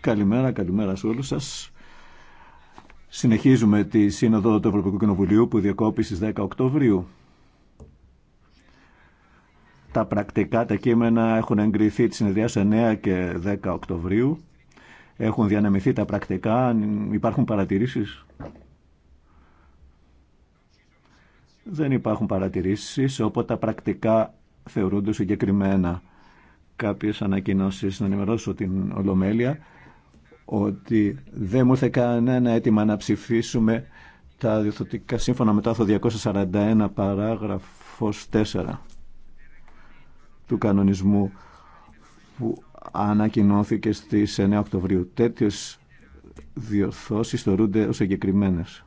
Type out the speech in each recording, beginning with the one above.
Καλημέρα, καλημέρα σε όλους σας. Συνεχίζουμε τη Σύνοδο του Ευρωπαϊκού Κοινοβουλίου που διακόπησε στις 10 Οκτωβρίου. Τα πρακτικά, τα κείμενα έχουν εγκριθεί τη συνεδρία 9 και 10 Οκτωβρίου. Έχουν διανεμηθεί τα πρακτικά, υπάρχουν παρατηρήσεις. Δεν υπάρχουν παρατηρήσεις, οπότε τα πρακτικά θεωρούνται συγκεκριμένα. Κάποιες ανακοινώσεις να ενημερώσω την Ολομέλεια ότι δεν μου ήρθε κανένα αίτημα να ψηφίσουμε τα διορθωτικά σύμφωνα με το 241 παράγραφος 4 του κανονισμού που ανακοινώθηκε στις 9 Οκτωβρίου. Τέτοιες διορθώσεις θεωρούνται ως εγκεκριμένες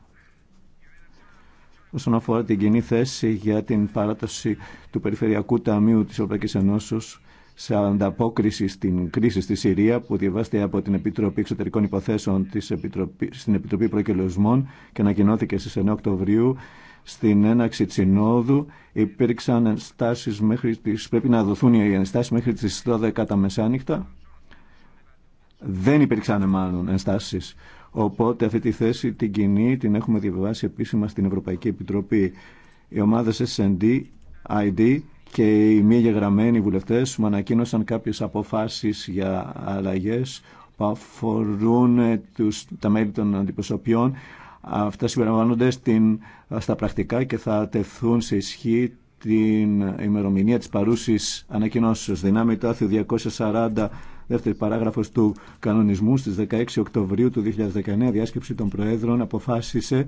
όσον αφορά την κοινή θέση για την παράταση του Περιφερειακού Ταμείου της Ευρωπαϊκή Ενώσεω σε ανταπόκριση στην κρίση στη Συρία που διαβάστηκε από την Επιτροπή Εξωτερικών Υποθέσεων της Επιτροπή, στην Επιτροπή Προκελεσμών και ανακοινώθηκε στις 9 Οκτωβρίου στην έναξη της Συνόδου υπήρξαν ενστάσεις μέχρι τις, πρέπει να δοθούν οι ενστάσεις μέχρι τις 12 τα μεσάνυχτα δεν υπήρξαν μάλλον ενστάσεις Οπότε αυτή τη θέση την κοινή την έχουμε διαβιβάσει επίσημα στην Ευρωπαϊκή Επιτροπή. Οι ομάδες S&D, ID και οι μη εγγεγραμμένοι βουλευτές μου ανακοίνωσαν κάποιες αποφάσεις για αλλαγές που αφορούν ε, τα μέλη των αντιπροσωπιών. Αυτά συμπεριλαμβάνονται στα πρακτικά και θα τεθούν σε ισχύ την ημερομηνία της παρούσης ανακοινώσεως δυνάμει 240 δεύτερη παράγραφος του κανονισμού στις 16 Οκτωβρίου του 2019 διάσκεψη των Προέδρων αποφάσισε ε,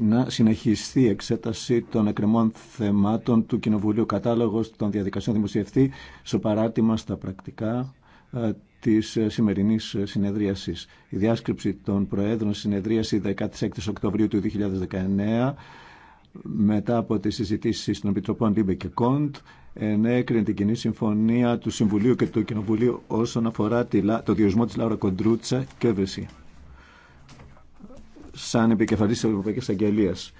να συνεχιστεί η εξέταση των εκκρεμών θεμάτων του Κοινοβουλίου. Κατάλογος των διαδικασιών δημοσιευτεί στο παράτημα στα πρακτικά ε, της ε, σημερινής συνεδρίασης. Η διάσκεψη των Προέδρων συνεδρίαση 16 Οκτωβρίου του 2019 μετά από τις συζητήσεις των Επιτροπών Λίμπε και Κοντ ενέκρινε την κοινή συμφωνία του Συμβουλίου και του Κοινοβουλίου όσον αφορά το διορισμό της Λάουρα Κοντρούτσα και σαν επικεφαλής της Ευρωπαϊκής Αγγελίας.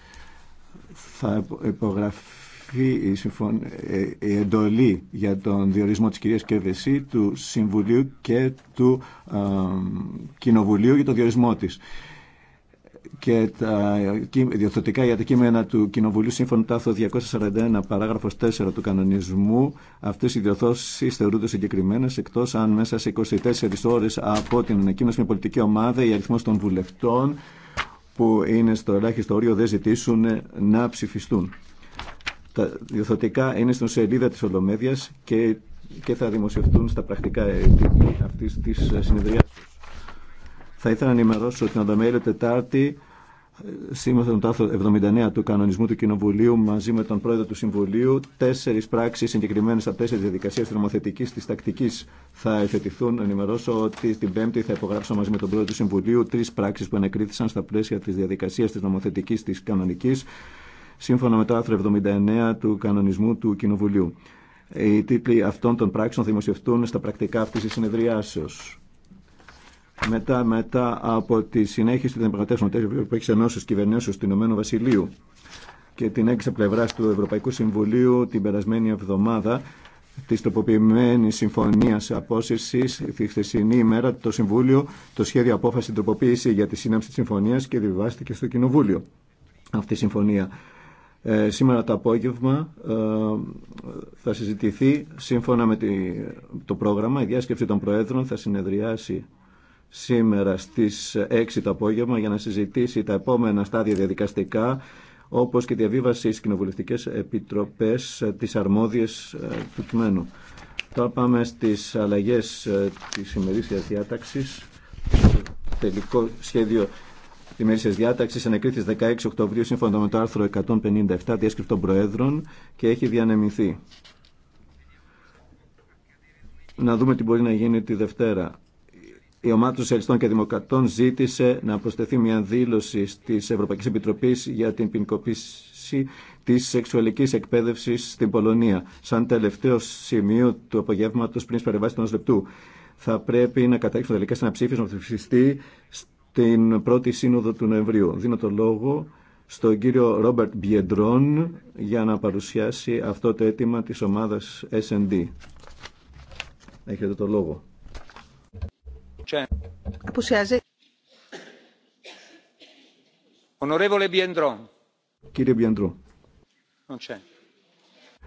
Θα υπογραφεί η, συμφων... Ε, εντολή για τον διορισμό της κυρίας Κεβεσή του Συμβουλίου και του Κοινοβουλίου για τον διορισμό της και τα διορθωτικά για τα κείμενα του Κοινοβουλίου σύμφωνα με το 241 παράγραφος 4 του κανονισμού αυτές οι διορθώσεις θεωρούνται συγκεκριμένες εκτός αν μέσα σε 24 ώρες από την ανακοίνωση μια πολιτική ομάδα ή αριθμός των βουλευτών που είναι στο ελάχιστο όριο δεν ζητήσουν να ψηφιστούν. Τα διορθωτικά είναι στην σελίδα της Ολομέδειας και, και θα δημοσιευτούν στα πρακτικά αυτής της συνεδριάσεως. Θα ήθελα να ενημερώσω την Ολομέλεια Τετάρτη Σύμφωνα με το άρθρο 79 του κανονισμού του Κοινοβουλίου, μαζί με τον πρόεδρο του Συμβουλίου, τέσσερι πράξει συγκεκριμένε από τέσσερι διαδικασίε νομοθετική τη τακτική θα εφετηθούν. Ενημερώσω ότι την Πέμπτη θα υπογράψω μαζί με τον πρόεδρο του Συμβουλίου τρει πράξει που ανακρίθησαν στα πλαίσια τη διαδικασία τη νομοθετική τη κανονική, σύμφωνα με το άρθρο 79 του κανονισμού του Κοινοβουλίου. Οι τίτλοι αυτών των πράξεων θα δημοσιευτούν στα πρακτικά αυτή τη συνεδριάσεω μετά, μετά από τη συνέχιση των διαπραγματεύσεων τη Ευρωπαϊκή Ενώση Κυβερνήσεω του Ηνωμένου Βασιλείου και την έξι πλευρά του Ευρωπαϊκού Συμβουλίου την περασμένη εβδομάδα τη τροποποιημένη συμφωνία απόσυρση, τη χθεσινή ημέρα, το Συμβούλιο το σχέδιο απόφαση τροποποίηση για τη σύναψη τη συμφωνία και διβάστηκε στο Κοινοβούλιο αυτή η συμφωνία. Ε, σήμερα το απόγευμα ε, θα συζητηθεί σύμφωνα με το πρόγραμμα η διάσκεψη των Προέδρων θα συνεδριάσει σήμερα στις 6 το απόγευμα για να συζητήσει τα επόμενα στάδια διαδικαστικά όπως και διαβίβαση στις κοινοβουλευτικές επιτροπές της αρμόδιες ε, του κειμένου. Τώρα πάμε στις αλλαγές ε, της ημερήσιας διάταξης. Τελικό σχέδιο ημερήσια διάταξη ανακρίθηκε 16 Οκτωβρίου σύμφωνα με το άρθρο 157 των Προέδρων και έχει διανεμηθεί. Να δούμε τι μπορεί να γίνει τη Δευτέρα η ομάδα των Σοσιαλιστών και Δημοκρατών ζήτησε να προσθεθεί μια δήλωση τη Ευρωπαϊκή Επιτροπή για την ποινικοποίηση τη σεξουαλική εκπαίδευση στην Πολωνία. Σαν τελευταίο σημείο του απογεύματο πριν σπερεβάσει ενό λεπτού. Θα πρέπει να καταλήξουμε τελικά σε ένα ψήφισμα που θα ψηφιστεί στην πρώτη σύνοδο του Νοεμβρίου. Δίνω το λόγο στον κύριο Ρόμπερτ Μπιεντρόν για να παρουσιάσει αυτό το αίτημα της ομάδας S&D. Έχετε το λόγο. Απουσιάζει. Κύριε Μπιεντρό.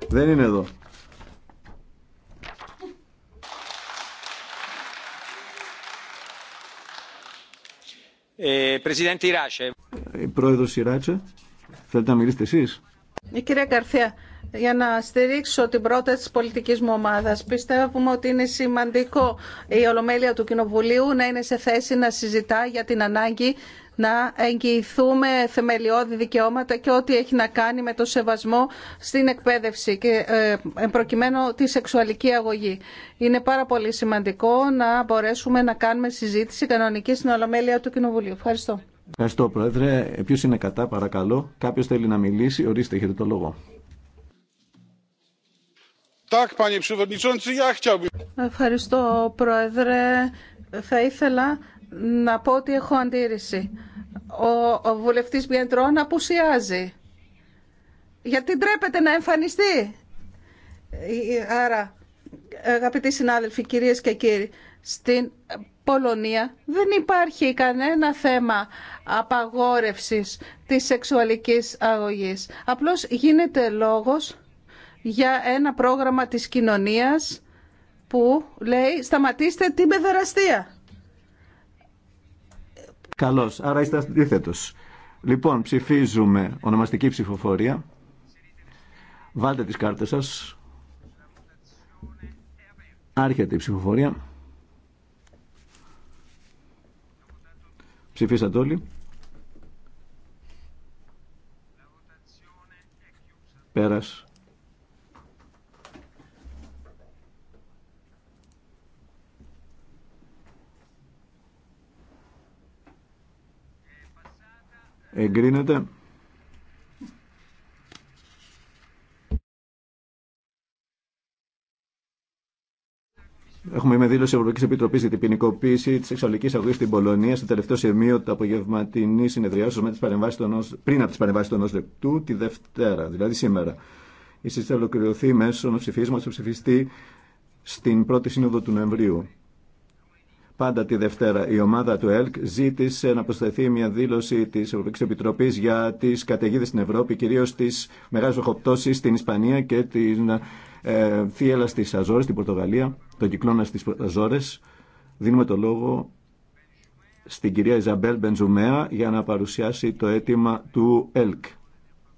Δεν είναι εδώ. Ε, ε Πρόεδρος Ιράτσε, θέλετε να μιλήσετε εσείς. Η ε, κυρία Καρθία, για να στηρίξω την πρόταση της πολιτικής μου ομάδας. Πιστεύουμε ότι είναι σημαντικό η Ολομέλεια του Κοινοβουλίου να είναι σε θέση να συζητά για την ανάγκη να εγγυηθούμε θεμελιώδη δικαιώματα και ό,τι έχει να κάνει με το σεβασμό στην εκπαίδευση και ε, προκειμένου τη σεξουαλική αγωγή. Είναι πάρα πολύ σημαντικό να μπορέσουμε να κάνουμε συζήτηση κανονική στην Ολομέλεια του Κοινοβουλίου. Ευχαριστώ. Ευχαριστώ, Πρόεδρε. Ε, Ποιο είναι κατά, παρακαλώ. Κάποιο θέλει να μιλήσει. Ορίστε, έχετε το λόγο. Ευχαριστώ, Πρόεδρε. Θα ήθελα να πω ότι έχω αντίρρηση. Ο, ο βουλευτής Μπιεντρών απουσιάζει. Γιατί ντρέπεται να εμφανιστεί. Άρα, αγαπητοί συνάδελφοι, κυρίες και κύριοι, στην Πολωνία δεν υπάρχει κανένα θέμα απαγόρευσης της σεξουαλικής αγωγής. Απλώς γίνεται λόγος για ένα πρόγραμμα της κοινωνίας που λέει σταματήστε την παιδεραστία. Καλώς, άρα είστε αντίθετος. Λοιπόν, ψηφίζουμε ονομαστική ψηφοφορία. Βάλτε τις κάρτες σας. Άρχεται η ψηφοφορία. Ψηφίσατε όλοι. Πέρας. εγκρίνεται. Έχουμε με δήλωση Ευρωπαϊκή Επιτροπή για την ποινικοποίηση τη σεξουαλική αγωγή στην Πολωνία στο τελευταίο σημείο του απογευματινή συνεδριάσεω πριν από τι παρεμβάσει των ενό λεπτού, τη Δευτέρα, δηλαδή σήμερα. Η συζήτηση θα ολοκληρωθεί μέσω ψηφίσματο που ψηφιστεί στην πρώτη σύνοδο του Νοεμβρίου. Πάντα τη Δευτέρα η ομάδα του ΕΛΚ ζήτησε να προσθεθεί μια δήλωση τη Ευρωπαϊκή Επιτροπή για τι καταιγίδε στην Ευρώπη, κυρίω τι μεγάλε οχοπτώσει στην Ισπανία και την ε, θύελα στι Αζόρε, στην Πορτογαλία, τον κυκλώνα στι Αζόρε. Δίνουμε το λόγο στην κυρία Ιζαμπέλ Μπενζουμέα για να παρουσιάσει το αίτημα του ΕΛΚ.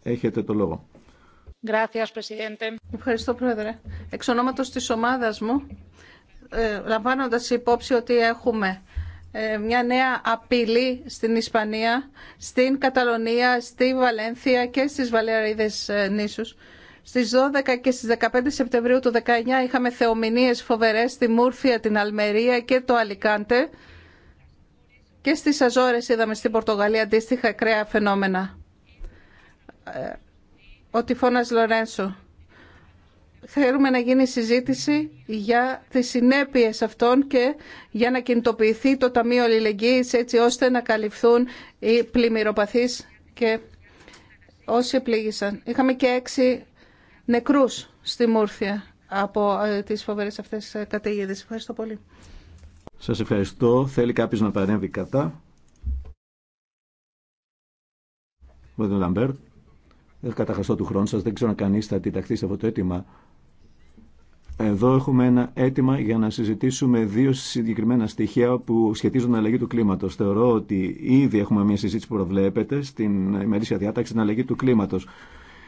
Έχετε το λόγο. Ευχαριστώ, Πρόεδρε. Εξ ονόματος της ομάδας μου, ε, λαμβάνοντας υπόψη ότι έχουμε ε, μια νέα απειλή στην Ισπανία, στην Καταλωνία, στη Βαλένθια και στις Βαλεαρίδες ε, νήσους. Στις 12 και στις 15 Σεπτεμβρίου του 19 είχαμε θεομηνίες φοβερές στη Μούρφια, την Αλμερία και το Αλικάντε και στις Αζόρες είδαμε στην Πορτογαλία αντίστοιχα κρέα φαινόμενα. Ο τυφώνας Λορένσο θέλουμε να γίνει συζήτηση για τις συνέπειες αυτών και για να κινητοποιηθεί το Ταμείο Αλληλεγγύης έτσι ώστε να καλυφθούν οι πλημμυροπαθείς και όσοι επλήγησαν. Είχαμε και έξι νεκρούς στη Μούρθια από ε, τις φοβερές αυτές ε, καταιγίδες. Ευχαριστώ πολύ. Σας ευχαριστώ. Θέλει κάποιος να παρέμβει κατά. Λαμπέρ. Δεν καταχαστώ του χρόνου σας. Δεν ξέρω αν κανείς θα αντιταχθεί σε αυτό το αίτημα. Εδώ έχουμε ένα αίτημα για να συζητήσουμε δύο συγκεκριμένα στοιχεία που σχετίζουν την αλλαγή του κλίματο. Θεωρώ ότι ήδη έχουμε μια συζήτηση που προβλέπεται στην ημερήσια διάταξη την αλλαγή του κλίματο.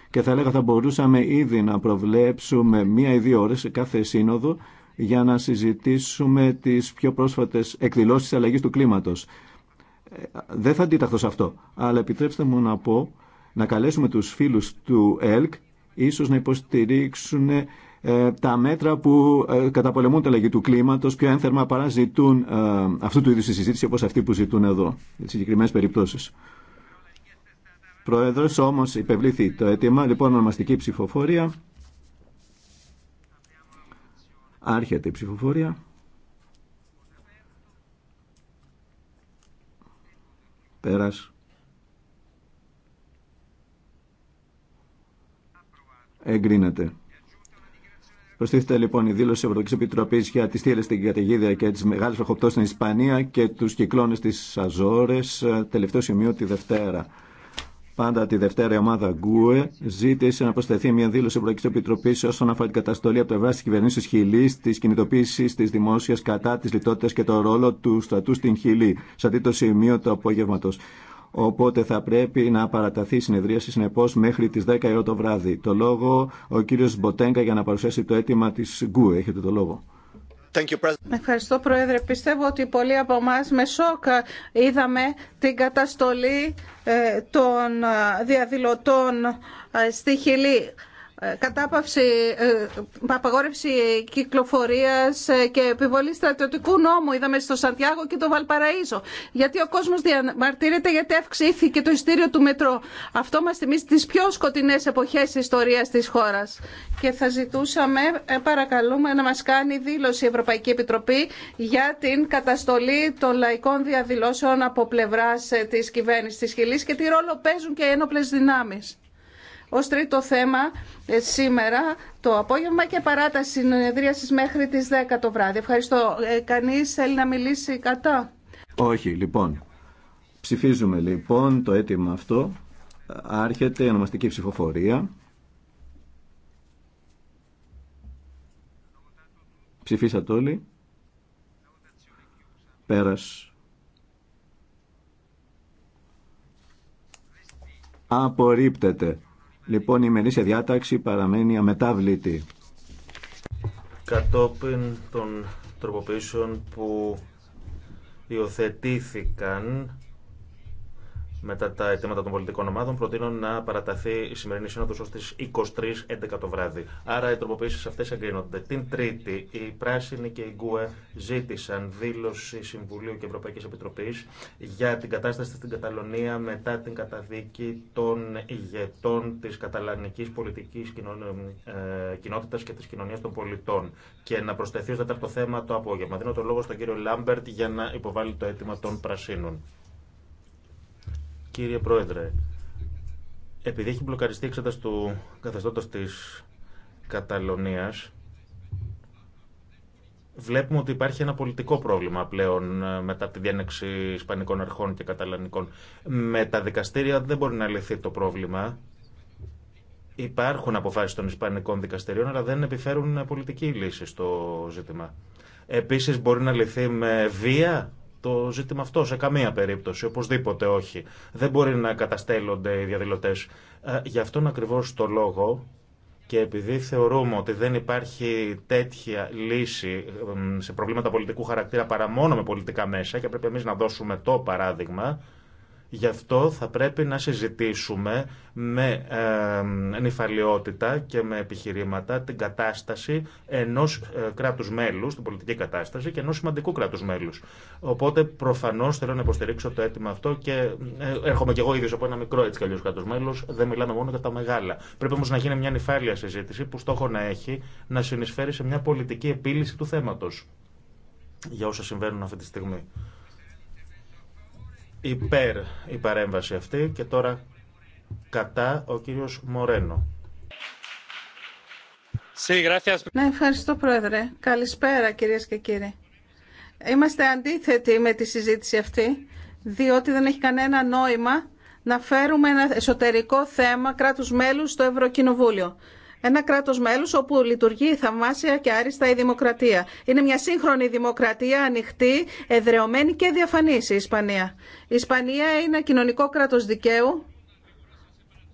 Και θα έλεγα θα μπορούσαμε ήδη να προβλέψουμε μία ή δύο ώρε σε κάθε σύνοδο για να συζητήσουμε τι πιο πρόσφατε εκδηλώσει τη αλλαγή του κλίματο. Ε, δεν θα αντίταχθω σε αυτό, αλλά επιτρέψτε μου να πω να καλέσουμε τους φίλους του ΕΛΚ ίσως να υποστηρίξουν ε, τα μέτρα που ε, καταπολεμούν τα λαγή του κλίματο πιο ένθερμα παραζητούν ε, αυτού του είδου τη συζήτηση όπω αυτή που ζητούν εδώ, σε συγκεκριμένε περιπτώσει. Πρόεδρο, όμω υπευλήθη το αίτημα, λοιπόν, ονομαστική ψηφοφορία. Άρχεται η ψηφοφορία. Πέρας. Εγκρίνεται. Προστίθεται λοιπόν η δήλωση τη Ευρωπαϊκή Επιτροπή για τι θύρε στην καταιγίδα και τι μεγάλε βροχοπτώσει στην Ισπανία και του κυκλώνε τη Αζόρε, τελευταίο σημείο τη Δευτέρα. Πάντα τη Δευτέρα η ομάδα Γκουε ζήτησε να προσθεθεί μια δήλωση Ευρωπαϊκή Επιτροπή όσον αφορά την καταστολή από το ευρά τη κυβερνήση Χιλή τη κινητοποίηση τη δημόσια κατά τη λιτότητα και το ρόλο του στρατού στην Χιλή. Σαν το σημείο του απόγευματο. Οπότε θα πρέπει να παραταθεί η συνεδρίαση συνεπώ μέχρι τι 10 ώρα το βράδυ. Το λόγο ο κύριο Μποτέγκα για να παρουσιάσει το αίτημα τη Γκου. Έχετε το λόγο. Ευχαριστώ Πρόεδρε. Πιστεύω ότι πολλοί από εμά με σοκ είδαμε την καταστολή ε, των ε, διαδηλωτών ε, στη Χιλή. Ε, κατάπαυση, ε, απαγόρευση κυκλοφορίας ε, και επιβολή στρατιωτικού νόμου είδαμε στο Σαντιάγο και το Βαλπαραΐζο γιατί ο κόσμος διαμαρτύρεται γιατί αυξήθηκε το ειστήριο του μετρό αυτό μας θυμίζει τις πιο σκοτεινές εποχές της ιστορίας της χώρας και θα ζητούσαμε παρακαλούμε να μας κάνει δήλωση η Ευρωπαϊκή Επιτροπή για την καταστολή των λαϊκών διαδηλώσεων από πλευράς της κυβέρνησης της Χιλής και τι ρόλο παίζουν και οι ένοπλες δυνάμεις ως τρίτο θέμα ε, σήμερα το απόγευμα και παράταση συνεδρίασης μέχρι τις 10 το βράδυ. Ευχαριστώ. Ε, κανείς θέλει να μιλήσει κατά. Όχι, λοιπόν. Ψηφίζουμε λοιπόν το αίτημα αυτό. Άρχεται η ονομαστική ψηφοφορία. Ψηφίσατε όλοι. Πέρας. Απορρίπτεται. Λοιπόν, η ημερήσια διάταξη παραμένει αμετάβλητη. Κατόπιν των τροποποιήσεων που υιοθετήθηκαν μετά τα αιτήματα των πολιτικών ομάδων, προτείνω να παραταθεί η σημερινή σύνοδο ω τι 23.11 το βράδυ. Άρα οι τροποποιήσει αυτέ εγκρίνονται. Την Τρίτη, οι Πράσινοι και η Γκουε ζήτησαν δήλωση Συμβουλίου και Ευρωπαϊκή Επιτροπή για την κατάσταση στην Καταλωνία μετά την καταδίκη των ηγετών τη καταλανική πολιτική ε, κοινότητα και τη κοινωνία των πολιτών. Και να προσθεθεί ω τέταρτο θέμα το απόγευμα. Δίνω το λόγο στον κύριο Λάμπερτ για να υποβάλει το αίτημα των Πρασίνων. Κύριε Πρόεδρε, επειδή έχει μπλοκαριστεί εξέταση του καθεστώτος της Καταλωνίας, βλέπουμε ότι υπάρχει ένα πολιτικό πρόβλημα πλέον ε, μετά τη διένεξη Ισπανικών αρχών και Καταλανικών. Με τα δικαστήρια δεν μπορεί να λυθεί το πρόβλημα. Υπάρχουν αποφάσεις των Ισπανικών δικαστηρίων, αλλά δεν επιφέρουν πολιτική λύση στο ζήτημα. Επίσης μπορεί να λυθεί με βία το ζήτημα αυτό σε καμία περίπτωση. Οπωσδήποτε όχι. Δεν μπορεί να καταστέλλονται οι διαδηλωτέ. Ε, γι' αυτόν ακριβώ το λόγο και επειδή θεωρούμε ότι δεν υπάρχει τέτοια λύση σε προβλήματα πολιτικού χαρακτήρα παρά μόνο με πολιτικά μέσα και πρέπει εμείς να δώσουμε το παράδειγμα, Γι' αυτό θα πρέπει να συζητήσουμε με ε, νυφαλιότητα και με επιχειρήματα την κατάσταση ενός ε, κράτους μέλους, την πολιτική κατάσταση και ενός σημαντικού κράτους μέλους. Οπότε προφανώς θέλω να υποστηρίξω το αίτημα αυτό και ε, έρχομαι και εγώ ίδιος από ένα μικρό έτσι κι κράτος μέλος, δεν μιλάμε μόνο για τα μεγάλα. Πρέπει όμως να γίνει μια νυφάλια συζήτηση που στόχο να έχει να συνεισφέρει σε μια πολιτική επίλυση του θέματος για όσα συμβαίνουν αυτή τη στιγμή υπέρ η παρέμβαση αυτή και τώρα κατά ο κύριος Μορένο. Ναι, ευχαριστώ Πρόεδρε. Καλησπέρα κυρίες και κύριοι. Είμαστε αντίθετοι με τη συζήτηση αυτή, διότι δεν έχει κανένα νόημα να φέρουμε ένα εσωτερικό θέμα κράτους μέλους στο Ευρωκοινοβούλιο. Ένα κράτος μέλους όπου λειτουργεί θαυμάσια και άριστα η δημοκρατία. Είναι μια σύγχρονη δημοκρατία, ανοιχτή, εδρεωμένη και διαφανής η Ισπανία. Η Ισπανία είναι κοινωνικό κράτος δικαίου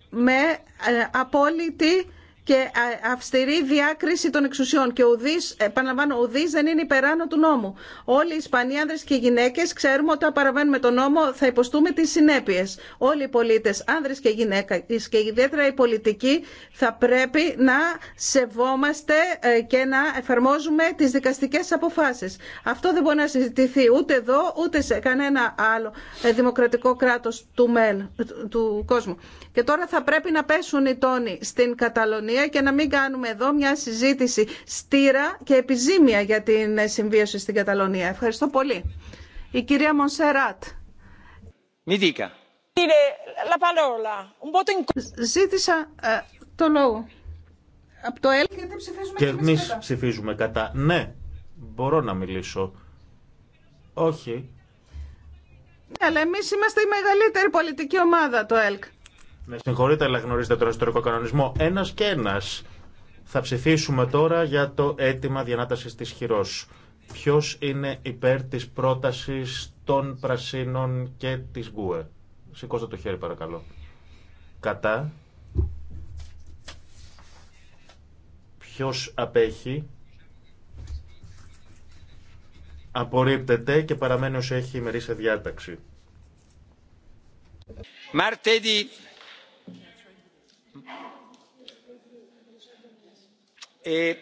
με ε, απόλυτη και αυστηρή διάκριση των εξουσιών. Και ουδή, επαναλαμβάνω, ουδή δεν είναι υπεράνω του νόμου. Όλοι οι Ισπανοί άνδρε και γυναίκε ξέρουμε ότι αν παραβαίνουμε τον νόμο θα υποστούμε τι συνέπειε. Όλοι οι πολίτε, άνδρε και γυναίκε και ιδιαίτερα οι πολιτικοί, θα πρέπει να σεβόμαστε ε, και να εφαρμόζουμε τι δικαστικέ αποφάσει. Αυτό δεν μπορεί να συζητηθεί ούτε εδώ ούτε σε κανένα άλλο ε, δημοκρατικό κράτο του, του κόσμου. Και τώρα θα πρέπει να πέσουν οι τόνοι στην Καταλωνία και να μην κάνουμε εδώ μια συζήτηση στήρα και επιζήμια για την συμβίωση στην Καταλωνία. Ευχαριστώ πολύ. Η κυρία Μονσεράτ. δικά. Ζήτησα ε, το λόγο. Από το ΕΛΚ ψηφίζουμε και εμείς ψηφίζουμε κατά. Ναι, μπορώ να μιλήσω. Όχι. Ναι, αλλά εμεί είμαστε η μεγαλύτερη πολιτική ομάδα, το ΕΛΚ. Με συγχωρείτε, αλλά γνωρίζετε τον ιστορικό κανονισμό. Ένα και ένα. Θα ψηφίσουμε τώρα για το αίτημα διανάταση τη χειρό. Ποιο είναι υπέρ τη πρόταση των Πρασίνων και τη Γκουε. Σηκώστε το χέρι, παρακαλώ. Κατά. Ποιο απέχει. Απορρίπτεται και παραμένει όσο έχει ημερή σε διάταξη. Ε,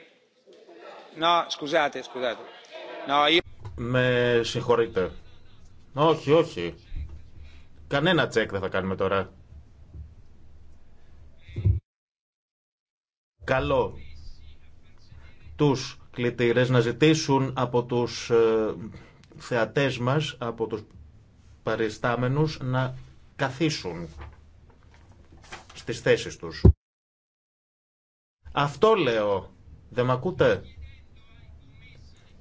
Με συγχωρείτε. Όχι, όχι. Κανένα τσεκ δεν θα κάνουμε τώρα. Καλό τους κλητήρες να ζητήσουν από τους ε, θεατές μας, από τους παριστάμενους να καθίσουν στις θέσεις τους. Αυτό λέω. Δεν με ακούτε.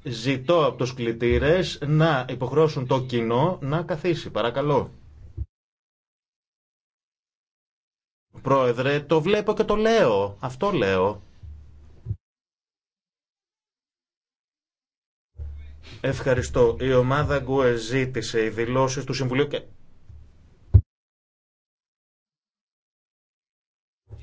Ζητώ από τους κλητήρες να υποχρώσουν το κοινό να καθίσει. Παρακαλώ. Πρόεδρε, το βλέπω και το λέω. Αυτό λέω. Ευχαριστώ. Η ομάδα Γκουε ζήτησε οι δηλώσει του Συμβουλίου και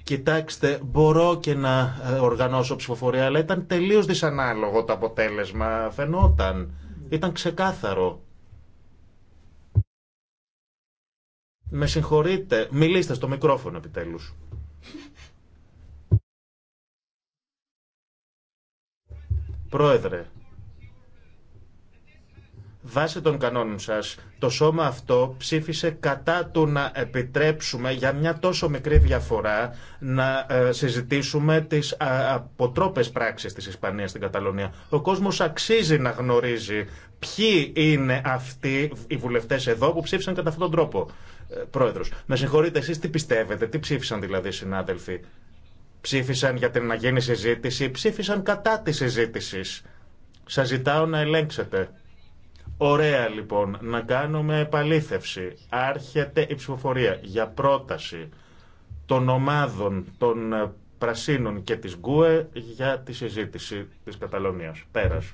Κοιτάξτε, μπορώ και να ε, οργανώσω ψηφοφορία, αλλά ήταν τελείω δυσανάλογο το αποτέλεσμα. Φαινόταν. Ήταν ξεκάθαρο. Με συγχωρείτε. Μιλήστε στο μικρόφωνο επιτέλους. Πρόεδρε, Βάσει των κανόνων σας, το σώμα αυτό ψήφισε κατά του να επιτρέψουμε για μια τόσο μικρή διαφορά να ε, συζητήσουμε τις αποτρόπες πράξεις τη Ισπανία στην Καταλωνία. Ο κόσμος αξίζει να γνωρίζει ποιοι είναι αυτοί οι βουλευτές εδώ που ψήφισαν κατά αυτόν τον τρόπο. Ε, πρόεδρος, με συγχωρείτε εσείς τι πιστεύετε, τι ψήφισαν δηλαδή οι συνάδελφοι. Ψήφισαν για την να γίνει συζήτηση, ψήφισαν κατά τη συζήτηση. Σα ζητάω να ελέγξετε. Ωραία λοιπόν, να κάνουμε επαλήθευση. Άρχεται η ψηφοφορία για πρόταση των ομάδων των ε, Πρασίνων και της Γκουε για τη συζήτηση της Καταλωνίας. Πέρας.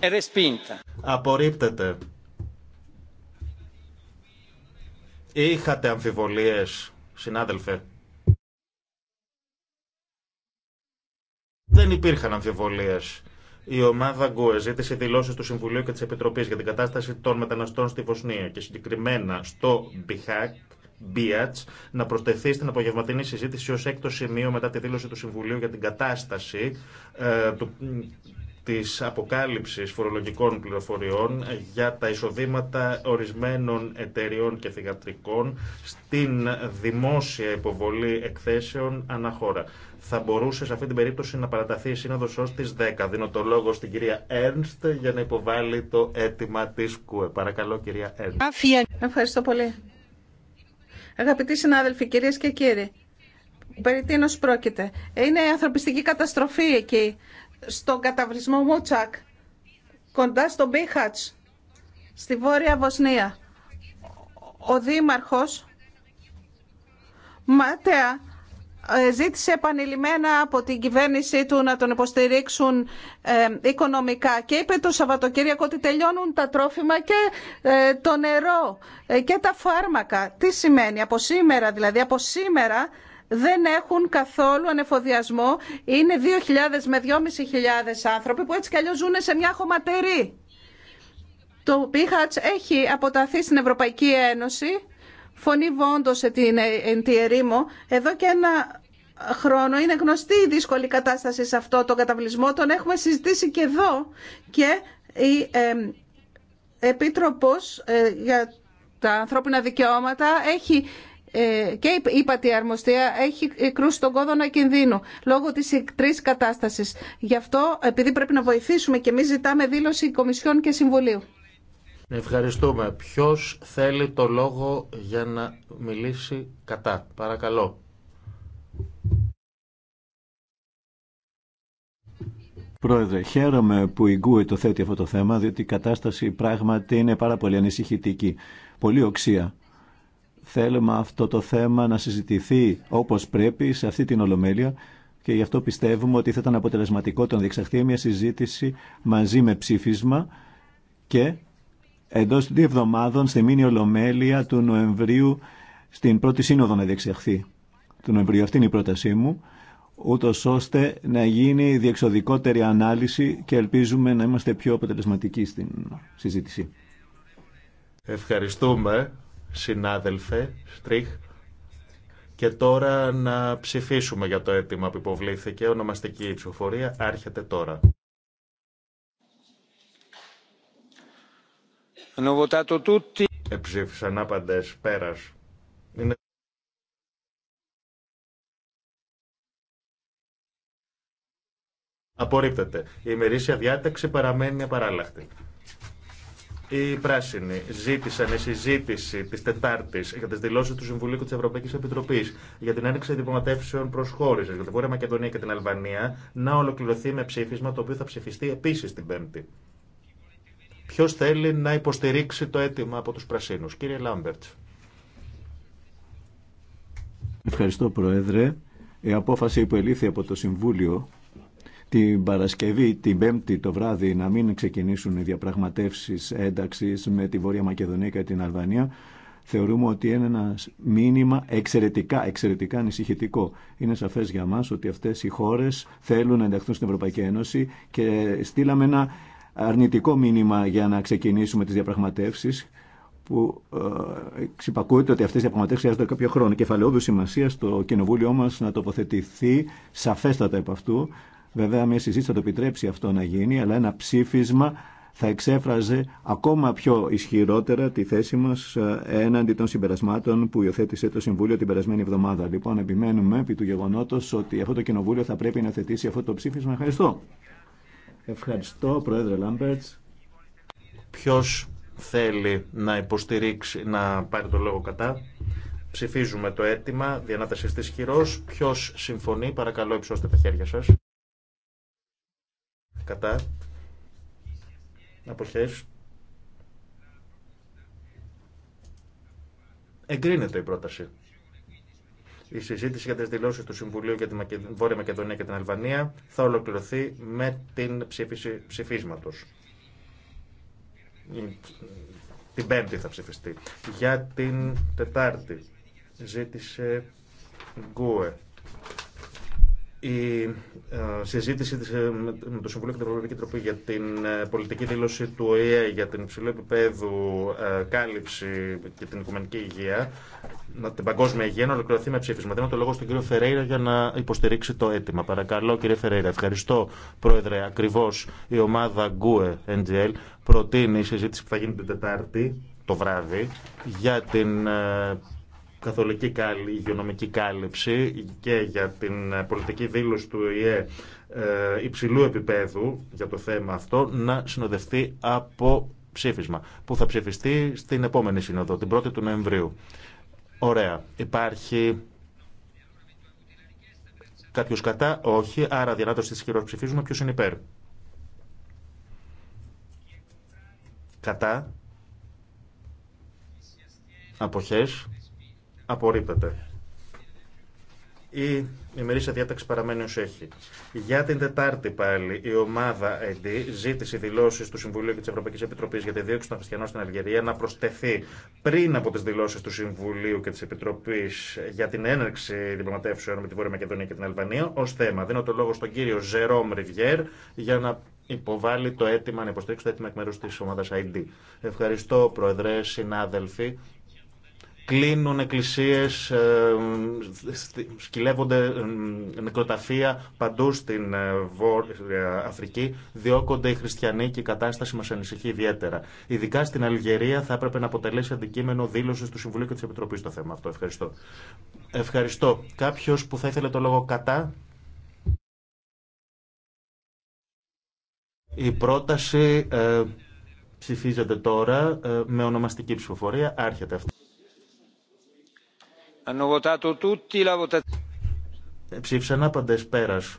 Ερεσπίντα. Απορρίπτεται. Είχατε αμφιβολίες, συνάδελφε. Δεν υπήρχαν αμφιβολίε. Η ομάδα Γκουε ζήτησε δηλώσει του Συμβουλίου και τη Επιτροπή για την κατάσταση των μεταναστών στη Βοσνία και συγκεκριμένα στο Μπιχάκ, Μπιατς, να προσθεθεί στην απογευματινή συζήτηση ως έκτο σημείο μετά τη δήλωση του Συμβουλίου για την κατάσταση ε, του, της αποκάλυψης φορολογικών πληροφοριών για τα εισοδήματα ορισμένων εταιριών και θηγατρικών στην δημόσια υποβολή εκθέσεων αναχώρα θα μπορούσε σε αυτή την περίπτωση να παραταθεί η σύνοδο ω τι 10. Δίνω το λόγο στην κυρία Έρνστ για να υποβάλει το αίτημα τη ΚΟΕ. Παρακαλώ, κυρία Έρνστ. Ευχαριστώ πολύ. Αγαπητοί συνάδελφοι, κυρίε και κύριοι, περί τίνο πρόκειται. Είναι η ανθρωπιστική καταστροφή εκεί, στον καταβρισμό Μούτσακ, κοντά στον Μπίχατ, στη Βόρεια Βοσνία. Ο Δήμαρχος Μάτεα ε, ζήτησε επανειλημμένα από την κυβέρνησή του να τον υποστηρίξουν ε, οικονομικά και είπε το Σαββατοκύριακο ότι τελειώνουν τα τρόφιμα και ε, το νερό και τα φάρμακα. Τι σημαίνει από σήμερα δηλαδή, από σήμερα δεν έχουν καθόλου ανεφοδιασμό. Είναι 2.000 με 2.500 άνθρωποι που έτσι κι αλλιώς ζουν σε μια χωματερή. Το Πίχατς έχει αποταθεί στην Ευρωπαϊκή Ένωση φωνή βόντο σε την ε, Ερήμο. Εδώ και ένα χρόνο είναι γνωστή η δύσκολη κατάσταση σε αυτό το καταβλισμό. Τον έχουμε συζητήσει και εδώ και η ε, Επίτροπος ε, για τα ανθρώπινα δικαιώματα έχει και η ύπατη αρμοστία έχει κρούσει τον κόδωνα κινδύνου λόγω της τρεις κατάστασης. Γι' αυτό, επειδή πρέπει να βοηθήσουμε και εμείς ζητάμε δήλωση Κομισιόν και Συμβουλίου. Ευχαριστούμε. Ποιος θέλει το λόγο για να μιλήσει κατά. Παρακαλώ. Πρόεδρε, χαίρομαι που η Γκούε το θέτει αυτό το θέμα, διότι η κατάσταση πράγματι είναι πάρα πολύ ανησυχητική. Πολύ οξία. Θέλουμε αυτό το θέμα να συζητηθεί όπως πρέπει σε αυτή την Ολομέλεια και γι' αυτό πιστεύουμε ότι θα ήταν αποτελεσματικό το να διεξαχθεί μια συζήτηση μαζί με ψήφισμα και εντός δύο εβδομάδων στη Μήνυο Ολομέλεια του Νοεμβρίου στην πρώτη σύνοδο να διεξεχθεί. Του Νοεμβρίου αυτή είναι η πρότασή μου, ούτω ώστε να γίνει διεξοδικότερη ανάλυση και ελπίζουμε να είμαστε πιο αποτελεσματικοί στην συζήτηση. Ευχαριστούμε, συνάδελφε Στρίχ. Και τώρα να ψηφίσουμε για το αίτημα που υποβλήθηκε. Ονομαστική ψηφοφορία άρχεται τώρα. Εψήφισαν άπαντέ. πέρας. Απορρίπτεται. Η ημερήσια διάταξη παραμένει απαράλλαχτη. Οι πράσινοι ζήτησαν η συζήτηση τη Τετάρτη για τι δηλώσει του Συμβουλίου τη Ευρωπαϊκή Επιτροπή για την άνοιξη προ χώρε για τη Βόρεια Μακεδονία και την Αλβανία να ολοκληρωθεί με ψήφισμα το οποίο θα ψηφιστεί επίση την Πέμπτη. Ποιο θέλει να υποστηρίξει το αίτημα από του Πρασίνου, κύριε Λάμπερτ. Ευχαριστώ, Πρόεδρε. Η απόφαση που ελήφθη από το Συμβούλιο την Παρασκευή, την Πέμπτη το βράδυ, να μην ξεκινήσουν οι διαπραγματεύσει ένταξη με τη Βόρεια Μακεδονία και την Αλβανία, θεωρούμε ότι είναι ένα μήνυμα εξαιρετικά, εξαιρετικά ανησυχητικό. Είναι σαφέ για μα ότι αυτέ οι χώρε θέλουν να ενταχθούν στην Ευρωπαϊκή Ένωση και στείλαμε ένα αρνητικό μήνυμα για να ξεκινήσουμε τις διαπραγματεύσεις που εξυπακούεται ότι αυτές οι διαπραγματεύσεις χρειάζονται κάποιο χρόνο. Κεφαλαιόδου σημασία στο κοινοβούλιο μας να τοποθετηθεί σαφέστατα από αυτού. Βέβαια μια συζήτηση θα το επιτρέψει αυτό να γίνει, αλλά ένα ψήφισμα θα εξέφραζε ακόμα πιο ισχυρότερα τη θέση μας ε, έναντι των συμπερασμάτων που υιοθέτησε το Συμβούλιο την περασμένη εβδομάδα. Λοιπόν, επιμένουμε επί του γεγονότος ότι αυτό το Κοινοβούλιο θα πρέπει να θετήσει αυτό το ψήφισμα. Ευχαριστώ. Ευχαριστώ, Πρόεδρε Λάμπερτς. Ποιος θέλει να υποστηρίξει, να πάρει το λόγο κατά. Ψηφίζουμε το αίτημα, διανάταση της χειρός. Ποιος συμφωνεί, παρακαλώ υψώστε τα χέρια σας. Κατά. Αποχές. Εγκρίνεται η πρόταση. Η συζήτηση για τι δηλώσει του Συμβουλίου για τη Βόρεια Μακεδονία και την Αλβανία θα ολοκληρωθεί με την ψήφιση ψηφίσματο. Την Πέμπτη θα ψηφιστεί. Για την Τετάρτη ζήτησε Γκουε η ε, συζήτηση ε, με το Συμβουλίο και την Ευρωπαϊκή Τροπή για την ε, πολιτική δήλωση του ΟΗΕ για την υψηλό επίπεδου κάλυψη και την οικουμενική υγεία, την παγκόσμια υγεία, να ολοκληρωθεί με ψήφισμα. Δίνω το λόγο στον κύριο Φερέιρα για να υποστηρίξει το αίτημα. Παρακαλώ, κύριε Φερέιρα. Ευχαριστώ, Πρόεδρε. Ακριβώ η ομάδα GUE NGL προτείνει η συζήτηση που θα γίνει την Τετάρτη το βράδυ για την καθολική υγειονομική κάλυψη και για την ε, πολιτική δήλωση του ΙΕ ε, υψηλού επίπεδου για το θέμα αυτό να συνοδευτεί από ψήφισμα που θα ψηφιστεί στην επόμενη σύνοδο, την 1η του Νοεμβρίου. Ωραία. Υπάρχει κάποιο κατά, όχι. Άρα διανάτωση τη χειρός ψηφίζουμε ποιο είναι υπέρ. Κατά. Αποχές. Απορρίπτεται. Η ημερήσια διάταξη παραμένει ως έχει. Για την Τετάρτη πάλι η ομάδα ΕΝΤΗ ζήτησε δηλώσεις του Συμβουλίου και της Ευρωπαϊκής Επιτροπής για τη δίωξη των χριστιανών στην Αλγερία να προσθεθεί πριν από τις δηλώσεις του Συμβουλίου και της Επιτροπής για την έναρξη διπλωματεύσεων με τη Βόρεια Μακεδονία και την Αλβανία ως θέμα. Δίνω το λόγο στον κύριο Ζερόμ Ριβιέρ για να υποβάλει το αίτημα, να υποστηρίξει το αίτημα εκ μέρου τη ομάδα ID. Ευχαριστώ, Προεδρέ, συνάδελφοι κλείνουν εκκλησίες, ε, σκυλεύονται ε, νεκροταφεία παντού στην ε, Βόρεια Αφρική, διώκονται οι χριστιανοί και η κατάσταση μας ανησυχεί ιδιαίτερα. Ειδικά στην Αλγερία θα έπρεπε να αποτελέσει αντικείμενο δήλωση του Συμβουλίου και της Επιτροπής το θέμα αυτό. Ευχαριστώ. Ευχαριστώ. Κάποιος που θα ήθελε το λόγο κατά... Η πρόταση ψηφίζεται τώρα με ονομαστική ψηφοφορία. Άρχεται αυτό. Ψήφισαν άπαντες πέρας.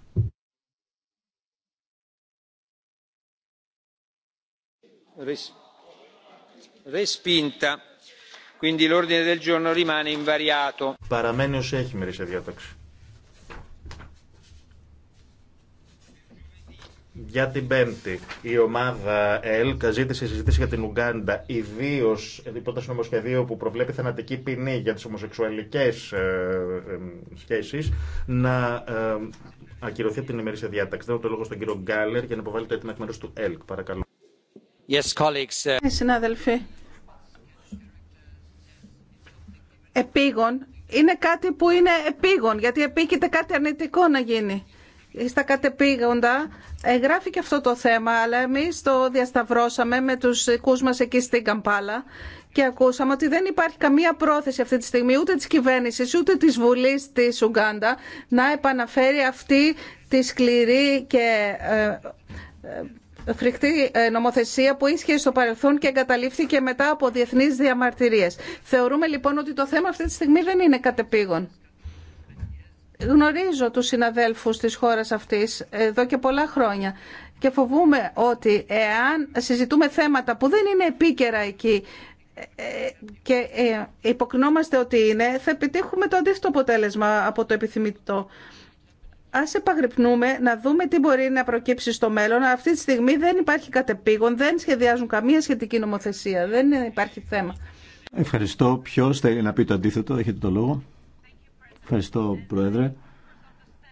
Quindi l'ordine del giorno rimane invariato. Παραμένει ως έχει μερίσια διάταξη. Για την Πέμπτη, η ομάδα ΕΛΚ ζήτησε συζήτηση για την Ουγγάντα, ιδίω η πρόταση νομοσχεδίου που προβλέπει θανατική ποινή για τι ομοσεξουαλικέ ε, ε, ε, σχέσει να ακυρωθεί από την ημερήσια διάταξη. Δίνω το λόγο στον κύριο Γκάλερ για να υποβάλει το έτοιμο εκ μέρου του ΕΛΚ. Παρακαλώ. Yes, colleagues. Συνάδελφοι, επίγον είναι κάτι που είναι επίγον, γιατί επίκειται κάτι αρνητικό να γίνει στα κατεπήγοντα εγγράφει και αυτό το θέμα, αλλά εμείς το διασταυρώσαμε με τους δικούς μας εκεί στην Καμπάλα και ακούσαμε ότι δεν υπάρχει καμία πρόθεση αυτή τη στιγμή ούτε της κυβέρνησης ούτε της Βουλής της Ουγγαντά να επαναφέρει αυτή τη σκληρή και ε, ε, φρικτή ε, νομοθεσία που ίσχυε στο παρελθόν και εγκαταλείφθηκε μετά από διεθνείς διαμαρτυρίες. Θεωρούμε λοιπόν ότι το θέμα αυτή τη στιγμή δεν είναι κατεπήγον. Γνωρίζω τους συναδέλφους της χώρας αυτής εδώ και πολλά χρόνια και φοβούμε ότι εάν συζητούμε θέματα που δεν είναι επίκαιρα εκεί ε, και ε, υποκρινόμαστε ότι είναι, θα επιτύχουμε το αντίθετο αποτέλεσμα από το επιθυμητό. Ας επαγρυπνούμε να δούμε τι μπορεί να προκύψει στο μέλλον. Αυτή τη στιγμή δεν υπάρχει κατεπήγον, δεν σχεδιάζουν καμία σχετική νομοθεσία, δεν υπάρχει θέμα. Ευχαριστώ. Ποιο θέλει να πει το αντίθετο, έχετε το λόγο. Ευχαριστώ, Πρόεδρε.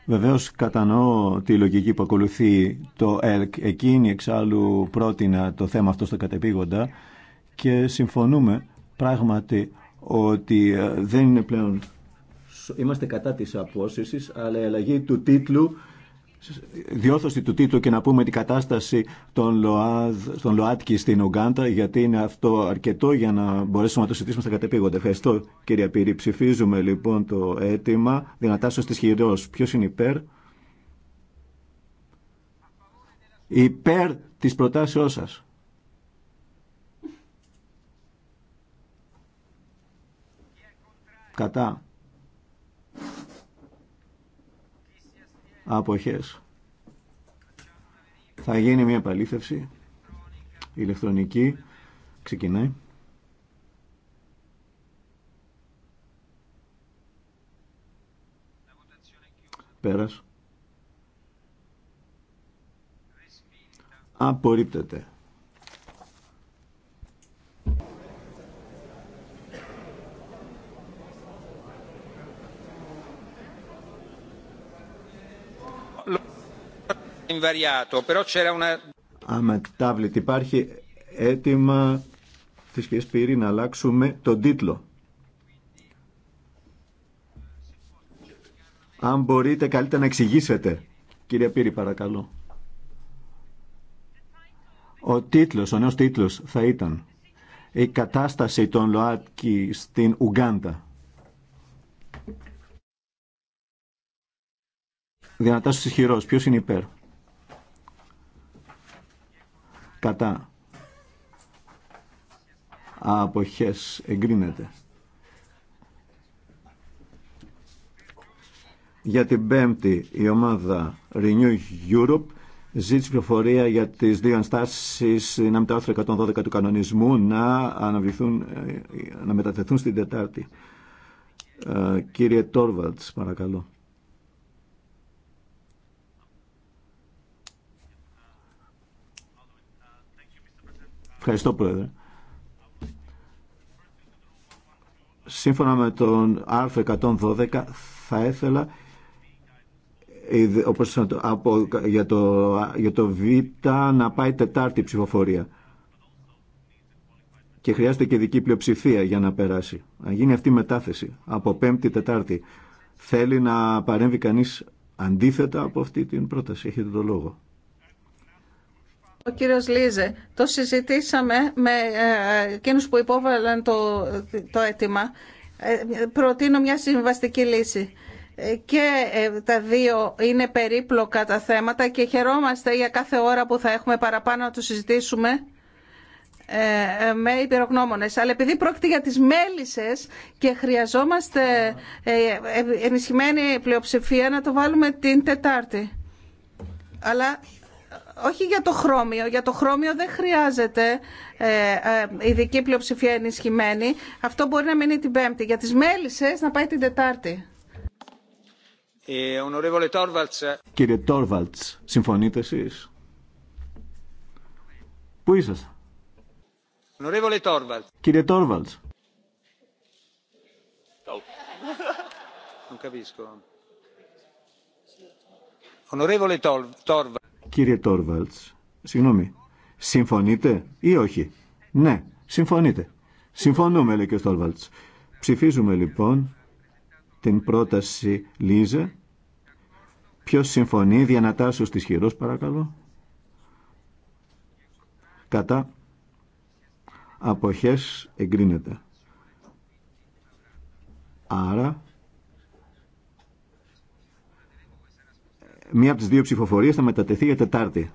Βεβαίω κατανοώ τη λογική που ακολουθεί το ΕΛΚ. Εκείνη εξάλλου πρότεινα το θέμα αυτό στο κατεπήγοντα και συμφωνούμε πράγματι ότι ε, δεν είναι πλέον είμαστε κατά της απόσυρσης αλλά η αλλαγή του τίτλου διόρθωση του τίτλου και να πούμε την κατάσταση των, ΛΟΑΔ, των ΛΟΑΤΚΙ στην ΟΓΚΑΝΤΑ, γιατί είναι αυτό αρκετό για να μπορέσουμε να το συζητήσουμε στα κατεπήγοντα. Ευχαριστώ, κύριε Πύρη. Ψηφίζουμε λοιπόν το αίτημα. Δυνατά σα τη χειρό. Ποιο είναι υπέρ. Υπέρ τη προτάσεώ σα. Κατά. αποχές. Θα γίνει μια επαλήθευση ηλεκτρονική. Ξεκινάει. Πέρας. Απορρίπτεται. Αμεκτάβλητη. Υπάρχει έτοιμα, της κυρίας Πύρη να αλλάξουμε τον τίτλο. Αν μπορείτε καλύτερα να εξηγήσετε. Κυρία Πύρη παρακαλώ. Ο τίτλος, ο νέος τίτλος θα ήταν «Η κατάσταση των ΛΟΑΤΚΙ στην Ουγκάντα». Δυνατά ισχυρός, Ποιος είναι υπέρ κατά αποχές εγκρίνεται. Για την πέμπτη η ομάδα Renew Europe ζήτησε πληροφορία για τις δύο ενστάσεις δυνάμει το άρθρο 112 του κανονισμού να αναβληθούν, ε, να μετατεθούν στην Τετάρτη. Ε, κύριε Τόρβαλτς, παρακαλώ. Ευχαριστώ, Πρόεδρε. Σύμφωνα με τον άρθρο 112 θα ήθελα ε, όπως, από, για, το, για το Β να πάει τετάρτη ψηφοφορία. Και χρειάζεται και δική πλειοψηφία για να περάσει. Αν γίνει αυτή η μετάθεση από πέμπτη τετάρτη. Θέλει να παρέμβει κανείς αντίθετα από αυτή την πρόταση. Έχετε το λόγο. Ο κύριος Λίζε, το συζητήσαμε με ε, εκείνους που υπόβαλαν το, το αίτημα. Ε, προτείνω μια συμβαστική λύση ε, και τα δύο είναι περίπλοκα τα θέματα και χαιρόμαστε για κάθε ώρα που θα έχουμε παραπάνω να το συζητήσουμε με υπηρογνώμονες. Αλλά επειδή πρόκειται για τις μέλισσες και χρειαζόμαστε ενισχυμένη πλειοψηφία να το βάλουμε την Τετάρτη. Αλλά όχι για το χρώμιο. Για το χρώμιο δεν χρειάζεται ε, ε, ειδική πλειοψηφία ενισχυμένη. Αυτό μπορεί να μείνει την Πέμπτη. Για τις μέλισσες να πάει την Τετάρτη. Ε, Κύριε Τόρβαλτς, συμφωνείτε εσείς. Πού είσαστε. Τόρβαλτς. Κύριε Τόρβαλτς. Τόρβαλτς. Κύριε Τόρβαλτς, συγγνώμη, συμφωνείτε ή όχι. Ναι, συμφωνείτε. Συμφωνούμε, λέει και ο Στόρβαλτς. Ψηφίζουμε λοιπόν την πρόταση Λίζε. Ποιος συμφωνεί, διανατάσσεως της χειρός παρακαλώ. Κατά αποχές εγκρίνεται. Άρα μία από τις δύο ψηφοφορίες θα μετατεθεί για Τετάρτη.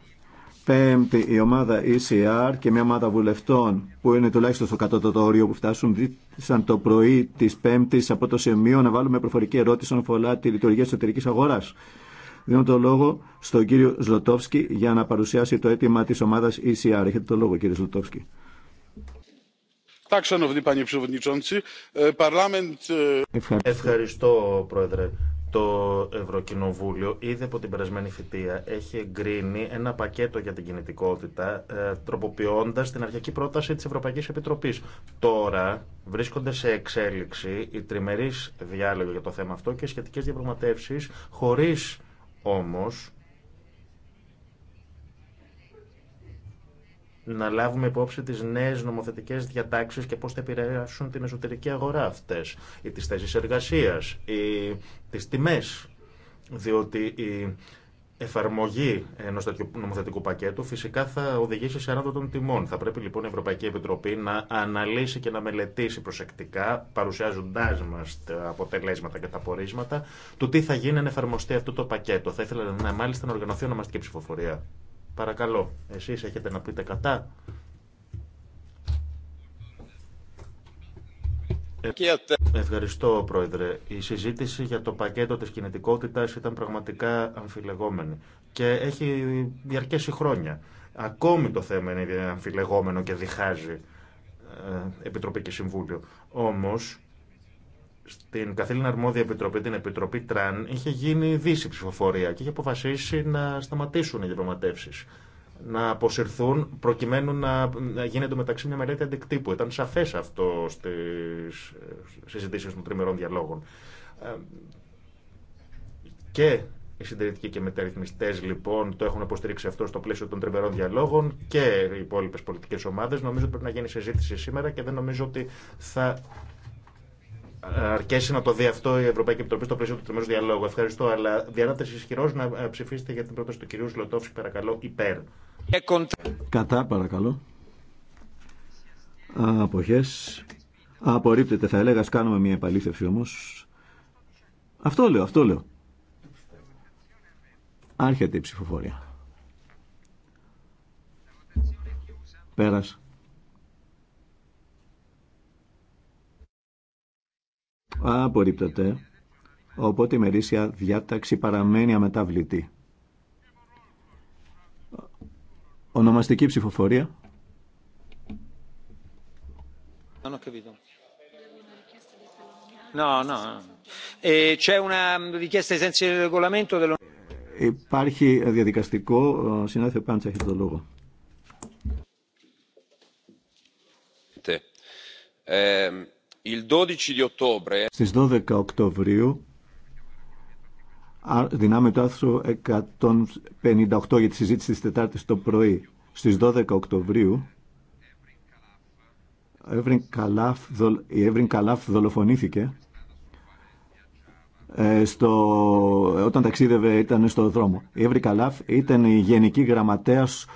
Πέμπτη, η ομάδα ECR και μια ομάδα βουλευτών που είναι τουλάχιστον στο κατώτατο όριο που φτάσουν σαν το πρωί της Πέμπτης από το σημείο να βάλουμε προφορική ερώτηση όσον αφορά τη λειτουργία της εταιρική αγοράς. Δίνω το λόγο στον κύριο Ζλοτόφσκι για να παρουσιάσει το αίτημα της ομάδας ECR. Έχετε το λόγο κύριε Ζλοτόφσκι. E, e- Ευχαριστώ πρόεδρε το Ευρωκοινοβούλιο ήδη από την περασμένη φοιτεία έχει εγκρίνει ένα πακέτο για την κινητικότητα, ε, τροποποιώντας την αρχική πρόταση της Ευρωπαϊκής Επιτροπής. Τώρα βρίσκονται σε εξέλιξη οι τριμερείς διάλογοι για το θέμα αυτό και σχετικές διαπραγματεύσεις χωρίς όμως... να λάβουμε υπόψη τις νέες νομοθετικές διατάξεις και πώς θα επηρεάσουν την εσωτερική αγορά αυτές, ή τις θέσεις εργασίας, ή τις τιμές, διότι η εφαρμογή ενό τέτοιου νομοθετικού πακέτου φυσικά θα οδηγήσει σε άνοδο των τιμών. Θα πρέπει λοιπόν η Ευρωπαϊκή Επιτροπή να αναλύσει και να μελετήσει προσεκτικά, παρουσιάζοντά μα τα αποτελέσματα και τα πορίσματα, του τι θα γίνει αν εφαρμοστεί αυτό το πακέτο. Θα ήθελα να μάλιστα να οργανωθεί ονομαστική ψηφοφορία Παρακαλώ, εσείς έχετε να πείτε κατά. Ευχαριστώ, Πρόεδρε. Η συζήτηση για το πακέτο της κινητικότητας ήταν πραγματικά αμφιλεγόμενη και έχει διαρκέσει χρόνια. Ακόμη το θέμα είναι αμφιλεγόμενο και διχάζει ε, Επιτροπή και Συμβούλιο. Όμως, στην καθήλυνα αρμόδια επιτροπή, την Επιτροπή Τραν, είχε γίνει δύση ψηφοφορία και είχε αποφασίσει να σταματήσουν οι διαπραγματεύσει. Να αποσυρθούν προκειμένου να, γίνεται μεταξύ μια μελέτη αντικτύπου. Ήταν σαφέ αυτό στι ε, συζητήσει των τριμερών διαλόγων. Ε, και οι συντηρητικοί και μεταρρυθμιστέ λοιπόν το έχουν υποστηρίξει αυτό στο πλαίσιο των τριμερών διαλόγων και οι υπόλοιπε πολιτικέ ομάδε. Νομίζω ότι πρέπει να γίνει συζήτηση σήμερα και δεν νομίζω ότι θα αρκέσει να το δει αυτό η Ευρωπαϊκή Επιτροπή στο πλαίσιο του τριμμένου διαλόγου. Ευχαριστώ, αλλά διανάτε ισχυρό να ψηφίσετε για την πρόταση του κυρίου Σλοτόφη, παρακαλώ, υπέρ. Κατά, παρακαλώ. Αποχέ. Απορρίπτεται, θα έλεγα. κάνουμε μια επαλήθευση όμω. Αυτό λέω, αυτό λέω. Άρχεται η ψηφοφορία. Πέρασε. απορρίπτεται, οπότε η μερίσια διάταξη παραμένει αμετάβλητη. Ονομαστική ψηφοφορία. Υπάρχει διαδικαστικό. Ε, συνάδελφε Πάντσα, έχετε το λόγο. Ε, στις 12 Οκτωβρίου δυνάμει το άρθρο 158 για τη συζήτηση της Τετάρτης το πρωί. Στις 12 Οκτωβρίου η Εύριν Καλάφ δολοφονήθηκε ε, όταν ταξίδευε ήταν στο δρόμο. Η Εύριν Καλάφ ήταν η γενική γραμματέας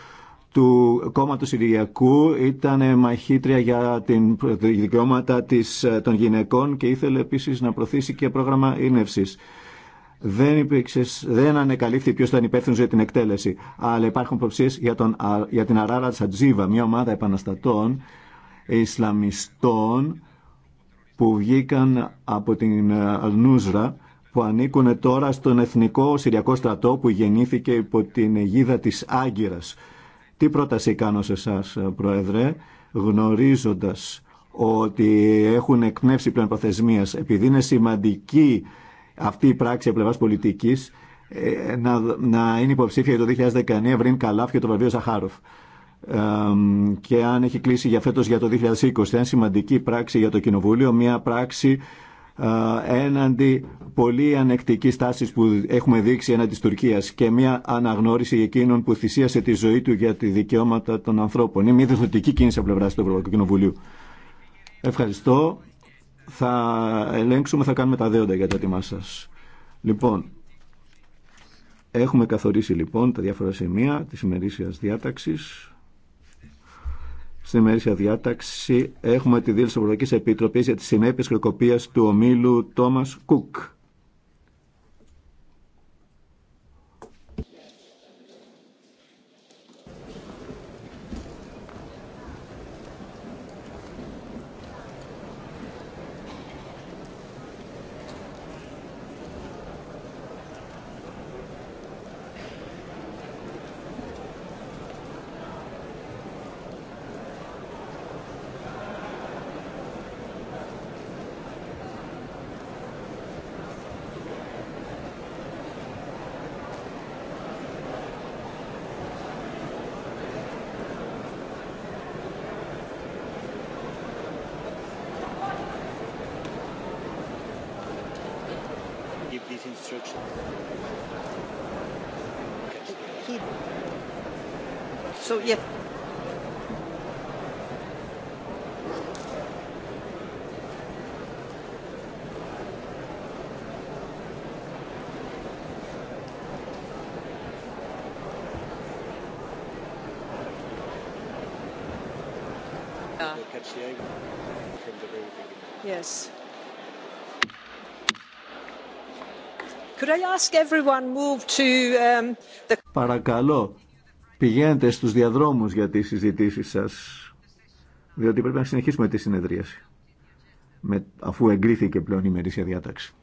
του κόμματο Συριακού ήταν μαχήτρια για την δικαιώματα της, ε, των γυναικών και ήθελε επίσης να προωθήσει και πρόγραμμα ίνευσης. Δεν, υπήξες, δεν ανεκαλύφθη ποιο ήταν υπεύθυνο για την εκτέλεση, αλλά υπάρχουν υποψίε για, τον, για την Αράρα Τσατζίβα, μια ομάδα επαναστατών Ισλαμιστών που βγήκαν από την ε, Αλνούζρα που ανήκουν τώρα στον Εθνικό Συριακό Στρατό που γεννήθηκε υπό την αιγίδα της Άγκυρας. Τι πρόταση κάνω σε εσά, Πρόεδρε, γνωρίζοντα ότι έχουν εκπνεύσει πλέον προθεσμία, επειδή είναι σημαντική αυτή η πράξη από πλευρά πολιτική, ε, να, να είναι υποψήφια για το 2019 βρήν Καλάφ και το βραβείο Ζαχάροφ. και αν έχει κλείσει για φέτος για το 2020, θα είναι σημαντική πράξη για το Κοινοβούλιο, μια πράξη ε, έναντι πολύ ανεκτική τάση που έχουμε δείξει έναντι της Τουρκίας και μια αναγνώριση εκείνων που θυσίασε τη ζωή του για τη δικαιώματα των ανθρώπων. Είναι μια διευθυντική κίνηση από πλευρά του Ευρωπαϊκού Κοινοβουλίου. Ευχαριστώ. Θα ελέγξουμε, θα κάνουμε τα δέοντα για τα τιμά σας. Λοιπόν, έχουμε καθορίσει λοιπόν τα διάφορα σημεία της ημερήσιας διάταξης. Στην ημερήσια διάταξη έχουμε τη δήλωση της Ευρωπαϊκή Επιτροπή για τι συνέπειε χρεοκοπία του ομίλου Τόμας Κουκ. Um, Παρακαλώ, πηγαίνετε στους διαδρόμους για τις συζητήσεις σας, διότι πρέπει να συνεχίσουμε τη συνεδρίαση, αφού εγκρίθηκε πλέον η μερίσια διάταξη.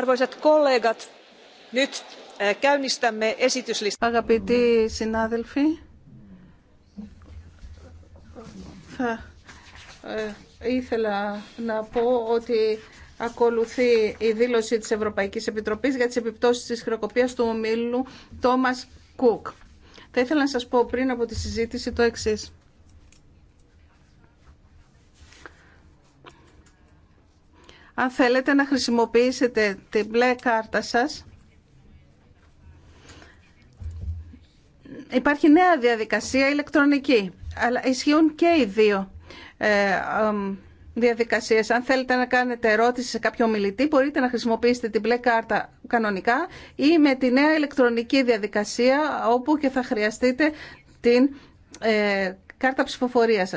Äh, Αγαπητοί συνάδελφοι, θα ε, ήθελα να πω ότι ακολουθεί η δήλωση της Ευρωπαϊκής Επιτροπής για τις επιπτώσεις της χρεοκοπίας του ομίλου Τόμας Κουκ. Θα ήθελα να σας πω πριν από τη συζήτηση το εξής. Αν θέλετε να χρησιμοποιήσετε την μπλε κάρτα σας, υπάρχει νέα διαδικασία ηλεκτρονική, αλλά ισχύουν και οι δύο ε, διαδικασίες. Αν θέλετε να κάνετε ερώτηση σε κάποιο μιλητή, μπορείτε να χρησιμοποιήσετε την μπλε κάρτα κανονικά ή με τη νέα ηλεκτρονική διαδικασία, όπου και θα χρειαστείτε την ε, κάρτα ψηφοφορία σα.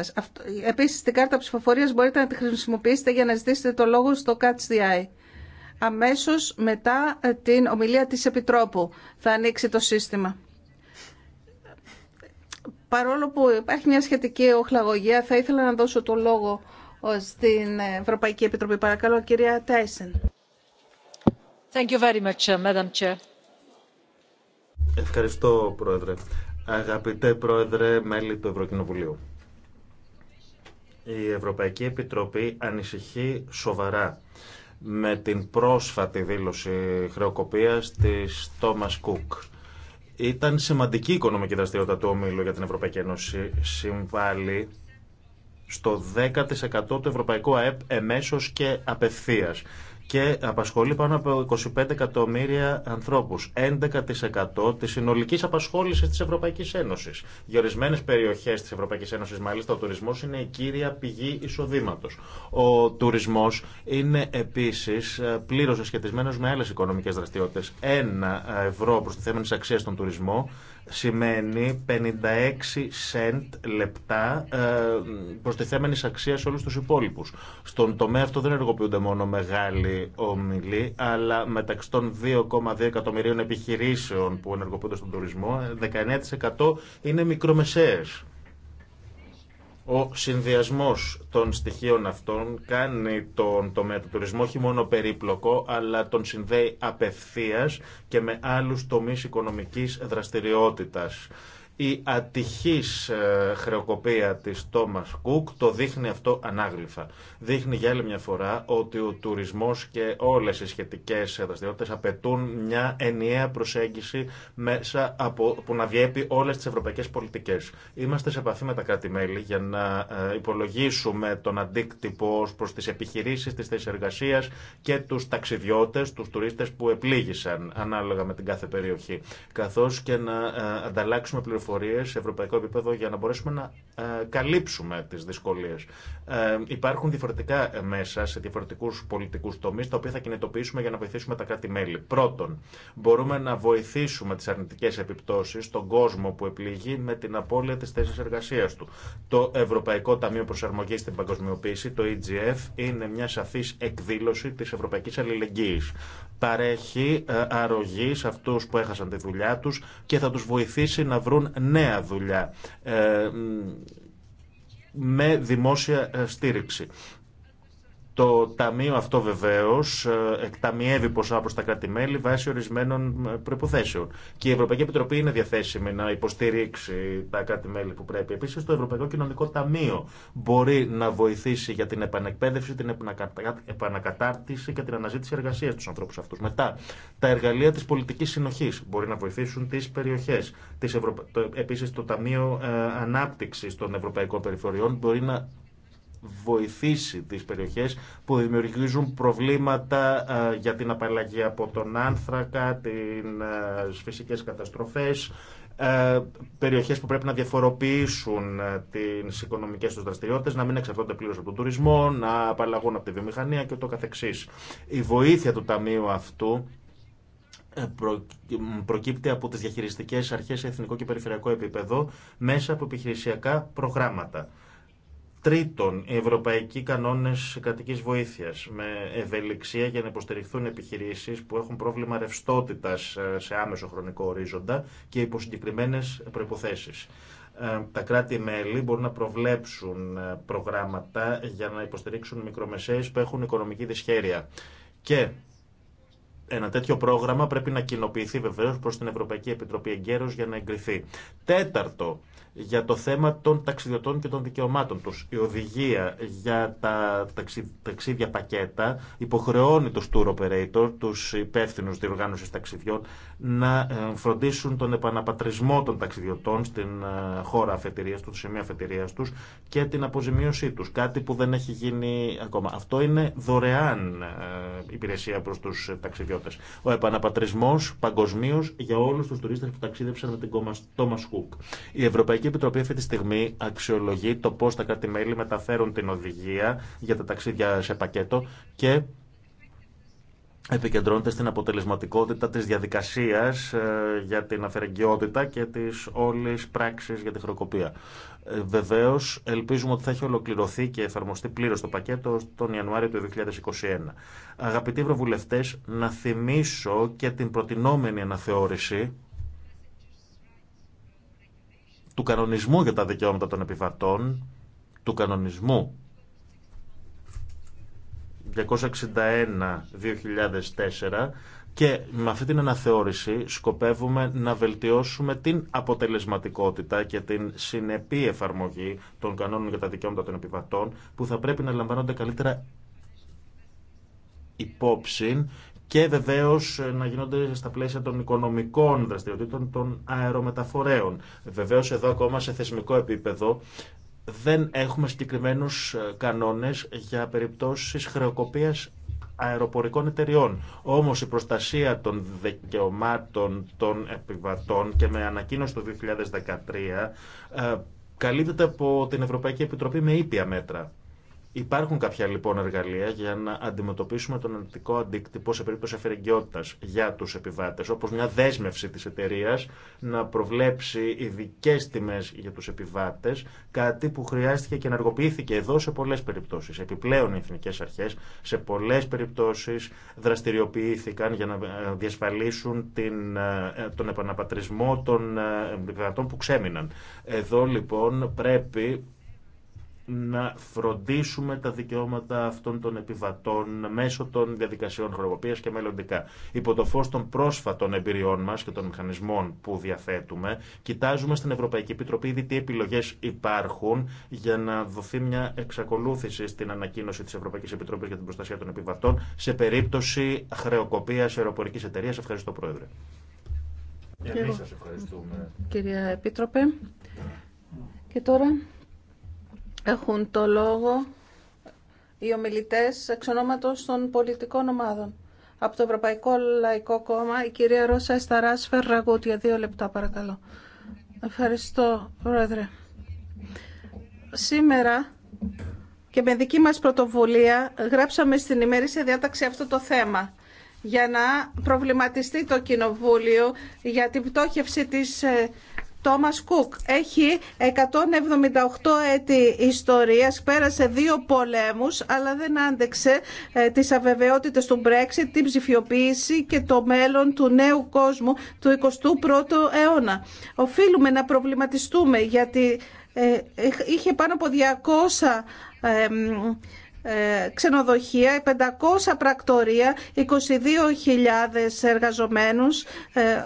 Επίση, την κάρτα ψηφοφορία μπορείτε να τη χρησιμοποιήσετε για να ζητήσετε το λόγο στο Catch the Αμέσω μετά ε, την ομιλία τη Επιτρόπου θα ανοίξει το σύστημα. Παρόλο που υπάρχει μια σχετική οχλαγωγία, θα ήθελα να δώσω το λόγο ε, στην Ευρωπαϊκή Επιτροπή. Παρακαλώ, κυρία Τάισεν. Uh, Ευχαριστώ, Πρόεδρε. Αγαπητέ Πρόεδρε, μέλη του Ευρωκοινοβουλίου. Η Ευρωπαϊκή Επιτροπή ανησυχεί σοβαρά με την πρόσφατη δήλωση χρεοκοπίας της Thomas Cook. Ήταν σημαντική η οικονομική δραστηριότητα του ομίλου για την Ευρωπαϊκή Ένωση. Συμβάλλει στο 10% του ευρωπαϊκού ΑΕΠ εμέσως και απευθείας και απασχολεί πάνω από 25 εκατομμύρια ανθρώπους, 11% της συνολικής απασχόλησης τη Ευρωπαϊκή Ένωσης. Για ορισμένε περιοχές της Ευρωπαϊκής Ένωσης, μάλιστα, ο τουρισμός είναι η κύρια πηγή εισοδήματο. Ο τουρισμός είναι επίσης ε, πλήρως συσχετισμένος με άλλες οικονομικές δραστηριότητες. Ένα ευρώ προστιθέμενη αξία στον τουρισμό σημαίνει 56 σεντ λεπτά ε, προστιθέμενη αξία σε όλου του υπόλοιπου. Στον τομέα αυτό δεν ενεργοποιούνται μόνο μεγάλοι ομιλοί, αλλά μεταξύ των 2,2 εκατομμυρίων επιχειρήσεων που ενεργοποιούνται στον τουρισμό, 19% είναι μικρομεσαίε. Ο συνδυασμός των στοιχείων αυτών κάνει τον τομέα του τουρισμού όχι μόνο περίπλοκο, αλλά τον συνδέει απευθείας και με άλλους τομείς οικονομικής δραστηριότητας. Η ατυχής ε, χρεοκοπία της Thomas Cook το δείχνει αυτό ανάγλυφα. Δείχνει για άλλη μια φορά ότι ο τουρισμός και όλες οι σχετικές δραστηριότητε απαιτούν μια ενιαία προσέγγιση μέσα από, που να διέπει όλες τις ευρωπαϊκές πολιτικές. Είμαστε σε επαφή με τα κράτη-μέλη για να ε, υπολογίσουμε τον αντίκτυπο ως προς τις επιχειρήσεις, τις θέσης και τους ταξιδιώτες, τους τουρίστες που επλήγησαν ανάλογα με την κάθε περιοχή. Καθώς και να ε, ανταλλάξουμε πληροφορίες πληροφορίε σε ευρωπαϊκό επίπεδο για να μπορέσουμε να ε, καλύψουμε τι δυσκολίε. Ε, υπάρχουν διαφορετικά μέσα σε διαφορετικού πολιτικού τομεί, τα οποία θα κινητοποιήσουμε για να βοηθήσουμε τα κράτη-μέλη. Πρώτον, μπορούμε να βοηθήσουμε τι αρνητικέ επιπτώσει στον κόσμο που επληγεί με την απώλεια τη θέση εργασία του. Το Ευρωπαϊκό Ταμείο Προσαρμογή στην Παγκοσμιοποίηση, το EGF, είναι μια σαφή εκδήλωση τη ευρωπαϊκή αλληλεγγύη παρέχει ε, αρρωγή σε αυτούς που έχασαν τη δουλειά τους και θα τους βοηθήσει να βρουν νέα δουλειά ε, με δημόσια ε, στήριξη. Το ταμείο αυτό βεβαίω ε, εκταμιεύει ποσά προ τα κράτη-μέλη βάσει ορισμένων ε, προποθέσεων. Και η Ευρωπαϊκή Επιτροπή είναι διαθέσιμη να υποστηρίξει τα κράτη-μέλη που πρέπει. Επίση, το Ευρωπαϊκό Κοινωνικό Ταμείο μπορεί να βοηθήσει για την επανεκπαίδευση, την επανακατάρτιση και την αναζήτηση εργασία του ανθρώπου αυτού. Μετά, τα εργαλεία τη πολιτική συνοχή μπορεί να βοηθήσουν τι περιοχέ. Ευρω... Επίση, το Ταμείο ε, Ανάπτυξη των Ευρωπαϊκών Περιφοριών μπορεί να βοηθήσει τις περιοχές που δημιουργίζουν προβλήματα ε, για την απαλλαγή από τον άνθρακα, τις ε, φυσικές καταστροφές, ε, περιοχές που πρέπει να διαφοροποιήσουν τις οικονομικές τους δραστηριότητες, να μην εξαρτώνται πλήρως από τον τουρισμό, να απαλλαγούν από τη βιομηχανία και το καθεξής. Η βοήθεια του Ταμείου αυτού προκύπτει από τις διαχειριστικές αρχές σε εθνικό και περιφερειακό επίπεδο μέσα από επιχειρησιακά προγράμματα. Τρίτον, οι ευρωπαϊκοί κανόνε κρατική βοήθεια με ευελιξία για να υποστηριχθούν επιχειρήσει που έχουν πρόβλημα ρευστότητα ε, σε άμεσο χρονικό ορίζοντα και υπό συγκεκριμένε προποθέσει. Ε, τα κράτη-μέλη μπορούν να προβλέψουν ε, προγράμματα για να υποστηρίξουν μικρομεσαίες που έχουν οικονομική δυσχέρεια. Και ένα τέτοιο πρόγραμμα πρέπει να κοινοποιηθεί βεβαίως προς την Ευρωπαϊκή Επιτροπή εγκαίρως για να εγκριθεί. Τέταρτο, για το θέμα των ταξιδιωτών και των δικαιωμάτων τους. Η οδηγία για τα ταξίδια πακέτα υποχρεώνει τους tour operator, τους υπεύθυνους διοργάνωσης ταξιδιών, να ε, φροντίσουν τον επαναπατρισμό των ταξιδιωτών στην ε, χώρα αφετηρίας τους, σημεία αφετηρίας τους και την αποζημίωσή τους. Κάτι που δεν έχει γίνει ακόμα. Αυτό είναι δωρεάν ε, υπηρεσία προς τους ταξιδιώτες. Ο επαναπατρισμός παγκοσμίω για όλους τους τουρίστες που ταξίδεψαν με την Thomas Cook. Η Ευρωπαϊκή Ευρωπαϊκή Επιτροπή αυτή τη στιγμή αξιολογεί το πώ τα κράτη-μέλη μεταφέρουν την οδηγία για τα ταξίδια σε πακέτο και επικεντρώνεται στην αποτελεσματικότητα της διαδικασίας ε, για την αφαιρεγκαιότητα και της όλης πράξης για τη χροκοπία. Ε, Βεβαίω, ελπίζουμε ότι θα έχει ολοκληρωθεί και εφαρμοστεί πλήρω το πακέτο τον Ιανουάριο του 2021. Αγαπητοί Ευρωβουλευτέ, να θυμίσω και την προτινόμενη αναθεώρηση του κανονισμού για τα δικαιώματα των επιβατών, του κανονισμού 261-2004 και με αυτή την αναθεώρηση σκοπεύουμε να βελτιώσουμε την αποτελεσματικότητα και την συνεπή εφαρμογή των κανόνων για τα δικαιώματα των επιβατών που θα πρέπει να λαμβάνονται καλύτερα υπόψη και βεβαίω ε, να γίνονται στα πλαίσια των οικονομικών δραστηριοτήτων των αερομεταφορέων. Βεβαίω εδώ ακόμα σε θεσμικό επίπεδο δεν έχουμε συγκεκριμένου ε, κανόνε για περιπτώσει χρεοκοπία αεροπορικών εταιριών. Όμως η προστασία των δικαιωμάτων των επιβατών και με ανακοίνωση το 2013 ε, καλύπτεται από την Ευρωπαϊκή Επιτροπή με ήπια μέτρα. Υπάρχουν κάποια λοιπόν εργαλεία για να αντιμετωπίσουμε τον αντικτυπώ αντίκτυπο σε περίπτωση αφαιρεγκαιότητα για του επιβάτε, όπω μια δέσμευση τη εταιρεία να προβλέψει ειδικέ τιμέ για του επιβάτε, κάτι που χρειάστηκε και ενεργοποιήθηκε εδώ σε πολλέ περιπτώσει. Επιπλέον, οι εθνικέ αρχέ σε πολλέ περιπτώσει δραστηριοποιήθηκαν για να διασφαλίσουν την, ε, τον επαναπατρισμό των ε, επιβατών που ξέμειναν. Εδώ λοιπόν πρέπει να φροντίσουμε τα δικαιώματα αυτών των επιβατών μέσω των διαδικασιών χρονοποίησης και μελλοντικά. Υπό το φως των πρόσφατων εμπειριών μας και των μηχανισμών που διαθέτουμε, κοιτάζουμε στην Ευρωπαϊκή Επιτροπή ήδη τι επιλογές υπάρχουν για να δοθεί μια εξακολούθηση στην ανακοίνωση της Ευρωπαϊκής Επιτροπής για την προστασία των επιβατών σε περίπτωση χρεοκοπίας αεροπορικής εταιρείας. Ευχαριστώ, Πρόεδρε. Και εμείς σας ευχαριστούμε. Κυρία Επίτροπε, και τώρα έχουν το λόγο οι ομιλητές εξ ονόματος των πολιτικών ομάδων. Από το Ευρωπαϊκό Λαϊκό Κόμμα, η κυρία Ρώσα Εσταράς Φερραγούτ, για δύο λεπτά παρακαλώ. Ευχαριστώ, Πρόεδρε. Σήμερα και με δική μας πρωτοβουλία γράψαμε στην ημερήσια διάταξη αυτό το θέμα για να προβληματιστεί το Κοινοβούλιο για την πτώχευση της ε, Τόμας Κουκ έχει 178 έτη ιστορίας, πέρασε δύο πολέμους, αλλά δεν άντεξε ε, τις αβεβαιότητες του Brexit, την ψηφιοποίηση και το μέλλον του νέου κόσμου του 21ου αιώνα. Οφείλουμε να προβληματιστούμε γιατί ε, ε, είχε πάνω από 200 ε, ξενοδοχεία, 500 πρακτορία, 22.000 εργαζομένους. Ε,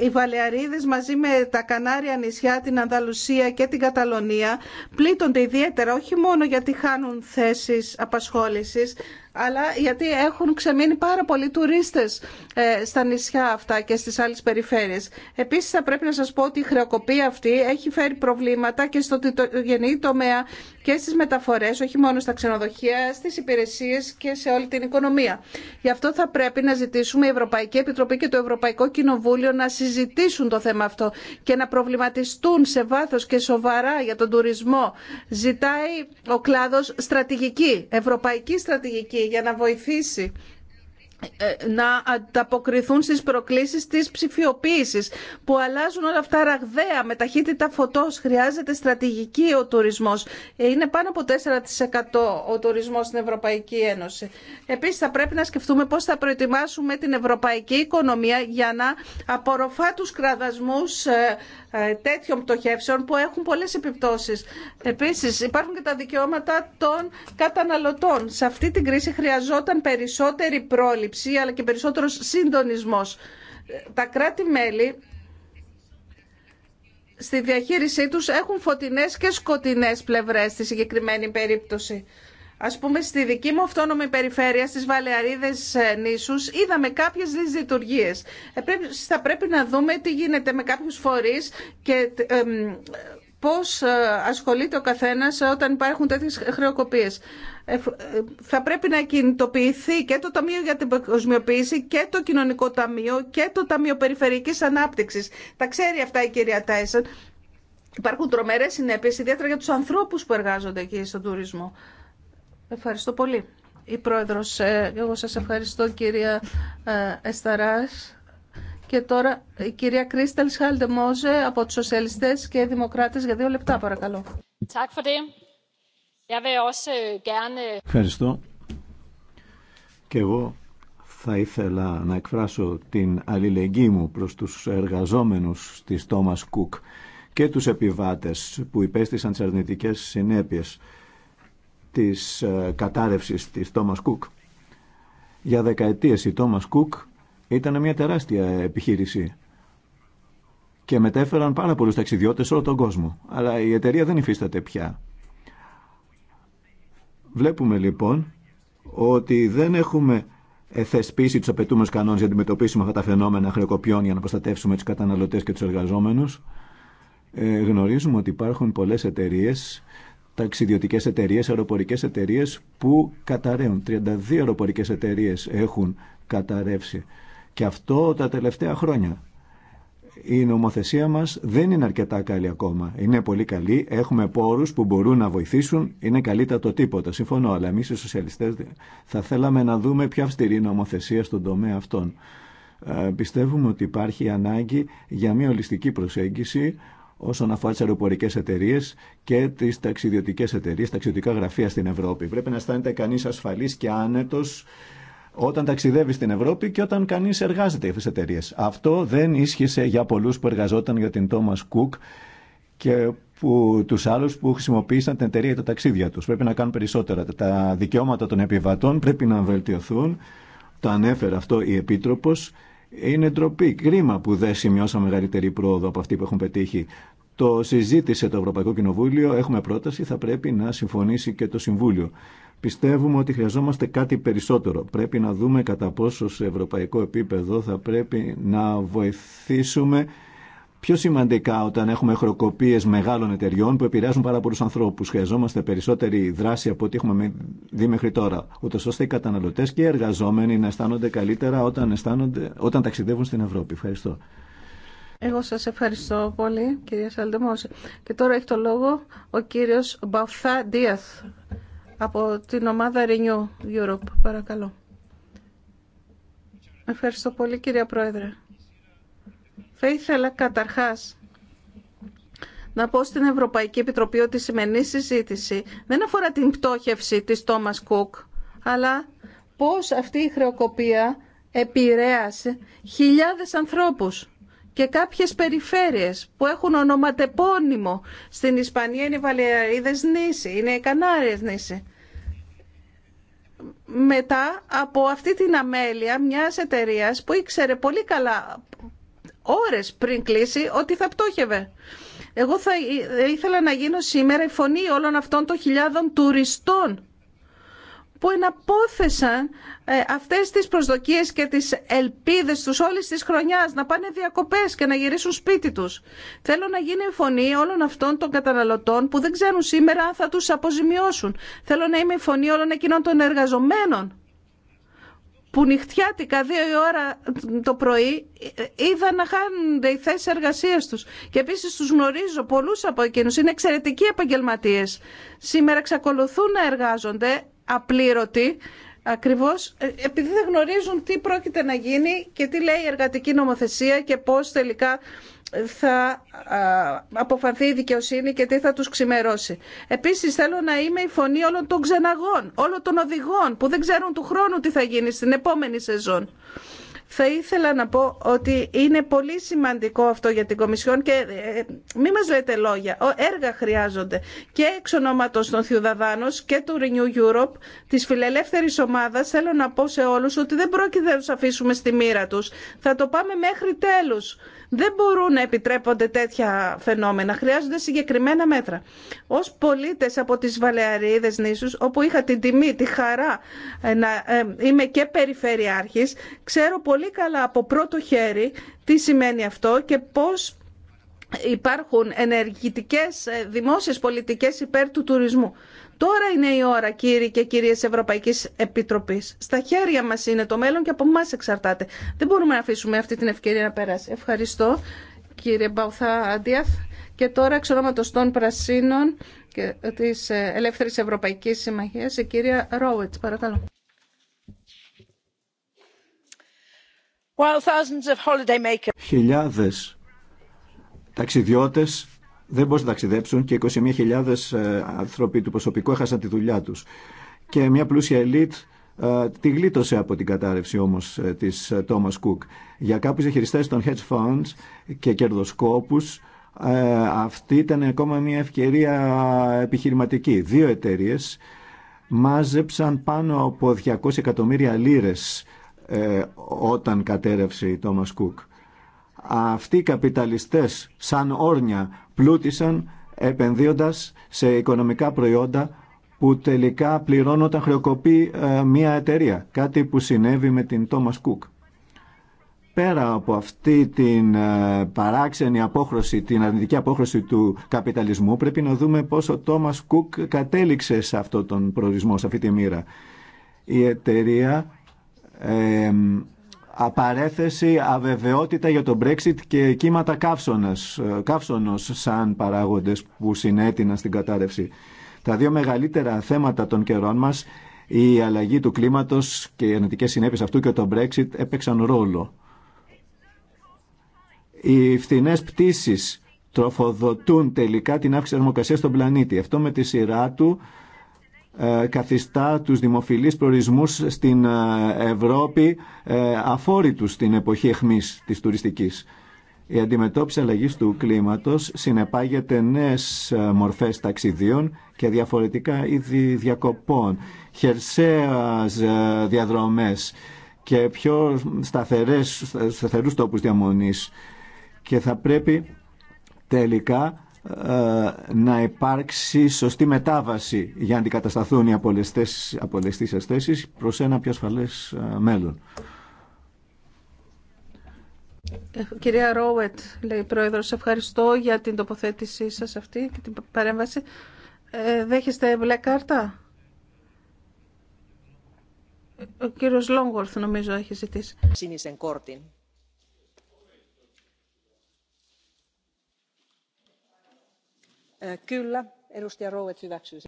οι Βαλεαρίδες μαζί με τα Κανάρια νησιά, την Ανδαλουσία και την Καταλωνία πλήττονται ιδιαίτερα όχι μόνο γιατί χάνουν θέσεις απασχόλησης αλλά γιατί έχουν ξεμείνει πάρα πολλοί τουρίστες ε, στα νησιά αυτά και στις άλλες περιφέρειες. Επίσης θα πρέπει να σας πω ότι η χρεοκοπία αυτή έχει φέρει προβλήματα και στο γενή τομέα και στις μεταφορές, όχι μόνο στα ξενοδοχεία, στις υπηρεσίες και σε όλη την οικονομία. Γι' αυτό θα πρέπει να ζητήσουμε η Ευρωπαϊκή Επιτροπή και το Ευρωπαϊκό Κοινοβούλιο να συζητήσουν το θέμα αυτό και να προβληματιστούν σε βάθος και σοβαρά για τον τουρισμό. Ζητάει ο κλάδος στρατηγική, ευρωπαϊκή στρατηγική για να βοηθήσει ε, να ανταποκριθούν στις προκλήσεις της ψηφιοποίησης που αλλάζουν όλα αυτά ραγδαία με ταχύτητα φωτός. Χρειάζεται στρατηγική ο τουρισμός. Ε, είναι πάνω από 4% ο τουρισμός στην Ευρωπαϊκή Ένωση. Επίσης θα πρέπει να σκεφτούμε πώς θα προετοιμάσουμε την ευρωπαϊκή οικονομία για να απορροφά τους κραδασμούς ε, τέτοιων πτωχεύσεων που έχουν πολλές επιπτώσεις. Επίσης υπάρχουν και τα δικαιώματα των καταναλωτών. Σε αυτή την κρίση χρειαζόταν περισσότερη πρόληψη αλλά και περισσότερος συντονισμός. Τα κράτη-μέλη στη διαχείρισή τους έχουν φωτεινές και σκοτεινές πλευρές στη συγκεκριμένη περίπτωση. Ας πούμε στη δική μου αυτόνομη περιφέρεια, στις Βαλεαρίδες ε, νήσους, είδαμε κάποιες ε, πρέπει, Θα πρέπει να δούμε τι γίνεται με κάποιους φορείς και ε, πώς ε, ασχολείται ο καθένας όταν υπάρχουν τέτοιες χρεοκοπίες. Ε, ε, θα πρέπει να κινητοποιηθεί και το Ταμείο για την Παγκοσμιοποίηση και το Κοινωνικό Ταμείο και το Ταμείο Περιφερειακής Ανάπτυξης. Τα ξέρει αυτά η κυρία Τάισον. Υπάρχουν τρομερές συνέπειες, ιδιαίτερα για τους ανθρώπους που εργάζονται εκεί στον τουρισμό. Ευχαριστώ πολύ. Η Πρόεδρος, εγώ σας ευχαριστώ κυρία Εσταράς. Και τώρα η κυρία Κρίσταλ Σχάλντε Μόζε από τους Σοσιαλιστές και Δημοκράτες για δύο λεπτά παρακαλώ. Øh, Ευχαριστώ. Και εγώ θα ήθελα να εκφράσω την αλληλεγγύη μου προς τους εργαζόμενους της Τόμας Κουκ και τους επιβάτες που υπέστησαν τις αρνητικές συνέπειες της ε, κατάρρευσης της Τόμας Κουκ. Για δεκαετίες η Τόμας Κουκ ήταν μια τεράστια επιχείρηση και μετέφεραν πάρα πολλού ταξιδιώτε σε όλο τον κόσμο. Αλλά η εταιρεία δεν υφίσταται πια. Βλέπουμε λοιπόν ότι δεν έχουμε θεσπίσει του απαιτούμενου κανόνε για να αντιμετωπίσουμε αυτά τα φαινόμενα χρεοκοπιών για να προστατεύσουμε του καταναλωτέ και του εργαζόμενου. Ε, γνωρίζουμε ότι υπάρχουν πολλέ εταιρείε, ταξιδιωτικέ εταιρείε, αεροπορικέ εταιρείε που καταραίουν. 32 αεροπορικέ εταιρείε έχουν καταρρεύσει. Και αυτό τα τελευταία χρόνια. Η νομοθεσία μας δεν είναι αρκετά καλή ακόμα. Είναι πολύ καλή, έχουμε πόρους που μπορούν να βοηθήσουν, είναι καλύτερα το τίποτα. Συμφωνώ, αλλά εμείς οι σοσιαλιστές θα θέλαμε να δούμε πιο αυστηρή νομοθεσία στον τομέα αυτών. Ε, πιστεύουμε ότι υπάρχει ανάγκη για μια ολιστική προσέγγιση όσον αφορά τι αεροπορικέ εταιρείε και τι ταξιδιωτικέ εταιρείε, ταξιδιωτικά γραφεία στην Ευρώπη. Πρέπει να αισθάνεται κανεί ασφαλή και άνετο όταν ταξιδεύει στην Ευρώπη και όταν κανεί εργάζεται στι εταιρείε. Αυτό δεν ίσχυσε για πολλού που εργαζόταν για την Thomas κουκ και που, τους άλλους που χρησιμοποίησαν την εταιρεία για τα ταξίδια τους. Πρέπει να κάνουν περισσότερα. Τα δικαιώματα των επιβατών πρέπει να βελτιωθούν. Το ανέφερε αυτό η Επίτροπος. Είναι ντροπή, κρίμα που δεν σημειώσαμε μεγαλύτερη πρόοδο από αυτή που έχουν πετύχει. Το συζήτησε το Ευρωπαϊκό Κοινοβούλιο, έχουμε πρόταση, θα πρέπει να συμφωνήσει και το Συμβούλιο. Πιστεύουμε ότι χρειαζόμαστε κάτι περισσότερο. Πρέπει να δούμε κατά πόσο σε ευρωπαϊκό επίπεδο θα πρέπει να βοηθήσουμε πιο σημαντικά όταν έχουμε χροκοπίες μεγάλων εταιριών που επηρεάζουν πάρα πολλούς ανθρώπους. Χρειαζόμαστε περισσότερη δράση από ό,τι έχουμε δει μέχρι τώρα, ούτως ώστε οι καταναλωτές και οι εργαζόμενοι να αισθάνονται καλύτερα όταν, όταν ταξιδεύουν στην Ευρώπη. Ευχαριστώ. Εγώ σας ευχαριστώ πολύ, κυρία Σαλδεμόση. Και τώρα έχει το λόγο ο κύριος Μπαουθά Ντίαθ από την ομάδα Renew Europe. Παρακαλώ. Ευχαριστώ πολύ, κυρία Πρόεδρε. Θα ήθελα καταρχάς να πω στην Ευρωπαϊκή Επιτροπή ότι η σημερινή συζήτηση δεν αφορά την πτώχευση της Τόμας Κουκ, αλλά πώς αυτή η χρεοκοπία επηρέασε χιλιάδες ανθρώπους και κάποιες περιφέρειες που έχουν ονοματεπώνυμο στην Ισπανία είναι οι Βαλαιαρίδες νήσι, είναι οι Κανάριες νήσι. Μετά από αυτή την αμέλεια μια εταιρεία που ήξερε πολύ καλά ώρες πριν κλείσει ότι θα πτώχευε. Εγώ θα ήθελα να γίνω σήμερα η φωνή όλων αυτών των χιλιάδων τουριστών που εναπόθεσαν ε, αυτές τις προσδοκίες και τις ελπίδες τους όλης της χρονιάς να πάνε διακοπές και να γυρίσουν σπίτι τους. Θέλω να γίνει η φωνή όλων αυτών των καταναλωτών που δεν ξέρουν σήμερα αν θα τους αποζημιώσουν. Θέλω να είμαι η φωνή όλων εκείνων των εργαζομένων που νυχτιάτικα δύο η ώρα το πρωί ε, είδα να χάνονται οι θέσει εργασία του. Και επίση του γνωρίζω πολλού από εκείνου. Είναι εξαιρετικοί επαγγελματίε. Σήμερα εξακολουθούν να εργάζονται απλήρωτη, ακριβώς ε, επειδή δεν γνωρίζουν τι πρόκειται να γίνει και τι λέει η εργατική νομοθεσία και πώς τελικά θα αποφανθεί η δικαιοσύνη και τι θα τους ξημερώσει. Επίσης θέλω να είμαι η φωνή όλων των ξεναγών, όλων των οδηγών που δεν ξέρουν του χρόνου τι θα γίνει στην επόμενη σεζόν. Θα ήθελα να πω ότι είναι πολύ σημαντικό αυτό για την Κομισιόν και ε, μην μας λέτε λόγια. Έργα χρειάζονται και εξ ονόματος των Θιουδαδάνος και του Renew Europe, της φιλελεύθερης ομάδας, θέλω να πω σε όλους ότι δεν πρόκειται να τους αφήσουμε στη μοίρα τους. Θα το πάμε μέχρι τέλους δεν μπορούν να επιτρέπονται τέτοια φαινόμενα. Χρειάζονται συγκεκριμένα μέτρα. Ω πολίτε από τις Βαλεαρίδε νήσους, όπου είχα την τιμή, τη χαρά ε, να ε, είμαι και περιφερειάρχης, ξέρω πολύ καλά από πρώτο χέρι τι σημαίνει αυτό και πώς υπάρχουν ενεργητικές ε, δημόσιες πολιτικές υπέρ του τουρισμού. Τώρα είναι η ώρα, κύριοι και κυρίες Ευρωπαϊκής Επιτροπής. Στα χέρια μας είναι το μέλλον και από εμά εξαρτάται. Δεν μπορούμε να αφήσουμε αυτή την ευκαιρία να περάσει. Ευχαριστώ, κύριε Μπαουθά Αντίαθ. Και τώρα, εξ των Πρασίνων και της ε, Ελεύθερης Ευρωπαϊκής Συμμαχίας, η κυρία Ρόουιτς, παρακαλώ. Χιλιάδε ταξιδιώτε δεν μπορούσαν να ταξιδέψουν και 21.000 ε, άνθρωποι του προσωπικού έχασαν τη δουλειά τους. Και μια πλούσια ελίτ ε, τη γλίτωσε από την κατάρρευση όμως ε, της Thomas Cook. Για κάποιους διαχειριστές των hedge funds και κερδοσκόπους αυτή ήταν ακόμα μια ευκαιρία επιχειρηματική. Δύο εταιρείε μάζεψαν πάνω από 200 εκατομμύρια λίρες όταν κατέρευσε η Thomas Cook. Αυτοί οι καπιταλιστές σαν όρνια πλούτησαν επενδύοντας σε οικονομικά προϊόντα που τελικά πληρώνουν όταν χρεοκοπεί ε, μια εταιρεία. Κάτι που συνέβη με την Thomas Cook. Πέρα από αυτή την ε, παράξενη απόχρωση, την αρνητική απόχρωση του καπιταλισμού, πρέπει να δούμε πώς ο Thomas Cook κατέληξε σε αυτόν τον προορισμό, σε αυτή τη μοίρα. Η εταιρεία ε, απαρέθεση, αβεβαιότητα για το Brexit και κύματα καύσωνας, καύσωνος σαν παράγοντες που συνέτειναν στην κατάρρευση. Τα δύο μεγαλύτερα θέματα των καιρών μας, η αλλαγή του κλίματος και οι ενωτικές συνέπειες αυτού και το Brexit έπαιξαν ρόλο. Οι φθηνές πτήσεις τροφοδοτούν τελικά την αύξηση θερμοκρασία στον πλανήτη. Αυτό με τη σειρά του ε, καθιστά τους δημοφιλείς προορισμούς στην ε, Ευρώπη ε, αφόρητους στην εποχή εχμής της τουριστικής. Η αντιμετώπιση αλλαγής του κλίματος συνεπάγεται νέες μορφές ταξιδίων και διαφορετικά είδη διακοπών, χερσαίας διαδρομές και πιο σταθερές, σταθερούς τόπους διαμονής. Και θα πρέπει τελικά ε, να υπάρξει σωστή μετάβαση για να αντικατασταθούν οι απολεστήσεις θέσεις προς ένα πιο ασφαλές ε, μέλλον. Ε, κυρία Ρόουετ, λέει η Πρόεδρος, ευχαριστώ για την τοποθέτησή σας αυτή και την παρέμβαση. δέχεστε μπλε κάρτα? Ο κύριος Λόγκορθ νομίζω έχει ζητήσει. Ε,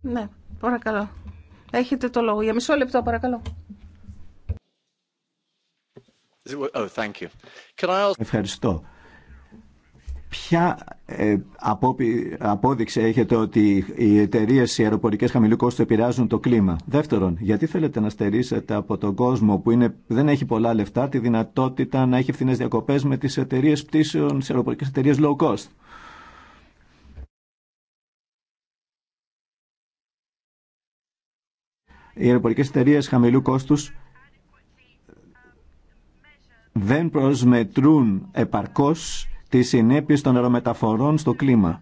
ναι, παρακαλώ. Έχετε το λόγο. Για μισό λεπτό, παρακαλώ. Oh, Ευχαριστώ. Ποια ε, απόδειξη έχετε ότι οι εταιρείε οι αεροπορικέ χαμηλού κόστου επηρεάζουν το κλίμα. Δεύτερον, γιατί θέλετε να στερήσετε από τον κόσμο που είναι, δεν έχει πολλά λεφτά τη δυνατότητα να έχει φθηνέ διακοπέ με τι εταιρείε πτήσεων, τι αεροπορικέ εταιρείε low cost. οι αεροπορικέ εταιρείε χαμηλού κόστου δεν προσμετρούν επαρκώς τις συνέπειε των αερομεταφορών στο κλίμα.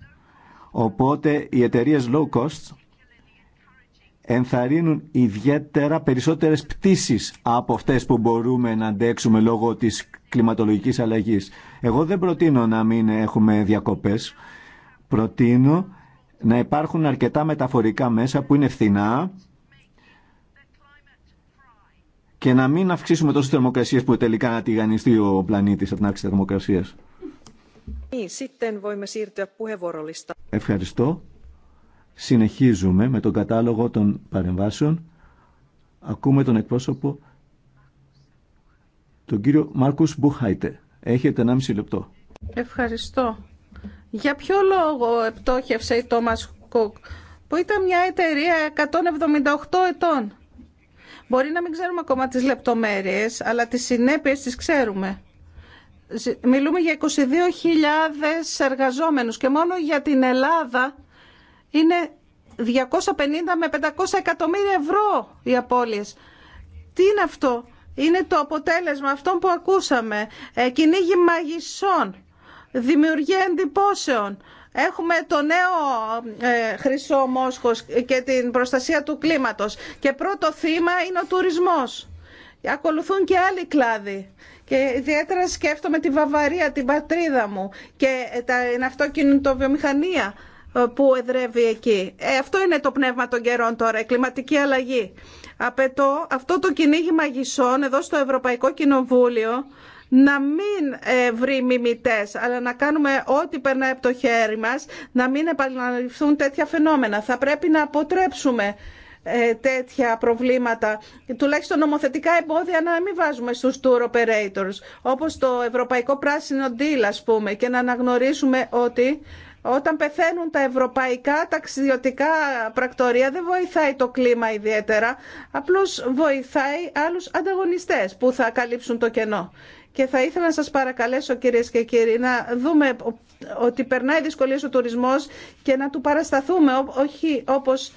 Οπότε οι εταιρείε low cost ενθαρρύνουν ιδιαίτερα περισσότερες πτήσεις από αυτές που μπορούμε να αντέξουμε λόγω της κλιματολογικής αλλαγής. Εγώ δεν προτείνω να μην έχουμε διακοπές. Προτείνω να υπάρχουν αρκετά μεταφορικά μέσα που είναι φθηνά και να μην αυξήσουμε τόσο θερμοκρασίες που τελικά να τηγανιστεί ο πλανήτης από την αύξηση θερμοκρασίας. Ευχαριστώ. Συνεχίζουμε με τον κατάλογο των παρεμβάσεων. Ακούμε τον εκπρόσωπο, τον κύριο Μάρκους Μπουχάιτε. Έχετε 1,5 λεπτό. Ευχαριστώ. Για ποιο λόγο επτόχευσε η Τόμας Κουκ, που ήταν μια εταιρεία 178 ετών Μπορεί να μην ξέρουμε ακόμα τις λεπτομέρειες, αλλά τις συνέπειες τις ξέρουμε. Μιλούμε για 22.000 εργαζόμενους και μόνο για την Ελλάδα είναι 250 με 500 εκατομμύρια ευρώ οι απώλειες. Τι είναι αυτό. Είναι το αποτέλεσμα αυτό που ακούσαμε. Ε, κυνήγι μαγισσών, δημιουργία εντυπώσεων, Έχουμε το νέο ε, χρυσό μόσχος και την προστασία του κλίματος. Και πρώτο θύμα είναι ο τουρισμός. Ακολουθούν και άλλοι κλάδοι. Και ιδιαίτερα σκέφτομαι τη Βαβαρία, την πατρίδα μου και την αυτοκινητοβιομηχανία ε, που εδρεύει εκεί. Ε, αυτό είναι το πνεύμα των καιρών τώρα, η κλιματική αλλαγή. Απαιτώ αυτό το κυνήγι μαγισσών εδώ στο Ευρωπαϊκό Κοινοβούλιο να μην ε, βρει μιμητές, αλλά να κάνουμε ό,τι περνάει από το χέρι μας, να μην επαναληφθούν τέτοια φαινόμενα. Θα πρέπει να αποτρέψουμε ε, τέτοια προβλήματα, τουλάχιστον νομοθετικά εμπόδια να μην βάζουμε στους tour operators, όπως το Ευρωπαϊκό Πράσινο Deal, ας πούμε, και να αναγνωρίσουμε ότι όταν πεθαίνουν τα ευρωπαϊκά ταξιδιωτικά πρακτορία δεν βοηθάει το κλίμα ιδιαίτερα, απλώς βοηθάει άλλους ανταγωνιστές που θα καλύψουν το κενό. Και θα ήθελα να σας παρακαλέσω κυρίες και κύριοι να δούμε ότι περνάει δυσκολίες ο τουρισμός και να του παρασταθούμε όχι όπως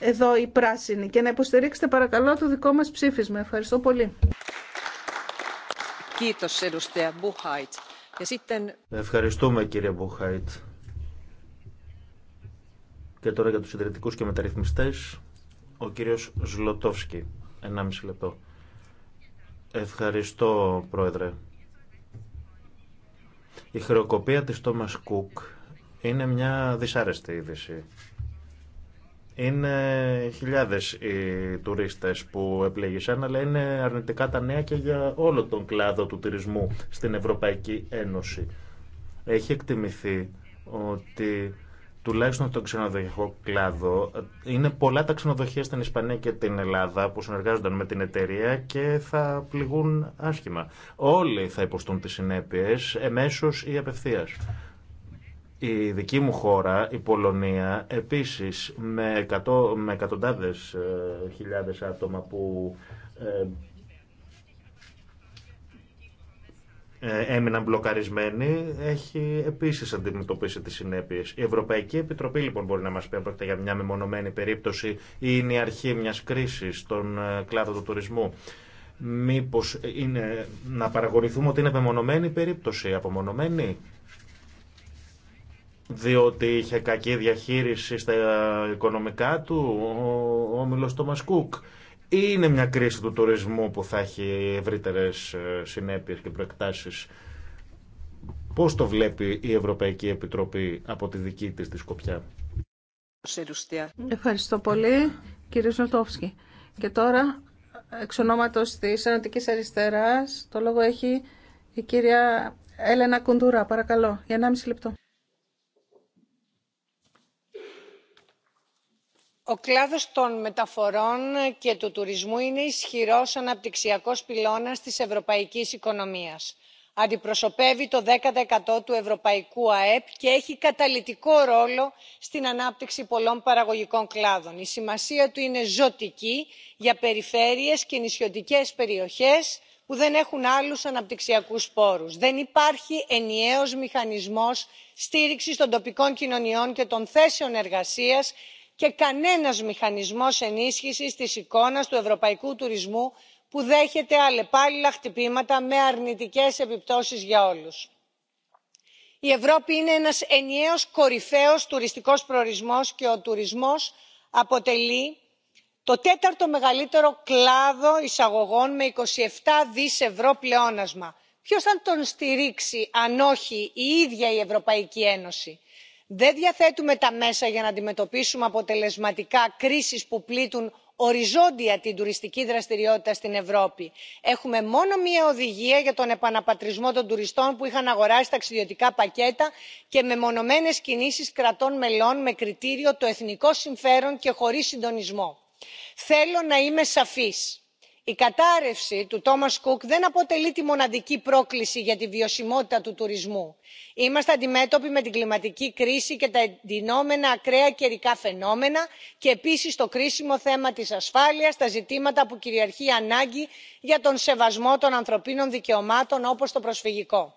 εδώ οι πράσινοι και να υποστηρίξετε παρακαλώ το δικό μας ψήφισμα. Ευχαριστώ πολύ. Ευχαριστούμε κύριε Μπουχάιτ. Και τώρα για τους συντηρητικούς και μεταρρυθμιστές, ο κύριος Ζλωτόφσκι, 1,5 λεπτό. Ευχαριστώ, Πρόεδρε. Η χρεοκοπία της Thomas Κουκ είναι μια δυσάρεστη είδηση. Είναι χιλιάδες οι τουρίστες που επλήγησαν, αλλά είναι αρνητικά τα νέα και για όλο τον κλάδο του τουρισμού στην Ευρωπαϊκή Ένωση. Έχει εκτιμηθεί ότι τουλάχιστον το ξενοδοχικό κλάδο, είναι πολλά τα ξενοδοχεία στην Ισπανία και την Ελλάδα που συνεργάζονταν με την εταιρεία και θα πληγούν άσχημα. Όλοι θα υποστούν τις συνέπειες, εμέσως ή απευθείας. Η δική μου χώρα, η Πολωνία, επίσης με, εκατο, με εκατοντάδες ε, χιλιάδες άτομα που ε, έμειναν μπλοκαρισμένοι, έχει επίσης αντιμετωπίσει τις συνέπειες. Η Ευρωπαϊκή Επιτροπή λοιπόν μπορεί να μας πει αν πρόκειται για μια μεμονωμένη περίπτωση ή είναι η αρχή μιας κρίσης στον κλάδο του τουρισμού. Μήπως είναι, να παραγωγηθούμε ότι είναι μεμονωμένη περίπτωση, απομονωμένη διότι είχε κακή διαχείριση στα οικονομικά του ο, ο Όμιλος Τόμας Κούκ είναι μια κρίση του τουρισμού που θα έχει ευρύτερε συνέπειε και προεκτάσει. Πώς το βλέπει η Ευρωπαϊκή Επιτροπή από τη δική της τη Σκοπιά. Ευχαριστώ πολύ κύριε Ζωτόφσκι. Και τώρα εξ ονόματος της Ανατικής Αριστεράς το λόγο έχει η κυρία Έλενα Κουντούρα. Παρακαλώ για 1,5 λεπτό. ο κλάδος των μεταφορών και του τουρισμού είναι ισχυρός αναπτυξιακός πυλώνας της ευρωπαϊκής οικονομίας. αντιπροσωπεύει το δέκα του ευρωπαϊκού αεπ και έχει καταλυτικό ρόλο στην ανάπτυξη πολλών παραγωγικών κλάδων. η σημασία του είναι ζωτική για περιφέρειες και νησιωτικές περιοχές που δεν έχουν άλλους αναπτυξιακούς πόρους. δεν υπάρχει ενιαίος μηχανισμός στήριξης των τοπικών κοινωνιών και των θέσεων εργασίας και κανένας μηχανισμός ενίσχυσης της εικόνας του ευρωπαϊκού τουρισμού που δέχεται αλλεπάλληλα χτυπήματα με αρνητικές επιπτώσεις για όλους. η ευρώπη είναι ένας ενιαίος κορυφαίος τουριστικός προορισμός και ο τουρισμός αποτελεί το τέταρτο μεγαλύτερο κλάδο εισαγωγών με 27 δις ευρώ πλεόνασμα. ποιος θα τον στηρίξει αν όχι η ίδια η ευρωπαϊκή ένωση; δεν διαθέτουμε τα μέσα για να αντιμετωπίσουμε αποτελεσματικά κρίσεις που πλήττουν οριζόντια την τουριστική δραστηριότητα στην ευρώπη. έχουμε μόνο μία οδηγία για τον επαναπατρισμό των τουριστών που είχαν αγοράσει ταξιδιωτικά πακέτα και μεμονωμένες κινήσεις κρατών μελών με κριτήριο το εθνικό συμφέρον και χωρίς συντονισμό. θέλω να είμαι σαφής η κατάρρευση του thomas Κουκ δεν αποτελεί τη μοναδική πρόκληση για τη βιωσιμότητα του τουρισμού. είμαστε αντιμέτωποι με την κλιματική κρίση και τα εντυνόμενα ακραία καιρικά φαινόμενα και επίσης το κρίσιμο θέμα της ασφάλειας τα ζητήματα που κυριαρχεί ανάγκη για τον σεβασμό των ανθρωπίνων δικαιωμάτων όπως το προσφυγικό.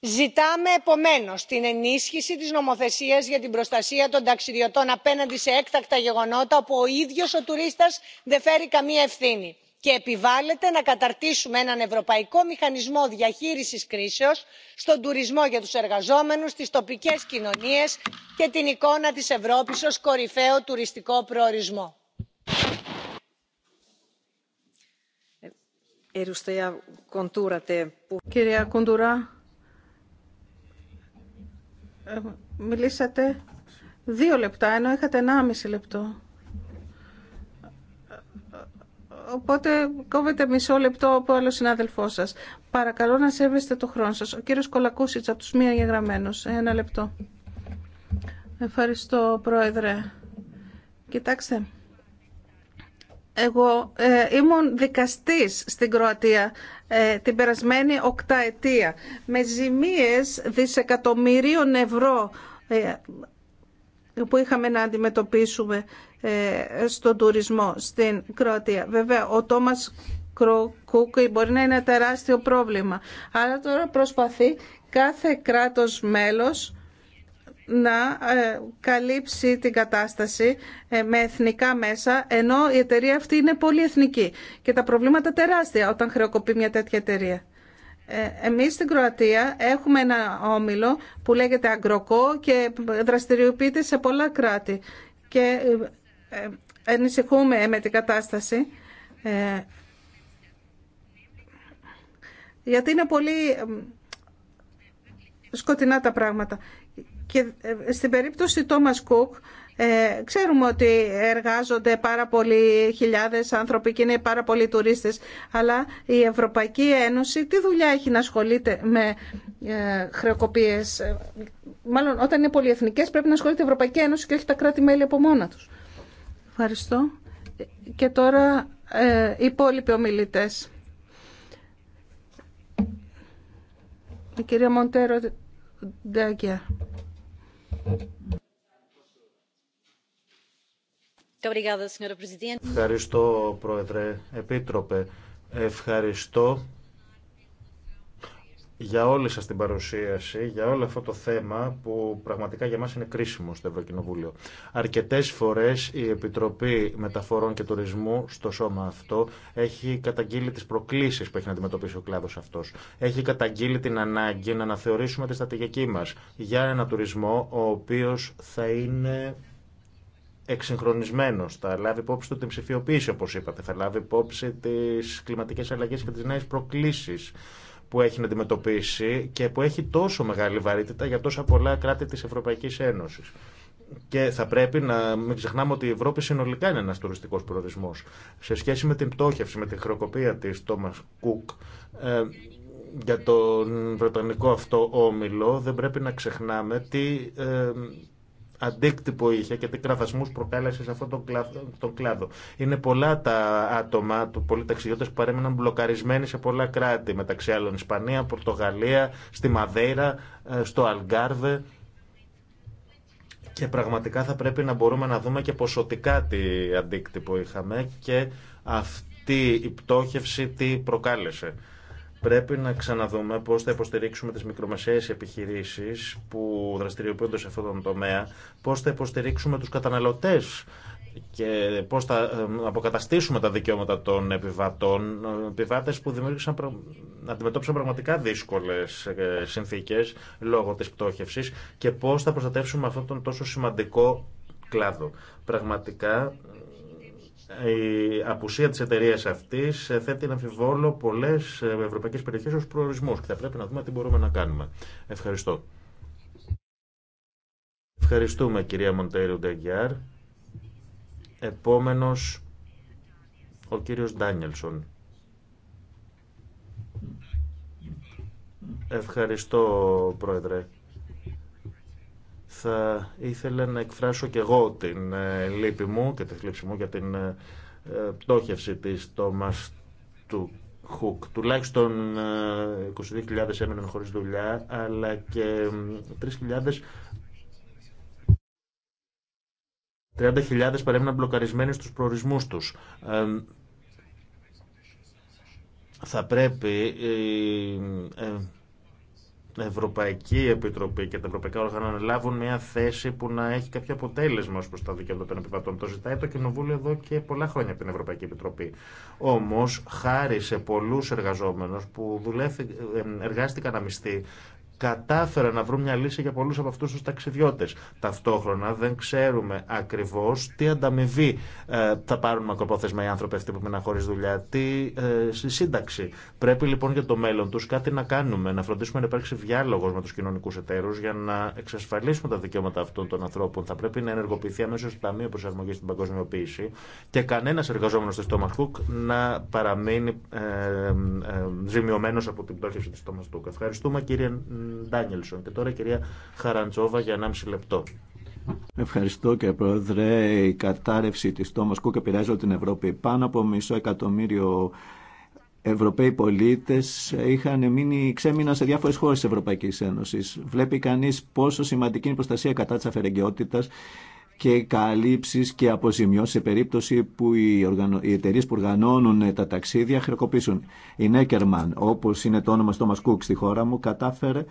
ζητάμε επομένως την ενίσχυση της νομοθεσίας για την προστασία των ταξιδιωτών απέναντι σε έκτακτα γεγονότα όπου ο ίδιος ο τουρίστας δεν φέρει καμία ευθύνη και επιβάλλεται να καταρτήσουμε έναν ευρωπαϊκό μηχανισμό διαχείρισης κρίσεως στον τουρισμό για τους εργαζόμενους τις τοπικές κοινωνίες και την εικόνα της ευρώπης ως κορυφαίο τουριστικό προορισμό. Ε, ε, Κυρία Κοντουρά, ε, μιλήσατε δύο λεπτά, ενώ είχατε ένα λεπτό. Οπότε κόβετε μισό λεπτό από άλλο συνάδελφό σα. Παρακαλώ να σέβεστε το χρόνο σα. Ο κύριο Κολακούσιτ από του Μία Γεγραμμένου. Ένα λεπτό. Ευχαριστώ, Πρόεδρε. Κοιτάξτε. Εγώ ε, ήμουν δικαστής στην Κροατία ε, την περασμένη οκταετία με ζημίες δισεκατομμυρίων ευρώ ε, που είχαμε να αντιμετωπίσουμε ε, στον τουρισμό στην Κροατία. Βέβαια, ο Τόμας Κροκούκη μπορεί να είναι τεράστιο πρόβλημα. Αλλά τώρα προσπαθεί κάθε κράτος μέλος να ε, καλύψει την κατάσταση ε, με εθνικά μέσα, ενώ η εταιρεία αυτή είναι πολυεθνική και τα προβλήματα τεράστια όταν χρεοκοπεί μια τέτοια εταιρεία. Εμείς στην Κροατία έχουμε ένα όμιλο που λέγεται Αγκροκό και δραστηριοποιείται σε πολλά κράτη και ε, ανησυχούμε με την κατάσταση ε, γιατί είναι πολύ σκοτεινά τα πράγματα. Και ε, στην περίπτωση Thomas Cook ε, ξέρουμε ότι εργάζονται πάρα πολλοί χιλιάδες άνθρωποι και είναι πάρα πολλοί τουρίστες, αλλά η Ευρωπαϊκή Ένωση τι δουλειά έχει να ασχολείται με ε, χρεοκοπίες. Μάλλον όταν είναι πολυεθνικές πρέπει να ασχολείται η Ευρωπαϊκή Ένωση και όχι τα κράτη-μέλη από μόνα τους. Ευχαριστώ. Και τώρα ε, οι υπόλοιποι ομιλητές. Η κυρία Μοντέρο Ντάγκια. Ευχαριστώ, Πρόεδρε. Επίτροπε, ευχαριστώ για όλη σας την παρουσίαση, για όλο αυτό το θέμα που πραγματικά για μας είναι κρίσιμο στο Ευρωκοινοβούλιο. Αρκετές φορές η Επιτροπή Μεταφορών και Τουρισμού στο σώμα αυτό έχει καταγγείλει τις προκλήσεις που έχει να αντιμετωπίσει ο κλάδος αυτός. Έχει καταγγείλει την ανάγκη να αναθεωρήσουμε τη στρατηγική μας για ένα τουρισμό ο οποίος θα είναι εξυγχρονισμένο. Θα λάβει υπόψη του την ψηφιοποίηση, όπω είπατε. Θα λάβει υπόψη τι κλιματικέ αλλαγέ και τι νέε προκλήσει που έχει να αντιμετωπίσει και που έχει τόσο μεγάλη βαρύτητα για τόσα πολλά κράτη της Ευρωπαϊκής Ένωσης. Και θα πρέπει να μην ξεχνάμε ότι η Ευρώπη συνολικά είναι ένας τουριστικός προορισμός. Σε σχέση με την πτώχευση, με την χρεοκοπία της τόμας Κουκ, ε, για τον Βρετανικό αυτό όμιλο, δεν πρέπει να ξεχνάμε τι ε, αντίκτυπο είχε και τι κραδασμού προκάλεσε σε αυτόν τον, κλάδο. Είναι πολλά τα άτομα, του πολλοί ταξιδιώτε που παρέμειναν μπλοκαρισμένοι σε πολλά κράτη, μεταξύ άλλων Ισπανία, Πορτογαλία, στη Μαδέρα, ε, στο Αλγκάρβε. Και πραγματικά θα πρέπει να μπορούμε να δούμε και ποσοτικά τι αντίκτυπο είχαμε και αυτή η πτώχευση τι προκάλεσε. Πρέπει να ξαναδούμε πώ θα υποστηρίξουμε τι μικρομεσαίε επιχειρήσει που δραστηριοποιούνται σε αυτόν τον τομέα, πώ θα υποστηρίξουμε του καταναλωτέ και πώ θα ε, αποκαταστήσουμε τα δικαιώματα των επιβατών. Ε, Επιβάτε που δημιούργησαν, αντιμετώπισαν πραγματικά δύσκολε συνθήκε λόγω τη πτώχευση και πώ θα προστατεύσουμε αυτόν τον τόσο σημαντικό κλάδο. Πραγματικά η απουσία τη εταιρεία αυτή θέτει να αμφιβόλο πολλέ ευρωπαϊκές περιοχέ ω προορισμούς και θα πρέπει να δούμε τι μπορούμε να κάνουμε. Ευχαριστώ. Ευχαριστούμε κυρία Μοντέιρο Ντεγκιάρ. Επόμενος ο κύριος Ντάνιελσον. Ευχαριστώ πρόεδρε θα ήθελα να εκφράσω και εγώ την ε, λύπη μου και τη θλίψη μου για την ε, ε, πτώχευση της Τόμας του Χουκ. Τουλάχιστον 22.000 έμειναν χωρίς δουλειά, αλλά και 3.000 30.000 παρέμειναν μπλοκαρισμένοι στους προορισμούς τους. θα πρέπει Ευρωπαϊκή Επιτροπή και τα Ευρωπαϊκά Όργανα να λάβουν μια θέση που να έχει κάποιο αποτέλεσμα ω προ τα δικαιώματα των επιβατών. Το ζητάει το Κοινοβούλιο εδώ και πολλά χρόνια από την Ευρωπαϊκή Επιτροπή. Όμω, χάρη σε πολλού εργαζόμενου που ε, εργάστηκαν εργάστηκαν μισθεί κατάφεραν να βρουν μια λύση για πολλούς από αυτούς τους ταξιδιώτες. Ταυτόχρονα δεν ξέρουμε ακριβώς τι ανταμοιβή ε, θα πάρουν μακροπρόθεσμα οι άνθρωποι αυτοί που μείναν χωρίς δουλειά, τι ε, σύνταξη. Πρέπει λοιπόν για το μέλλον τους κάτι να κάνουμε, να φροντίσουμε να υπάρξει διάλογος με τους κοινωνικούς εταίρους για να εξασφαλίσουμε τα δικαιώματα αυτών των ανθρώπων. Θα πρέπει να ενεργοποιηθεί αμέσω το Ταμείο Προσαρμογής στην Παγκοσμιοποίηση και κανένα εργαζόμενο της Thomas Cook να παραμείνει ε, ε από την πτώχευση της Thomas Cook. Ευχαριστούμε κύριε Ντάνιελσον. Και τώρα κυρία Χαραντζόβα για 1,5 λεπτό. Ευχαριστώ και Πρόεδρε. Η κατάρρευση τη Τόμας Κούκ επηρεάζει όλη την Ευρώπη. Πάνω από μισό εκατομμύριο Ευρωπαίοι πολίτε είχαν μείνει ξέμειναν σε διάφορε χώρε τη Ευρωπαϊκή Ένωση. Βλέπει κανεί πόσο σημαντική είναι η προστασία κατά τη αφαιρεγκαιότητα και καλύψει και αποζημιώσει σε περίπτωση που οι, οργανω... εταιρείε που οργανώνουν ε, τα ταξίδια χρεοκοπήσουν. Η Νέκερμαν, όπω είναι το όνομα στο Μασκούκ στη χώρα μου, κατάφερε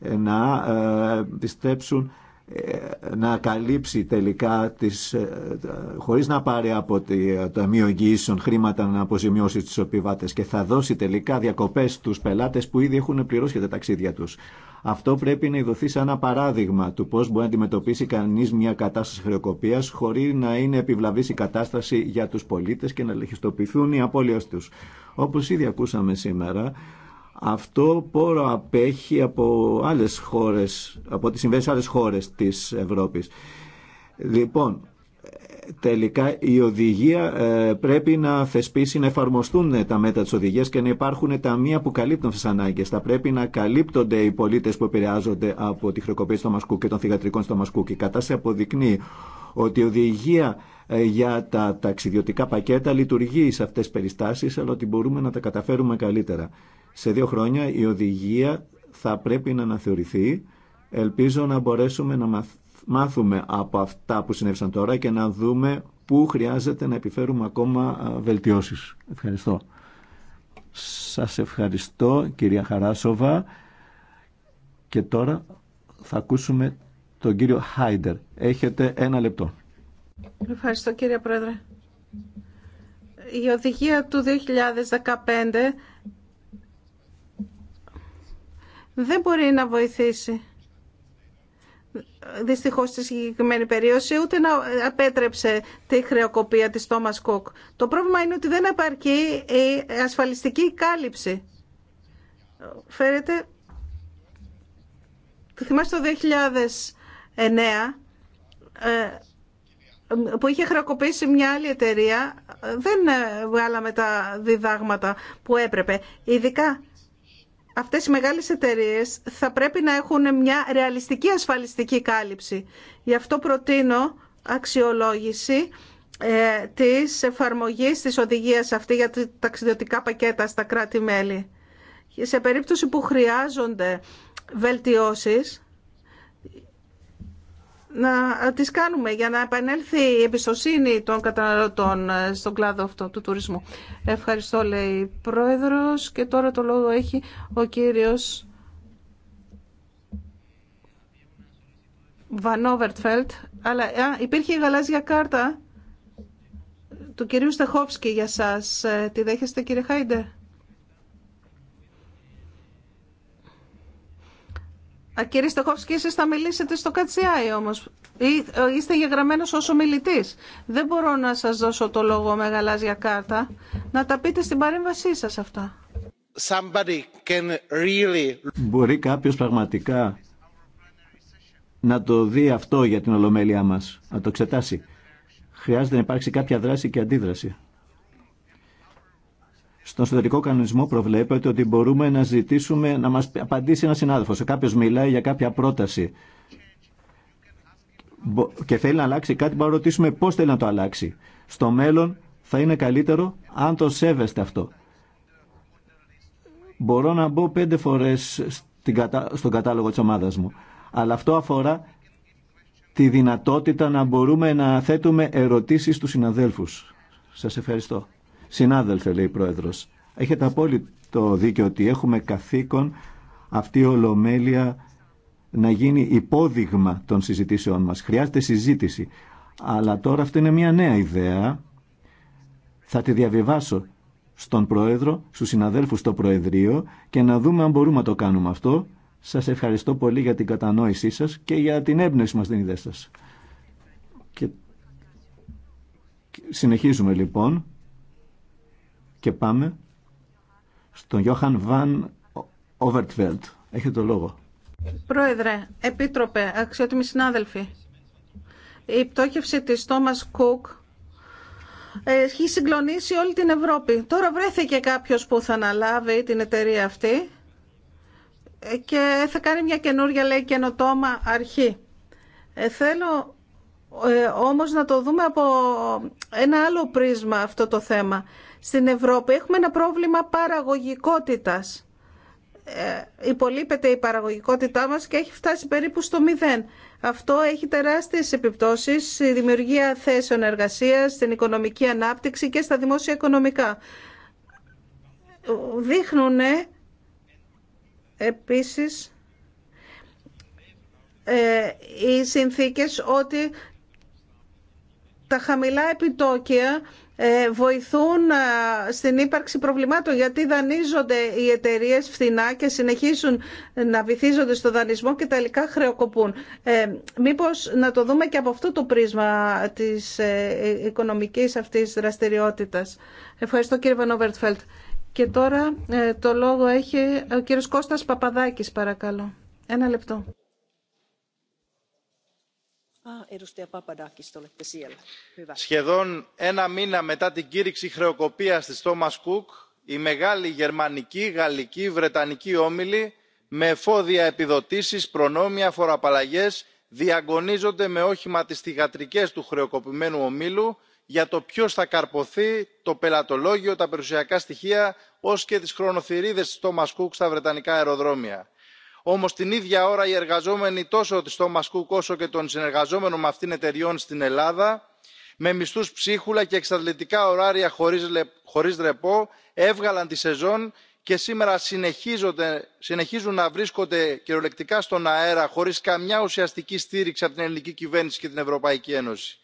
ε, να ε, πιστέψουν ε, να καλύψει τελικά τις, ε, χωρίς να πάρει από ε, το Ταμείο Εγγυήσεων χρήματα να αποζημιώσει τους επιβάτες και θα δώσει τελικά διακοπές στους πελάτες που ήδη έχουν πληρώσει τα ταξίδια τους. Αυτό πρέπει να ειδωθεί σαν ένα παράδειγμα του πώς μπορεί να αντιμετωπίσει κανείς μια κατάσταση χρεοκοπίας χωρίς να είναι επιβλαβής η κατάσταση για τους πολίτες και να λεχιστοποιηθούν οι απώλειες τους. Όπως ήδη ακούσαμε σήμερα, αυτό πόρο απέχει από άλλες χώρες, από τις συμβαίνει άλλες χώρες της Ευρώπης. Λοιπόν, τελικά η οδηγία ε, πρέπει να θεσπίσει, να εφαρμοστούν ε, τα μέτρα της οδηγίας και να υπάρχουν ταμεία που καλύπτουν τις ανάγκες. Θα πρέπει να καλύπτονται οι πολίτες που επηρεάζονται από τη χρεοκοπή στο Μασκού και των θηγατρικών στο Μασκού. Και η κατάσταση αποδεικνύει ότι η οδηγία ε, για τα ταξιδιωτικά πακέτα λειτουργεί σε αυτές τις περιστάσεις, αλλά ότι μπορούμε να τα καταφέρουμε καλύτερα. Σε δύο χρόνια η οδηγία θα πρέπει να αναθεωρηθεί. Ελπίζω να μπορέσουμε να μάθουμε από αυτά που συνέβησαν τώρα και να δούμε πού χρειάζεται να επιφέρουμε ακόμα βελτιώσεις. Ευχαριστώ. Σας ευχαριστώ κυρία Χαράσοβα και τώρα θα ακούσουμε τον κύριο Χάιντερ. Έχετε ένα λεπτό. Ευχαριστώ κύριε Πρόεδρε. Η οδηγία του 2015 δεν μπορεί να βοηθήσει δυστυχώς στη συγκεκριμένη περίοδο ούτε να απέτρεψε τη χρεοκοπία της Thomas Cook. Το πρόβλημα είναι ότι δεν επαρκεί η ασφαλιστική κάλυψη. Φέρετε, θυμάστε το 2000 ε, που είχε χρεοκοπήσει μια άλλη εταιρεία, δεν ε, βγάλαμε τα διδάγματα που έπρεπε. Ειδικά αυτές οι μεγάλες εταιρείες θα πρέπει να έχουν μια ρεαλιστική ασφαλιστική κάλυψη. Γι' αυτό προτείνω αξιολόγηση ε, της εφαρμογής της οδηγίας αυτή για τα ταξιδιωτικά πακέτα στα κράτη-μέλη. Σε περίπτωση που χρειάζονται βελτιώσεις, να ε, τις κάνουμε για να επανέλθει η εμπιστοσύνη των καταναλωτών ε, στον κλάδο αυτό του τουρισμού. Ευχαριστώ λέει η Πρόεδρος και τώρα το λόγο έχει ο κύριος Βανόβερτφελτ. Αλλά α, υπήρχε η γαλάζια κάρτα του κυρίου Στεχόψκη για σας. Ε, τη δέχεστε κύριε Χάιντερ. Κύριε Στοχόφσκι, εσείς θα μιλήσετε στο ΚΑΤΣΙΑΙ όμως. Ε, είστε γεγραμμένος ως ομιλητής. Δεν μπορώ να σας δώσω το λόγο με γαλάζια κάρτα. Να τα πείτε στην παρέμβασή σας αυτά. can really... Μπορεί κάποιος πραγματικά να το δει αυτό για την ολομέλειά μας, να το εξετάσει. Χρειάζεται να υπάρξει κάποια δράση και αντίδραση. Στον εσωτερικό κανονισμό προβλέπεται ότι μπορούμε να ζητήσουμε να μας απαντήσει ένα συνάδελφος. κάποιο μιλάει για κάποια πρόταση και θέλει να αλλάξει κάτι, μπορούμε να ρωτήσουμε πώς θέλει να το αλλάξει. Στο μέλλον θα είναι καλύτερο αν το σέβεστε αυτό. Μπορώ να μπω πέντε φορέ στον κατάλογο τη ομάδα μου. Αλλά αυτό αφορά τη δυνατότητα να μπορούμε να θέτουμε ερωτήσεις στους συναδέλφους. Σας ευχαριστώ. Συνάδελφε, λέει η Πρόεδρος, έχετε απόλυτο δίκιο ότι έχουμε καθήκον αυτή η ολομέλεια να γίνει υπόδειγμα των συζητήσεών μας. Χρειάζεται συζήτηση. Αλλά τώρα αυτή είναι μια νέα ιδέα. Θα τη διαβιβάσω στον Πρόεδρο, στους συναδέλφους στο Προεδρείο και να δούμε αν μπορούμε να το κάνουμε αυτό. Σας ευχαριστώ πολύ για την κατανόησή σας και για την έμπνευση μας την ιδέα σας. Συνεχίζουμε λοιπόν. Και πάμε στον Γιώχαν Βαν Οβερτβέλτ. Έχετε το λόγο. Πρόεδρε, Επίτροπε, αξιότιμοι συνάδελφοι, η πτώχευση της Τόμας Κουκ έχει συγκλονίσει όλη την Ευρώπη. Τώρα βρέθηκε κάποιος που θα αναλάβει την εταιρεία αυτή και θα κάνει μια καινούργια, λέει, καινοτόμα αρχή. Ε, θέλω ε, όμως να το δούμε από ένα άλλο πρίσμα αυτό το θέμα. Στην Ευρώπη έχουμε ένα πρόβλημα παραγωγικότητας. Ε, υπολείπεται η παραγωγικότητά μας και έχει φτάσει περίπου στο μηδέν. Αυτό έχει τεράστιες επιπτώσεις στη δημιουργία θέσεων εργασίας, στην οικονομική ανάπτυξη και στα δημόσια οικονομικά. Δείχνουν επίσης ε, οι συνθήκες ότι τα χαμηλά επιτόκια ε, βοηθούν ε, στην ύπαρξη προβλημάτων γιατί δανείζονται οι εταιρείε φθηνά και συνεχίζουν να βυθίζονται στο δανεισμό και τελικά χρεοκοπούν. Ε, μήπως να το δούμε και από αυτό το πρίσμα της ε, οικονομικής αυτής δραστηριότητας. Ευχαριστώ κύριε Βανόβερτφελτ. Και τώρα το λόγο έχει ο κύριος Κώστας Παπαδάκης παρακαλώ. Ένα λεπτό. Ah, σχεδόν ένα μήνα μετά την κήρυξη χρεοκοπίας της thomas cook οι μεγάλοι γερμανικοί γαλλικοί βρετανικοί όμιλοι με εφόδια επιδοτήσεις προνόμια φοροαπαλλαγές διαγωνίζονται με όχημα τις θυγατρικές του χρεοκοπημένου ομίλου για το ποιος θα καρποθεί το πελατολόγιο τα περιουσιακά στοιχεία ως και τις χρονοθυρίδες της thomas cook στα βρετανικά αεροδρόμια όμως την ίδια ώρα οι εργαζόμενοι τόσο της thomas cook όσο και των συνεργαζόμενων με αυτήν εταιριών στην ελλάδα με μισθούς ψίχουλα και εξαντλητικά ωράρια χωρίς ρεπό έβγαλαν τη σεζόν και σήμερα συνεχίζουν να βρίσκονται κυριολεκτικά στον αέρα χωρίς καμιά ουσιαστική στήριξη από την ελληνική κυβέρνηση και την ευρωπαϊκή ένωση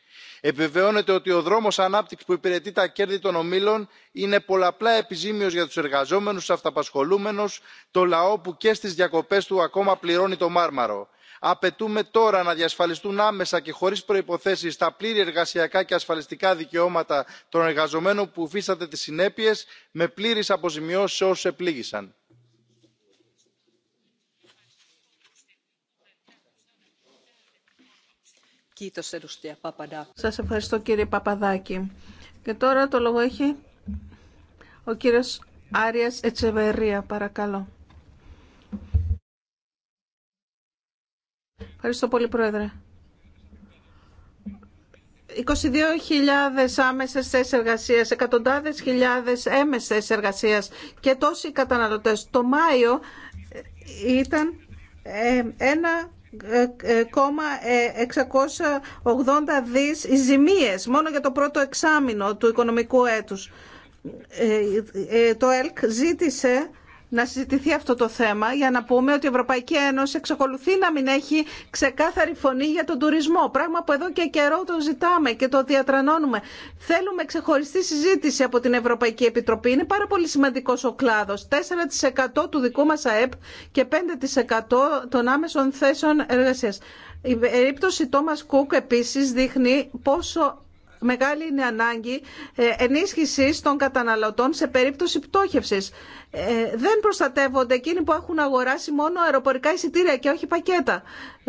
επιβεβαιώνεται ότι ο δρόμος ανάπτυξης που υπηρετεί τα κέρδη των ομίλων είναι πολλαπλά επιζήμιος για τους εργαζόμενους τους αυταπασχολούμενους το λαό που και στις διακοπές του ακόμα πληρώνει το μάρμαρο. απαιτούμε τώρα να διασφαλιστούν άμεσα και χωρίς προϋποθέσεις τα πλήρη εργασιακά και ασφαλιστικά δικαιώματα των εργαζομένων που υφίστανται τις συνέπειες με πλήρεις αποζημιώσεις σε όσους επλήγησαν. Σας ευχαριστώ κύριε Παπαδάκη. Και τώρα το λόγο έχει ο κύριος Άριας Ετσεβερία, παρακαλώ. Ευχαριστώ πολύ, Πρόεδρε. 22.000 άμεσες θέσεις εργασίας, εκατοντάδες χιλιάδες έμεσες και τόσοι καταναλωτές. Το Μάιο ήταν ε, ένα 680 ε, ε, ε, δις ζημίες μόνο για το πρώτο εξάμεινο του οικονομικού έτους. Το ΕΛΚ ζήτησε να συζητηθεί αυτό το θέμα για να πούμε ότι η Ευρωπαϊκή Ένωση εξακολουθεί να μην έχει ξεκάθαρη φωνή για τον τουρισμό. Πράγμα που εδώ και καιρό το ζητάμε και το διατρανώνουμε. Θέλουμε ξεχωριστή συζήτηση από την Ευρωπαϊκή Επιτροπή. Είναι πάρα πολύ σημαντικό ο κλάδο. 4% του δικού μα ΑΕΠ και 5% των άμεσων θέσεων εργασία. Η περίπτωση Τόμας Κούκ επίση. δείχνει πόσο μεγάλη είναι ανάγκη ε, ενίσχυσης των καταναλωτών σε περίπτωση πτώχευσης. Ε, δεν προστατεύονται εκείνοι που έχουν αγοράσει μόνο αεροπορικά εισιτήρια και όχι πακέτα.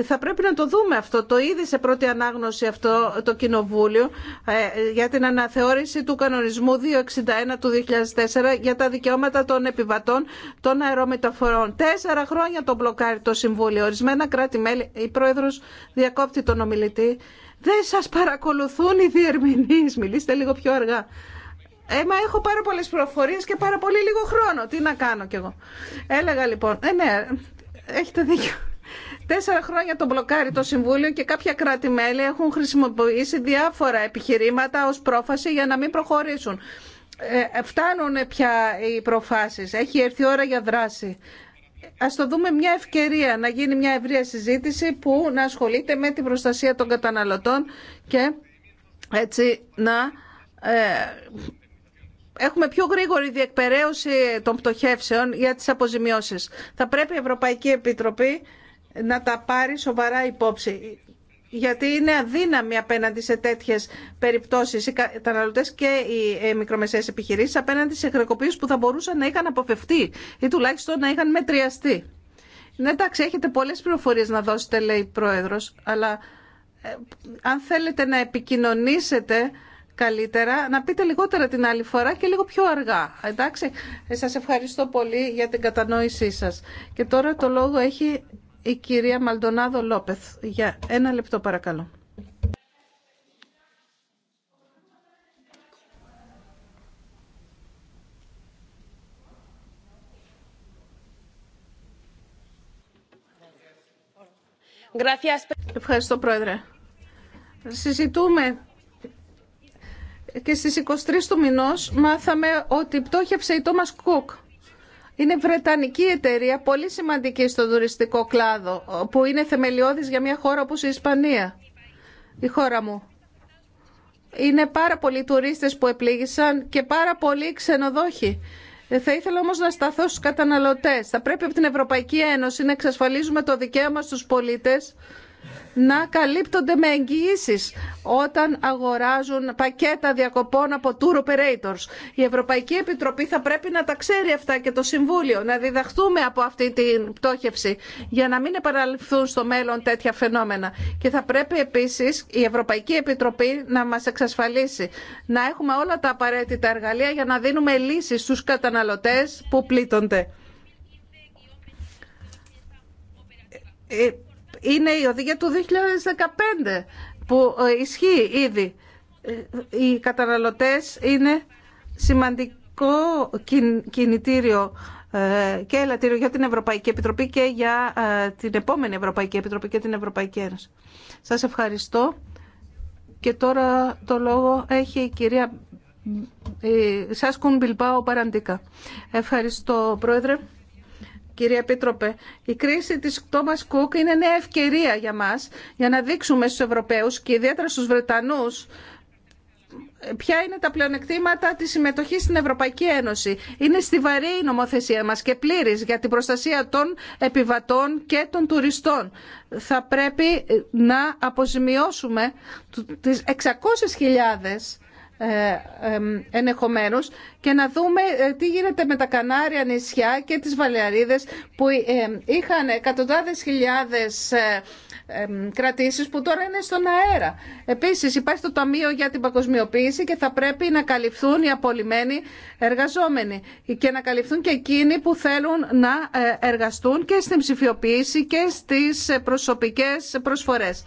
Θα πρέπει να το δούμε αυτό. Το είδε σε πρώτη ανάγνωση αυτό το Κοινοβούλιο ε, για την αναθεώρηση του κανονισμού 261 του 2004 για τα δικαιώματα των επιβατών των αερομεταφορών. Τέσσερα χρόνια τον μπλοκάρει το Συμβούλιο. Ορισμένα κράτη-μέλη, η Πρόεδρος διακόπτει τον ομιλητή. Δεν σας παρακολουθούν οι διερμηνείς. Μιλήστε λίγο πιο αργά. Ε, μα έχω πάρα πολλές προφορίες και πάρα πολύ λίγο χρόνο. Τι να κάνω κι εγώ. Έλεγα λοιπόν, ε, ναι, έχετε δίκιο. Τέσσερα χρόνια τον μπλοκάρει το Συμβούλιο και κάποια κράτη-μέλη έχουν χρησιμοποιήσει διάφορα επιχειρήματα ως πρόφαση για να μην προχωρήσουν. Ε, ε, φτάνουν πια οι προφάσεις. Έχει έρθει η ώρα για δράση. Α το δούμε μια ευκαιρία να γίνει μια ευρεία συζήτηση που να ασχολείται με την προστασία των καταναλωτών και έτσι να ε, έχουμε πιο γρήγορη διεκπαιρέωση των πτωχεύσεων για τις αποζημιώσεις. Θα πρέπει η Ευρωπαϊκή Επιτροπή να τα πάρει σοβαρά υπόψη γιατί είναι αδύναμη απέναντι σε τέτοιε περιπτώσει οι καταναλωτέ και οι ε, μικρομεσαίε επιχειρήσει απέναντι σε χρεοκοπίε που θα μπορούσαν να είχαν αποφευθεί ή τουλάχιστον να είχαν μετριαστεί. Ναι, εντάξει, έχετε πολλέ πληροφορίε να δώσετε, λέει η Πρόεδρο, αλλά ε, αν θέλετε να επικοινωνήσετε καλύτερα, να πείτε λιγότερα την άλλη φορά και λίγο πιο αργά. Εντάξει, ε, σας ευχαριστώ πολύ για την κατανόησή σας. Και τώρα το λόγο έχει η κυρία Μαλτονάδο Λόπεθ. Για ένα λεπτό παρακαλώ. Ευχαριστώ, Πρόεδρε. Συζητούμε και στις 23 του μηνός μάθαμε ότι πτώχευσε η Τόμας Κουκ είναι βρετανική εταιρεία, πολύ σημαντική στον τουριστικό κλάδο, που είναι θεμελιώδης για μια χώρα όπως η Ισπανία, η χώρα μου. Είναι πάρα πολλοί τουρίστες που επλήγησαν και πάρα πολλοί ξενοδόχοι. Ε, θα ήθελα όμως να σταθώ στους καταναλωτές. Θα πρέπει από την Ευρωπαϊκή Ένωση να εξασφαλίζουμε το δικαίωμα στους πολίτες να καλύπτονται με εγγυήσει όταν αγοράζουν πακέτα διακοπών από tour operators. Η Ευρωπαϊκή Επιτροπή θα πρέπει να τα ξέρει αυτά και το Συμβούλιο, να διδαχθούμε από αυτή την πτώχευση για να μην επαναληφθούν στο μέλλον τέτοια φαινόμενα. Και θα πρέπει επίση η Ευρωπαϊκή Επιτροπή να μα εξασφαλίσει να έχουμε όλα τα απαραίτητα εργαλεία για να δίνουμε λύσει στου καταναλωτέ που πλήττονται ε, είναι η οδηγία του 2015 που ε, ισχύει ήδη. Ε, οι καταναλωτές είναι σημαντικό κινητήριο ε, και ελαττήριο για την Ευρωπαϊκή Επιτροπή και για την επόμενη Ευρωπαϊκή Επιτροπή και την Ευρωπαϊκή Ένωση. Σας ευχαριστώ. Και τώρα το λόγο έχει η κυρία Σάσκουν Μπιλπάου Παραντίκα. Ευχαριστώ, Πρόεδρε. Κυρία Επίτροπε, η κρίση της Thomas Cook είναι νέα ευκαιρία για μας για να δείξουμε στους Ευρωπαίους και ιδιαίτερα στους Βρετανούς ποια είναι τα πλεονεκτήματα της συμμετοχής στην Ευρωπαϊκή Ένωση. Είναι στιβαρή η νομοθεσία μας και πλήρης για την προστασία των επιβατών και των τουριστών. Θα πρέπει να αποζημιώσουμε τις 600.000 ε, ενεχομένους και να δούμε ε, τι γίνεται με τα Κανάρια νησιά και τις Βαλεαρίδες που ε, είχαν εκατοντάδες χιλιάδες κρατήσεις που τώρα είναι στον αέρα. Επίσης υπάρχει το Ταμείο για την Παγκοσμιοποίηση και θα πρέπει να καλυφθούν οι απολυμένοι εργαζόμενοι και να καλυφθούν και εκείνοι που θέλουν να εργαστούν και στην ψηφιοποίηση και στις προσωπικές προσφορές.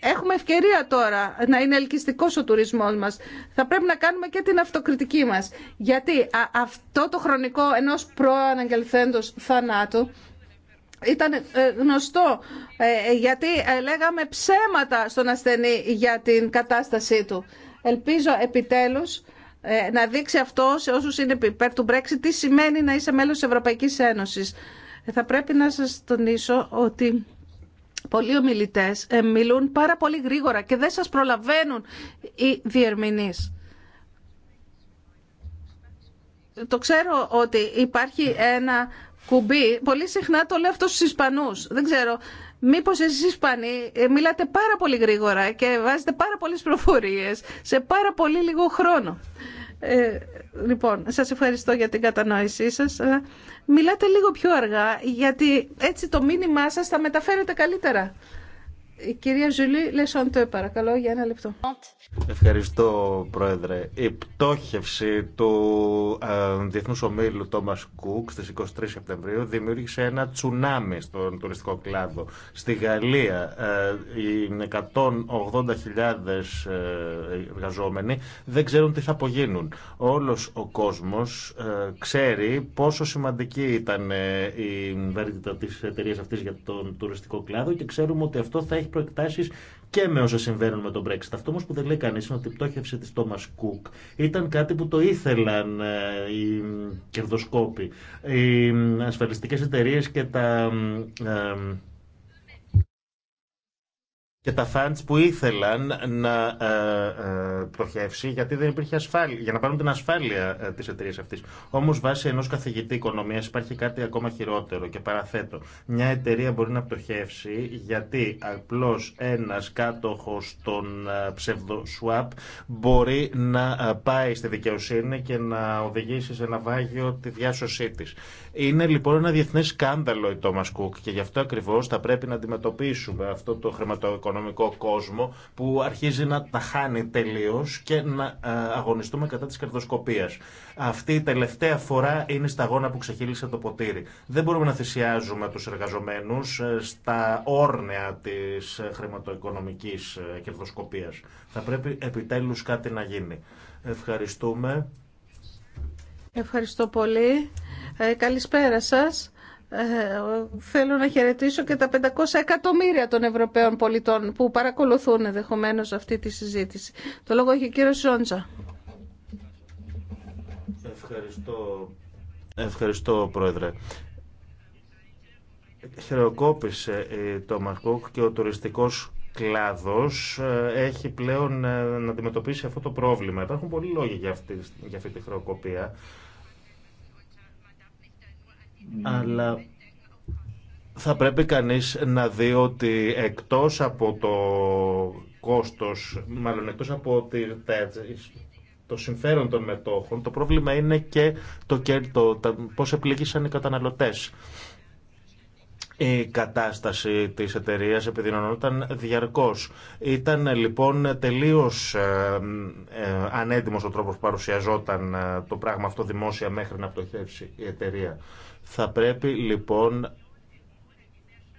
Έχουμε ευκαιρία τώρα να είναι ελκυστικό ο τουρισμό μα. Θα πρέπει να κάνουμε και την αυτοκριτική μα. Γιατί αυτό το χρονικό ενό προαναγγελθέντο θανάτου ήταν ε, γνωστό. Ε, γιατί ε, λέγαμε ψέματα στον ασθενή για την κατάστασή του. Ελπίζω επιτέλους να δείξει αυτό σε όσους είναι υπέρ του Brexit τι σημαίνει να είσαι μέλος Ευρωπαϊκή Ένωση. Θα πρέπει να σα τονίσω ότι πολλοί ομιλητέ ε, μιλούν πάρα πολύ γρήγορα και δεν σας προλαβαίνουν οι διερμηνείς. Το ξέρω ότι υπάρχει ένα κουμπί, πολύ συχνά το λέω αυτό στους Ισπανούς, δεν ξέρω, μήπως εσείς Ισπανοί ε, μιλάτε πάρα πολύ γρήγορα και βάζετε πάρα πολλές προφορίες σε πάρα πολύ λίγο χρόνο. Ε, λοιπόν, σας ευχαριστώ για την κατανόησή σας. Ε, μιλάτε λίγο πιο αργά, γιατί έτσι το μήνυμά σας θα μεταφέρετε καλύτερα. Η κυρία Ζουλή Λεσόντο, παρακαλώ, για ένα λεπτό. Ευχαριστώ, Πρόεδρε. Η πτώχευση του ε, Διεθνού Ομίλου Τόμας Κουκ στι 23 Σεπτεμβρίου δημιούργησε ένα τσουνάμι στον τουριστικό κλάδο. Στη Γαλλία, ε, οι 180.000 ε, εργαζόμενοι δεν ξέρουν τι θα απογίνουν. Όλο ο κόσμο ε, ξέρει πόσο σημαντική ήταν η βαρύτητα τη εταιρεία αυτή για τον τουριστικό κλάδο και ξέρουμε ότι αυτό θα έχει προεκτάσει και με όσα συμβαίνουν με τον Brexit. Αυτό όμω που δεν λέει κανεί είναι ότι η πτώχευση τη Thomas Cook ήταν κάτι που το ήθελαν ε, οι κερδοσκόποι, οι ασφαλιστικέ εταιρείε και τα ε, και τα fans που ήθελαν να ε, ε, προχεύσει γιατί δεν υπήρχε ασφάλεια, για να πάρουν την ασφάλεια ε, της εταιρείας αυτής. Όμως βάσει ενός καθηγητή οικονομίας υπάρχει κάτι ακόμα χειρότερο και παραθέτω. Μια εταιρεία μπορεί να πτωχεύσει γιατί απλώς ένας κάτοχος των ε, ψευδοσουάπ μπορεί να ε, πάει στη δικαιοσύνη και να οδηγήσει σε ένα βάγιο τη διάσωσή της. Είναι λοιπόν ένα διεθνές σκάνδαλο η Thomas Cook και γι' αυτό ακριβώς θα πρέπει να αντιμετωπίσουμε αυτό το χρηματοοικονομικό κόσμο που αρχίζει να τα χάνει τελείω και να ε, αγωνιστούμε κατά τη κερδοσκοπία. Αυτή η τελευταία φορά είναι η σταγόνα που ξεχύλισε το ποτήρι. Δεν μπορούμε να θυσιάζουμε του εργαζομένου ε, στα όρνεα τη ε, χρηματοοικονομική κερδοσκοπία. Θα πρέπει επιτέλου κάτι να γίνει. Ευχαριστούμε. Ευχαριστώ πολύ. καλησπέρα σας. Ε, θέλω να χαιρετήσω και τα 500 εκατομμύρια των Ευρωπαίων πολιτών που παρακολουθούν ενδεχομένω αυτή τη συζήτηση. Το λόγο έχει ο κύριο Σόντζα. Ευχαριστώ, Ευχαριστώ Πρόεδρε. Χρεοκόπησε ε, το Μαρκούκ και ο τουριστικός κλάδος ε, έχει πλέον να αντιμετωπίσει αυτό το πρόβλημα. Υπάρχουν πολλοί λόγοι για αυτή, για αυτή τη χρεοκοπία αλλά θα πρέπει κανείς να δει ότι εκτός από το κόστος, μάλλον εκτός από το συμφέρον των μετόχων, το πρόβλημα είναι και το κέρδο, τα, πώς επλήγησαν οι καταναλωτές. Η κατάσταση της εταιρείας επιδεινωνόταν διαρκώς. Ήταν λοιπόν τελείως ε, ε ο τρόπος που παρουσιαζόταν ε, το πράγμα αυτό δημόσια μέχρι να πτωχεύσει η εταιρεία. Θα πρέπει λοιπόν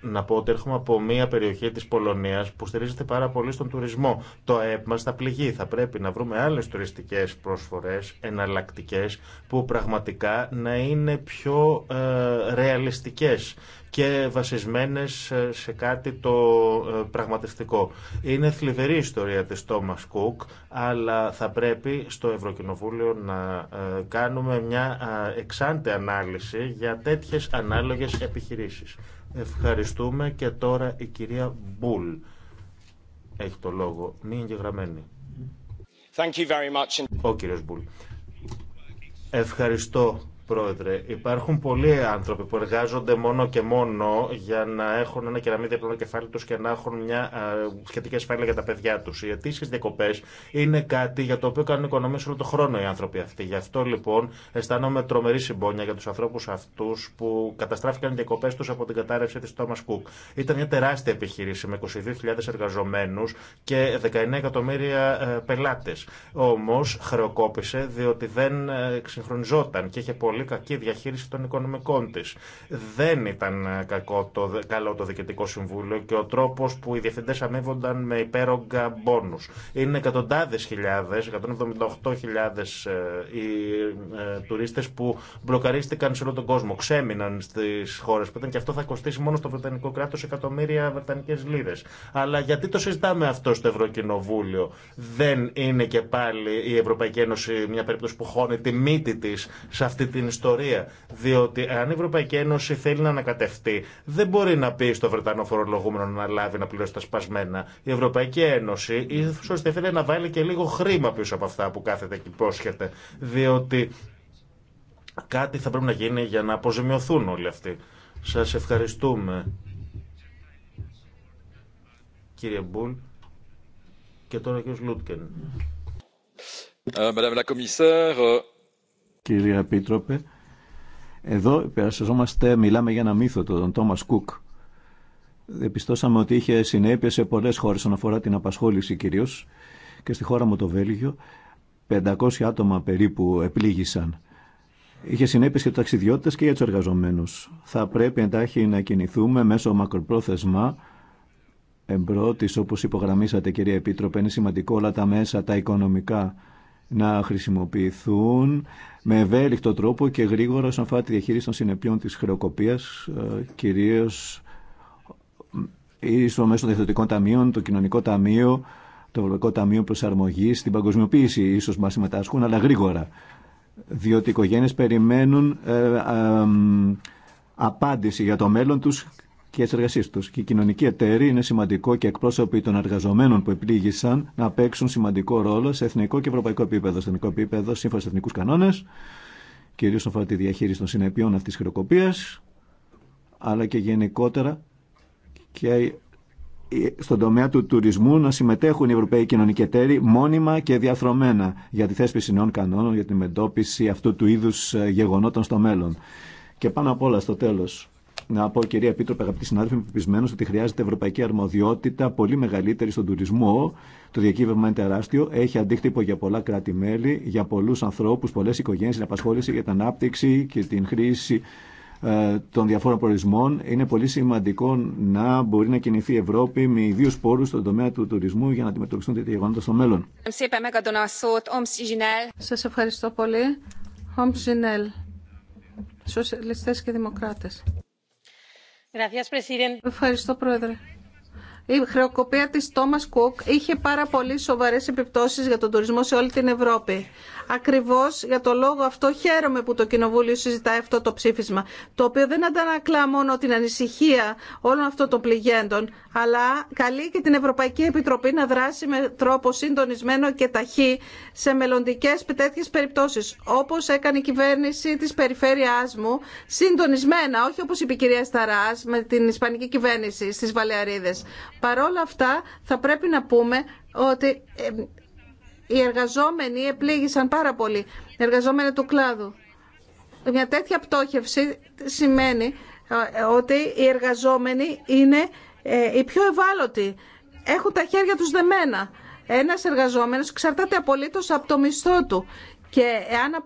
να πω ότι έρχομαι από μια περιοχή της Πολωνίας που στηρίζεται πάρα πολύ στον τουρισμό. Το ΑΕΠ μας θα πληγεί. Θα πρέπει να βρούμε άλλες τουριστικές πρόσφορες, εναλλακτικές που πραγματικά να είναι πιο ε, ρεαλιστικές και βασισμένες ε, σε κάτι το ε, πραγματευτικό. Είναι θλιβερή η ιστορία της Thomas Cook, αλλά θα πρέπει στο Ευρωκοινοβούλιο να ε, κάνουμε μια εξάντε ανάλυση για τέτοιες ανάλογες επιχειρήσεις. Ευχαριστούμε και τώρα η κυρία Μπούλ έχει το λόγο, Μην εγγεγραμμένη. Thank Ο κύριος Μπούλ. Ευχαριστώ Πρόεδρε, υπάρχουν πολλοί άνθρωποι που εργάζονται μόνο και μόνο για να έχουν ένα κεραμίδι από το κεφάλι του και να έχουν μια ε, σχετική ασφάλεια για τα παιδιά του. Οι αιτήσει διακοπέ είναι κάτι για το οποίο κάνουν οικονομίε όλο τον χρόνο οι άνθρωποι αυτοί. Γι' αυτό λοιπόν αισθάνομαι τρομερή συμπόνια για του ανθρώπου αυτού που καταστράφηκαν οι διακοπέ του από την κατάρρευση τη Thomas Cook. Ήταν μια τεράστια επιχείρηση με 22.000 εργαζομένου και 19 εκατομμύρια ε, πελάτε. Όμω χρεοκόπησε διότι δεν ε, συγχρονιζόταν και είχε πολύ πολύ κακή διαχείριση των οικονομικών τη. Δεν ήταν ε, κακό το, καλό το Διοικητικό Συμβούλιο και ο τρόπο που οι διευθυντέ αμείβονταν με υπέρογκα μπόνου. Είναι εκατοντάδε χιλιάδε, 178.000 οι ε, τουρίστε που μπλοκαρίστηκαν σε όλο τον κόσμο, ξέμειναν στι χώρε που ήταν και αυτό θα κοστίσει μόνο στο Βρετανικό κράτο εκατομμύρια βρετανικέ λίρε. Αλλά γιατί το συζητάμε αυτό στο Ευρωκοινοβούλιο, δεν είναι και πάλι η Ευρωπαϊκή Ένωση μια περίπτωση που χώνει τη μύτη τη σε αυτή τη την ιστορία. Διότι αν η Ευρωπαϊκή Ένωση θέλει να ανακατευτεί, δεν μπορεί να πει στο Βρετανό φορολογούμενο να λάβει να πληρώσει τα σπασμένα. Η Ευρωπαϊκή Ένωση ίσω θέλει να βάλει και λίγο χρήμα πίσω από αυτά που κάθεται και υπόσχεται. Διότι κάτι θα πρέπει να γίνει για να αποζημιωθούν όλοι αυτοί. Σα ευχαριστούμε. Κύριε Μπούλ και τώρα ο Λούτκεν. Ε, madame la Commissaire, Κύριε Επίτροπε. Εδώ μιλάμε για ένα μύθο, τον Τόμα Κουκ. Επιστώσαμε ότι είχε συνέπειε σε πολλέ χώρε όσον αφορά την απασχόληση κυρίω και στη χώρα μου το Βέλγιο. 500 άτομα περίπου επλήγησαν. Είχε συνέπειε και του ταξιδιώτε και για του εργαζομένου. Θα πρέπει εντάχει να κινηθούμε μέσω μακροπρόθεσμα εμπρότη, όπω υπογραμμίσατε, κυρία Επίτροπε. Είναι σημαντικό όλα τα μέσα, τα οικονομικά να χρησιμοποιηθούν με ευέλικτο τρόπο και γρήγορα όσον αφορά τη διαχείριση των συνεπειών της χρεοκοπίας, ε, κυρίως ή ε, στο μέσο των διευθυντικών ταμείων, το κοινωνικό ταμείο, το Ευρωπαϊκό Ταμείο Προσαρμογής, την παγκοσμιοποίηση ίσως μας συμμετάσχουν, αλλά γρήγορα. Διότι οι οικογένειες περιμένουν ε, απάντηση για το μέλλον τους και τι εργασίε του. Και οι κοινωνικοί εταίροι είναι σημαντικό και εκπρόσωποι των εργαζομένων που επλήγησαν να παίξουν σημαντικό ρόλο σε εθνικό και ευρωπαϊκό επίπεδο. Σε εθνικό επίπεδο, σύμφωνα στου εθνικού κανόνε, κυρίω αφορά τη διαχείριση των συνεπειών αυτή τη χρεοκοπία, αλλά και γενικότερα και στον τομέα του τουρισμού να συμμετέχουν οι Ευρωπαίοι κοινωνικοί εταίροι μόνιμα και διαθρωμένα για τη θέσπιση νέων κανόνων για την μετώπιση αυτού του είδους ε, γεγονότων στο μέλλον. Και πάνω απ' όλα στο τέλος, να πω, κυρία Επίτροπε, αγαπητοί συνάδελφοι, είμαι πεπισμένο ότι χρειάζεται ευρωπαϊκή αρμοδιότητα πολύ μεγαλύτερη στον τουρισμό. Το διακύβευμα είναι τεράστιο. Έχει αντίκτυπο για πολλά κράτη-μέλη, για πολλού ανθρώπου, πολλέ οικογένειε, την απασχόληση για την ανάπτυξη και την χρήση ε, των διαφόρων προορισμών. Είναι πολύ σημαντικό να μπορεί να κινηθεί η Ευρώπη με ιδίου πόρου στον τομέα του τουρισμού για να αντιμετωπιστούν τέτοια γεγονότα στο μέλλον. Σα ευχαριστώ πολύ. Ευχαριστώ, Πρόεδρε. Η χρεοκοπία της Thomas Cook είχε πάρα πολύ σοβαρές επιπτώσεις για τον τουρισμό σε όλη την Ευρώπη. Ακριβώς για το λόγο αυτό χαίρομαι που το Κοινοβούλιο συζητάει αυτό το ψήφισμα, το οποίο δεν αντανακλά μόνο την ανησυχία όλων αυτών των πληγέντων, αλλά καλεί και την Ευρωπαϊκή Επιτροπή να δράσει με τρόπο συντονισμένο και ταχύ σε μελλοντικέ τέτοιε περιπτώσεις, όπως έκανε η κυβέρνηση της περιφέρειάς μου, συντονισμένα, όχι όπως είπε η κυρία Σταράς με την Ισπανική κυβέρνηση στις Βαλεαρίδες. Παρόλα αυτά θα πρέπει να πούμε ότι ε, οι εργαζόμενοι επλήγησαν πάρα πολύ, οι εργαζόμενοι του κλάδου. Μια τέτοια πτώχευση σημαίνει ε, ότι οι εργαζόμενοι είναι ε, οι πιο ευάλωτοι. Έχουν τα χέρια τους δεμένα. Ένας εργαζόμενος εξαρτάται απολύτως από το μισθό του και αν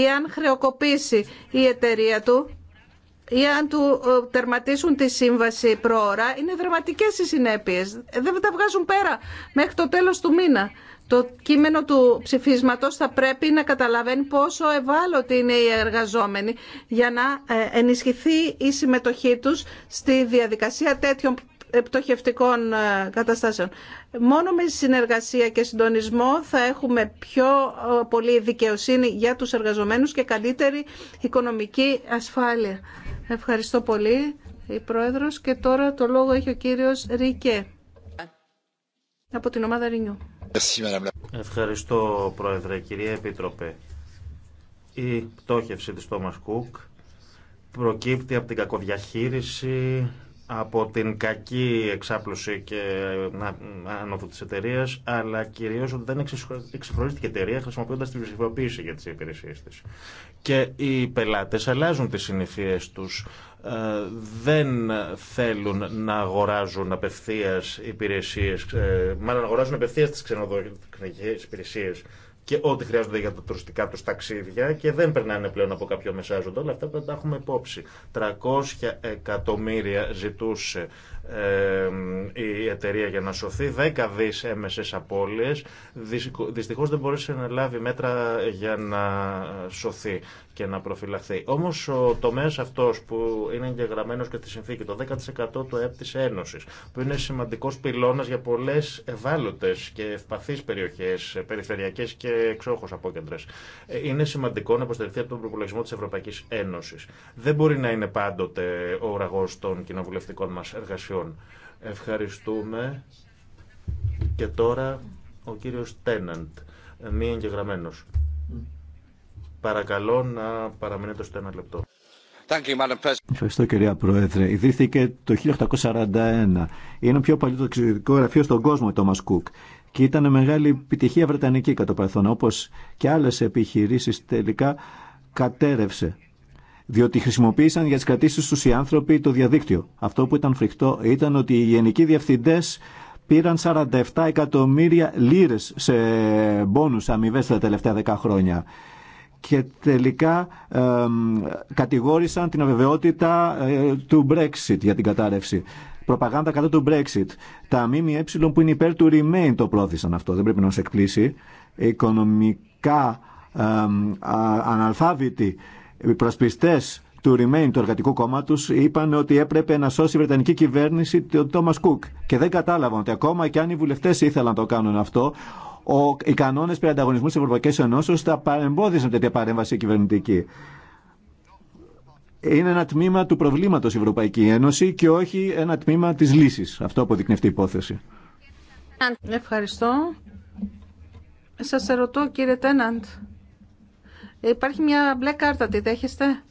ή αν χρεοκοπήσει η εταιρεία του ή αν του ε, τερματίσουν τη σύμβαση προώρα, είναι δραματικές οι συνέπειες. Δεν τα βγάζουν πέρα μέχρι το τέλος του μήνα το κείμενο του ψηφίσματος θα πρέπει να καταλαβαίνει πόσο ευάλωτοι είναι οι εργαζόμενοι για να ε, ενισχυθεί η συμμετοχή τους στη διαδικασία τέτοιων πτωχευτικών ε, καταστάσεων. Μόνο με συνεργασία και συντονισμό θα έχουμε πιο ε, πολύ δικαιοσύνη για τους εργαζομένους και καλύτερη οικονομική ασφάλεια. Ευχαριστώ πολύ η Πρόεδρος και τώρα το λόγο έχει ο κύριος Ρίκε από την ομάδα Ρινιού. Ευχαριστώ, Πρόεδρε. Κυρία Επίτροπε, η πτώχευση της Thomas Cook προκύπτει από την κακοδιαχείριση από την κακή εξάπλωση και ε, άνοδο τη εταιρεία, αλλά κυρίω ότι δεν εξυγχρονίστηκε η εταιρεία χρησιμοποιώντα τη ψηφιοποίηση για τι υπηρεσίε τη. Και οι πελάτε αλλάζουν τι συνηθίε του. Ε, δεν θέλουν να αγοράζουν απευθεία υπηρεσίε, ε, μάλλον αγοράζουν απευθεία τι ξενοδοχειακέ υπηρεσίε και ό,τι χρειάζονται για τα τουριστικά του ταξίδια και δεν περνάνε πλέον από κάποιο μεσάζοντα. Όλα αυτά πρέπει να τα έχουμε υπόψη. 300 εκατομμύρια ζητούσε ε, η εταιρεία για να σωθεί, 10 δι έμεσε απώλειες. Δυστυχώς δεν μπορούσε να λάβει μέτρα για να σωθεί και να προφυλαχθεί. Όμω ο τομέα αυτό που είναι εγγεγραμμένο και στη συνθήκη, το 10% του ΕΕ τη Ένωση, που είναι σημαντικό πυλώνα για πολλέ ευάλωτε και ευπαθεί περιοχέ, περιφερειακέ και εξόχω απόκεντρε, είναι σημαντικό να υποστηριχθεί από τον προπολογισμό τη Ευρωπαϊκή Ένωση. Δεν μπορεί να είναι πάντοτε ο ουραγό των κοινοβουλευτικών μα εργασιών. Ευχαριστούμε. Και τώρα ο κύριος Τέναντ, μη εγγεγραμμένος. Παρακαλώ να παραμείνετε στο ένα λεπτό. Ευχαριστώ κυρία Πρόεδρε. Ιδρύθηκε το 1841. Είναι ο πιο παλιό το γραφείο στον κόσμο το Κουκ. Και ήταν μεγάλη επιτυχία βρετανική κατά παρελθόν, Όπω και άλλε επιχειρήσει τελικά κατέρευσε. Διότι χρησιμοποίησαν για τι κρατήσει του οι άνθρωποι το διαδίκτυο. Αυτό που ήταν φρικτό ήταν ότι οι γενικοί διευθυντέ πήραν 47 εκατομμύρια λίρες σε μπόνους αμοιβέ τα τελευταία 10 χρόνια και τελικά κατηγόρησαν την αβεβαιότητα ε, του Brexit για την κατάρρευση. Προπαγάνδα κατά του Brexit. Τα ΜΜΕ που είναι υπέρ του Remain το πρόθεσαν αυτό. Δεν πρέπει να μας εκπλήσει. Οικονομικά ε, αναλφάβητοι προσπιστές του Remain, του εργατικού κόμματο, είπαν ότι έπρεπε να σώσει η Βρετανική κυβέρνηση τον Τόμα Κουκ. Και δεν κατάλαβαν ότι ακόμα και αν οι βουλευτέ ήθελαν να το κάνουν αυτό, ο, οι κανόνε περί ανταγωνισμού τη Ευρωπαϊκή Ενώσεω θα παρεμπόδιζαν τέτοια παρέμβαση κυβερνητική. Είναι ένα τμήμα του προβλήματο η Ευρωπαϊκή Ένωση και όχι ένα τμήμα τη λύση. Αυτό αποδεικνύει η υπόθεση. Ευχαριστώ. Σας ερωτώ κύριε Τέναντ. Υπάρχει μια μπλε κάρτα, τη δέχεστε.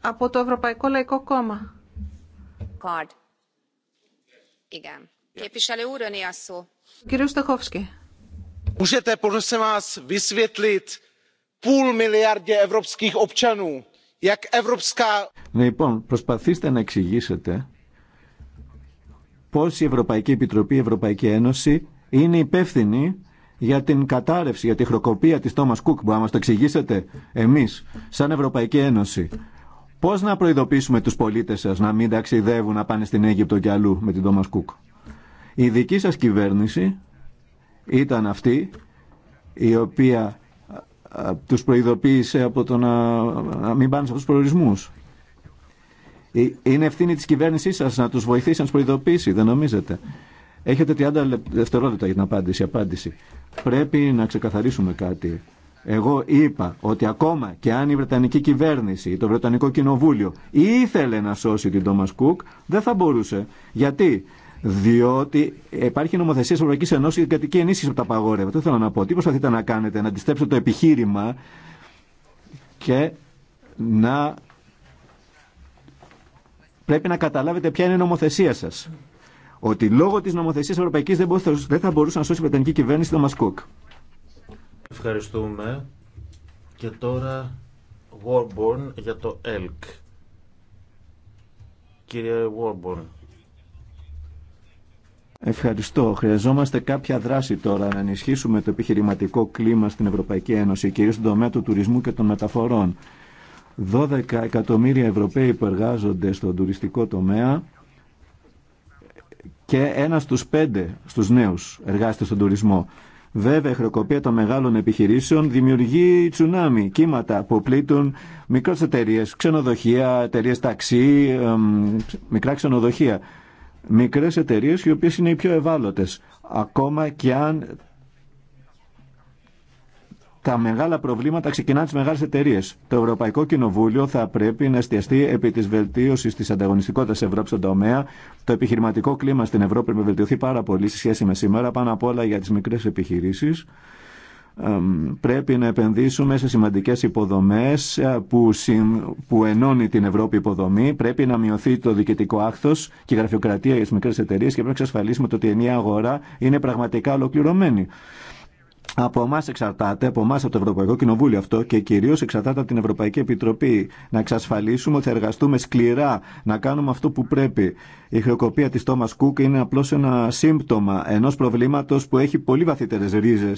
Από το Ευρωπαϊκό Λαϊκό Κόμμα. Yeah. Κύριε Στοχόφσκι. Λοιπόν, προσπαθήστε να εξηγήσετε πώς η Ευρωπαϊκή Επιτροπή, η Ευρωπαϊκή Ένωση είναι υπεύθυνη για την κατάρρευση, για τη χροκοπία της Τόμας Κούκ που μας το εξηγήσετε εμείς σαν Ευρωπαϊκή Ένωση. Πώς να προειδοποιήσουμε τους πολίτες σας να μην ταξιδεύουν να πάνε στην Αίγυπτο και αλλού με την Τόμας Κούκ. Η δική σας κυβέρνηση ήταν αυτή η οποία τους προειδοποίησε από το να, μην πάνε σε αυτούς τους προορισμούς. Είναι ευθύνη της κυβέρνησής σας να τους βοηθήσει, να τους προειδοποιήσει, δεν νομίζετε. Έχετε 30 δευτερόλεπτα για την απάντηση. απάντηση. Πρέπει να ξεκαθαρίσουμε κάτι. Εγώ είπα ότι ακόμα και αν η Βρετανική κυβέρνηση, το Βρετανικό Κοινοβούλιο ήθελε να σώσει την Τόμας Κουκ, δεν θα μπορούσε. Γιατί διότι υπάρχει νομοθεσία τη Ευρωπαϊκή Ενώση για την κρατική ενίσχυση από τα παγόρευα. Αυτό θέλω να πω. Τι προσπαθείτε να κάνετε, να αντιστρέψετε το επιχείρημα και να πρέπει να καταλάβετε ποια είναι η νομοθεσία σα. Ότι λόγω τη νομοθεσία Ευρωπαϊκή δεν, δεν θα μπορούσε να σώσει η Βρετανική κυβέρνηση το Μασκούκ. Ευχαριστούμε. Και τώρα Warborn για το ΕΛΚ. Κύριε Warborn, Ευχαριστώ. Χρειαζόμαστε κάποια δράση τώρα να ενισχύσουμε το επιχειρηματικό κλίμα στην Ευρωπαϊκή Ένωση, κυρίως στον τομέα του τουρισμού και των μεταφορών. 12 εκατομμύρια Ευρωπαίοι που εργάζονται στον τουριστικό τομέα και ένα στους πέντε στους νέους εργάζεται στον τουρισμό. Βέβαια, η χρεοκοπία των μεγάλων επιχειρήσεων δημιουργεί τσουνάμι, κύματα που πλήττουν μικρές εταιρείε, ξενοδοχεία, εταιρείε ταξί, μικρά ξενοδοχεία μικρές εταιρείες οι οποίες είναι οι πιο ευάλωτες ακόμα και αν τα μεγάλα προβλήματα ξεκινάνε τι μεγάλε εταιρείε. Το Ευρωπαϊκό Κοινοβούλιο θα πρέπει να εστιαστεί επί τη βελτίωση τη ανταγωνιστικότητα Ευρώπη στον τομέα. Το επιχειρηματικό κλίμα στην Ευρώπη πρέπει να βελτιωθεί πάρα πολύ σε σχέση με σήμερα, πάνω απ' όλα για τις μικρές επιχειρήσεις πρέπει να επενδύσουμε σε σημαντικές υποδομές ε, που, που ενώνει την Ευρώπη υποδομή. Πρέπει να μειωθεί το διοικητικό άχθος και η γραφειοκρατία για τις μικρές εταιρείες και πρέπει να εξασφαλίσουμε ότι η ενιαία αγορά είναι πραγματικά ολοκληρωμένη. Από εμά εξαρτάται, από εμά από το Ευρωπαϊκό Κοινοβούλιο αυτό και κυρίω εξαρτάται από την Ευρωπαϊκή Επιτροπή να εξασφαλίσουμε ότι θα εργαστούμε σκληρά, να κάνουμε αυτό που πρέπει. Η χρεοκοπία τη Τόμα Κούκ είναι απλώ ένα σύμπτωμα ενό προβλήματο που έχει πολύ βαθύτερε ρίζε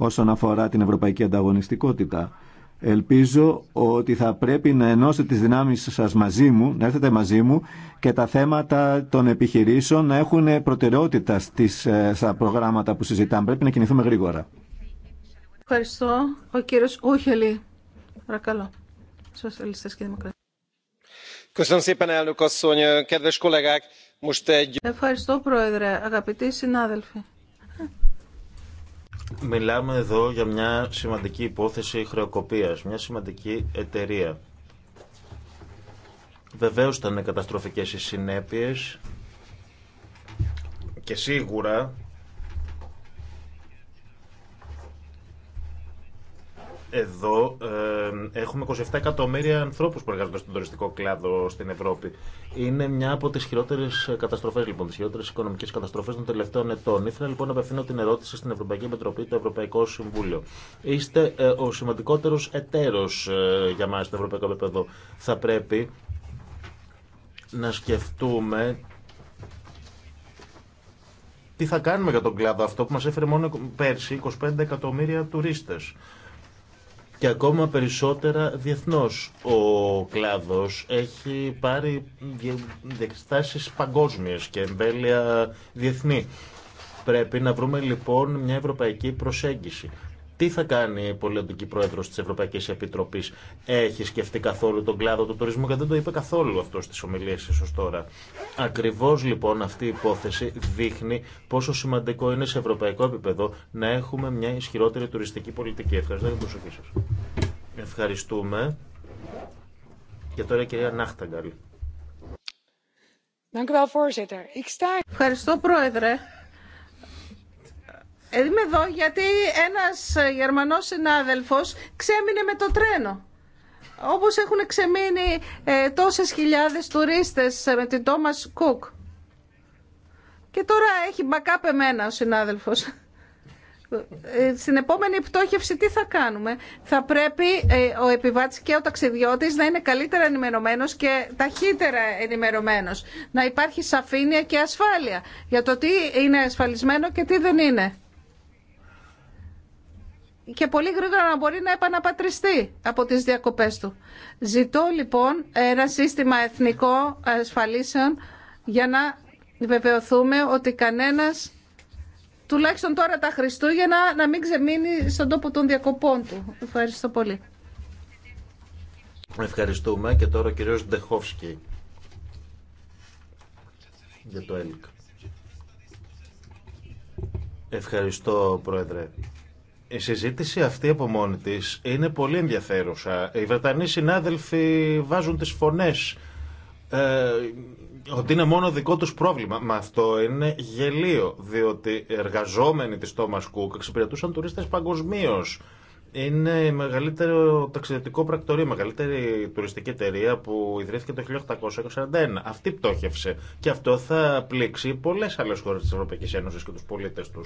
όσον αφορά την ευρωπαϊκή ανταγωνιστικότητα. Ελπίζω ότι θα πρέπει να ενώσετε τις δυνάμεις σας μαζί μου, να έρθετε μαζί μου και τα θέματα των επιχειρήσεων να έχουν προτεραιότητα στις, ε, στα προγράμματα που συζητάμε. Πρέπει να κινηθούμε γρήγορα. Ευχαριστώ. Ο κύριος Ούχελη. Παρακαλώ. Σοσιαλιστές και Δημοκρατές. Ευχαριστώ, Πρόεδρε. Αγαπητοί συνάδελφοι. Μιλάμε εδώ για μια σημαντική υπόθεση χρεοκοπίας, μια σημαντική εταιρεία. Βεβαίως ήταν καταστροφικές οι συνέπειες και σίγουρα Εδώ έχουμε 27 εκατομμύρια ανθρώπους που εργάζονται στον τουριστικό κλάδο στην Ευρώπη. Είναι μια από τις χειρότερες καταστροφές, λοιπόν, τις χειρότερες οικονομικές καταστροφές των τελευταίων ετών. Ήθελα λοιπόν να απευθύνω την ερώτηση στην Ευρωπαϊκή Επιτροπή, το Ευρωπαϊκό Συμβούλιο. Είστε ε, ο σημαντικότερος εταίρος ε, για μας στο ευρωπαϊκό επίπεδο. Θα πρέπει να σκεφτούμε τι θα κάνουμε για τον κλάδο αυτό που μας έφερε μόνο πέρσι 25 εκατομμύρια τουρίστες και ακόμα περισσότερα διεθνώς. Ο κλάδος έχει πάρει διαστάσεις παγκόσμιες και εμβέλεια διεθνή. Πρέπει να βρούμε λοιπόν μια ευρωπαϊκή προσέγγιση τι θα κάνει η πολιτική πρόεδρο τη Ευρωπαϊκή Επιτροπή Έχει σκεφτεί καθόλου τον κλάδο του τουρισμού και δεν το είπε καθόλου αυτό στις ομιλίες ω τώρα. Ακριβώ λοιπόν αυτή η υπόθεση δείχνει πόσο σημαντικό είναι σε ευρωπαϊκό επίπεδο να έχουμε μια ισχυρότερη τουριστική πολιτική. Ευχαριστώ για την προσοχή σα. Ευχαριστούμε. Και τώρα η κυρία Νάχταγκαλ. Ευχαριστώ πρόεδρε. Είμαι εδώ γιατί ένας ε, Γερμανός συνάδελφος ξέμεινε με το τρένο. Όπως έχουν ξεμείνει ε, τόσες χιλιάδες τουρίστες ε, με την Τόμας Κουκ. Και τώρα έχει backup εμένα ο συνάδελφος. Ε, στην επόμενη πτώχευση τι θα κάνουμε. Θα πρέπει ο επιβάτης και ο ταξιδιώτης να είναι καλύτερα ενημερωμένος και ταχύτερα ενημερωμένος. Να υπάρχει σαφήνεια και ασφάλεια για το τι είναι ασφαλισμένο και τι δεν είναι και πολύ γρήγορα να μπορεί να επαναπατριστεί από τις διακοπές του. Ζητώ λοιπόν ένα σύστημα εθνικό ασφαλίσεων για να βεβαιωθούμε ότι κανένας τουλάχιστον τώρα τα Χριστούγεννα να μην ξεμείνει στον τόπο των διακοπών του. Ευχαριστώ πολύ. Ευχαριστούμε και τώρα ο κύριος Ντεχόφσκι για το ΕΛΚ. Ευχαριστώ, Πρόεδρε. Η συζήτηση αυτή από μόνη τη είναι πολύ ενδιαφέρουσα. Οι Βρετανοί συνάδελφοι βάζουν τι φωνές ε, ότι είναι μόνο δικό τους πρόβλημα. Μα αυτό είναι γελίο, διότι εργαζόμενοι της Thomas Cook εξυπηρετούσαν τουρίστες παγκοσμίω. Είναι η μεγαλύτερο ταξιδιωτικό πρακτορείο, η μεγαλύτερη τουριστική εταιρεία που ιδρύθηκε το 1841. Αυτή πτώχευσε. Και αυτό θα πλήξει πολλέ άλλε χώρε τη Ευρωπαϊκή Ένωση και του πολίτε του.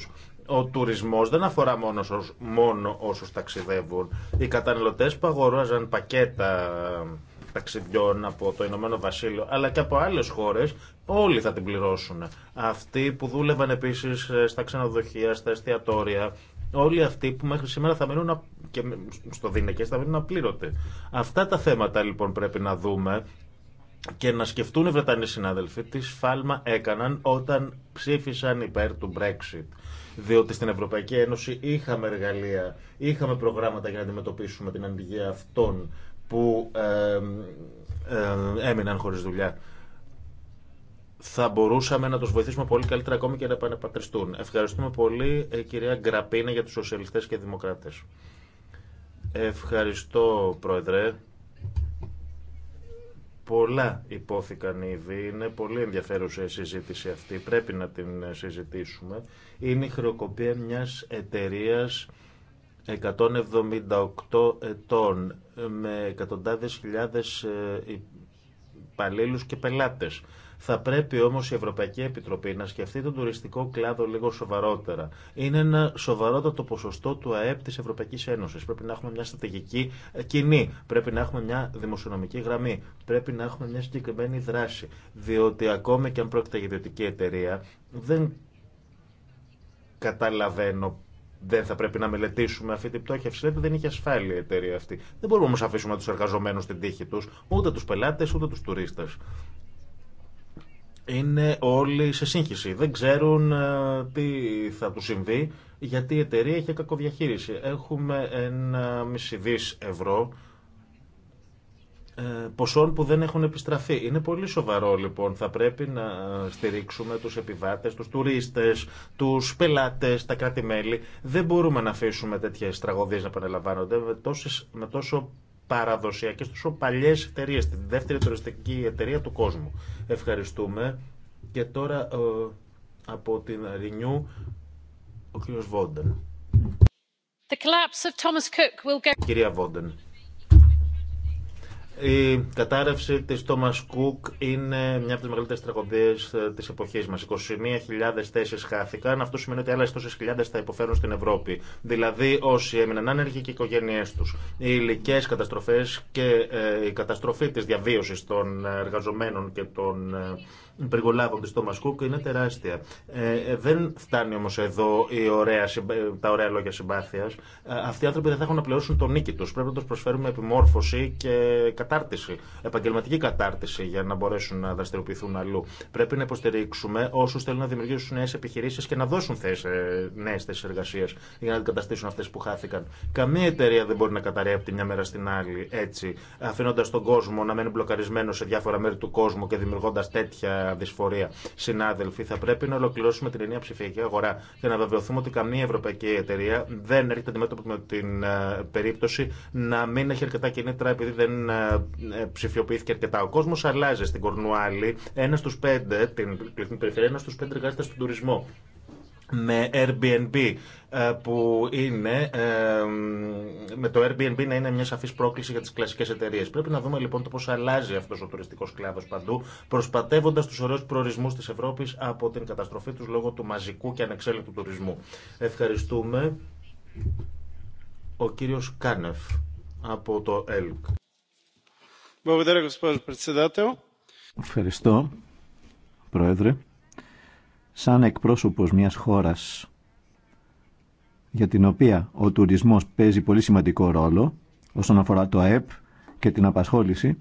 Ο τουρισμό δεν αφορά μόνο, μόνο όσου ταξιδεύουν. Οι καταναλωτέ που αγοράζαν πακέτα ε, ταξιδιών από το Ηνωμένο Βασίλειο, αλλά και από άλλε χώρε, όλοι θα την πληρώσουν. Αυτοί που δούλευαν επίση ε, στα ξενοδοχεία, στα εστιατόρια, όλοι αυτοί που μέχρι σήμερα θα μείνουν και στο και θα μείνουν απλήρωτε. Αυτά τα θέματα λοιπόν πρέπει να δούμε και να σκεφτούν οι Βρετανοί συνάδελφοι τι σφάλμα έκαναν όταν ψήφισαν υπέρ του Brexit. Διότι στην Ευρωπαϊκή Ένωση είχαμε εργαλεία, είχαμε προγράμματα για να αντιμετωπίσουμε την αντιγεία αυτών που ε, ε, έμειναν χωρίς δουλειά. Θα μπορούσαμε να τους βοηθήσουμε πολύ καλύτερα ακόμη και να επανεπατριστούν. Ευχαριστούμε πολύ ε, κυρία Γκραπίνα για τους σοσιαλιστές και δημοκράτες. Ευχαριστώ, Πρόεδρε. Πολλά υπόθηκαν ήδη. Είναι πολύ ενδιαφέρουσα η συζήτηση αυτή. Πρέπει να την συζητήσουμε. Είναι η χρεοκοπία μιας εταιρείας 178 ετών με εκατοντάδες χιλιάδες ε, υπαλλήλους και πελάτες. Θα πρέπει όμω η Ευρωπαϊκή Επιτροπή να σκεφτεί τον τουριστικό κλάδο λίγο σοβαρότερα. Είναι ένα σοβαρότατο ποσοστό του ΑΕΠ τη Ευρωπαϊκή Ένωση. Πρέπει να έχουμε μια στρατηγική ε, κοινή. Πρέπει να έχουμε μια δημοσιονομική γραμμή. Πρέπει να έχουμε μια συγκεκριμένη δράση. Διότι ακόμα και αν πρόκειται για ιδιωτική εταιρεία, δεν καταλαβαίνω δεν θα πρέπει να μελετήσουμε αυτή την πτώχευση. Λέτε δεν είχε ασφάλεια η εταιρεία αυτή. Δεν μπορούμε όμω να αφήσουμε του εργαζομένου στην τύχη του, ούτε του πελάτε, ούτε του τουρίστε είναι όλοι σε σύγχυση. Δεν ξέρουν ε, τι θα του συμβεί, γιατί η εταιρεία έχει κακοδιαχείριση. Έχουμε ένα μισή δις ευρώ ε, ποσών που δεν έχουν επιστραφεί. Είναι πολύ σοβαρό λοιπόν. Θα πρέπει να στηρίξουμε τους επιβάτες, τους τουρίστες, τους πελάτες, τα κράτη-μέλη. Δεν μπορούμε να αφήσουμε τέτοιες τραγωδίες να επαναλαμβάνονται με τόσο παραδοσιακές τόσο παλιές εταιρείε, τη δεύτερη τουριστική εταιρεία του κόσμου. Ευχαριστούμε. Και τώρα ε, από την Ρινιού ο κύριος Βόντεν. Κυρία Βόντεν, η κατάρρευση της Thomas Cook είναι μια από τις μεγαλύτερες τραγωδίες ε, της εποχής μας. 21.000 θέσεις χάθηκαν. Αυτό σημαίνει ότι άλλες τόσες χιλιάδες θα υποφέρουν στην Ευρώπη. Δηλαδή όσοι έμειναν άνεργοι και οι οικογένειές τους. Οι υλικέ καταστροφές και ε, η καταστροφή της διαβίωσης των εργαζομένων και των ε, υπεργολάβονται στο Μασκούκ είναι τεράστια. Ε, δεν φτάνει όμω εδώ η ωραία, τα ωραία λόγια συμπάθεια. Ε, αυτοί οι άνθρωποι δεν θα έχουν να πληρώσουν τον νίκη του. Πρέπει να του προσφέρουμε επιμόρφωση και κατάρτιση, επαγγελματική κατάρτιση για να μπορέσουν να δραστηριοποιηθούν αλλού. Πρέπει να υποστηρίξουμε όσου θέλουν να δημιουργήσουν νέε επιχειρήσει και να δώσουν ε, νέε θέσει εργασία για να αντικαταστήσουν αυτέ που χάθηκαν. Καμία εταιρεία δεν μπορεί να καταραίει από τη μια μέρα στην άλλη έτσι, αφήνοντα τον κόσμο να μένει μπλοκαρισμένο σε διάφορα μέρη του κόσμου και δημιουργώντα τέτοια δυσφορία. Συνάδελφοι, θα πρέπει να ολοκληρώσουμε την ενιαία ψηφιακή αγορά για να βεβαιωθούμε ότι καμία ευρωπαϊκή εταιρεία δεν έρχεται αντιμέτωπη με την ε, περίπτωση να μην έχει αρκετά κινήτρα επειδή δεν ε, ε, ψηφιοποιήθηκε αρκετά. Ο κόσμο αλλάζει στην Κορνουάλη. Ένα στου πέντε, την περιφέρεια, ένα στου πέντε εργάζεται στον τουρισμό με Airbnb ε, που είναι ε, με το Airbnb να είναι μια σαφής πρόκληση για τις κλασικές εταιρείες. Πρέπει να δούμε λοιπόν το πώς αλλάζει αυτός ο τουριστικός κλάδος παντού προσπατεύοντας τους ωραίους προορισμούς της Ευρώπης από την καταστροφή τους λόγω του μαζικού και ανεξέλεγκτου τουρισμού. Ευχαριστούμε ο κύριος Κάνεφ από το ΕΛΚ. Ευχαριστώ, Πρόεδρε σαν εκπρόσωπος μιας χώρας για την οποία ο τουρισμός παίζει πολύ σημαντικό ρόλο όσον αφορά το ΑΕΠ και την απασχόληση,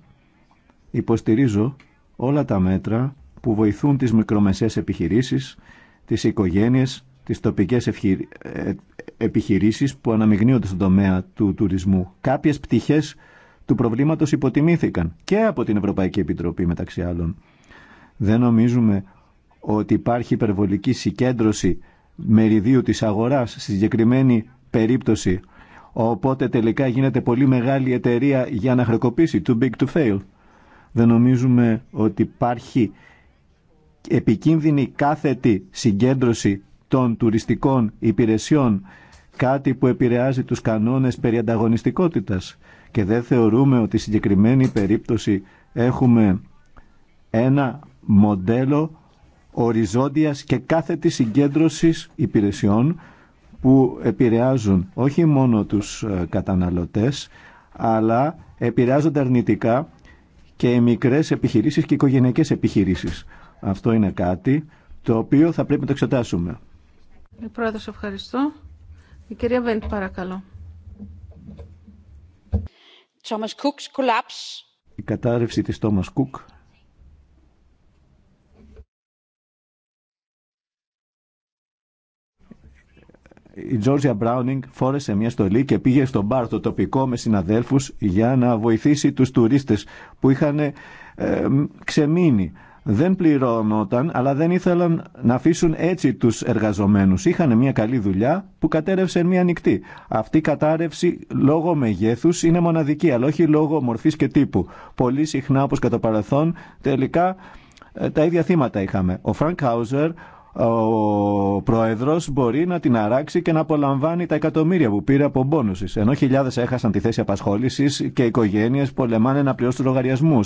υποστηρίζω όλα τα μέτρα που βοηθούν τις μικρομεσαίες επιχειρήσεις, τις οικογένειες, τις τοπικές ε, επιχειρήσεις που αναμειγνύονται στον τομέα του τουρισμού. Κάποιες πτυχές του προβλήματος υποτιμήθηκαν και από την Ευρωπαϊκή Επιτροπή μεταξύ άλλων. Δεν νομίζουμε ότι υπάρχει υπερβολική συγκέντρωση μεριδίου της αγοράς στη συγκεκριμένη περίπτωση. Οπότε τελικά γίνεται πολύ μεγάλη εταιρεία για να χρεοκοπήσει. Too big to fail. Δεν νομίζουμε ότι υπάρχει επικίνδυνη κάθετη συγκέντρωση των τουριστικών υπηρεσιών κάτι που επηρεάζει τους κανόνες περί ανταγωνιστικότητας και δεν θεωρούμε ότι στη συγκεκριμένη περίπτωση έχουμε ένα μοντέλο οριζόντιας και κάθετης συγκέντρωσης υπηρεσιών που επηρεάζουν όχι μόνο τους ε, καταναλωτές αλλά επηρεάζονται αρνητικά και οι μικρές επιχειρήσεις και οι οικογενειακές επιχειρήσεις. Αυτό είναι κάτι το οποίο θα πρέπει να το εξετάσουμε. Η ε, Πρόεδρος, ευχαριστώ. Η κυρία Βέντ, παρακαλώ. Η κατάρρευση της Thomas Cook... η Τζόρτζια Μπράουνινγκ φόρεσε μια στολή και πήγε στο μπαρ το τοπικό με συναδέλφους για να βοηθήσει τους τουρίστες που είχαν ε, ξεμείνει. Δεν πληρώνονταν, αλλά δεν ήθελαν να αφήσουν έτσι τους εργαζομένους. Είχαν μια καλή δουλειά που κατέρευσε μια νυχτή. Αυτή η κατάρρευση λόγω μεγέθους είναι μοναδική, αλλά όχι λόγω μορφής και τύπου. Πολύ συχνά, όπως κατά παρελθόν, τελικά ε, τα ίδια θύματα είχαμε. Ο Φρανκ Χάουζερ, ο πρόεδρος μπορεί να την αράξει και να απολαμβάνει τα εκατομμύρια που πήρε από μπόνουση. Ενώ χιλιάδες έχασαν τη θέση απασχόλησης και οικογένειε οικογένειες πολεμάνε να πληρώσουν λογαριασμού.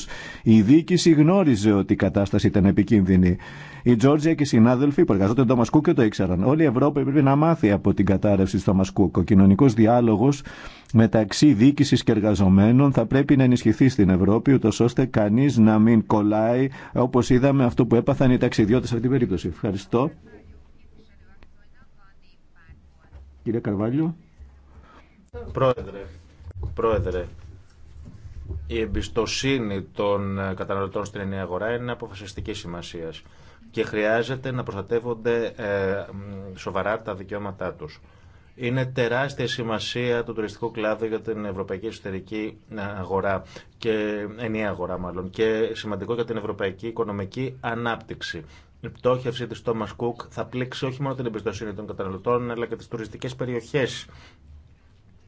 Η διοίκηση γνώριζε ότι η κατάσταση ήταν επικίνδυνη. Η Τζόρτζια και οι συνάδελφοι που εργαζόταν τον Τόμα Κούκ το ήξεραν. Όλη η Ευρώπη πρέπει να μάθει από την κατάρρευση στο Μασκούκ. Ο κοινωνικό διάλογο μεταξύ διοίκηση και εργαζομένων θα πρέπει να ενισχυθεί στην Ευρώπη, ούτω ώστε κανεί να μην κολλάει, όπω είδαμε αυτό που έπαθαν οι ταξιδιώτε σε αυτή την περίπτωση. Ευχαριστώ. Κύριε Καρβάλιο. Πρόεδρε, πρόεδρε, η εμπιστοσύνη των καταναλωτών στην ενιαία αγορά είναι αποφασιστική σημασία και χρειάζεται να προστατεύονται ε, σοβαρά τα δικαιώματά τους. Είναι τεράστια σημασία το τουριστικό κλάδο για την ευρωπαϊκή εσωτερική ε, αγορά και ενιαία αγορά μάλλον και σημαντικό για την ευρωπαϊκή οικονομική ανάπτυξη. Η πτώχευση της Thomas Cook θα πλήξει όχι μόνο την εμπιστοσύνη των καταναλωτών αλλά και τις τουριστικές περιοχές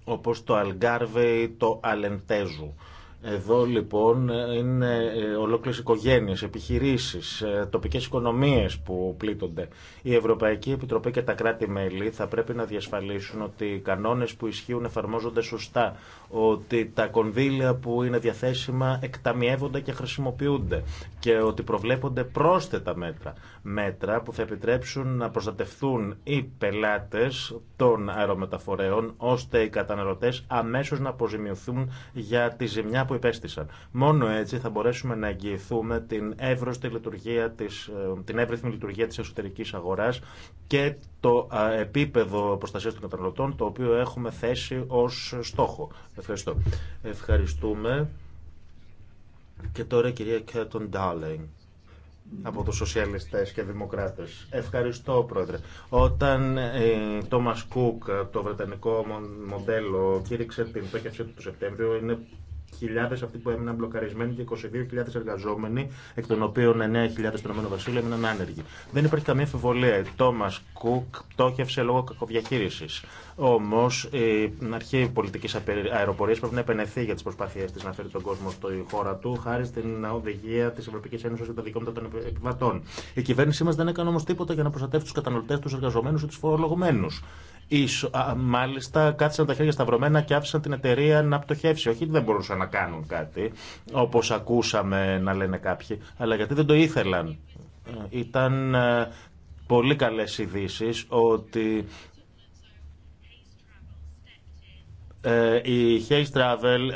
όπως το Αλγκάρβε ή το Αλεντέζου. Εδώ λοιπόν είναι ε, ολόκληρε οικογένειε, επιχειρήσει, ε, τοπικέ οικονομίε που πλήττονται. Η Ευρωπαϊκή Επιτροπή και τα κράτη-μέλη θα πρέπει να διασφαλίσουν ότι οι κανόνε που ισχύουν εφαρμόζονται σωστά, ότι τα κονδύλια που είναι διαθέσιμα εκταμιεύονται και χρησιμοποιούνται και ότι προβλέπονται πρόσθετα μέτρα. Μέτρα που θα επιτρέψουν να προστατευτούν οι πελάτε των αερομεταφορέων ώστε οι καταναλωτέ αμέσω να αποζημιωθούν για τη ζημιά που υπέστησαν. Μόνο έτσι θα μπορέσουμε να εγγυηθούμε την εύρωστη λειτουργία της, ε, την εύρυθμη λειτουργία της εσωτερικής αγοράς και το ε, επίπεδο προστασίας των καταναλωτών το οποίο έχουμε θέσει ως στόχο. Ευχαριστώ. Ευχαριστούμε. Και τώρα η κυρία Κέτον Ντάλεγκ από τους σοσιαλιστές και δημοκράτες. Ευχαριστώ, Πρόεδρε. Όταν ε, Τόμας Κουκ, το βρετανικό μοντέλο, κήρυξε την πέκευση του το Σεπτέμβριο, είναι χιλιάδε αυτοί που έμειναν μπλοκαρισμένοι και 22.000 εργαζόμενοι, εκ των οποίων 9.000 στον ΕΒ έμειναν άνεργοι. Δεν υπάρχει καμία αμφιβολία. Η ε, Τόμα Κουκ πτώχευσε λόγω κακοδιαχείριση. Όμω η αρχή πολιτική αεροπορία πρέπει να επενεθεί για τι προσπάθειέ τη να φέρει τον κόσμο στη χώρα του, χάρη στην οδηγία τη Ευρωπαϊκή Ένωση για τα δικαιώματα των επιβατών. Η κυβέρνησή μα δεν έκανε όμω τίποτα για να προστατεύσει του καταναλωτέ, του εργαζομένου ή του φορολογουμένου. Ίσο, μάλιστα κάθισαν τα χέρια σταυρωμένα και άφησαν την εταιρεία να πτωχεύσει. Όχι δεν μπορούσαν να κάνουν κάτι, όπως ακούσαμε να λένε κάποιοι, αλλά γιατί δεν το ήθελαν. Ε, ήταν ε, πολύ καλές ειδήσει ότι ε, η Hayes Travel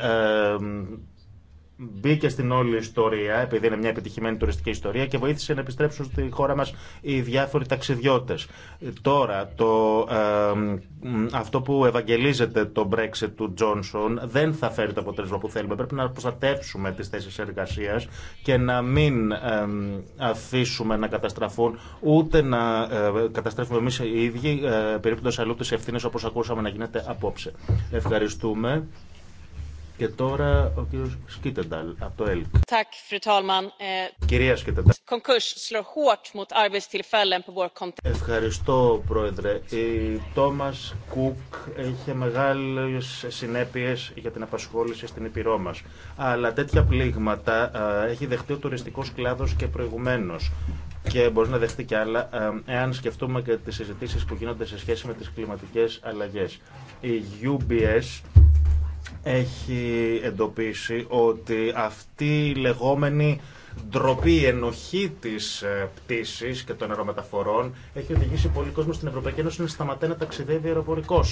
μπήκε στην όλη ιστορία, επειδή είναι μια επιτυχημένη τουριστική ιστορία και βοήθησε να επιστρέψουν στη χώρα μας οι διάφοροι ταξιδιώτες. Τώρα, το, αυτό που ευαγγελίζεται το Brexit του Τζόνσον δεν θα φέρει το αποτέλεσμα που θέλουμε. Πρέπει να προστατεύσουμε τις θέσεις εργασίας και να μην αφήσουμε να καταστραφούν ούτε να ε, καταστρέφουμε εμείς οι ίδιοι, ε, αλλού τις ευθύνες όπως ακούσαμε να γίνεται απόψε. Ευχαριστούμε. Και τώρα ο κύριος Σκίτενταλ από το ΕΛΚ. Ε, Κυρία Σκίτενταλ. Ευχαριστώ, Πρόεδρε. Η Τόμας Κουκ είχε μεγάλε συνέπειες για την απασχόληση στην Ήπειρό μας. Αλλά τέτοια πλήγματα ε, έχει δεχτεί ο τουριστικός κλάδος και προηγουμένως και μπορεί να δεχτεί κι άλλα, ε, εάν σκεφτούμε και τι συζητήσει που γίνονται σε σχέση με τις κλιματικέ αλλαγές. Η UBS έχει εντοπίσει ότι αυτή η λεγόμενη ντροπή, η ενοχή τη ε, πτήση και των αερομεταφορών έχει οδηγήσει πολύ κόσμο στην Ευρωπαϊκή Ένωση να σταματάει να ταξιδεύει αεροπορικό.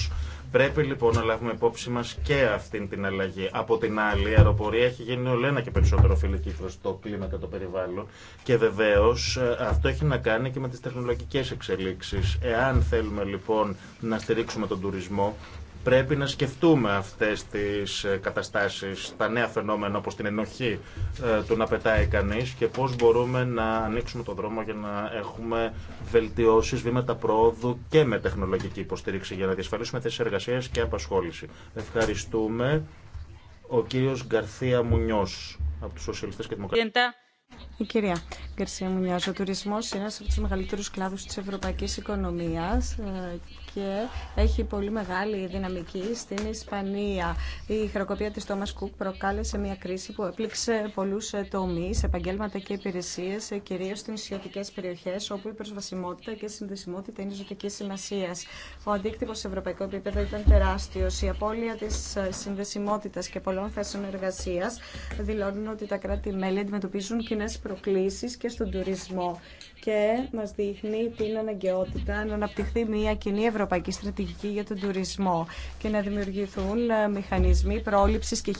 Πρέπει λοιπόν να λάβουμε υπόψη μα και αυτή την αλλαγή. Από την άλλη, η αεροπορία έχει γίνει ολένα και περισσότερο φιλική προ το κλίμα και το περιβάλλον και βεβαίω ε, αυτό έχει να κάνει και με τι τεχνολογικέ εξελίξει. Εάν θέλουμε λοιπόν να στηρίξουμε τον τουρισμό, Πρέπει να σκεφτούμε αυτές τις ε, καταστάσεις, τα νέα φαινόμενα όπως την ενοχή ε, του να πετάει κανείς και πώς μπορούμε να ανοίξουμε το δρόμο για να έχουμε βελτιώσεις, βήματα πρόοδου και με τεχνολογική υποστήριξη για να διασφαλίσουμε θέσεις εργασία και απασχόληση. Ευχαριστούμε. Ο κύριος Γκαρθία Μουνιός από τους Σοσιαλιστές και Δημοκρατές. Η κυρία Γκαρσία Μουνιάς, ο τουρισμός είναι ένας από τους μεγαλύτερους κλάδους της ευρωπαϊκής οικονομίας ε, και έχει πολύ μεγάλη δυναμική στην Ισπανία. Η χρεοκοπία τη Thomas Cook προκάλεσε μια κρίση που έπληξε πολλούς τομείς, επαγγέλματα και υπηρεσίε, κυρίως στις νησιωτικέ περιοχές, όπου η προσβασιμότητα και η συνδεσιμότητα είναι ζωτική σημασία. Ο αντίκτυπος σε ευρωπαϊκό επίπεδο ήταν τεράστιο. Η απώλεια της συνδεσιμότητας και πολλών θέσεων εργασία. δηλώνουν ότι τα κράτη-μέλη αντιμετωπίζουν κοινέ προκλήσεις και στον τουρισμό και μας δείχνει την αναγκαιότητα να αναπτυχθεί μια κοινή ευρωπαϊκή στρατηγική για τον τουρισμό και να δημιουργηθούν μηχανισμοί πρόληψης και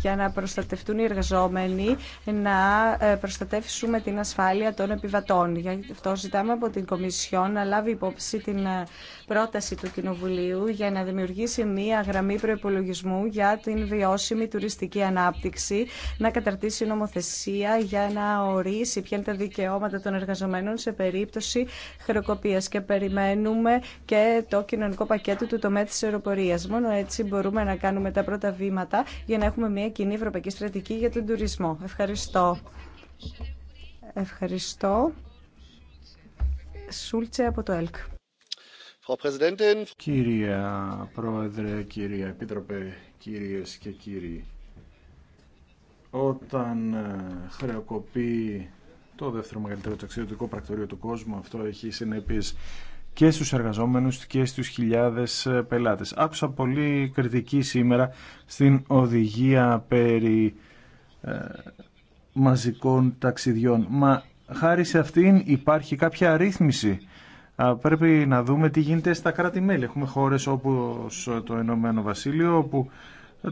για να προστατευτούν οι εργαζόμενοι, να ε, προστατεύσουμε την ασφάλεια των επιβατών. Γι' αυτό ζητάμε από την Κομισιόν να λάβει υπόψη την ε, πρόταση του Κοινοβουλίου για να δημιουργήσει μία γραμμή προπολογισμού για την βιώσιμη τουριστική ανάπτυξη, να καταρτήσει νομοθεσία για να ορίσει ποια είναι τα δικαιώματα των εργαζομένων σε περίπτωση χρεοκοπία. και περιμένουμε και το κοινωνικό πακέτο του τομέα τη αεροπορία. Μόνο έτσι μπορούμε να κάνουμε τα πρώτα βήματα για να έχουμε μια κοινή ευρωπαϊκή στρατηγική για τον τουρισμό. Ευχαριστώ. Ευχαριστώ. Σούλτσε από το ΕΛΚ. Κυρία Πρόεδρε, κυρία Επίτροπε, κυρίες και κύριοι, όταν ε, χρεοκοπεί το δεύτερο μεγαλύτερο ταξιδιωτικό πρακτορείο του κόσμου, αυτό έχει συνέπειες και στους εργαζόμενους και στους χιλιάδες ε, πελάτες. Άκουσα πολύ κριτική σήμερα στην οδηγία περί ε, μαζικών ταξιδιών. Μα χάρη σε αυτήν υπάρχει κάποια αρρύθμιση. Πρέπει να δούμε τι γίνεται στα κράτη-μέλη. Έχουμε χώρες όπως ε, το Ενωμένο Βασίλειο, όπου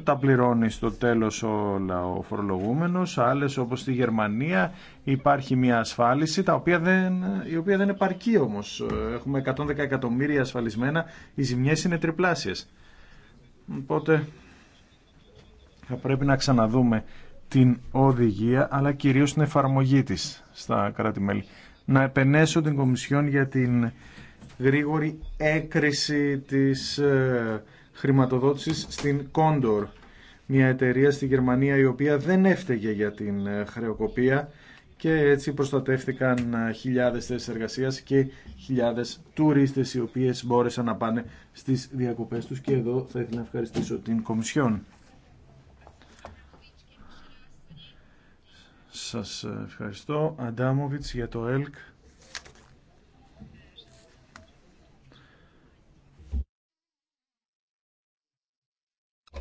τα πληρώνει στο τέλος όλα ο φορολογούμενος, άλλες όπως στη Γερμανία υπάρχει μια ασφάλιση τα οποία δεν, η οποία δεν επαρκεί όμως. Έχουμε 110 εκατομμύρια ασφαλισμένα, οι ζημιές είναι τριπλάσιες. Οπότε θα πρέπει να ξαναδούμε την οδηγία αλλά κυρίως την εφαρμογή της στα κράτη-μέλη. Να επενέσω την Κομισιόν για την γρήγορη έκρηση της ε, χρηματοδότησης στην Κόντορ, μια εταιρεία στη Γερμανία η οποία δεν έφταιγε για την ε, χρεοκοπία και έτσι προστατεύτηκαν ε, χιλιάδες θέσεις εργασίας και χιλιάδες τουρίστες οι οποίες μπόρεσαν να πάνε στις διακοπές τους και εδώ θα ήθελα να ευχαριστήσω την Κομισιόν. Σας ε, ευχαριστώ. Αντάμοβιτς για το ΕΛΚ.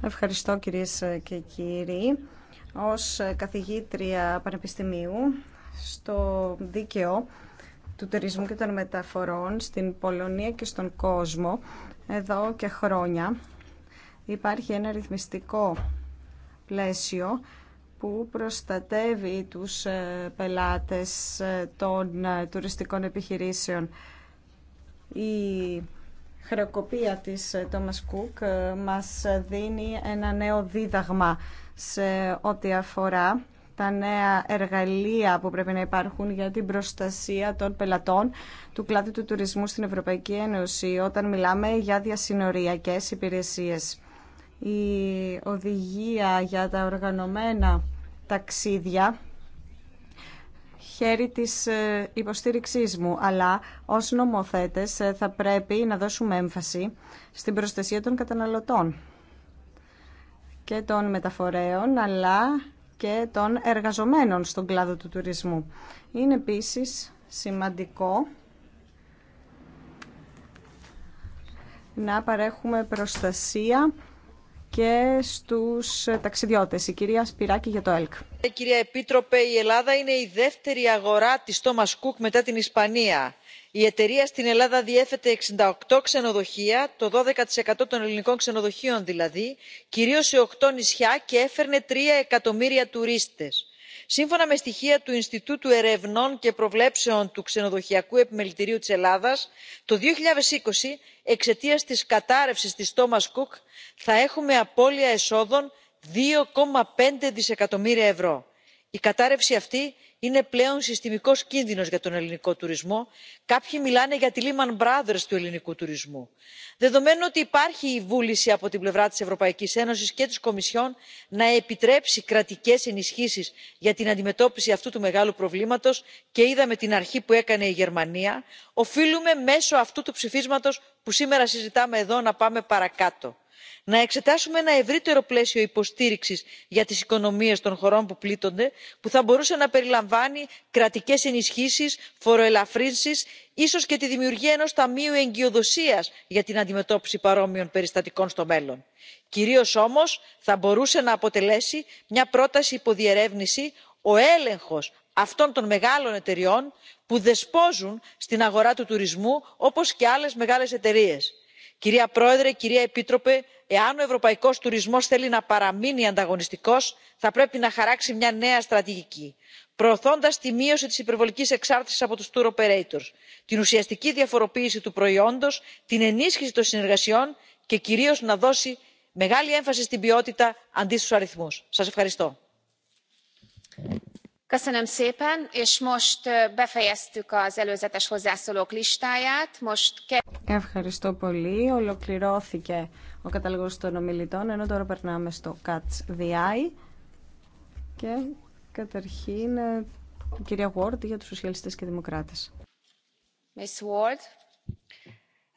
Ευχαριστώ κυρίες και κύριοι. Ως καθηγήτρια πανεπιστημίου στο δίκαιο του τουρισμού και των μεταφορών στην Πολωνία και στον κόσμο εδώ και χρόνια υπάρχει ένα ρυθμιστικό πλαίσιο που προστατεύει τους ε, πελάτες ε, των ε, τουριστικών επιχειρήσεων χρεοκοπία της ε, Thomas Cook ε, μας δίνει ένα νέο δίδαγμα σε ό,τι αφορά τα νέα εργαλεία που πρέπει να υπάρχουν για την προστασία των πελατών του κλάδου του τουρισμού στην Ευρωπαϊκή Ένωση όταν μιλάμε για διασυνοριακές υπηρεσίες. Η οδηγία για τα οργανωμένα ταξίδια χέρι της ε, υποστήριξής μου, αλλά ως νομοθέτες ε, θα πρέπει να δώσουμε έμφαση στην προστασία των καταναλωτών και των μεταφορέων, αλλά και των εργαζομένων στον κλάδο του τουρισμού. Είναι επίσης σημαντικό να παρέχουμε προστασία και στους ταξιδιώτες. Η κυρία Σπυράκη για το ΕΛΚ. Ε, κυρία Επίτροπε, η Ελλάδα είναι η δεύτερη αγορά της Thomas Cook μετά την Ισπανία. Η εταιρεία στην Ελλάδα διέθετε 68 ξενοδοχεία, το 12% των ελληνικών ξενοδοχείων δηλαδή, κυρίως σε 8 νησιά και έφερνε 3 εκατομμύρια τουρίστες σύμφωνα με στοιχεία του ινστιτούτου ερευνών και προβλέψεων του ξενοδοχειακού επιμελητηρίου της ελλάδας το δύο χιλιάδες είκοσι εξαιτίας της κατάρρευσης της thomas cook θα έχουμε απώλεια εσόδων δύο πέντε δισεκατομμύρια ευρώ η κατάρρευση αυτή είναι πλέον συστημικός κίνδυνος για τον ελληνικό τουρισμό κάποιοι μιλάνε για τη lehman brothers του ελληνικού τουρισμού. δεδομένου ότι υπάρχει η βούληση από την πλευρά της ευρωπαϊκής ένωσης και της κομισιόν να επιτρέψει κρατικές ενισχύσεις για την αντιμετώπιση αυτού του μεγάλου προβλήματος και είδαμε την αρχή που έκανε η γερμανία οφείλουμε μέσω αυτού του ψηφίσματος που σήμερα συζητάμε εδώ να πάμε παρακάτω να εξετάσουμε ένα ευρύτερο πλαίσιο υποστήριξης για τις οικονομίες των χωρών που πλήττονται που θα μπορούσε να περιλαμβάνει κρατικές ενισχύσεις φοροελαφρύνσεις ίσως και τη δημιουργία ενός ταμείου εγκυοδοσίας για την αντιμετώπιση παρόμοιων περιστατικών στο μέλλον. κυρίως όμως θα μπορούσε να αποτελέσει μια πρόταση υποδιερεύνηση ο έλεγχος αυτών των μεγάλων εταιριών που δεσπόζουν στην αγορά του τουρισμού όπως και άλλες μεγάλες εταιρείες κυρία πρόεδρε κυρία επίτροπε εάν ο ευρωπαϊκός τουρισμός θέλει να παραμείνει ανταγωνιστικός θα πρέπει να χαράξει μια νέα στρατηγική προωθώντας τη μείωση της υπερβολικής εξάρτησης από τους tour operators την ουσιαστική διαφοροποίηση του προϊόντος την ενίσχυση των συνεργασιών και κυρίως να δώσει μεγάλη έμφαση στην ποιότητα αντί στους αριθμούς. σας ευχαριστώ. Ευχαριστώ πολύ. Ολοκληρώθηκε ο καταλογός των ομιλητών, ενώ τώρα περνάμε στο Catch the Και καταρχήν, ε, η κυρία Ward για τους Σοσιαλιστές και Δημοκράτες.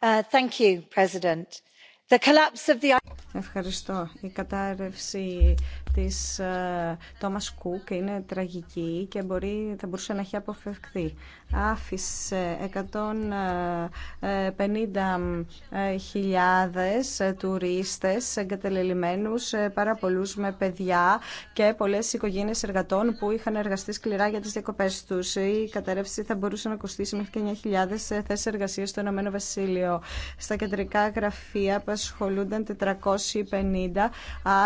Uh, Ευχαριστώ. Η κατάρρευση της Τόμας ε, Κούκ είναι τραγική και μπορεί, θα μπορούσε να έχει αποφευχθεί. Άφησε 150.000 ε, ε, τουρίστες εγκατελελειμμένους, πάρα πολλούς με παιδιά και πολλές οικογένειες εργατών που είχαν εργαστεί σκληρά για τις διακοπές τους. Η κατάρρευση θα μπορούσε να κοστίσει μέχρι και 9.000 θέσεις εργασίας στο Ηνωμένο Βασίλειο. Στα κεντρικά γραφεία ασχολούνταν 450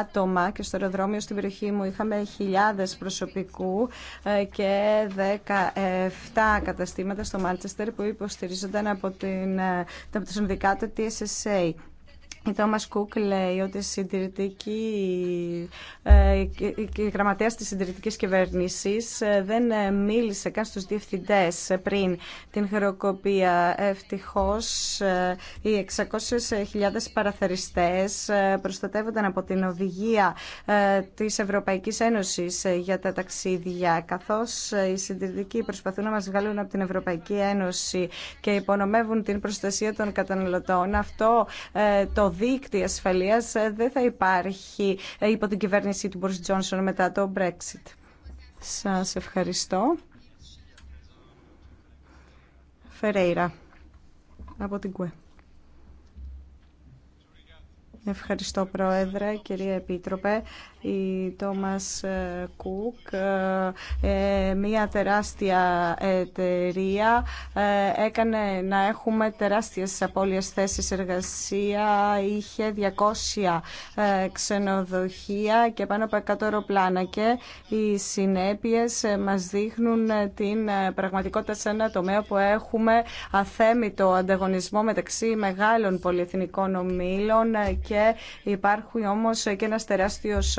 άτομα και στο αεροδρόμιο στην περιοχή μου είχαμε χιλιάδες προσωπικού ε, και 17 καταστήματα στο Μάντσεστερ που υποστηρίζονταν από, την, ε, από το συνδικάτο TSSA. Η Τόμας Κούκ λέει ότι συντηρητική, ε, η γραμματέας της συντηρητικής κυβέρνησης ε, δεν ε, μίλησε καν στους διευθυντές πριν την χρεοκοπία. Ευτυχώς οι 600.000 παραθεριστές προστατεύονταν από την οδηγία της Ευρωπαϊκής Ένωσης για τα ταξίδια καθώς οι συντηρητικοί προσπαθούν να μας βγάλουν από την Ευρωπαϊκή Ένωση και υπονομεύουν την προστασία των καταναλωτών. Αυτό το δίκτυ ασφαλείας ε, δεν θα υπάρχει ε, υπό την κυβέρνηση του Μπορις Τζόνσον μετά το Brexit. Σας ευχαριστώ. Φερέιρα από την ΚΟΕ. Ευχαριστώ Πρόεδρε, κυρία Επίτροπε η Thomas ε, Cook, ε, ε, μια τεράστια εταιρεία, έκανε να έχουμε τεράστιες απώλειες θέσεις εργασία, είχε 200 ξενοδοχεία και πάνω από 100 αεροπλάνα και οι συνέπειες μας δείχνουν την πραγματικότητα σε ένα τομέα που έχουμε αθέμητο ανταγωνισμό μεταξύ μεγάλων πολυεθνικών ομίλων και υπάρχουν όμως και ένας τεράστιος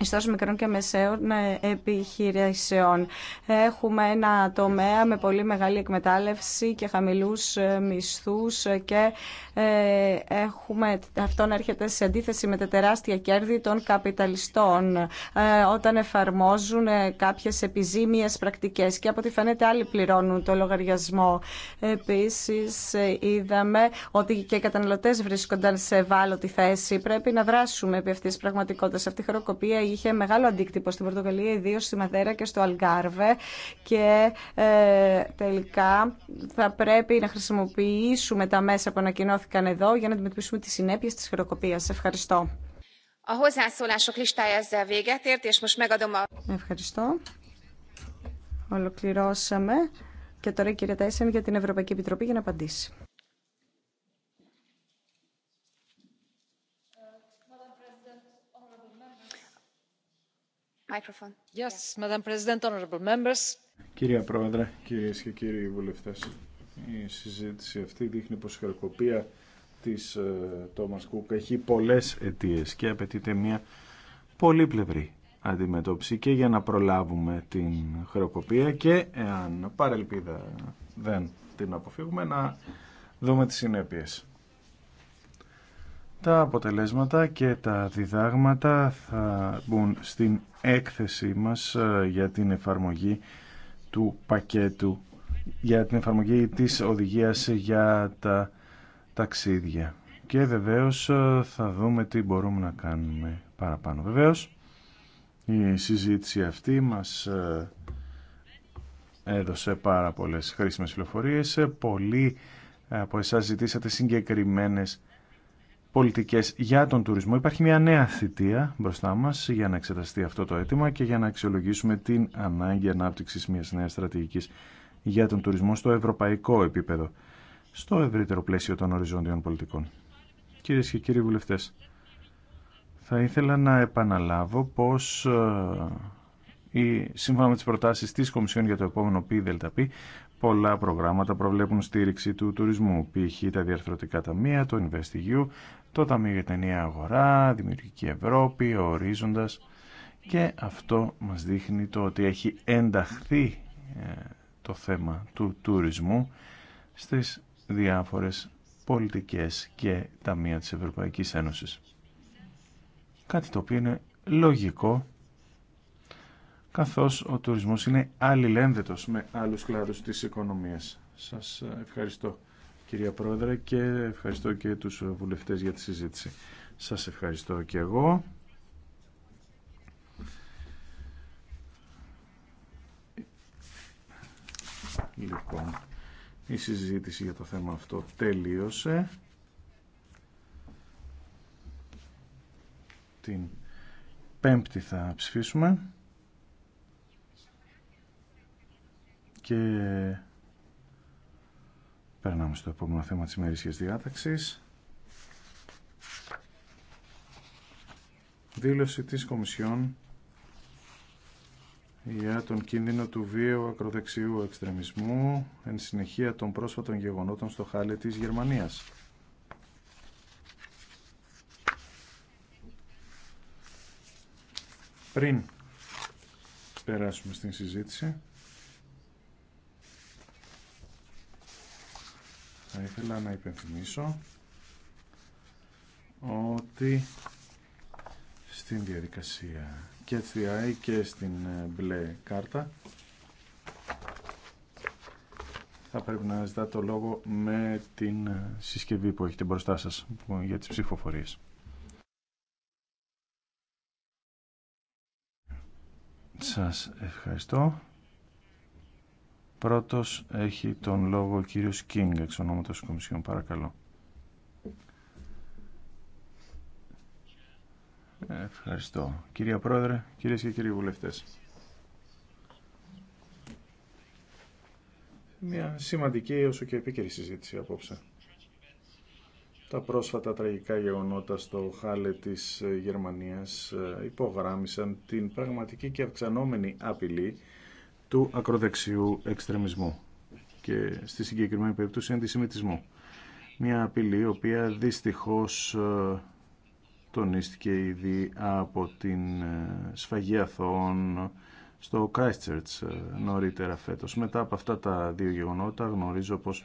Ιστός μικρών και μεσαίων ε, επιχειρήσεων. Έχουμε ένα τομέα με πολύ μεγάλη εκμετάλλευση και χαμηλούς ε, μισθούς και ε, έχουμε, αυτό να έρχεται σε αντίθεση με τα τεράστια κέρδη των καπιταλιστών όταν εφαρμόζουν κάποιες επιζήμιες πρακτικές και από ό,τι φαίνεται άλλοι πληρώνουν το λογαριασμό. Επίσης είδαμε ότι και οι καταναλωτές βρίσκονταν σε ευάλωτη θέση. Πρέπει να δράσουμε επί αυτής πραγματικότητας. Αυτή η οποία είχε μεγάλο αντίκτυπο στην Πορτογαλία, ιδίω στη Μαδέρα και στο Αλγκάρβε και ε, τελικά θα πρέπει να χρησιμοποιήσουμε τα μέσα που ανακοινώθηκαν εδώ για να αντιμετωπίσουμε τις συνέπειες της χειροκοπίας. Ευχαριστώ. Ευχαριστώ. Ολοκληρώσαμε. Και τώρα η κυρία Τέσσερ για την Ευρωπαϊκή Επιτροπή για να απαντήσει. Κυρία Πρόεδρε, κύριε και κύριοι βουλευτές, η συζήτηση αυτή δείχνει πως η χρεοκοπία τη Τόμα ε, Κούκ έχει πολλές αιτίες και απαιτείται μια πολύπλευρη αντιμετώπιση και για να προλάβουμε την χρεοκοπία και εάν παρελπίδα δεν την αποφύγουμε να δούμε τις συνέπειες. Τα αποτελέσματα και τα διδάγματα θα μπουν στην έκθεσή μας ε, για την εφαρμογή του πακέτου, για την εφαρμογή της οδηγίας για τα ταξίδια. Και βεβαίως ε, θα δούμε τι μπορούμε να κάνουμε παραπάνω. Βεβαίως η συζήτηση αυτή μας ε, έδωσε πάρα πολλές χρήσιμες πληροφορίε, Πολλοί από εσάς ζητήσατε συγκεκριμένες πολιτικέ για τον τουρισμό. Υπάρχει μια νέα θητεία μπροστά μα για να εξεταστεί αυτό το αίτημα και για να αξιολογήσουμε την ανάγκη ανάπτυξη μια νέα στρατηγική για τον τουρισμό στο ευρωπαϊκό επίπεδο, στο ευρύτερο πλαίσιο των οριζόντιων πολιτικών. Κυρίε και κύριοι βουλευτέ, θα ήθελα να επαναλάβω πω, ε, σύμφωνα με τι προτάσει τη Κομισιόν για το επόμενο ΠΔΠ, πολλά προγράμματα προβλέπουν στήριξη του τουρισμού, π.χ. τα διαρθρωτικά ταμεία, το InvestEU, το Ταμείο για την Ενιαία Αγορά, Δημιουργική Ευρώπη, ο Ορίζοντας και αυτό μας δείχνει το ότι έχει ενταχθεί ε, το θέμα του τουρισμού στις διάφορες πολιτικές και ταμεία της Ευρωπαϊκής Ένωσης. Κάτι το οποίο είναι λογικό καθώς ο τουρισμός είναι αλληλένδετος με άλλους κλάδους της οικονομίας. Σας ε, ευχαριστώ κυρία Πρόεδρε και ευχαριστώ και τους βουλευτές για τη συζήτηση. Σας ευχαριστώ και εγώ. Λοιπόν, η συζήτηση για το θέμα αυτό τελείωσε. Την πέμπτη θα ψηφίσουμε. Και Περνάμε στο επόμενο θέμα της ημερήσιας διάταξης. Δήλωση της Κομισιόν για τον κίνδυνο του βίαιου ακροδεξιού εξτρεμισμού εν συνεχεία των πρόσφατων γεγονότων στο χάλι της Γερμανίας. Πριν περάσουμε στην συζήτηση, θα ήθελα να υπενθυμίσω ότι στην διαδικασία και HDI και στην ε, μπλε κάρτα θα πρέπει να ζητάτε το λόγο με την ε, συσκευή που έχετε μπροστά σας για τις ψηφοφορίες. Σας ευχαριστώ. Πρώτος έχει τον λόγο ο κύριος Κίνγκ, εξ ονόματος Κομισιόν. Παρακαλώ. Ευχαριστώ. Κυρία Πρόεδρε, κυρίες και κύριοι βουλευτές. Μια σημαντική όσο και επίκαιρη συζήτηση απόψε. Τα πρόσφατα τραγικά γεγονότα στο χάλε της Γερμανίας ε, υπογράμμισαν την πραγματική και αυξανόμενη απειλή του ακροδεξιού εξτρεμισμού και στη συγκεκριμένη περίπτωση αντισημιτισμού. Μια απειλή η οποία δυστυχώς ε, τονίστηκε ήδη από την ε, σφαγή αθώων στο Christchurch ε, νωρίτερα φέτος. Μετά από αυτά τα δύο γεγονότα γνωρίζω πως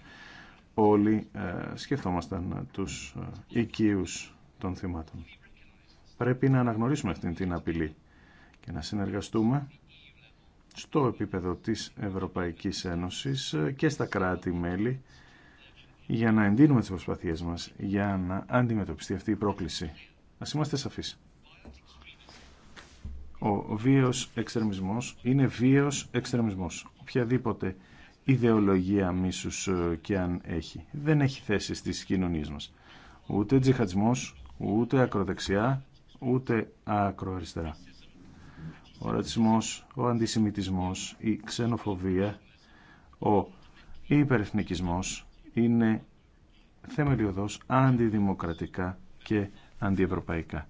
όλοι σκεφτόμασταν τους οικείους των θυμάτων. Πρέπει να αναγνωρίσουμε αυτή την απειλή και να συνεργαστούμε στο επίπεδο της Ευρωπαϊκής Ένωσης και στα κράτη-μέλη για να εντείνουμε τις προσπαθίες μας για να αντιμετωπιστεί αυτή η πρόκληση. Ας είμαστε σαφείς. Ο βίαιος εξτρεμισμός είναι βίαιος εξτρεμισμός. Οποιαδήποτε ιδεολογία μίσους ε, και αν έχει. Δεν έχει θέση στις κοινωνίες μας. Ούτε τζιχατσμός, ούτε ακροδεξιά, ούτε ακροαριστερά ο ρατσισμός, ο αντισημιτισμός, η ξενοφοβία, ο υπερεθνικισμός είναι θεμελιωδώς αντιδημοκρατικά και αντιευρωπαϊκά.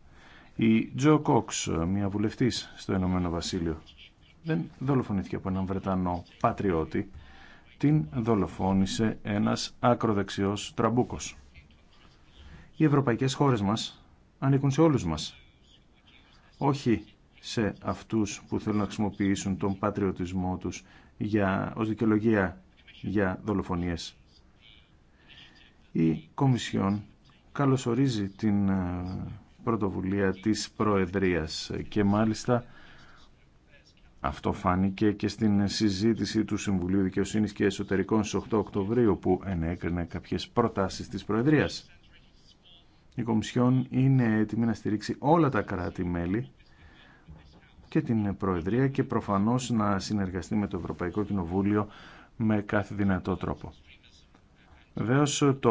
Η Τζο Κόξ, μια βουλευτής στο Ηνωμένο Βασίλειο, δεν δολοφονήθηκε από έναν Βρετανό πατριώτη, την δολοφόνησε ένας ακροδεξιός τραμπούκος. Οι ευρωπαϊκές χώρες μας ανήκουν σε όλους μας. Όχι σε αυτούς που θέλουν να χρησιμοποιήσουν τον πατριωτισμό τους για, ως δικαιολογία για δολοφονίες. Η Κομισιόν καλωσορίζει την ε, πρωτοβουλία της Προεδρίας και μάλιστα αυτό φάνηκε και στην συζήτηση του Συμβουλίου Δικαιοσύνη και Εσωτερικών στις 8 Οκτωβρίου που ενέκρινε κάποιες προτάσεις της Προεδρίας. Η Κομισιόν είναι έτοιμη να στηρίξει όλα τα κράτη-μέλη και την Προεδρία και προφανώς να συνεργαστεί με το Ευρωπαϊκό Κοινοβούλιο με κάθε δυνατό τρόπο. Βεβαίω το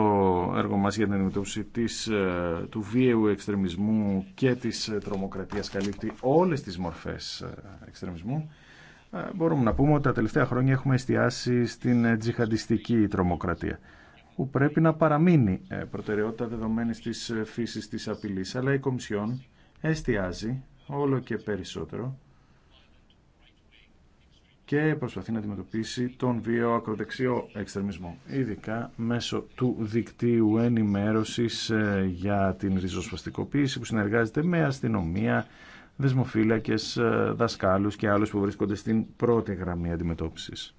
έργο μας για την αντιμετώπιση της, ε, του βίαιου εξτρεμισμού και της ε, τρομοκρατίας καλύπτει όλες τις μορφές ε, εξτρεμισμού. Μπορούμε να πούμε ότι τα τελευταία χρόνια έχουμε εστιάσει στην τζιχαντιστική τρομοκρατία που πρέπει να παραμείνει προτεραιότητα δεδομένης της φύσης της απειλής αλλά η Κομισιόν εστιάζει όλο και περισσότερο και προσπαθεί να αντιμετωπίσει τον βίαιο ακροδεξιό εξτρεμισμό, ειδικά μέσω του δικτύου ενημέρωσης ε, για την ριζοσπαστικοποίηση που συνεργάζεται με αστυνομία, δεσμοφύλακες, ε, δασκάλους και άλλους που βρίσκονται στην πρώτη γραμμή αντιμετώπισης.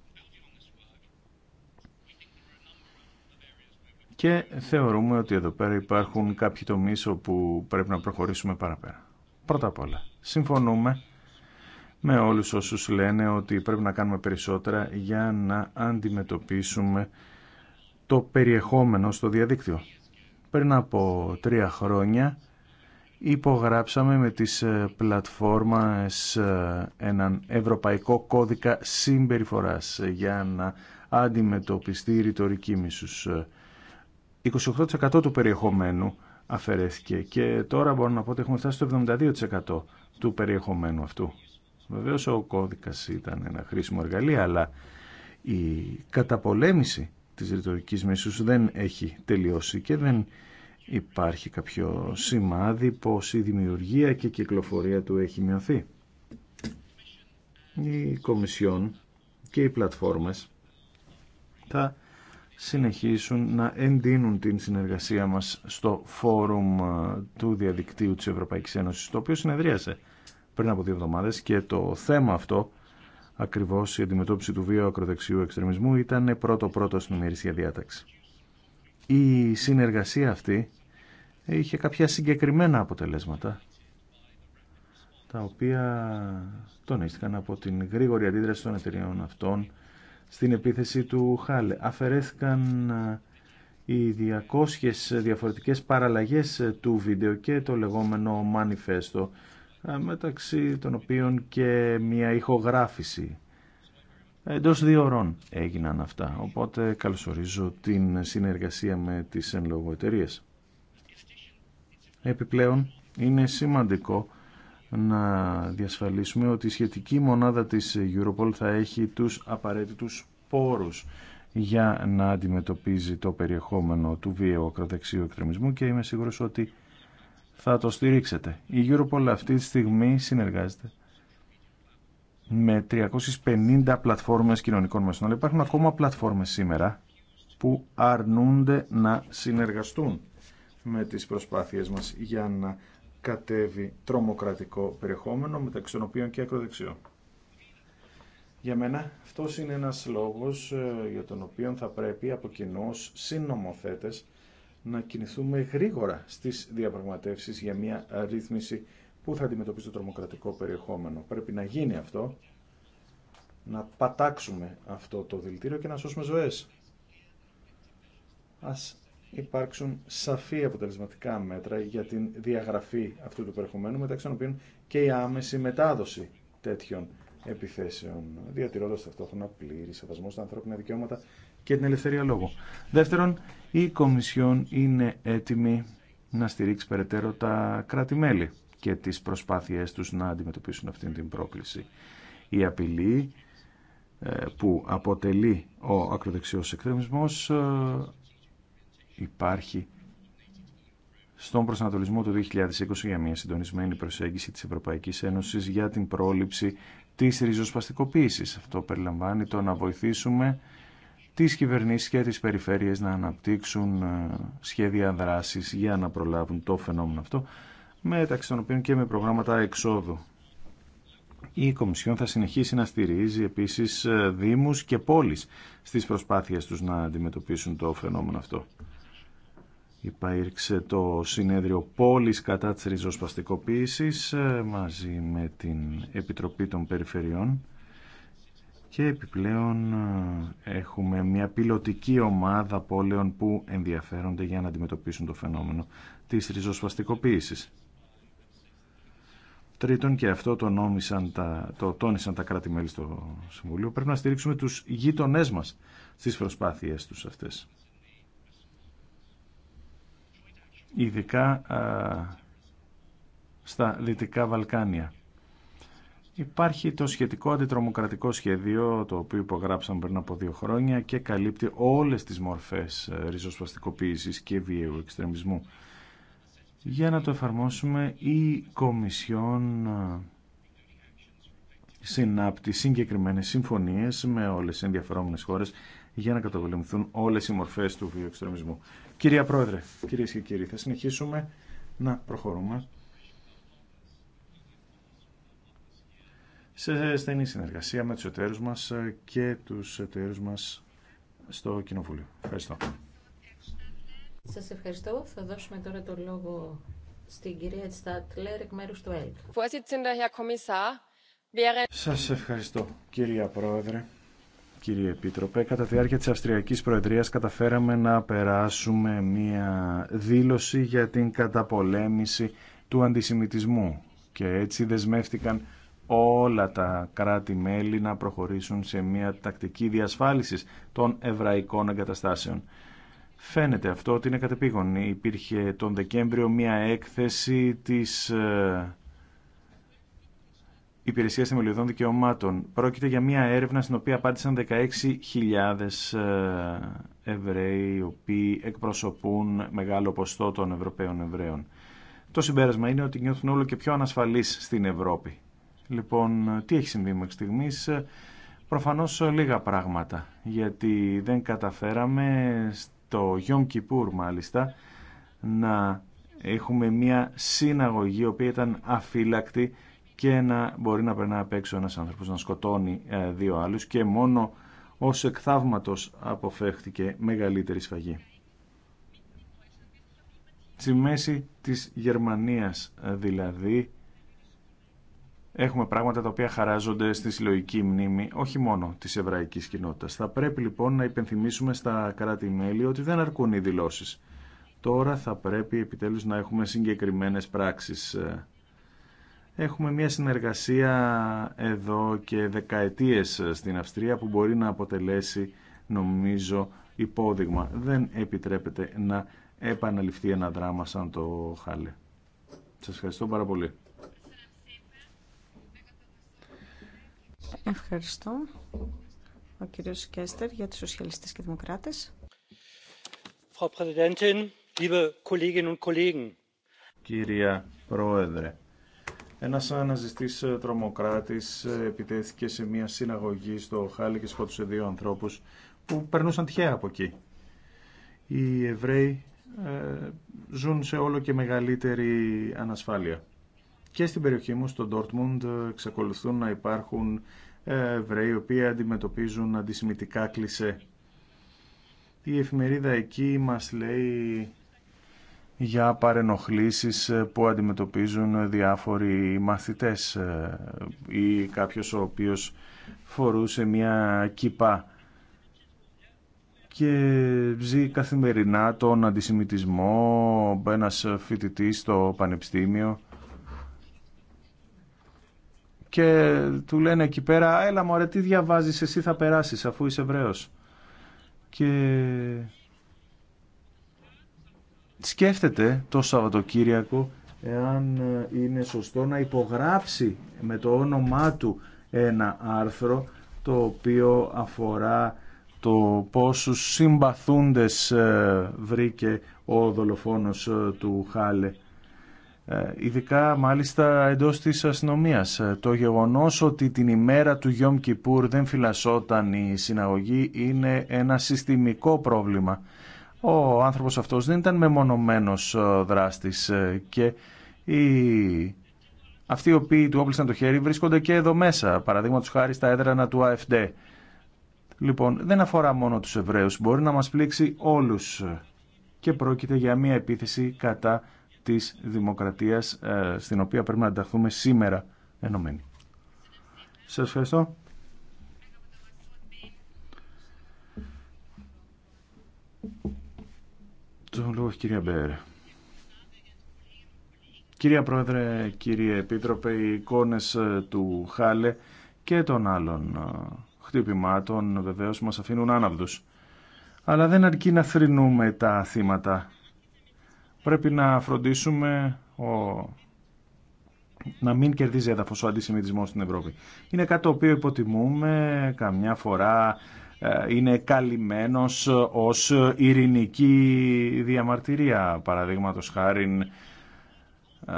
Και θεωρούμε ότι εδώ πέρα υπάρχουν κάποιοι τομείς όπου πρέπει να προχωρήσουμε παραπέρα. Πρώτα απ' όλα, συμφωνούμε με όλους όσους λένε ότι πρέπει να κάνουμε περισσότερα για να αντιμετωπίσουμε το περιεχόμενο στο διαδίκτυο. Πριν από τρία χρόνια υπογράψαμε με τις ε, πλατφόρμας ε, έναν ευρωπαϊκό κώδικα συμπεριφοράς για να αντιμετωπιστεί η ρητορική μίσους. 28% ε, του περιεχομένου αφαιρέθηκε. Και τώρα μπορώ να πω ότι έχουμε φτάσει στο 72% του περιεχομένου αυτού. Βεβαίω ο κώδικας ήταν ένα χρήσιμο εργαλείο, αλλά η καταπολέμηση της ρητορικής μίσους δεν έχει τελειώσει και δεν υπάρχει κάποιο σημάδι πως η δημιουργία και η κυκλοφορία του έχει μειωθεί. Η Κομισιόν και οι πλατφόρμες θα συνεχίσουν να εντείνουν την συνεργασία μας στο φόρουμ ε, του διαδικτύου της Ευρωπαϊκής Ένωσης, το οποίο συνεδρίασε πριν από δύο εβδομάδες και το θέμα αυτό, ακριβώς η αντιμετώπιση του βίου ακροδεξιού εξτρεμισμού, ήταν πρώτο-πρώτο στην ημερησία διάταξη. Η συνεργασία αυτή είχε κάποια συγκεκριμένα αποτελέσματα, τα οποία τονίστηκαν από την γρήγορη αντίδραση των εταιριών αυτών στην επίθεση του Χάλε. Αφαιρέθηκαν οι 200 διαφορετικές παραλλαγές ε, του βίντεο και το λεγόμενο μανιφέστο, μεταξύ των οποίων και μια ηχογράφηση. εντό δύο ώρων έγιναν αυτά, οπότε καλωσορίζω την συνεργασία με τις εν λόγω Επιπλέον, είναι σημαντικό να διασφαλίσουμε ότι η σχετική μονάδα της Europol θα έχει τους απαραίτητους πόρους για να αντιμετωπίζει το περιεχόμενο του βίαιου ακροδεξίου εκτρεμισμού και είμαι σίγουρος ότι θα το στηρίξετε. Η Europol αυτή τη στιγμή συνεργάζεται με 350 πλατφόρμες κοινωνικών μεσών. Αλλά υπάρχουν ακόμα πλατφόρμες σήμερα που αρνούνται να συνεργαστούν με τις προσπάθειες μας για να κατέβει τρομοκρατικό περιεχόμενο μεταξύ των οποίων και ακροδεξιό. Για μένα αυτό είναι ένας λόγος ε, για τον οποίο θα πρέπει από κοινού συνομοθέτες να κινηθούμε γρήγορα στις διαπραγματεύσεις για μια ρύθμιση που θα αντιμετωπίσει το τρομοκρατικό περιεχόμενο. Πρέπει να γίνει αυτό, να πατάξουμε αυτό το δηλητήριο και να σώσουμε ζωές. Ας υπάρξουν σαφή αποτελεσματικά μέτρα για την διαγραφή αυτού του περιεχομένου, μεταξύ των οποίων και η άμεση μετάδοση τέτοιων επιθέσεων, διατηρώντας ταυτόχρονα πλήρη σεβασμό στα ανθρώπινα δικαιώματα και την ελευθερία λόγου. Δεύτερον, η Κομισιόν είναι έτοιμη να στηρίξει περαιτέρω τα κράτη-μέλη και τις προσπάθειές τους να αντιμετωπίσουν αυτήν την πρόκληση. Η απειλή ε, που αποτελεί ο ακροδεξιός εκτρεμισμός ε, υπάρχει στον προσανατολισμό του 2020 για μια συντονισμένη προσέγγιση της Ευρωπαϊκής Ένωσης για την πρόληψη της ριζοσπαστικοποίησης. Αυτό περιλαμβάνει το να βοηθήσουμε τις κυβερνήσεις και τις περιφέρειες να αναπτύξουν ε, σχέδια δράσης για να προλάβουν το φαινόμενο αυτό, μεταξύ των οποίων και με προγράμματα εξόδου. Η Κομισιόν θα συνεχίσει να στηρίζει επίσης ε, δήμους και πόλεις στις προσπάθειες τους να αντιμετωπίσουν το φαινόμενο αυτό υπάρξε το συνέδριο πόλης κατά της ριζοσπαστικοποίησης ε, μαζί με την Επιτροπή των Περιφερειών και επιπλέον ε, έχουμε μια πιλωτική ομάδα πόλεων που ενδιαφέρονται για να αντιμετωπίσουν το φαινόμενο της ριζοσπαστικοποίησης. Τρίτον, και αυτό το, νόμισαν τα, το τόνισαν τα κράτη-μέλη στο Συμβουλίο, πρέπει να στηρίξουμε τους γείτονές μας στις προσπάθειές τους αυτές. ειδικά στα Δυτικά Βαλκάνια. Υπάρχει το σχετικό αντιτρομοκρατικό σχέδιο, το οποίο υπογράψαμε πριν από δύο χρόνια και καλύπτει όλες τις μορφές ε, ριζοσπαστικοποίησης και βιαίου εξτρεμισμού. Για να το εφαρμόσουμε, η Κομισιόν ε, συνάπτει συγκεκριμένες συμφωνίες με όλες τις ενδιαφερόμενες χώρες για να καταβοληθούν όλες οι μορφές του εξτρεμισμού. Κυρία Πρόεδρε, κυρίες και κύριοι, θα συνεχίσουμε να προχωρούμε σε στενή συνεργασία με τους εταίρους μας και τους εταίρους μας στο Κοινοβούλιο. Ευχαριστώ. Σας ευχαριστώ. Θα δώσουμε τώρα το λόγο στην κυρία Τστάτλερ εκ μέρους του ΕΛΚ. Σας ευχαριστώ, κυρία Πρόεδρε κύριε Επίτροπε. Κατά τη διάρκεια της Αυστριακής Προεδρίας καταφέραμε να περάσουμε μία δήλωση για την καταπολέμηση του αντισημιτισμού και έτσι δεσμεύτηκαν όλα τα κράτη-μέλη να προχωρήσουν σε μία τακτική διασφάλισης των εβραϊκών εγκαταστάσεων. Φαίνεται αυτό ότι είναι κατεπήγον. Υπήρχε τον Δεκέμβριο μία έκθεση της ε, Υπηρεσία Θεμελιωδών Δικαιωμάτων. Πρόκειται για μια έρευνα στην οποία απάντησαν 16.000 ε, Εβραίοι, οι οποίοι εκπροσωπούν μεγάλο ποστό των Ευρωπαίων Εβραίων. Το συμπέρασμα είναι ότι νιώθουν όλο και πιο ανασφαλείς στην Ευρώπη. Λοιπόν, τι έχει συμβεί μέχρι στιγμή. Προφανώ λίγα πράγματα, γιατί δεν καταφέραμε στο Γιόμ Κιπούρ μάλιστα να έχουμε μια συναγωγή, η οποία ήταν αφύλακτη και να μπορεί να περνά απ' έξω ένας άνθρωπος να σκοτώνει ε, δύο άλλους και μόνο ως εκθαύματος αποφεύχθηκε μεγαλύτερη σφαγή. Στη μέση της Γερμανίας ε, δηλαδή έχουμε πράγματα τα οποία χαράζονται στη συλλογική μνήμη όχι μόνο της εβραϊκής κοινότητας. Θα πρέπει λοιπόν να υπενθυμίσουμε στα κράτη-μέλη ότι δεν αρκούν οι δηλώσεις. Τώρα θα πρέπει επιτέλους να έχουμε συγκεκριμένες πράξεις ε, Έχουμε μια συνεργασία εδώ και δεκαετίες στην Αυστρία που μπορεί να αποτελέσει νομίζω υπόδειγμα. Δεν επιτρέπεται να επαναληφθεί ένα δράμα σαν το Χάλε. Σας ευχαριστώ πάρα πολύ. Ευχαριστώ. Ο κύριος Κέστερ για τους Σοσιαλιστές και Δημοκράτες. Κυρία Πρόεδρε, ένα αναζητή ε, τρομοκράτη ε, επιτέθηκε σε μια συναγωγή στο Χάλι και σκότωσε δύο ανθρώπου που περνούσαν τυχαία από εκεί. Οι Εβραίοι ε, ζουν σε όλο και μεγαλύτερη ανασφάλεια. Και στην περιοχή μου, στο Ντόρτμουντ, εξακολουθούν να υπάρχουν Εβραίοι οι οποίοι αντιμετωπίζουν αντισημητικά κλισέ. Η εφημερίδα εκεί μας λέει για παρενοχλήσεις ε, που αντιμετωπίζουν διάφοροι μαθητές ε, ή κάποιος ο οποίος φορούσε μια κύπα και ζει καθημερινά τον αντισημιτισμό, ένας φοιτητή στο πανεπιστήμιο και του λένε εκεί πέρα «Έλα μωρέ, τι διαβάζεις εσύ θα περάσεις αφού είσαι Εβραίος». Και σκέφτεται το Σαββατοκύριακο εάν ε, είναι σωστό να υπογράψει με το όνομά του ένα άρθρο το οποίο αφορά το πόσους συμπαθούντες ε, βρήκε ο δολοφόνος ε, του Χάλε. Ειδικά μάλιστα εντός της αστυνομίας. Το γεγονός ότι την ημέρα του Γιώμ Κιπούρ δεν φυλασσόταν η συναγωγή είναι ένα συστημικό πρόβλημα ο άνθρωπος αυτός δεν ήταν μεμονωμένος ε, δράστης ε, και οι... αυτοί οι οποίοι του όπλησαν το χέρι βρίσκονται και εδώ μέσα, παραδείγματος χάρη στα έδρανα του ΑΕΦΔ. Λοιπόν, δεν αφορά μόνο τους Εβραίους, μπορεί να μας πλήξει όλους ε, και πρόκειται για μια επίθεση κατά της δημοκρατίας στην οποία πρέπει να ανταχθούμε σήμερα ενωμένοι. Σας ευχαριστώ. Το λόγο κυρία Μπέρ. Κυρία Πρόεδρε, κύριε Επίτροπε, οι εικόνες ε, του Χάλε και των άλλων ε, χτυπημάτων βεβαίως μας αφήνουν άναυδους. Αλλά δεν αρκεί να θρυνούμε τα θύματα. Πρέπει να φροντίσουμε ο... να μην κερδίζει έδαφος ο αντισημιτισμός στην Ευρώπη. Είναι κάτι το οποίο υποτιμούμε, καμιά φορά ε, είναι καλυμμένος ως ειρηνική διαμαρτυρία παραδείγματος χάρη ε,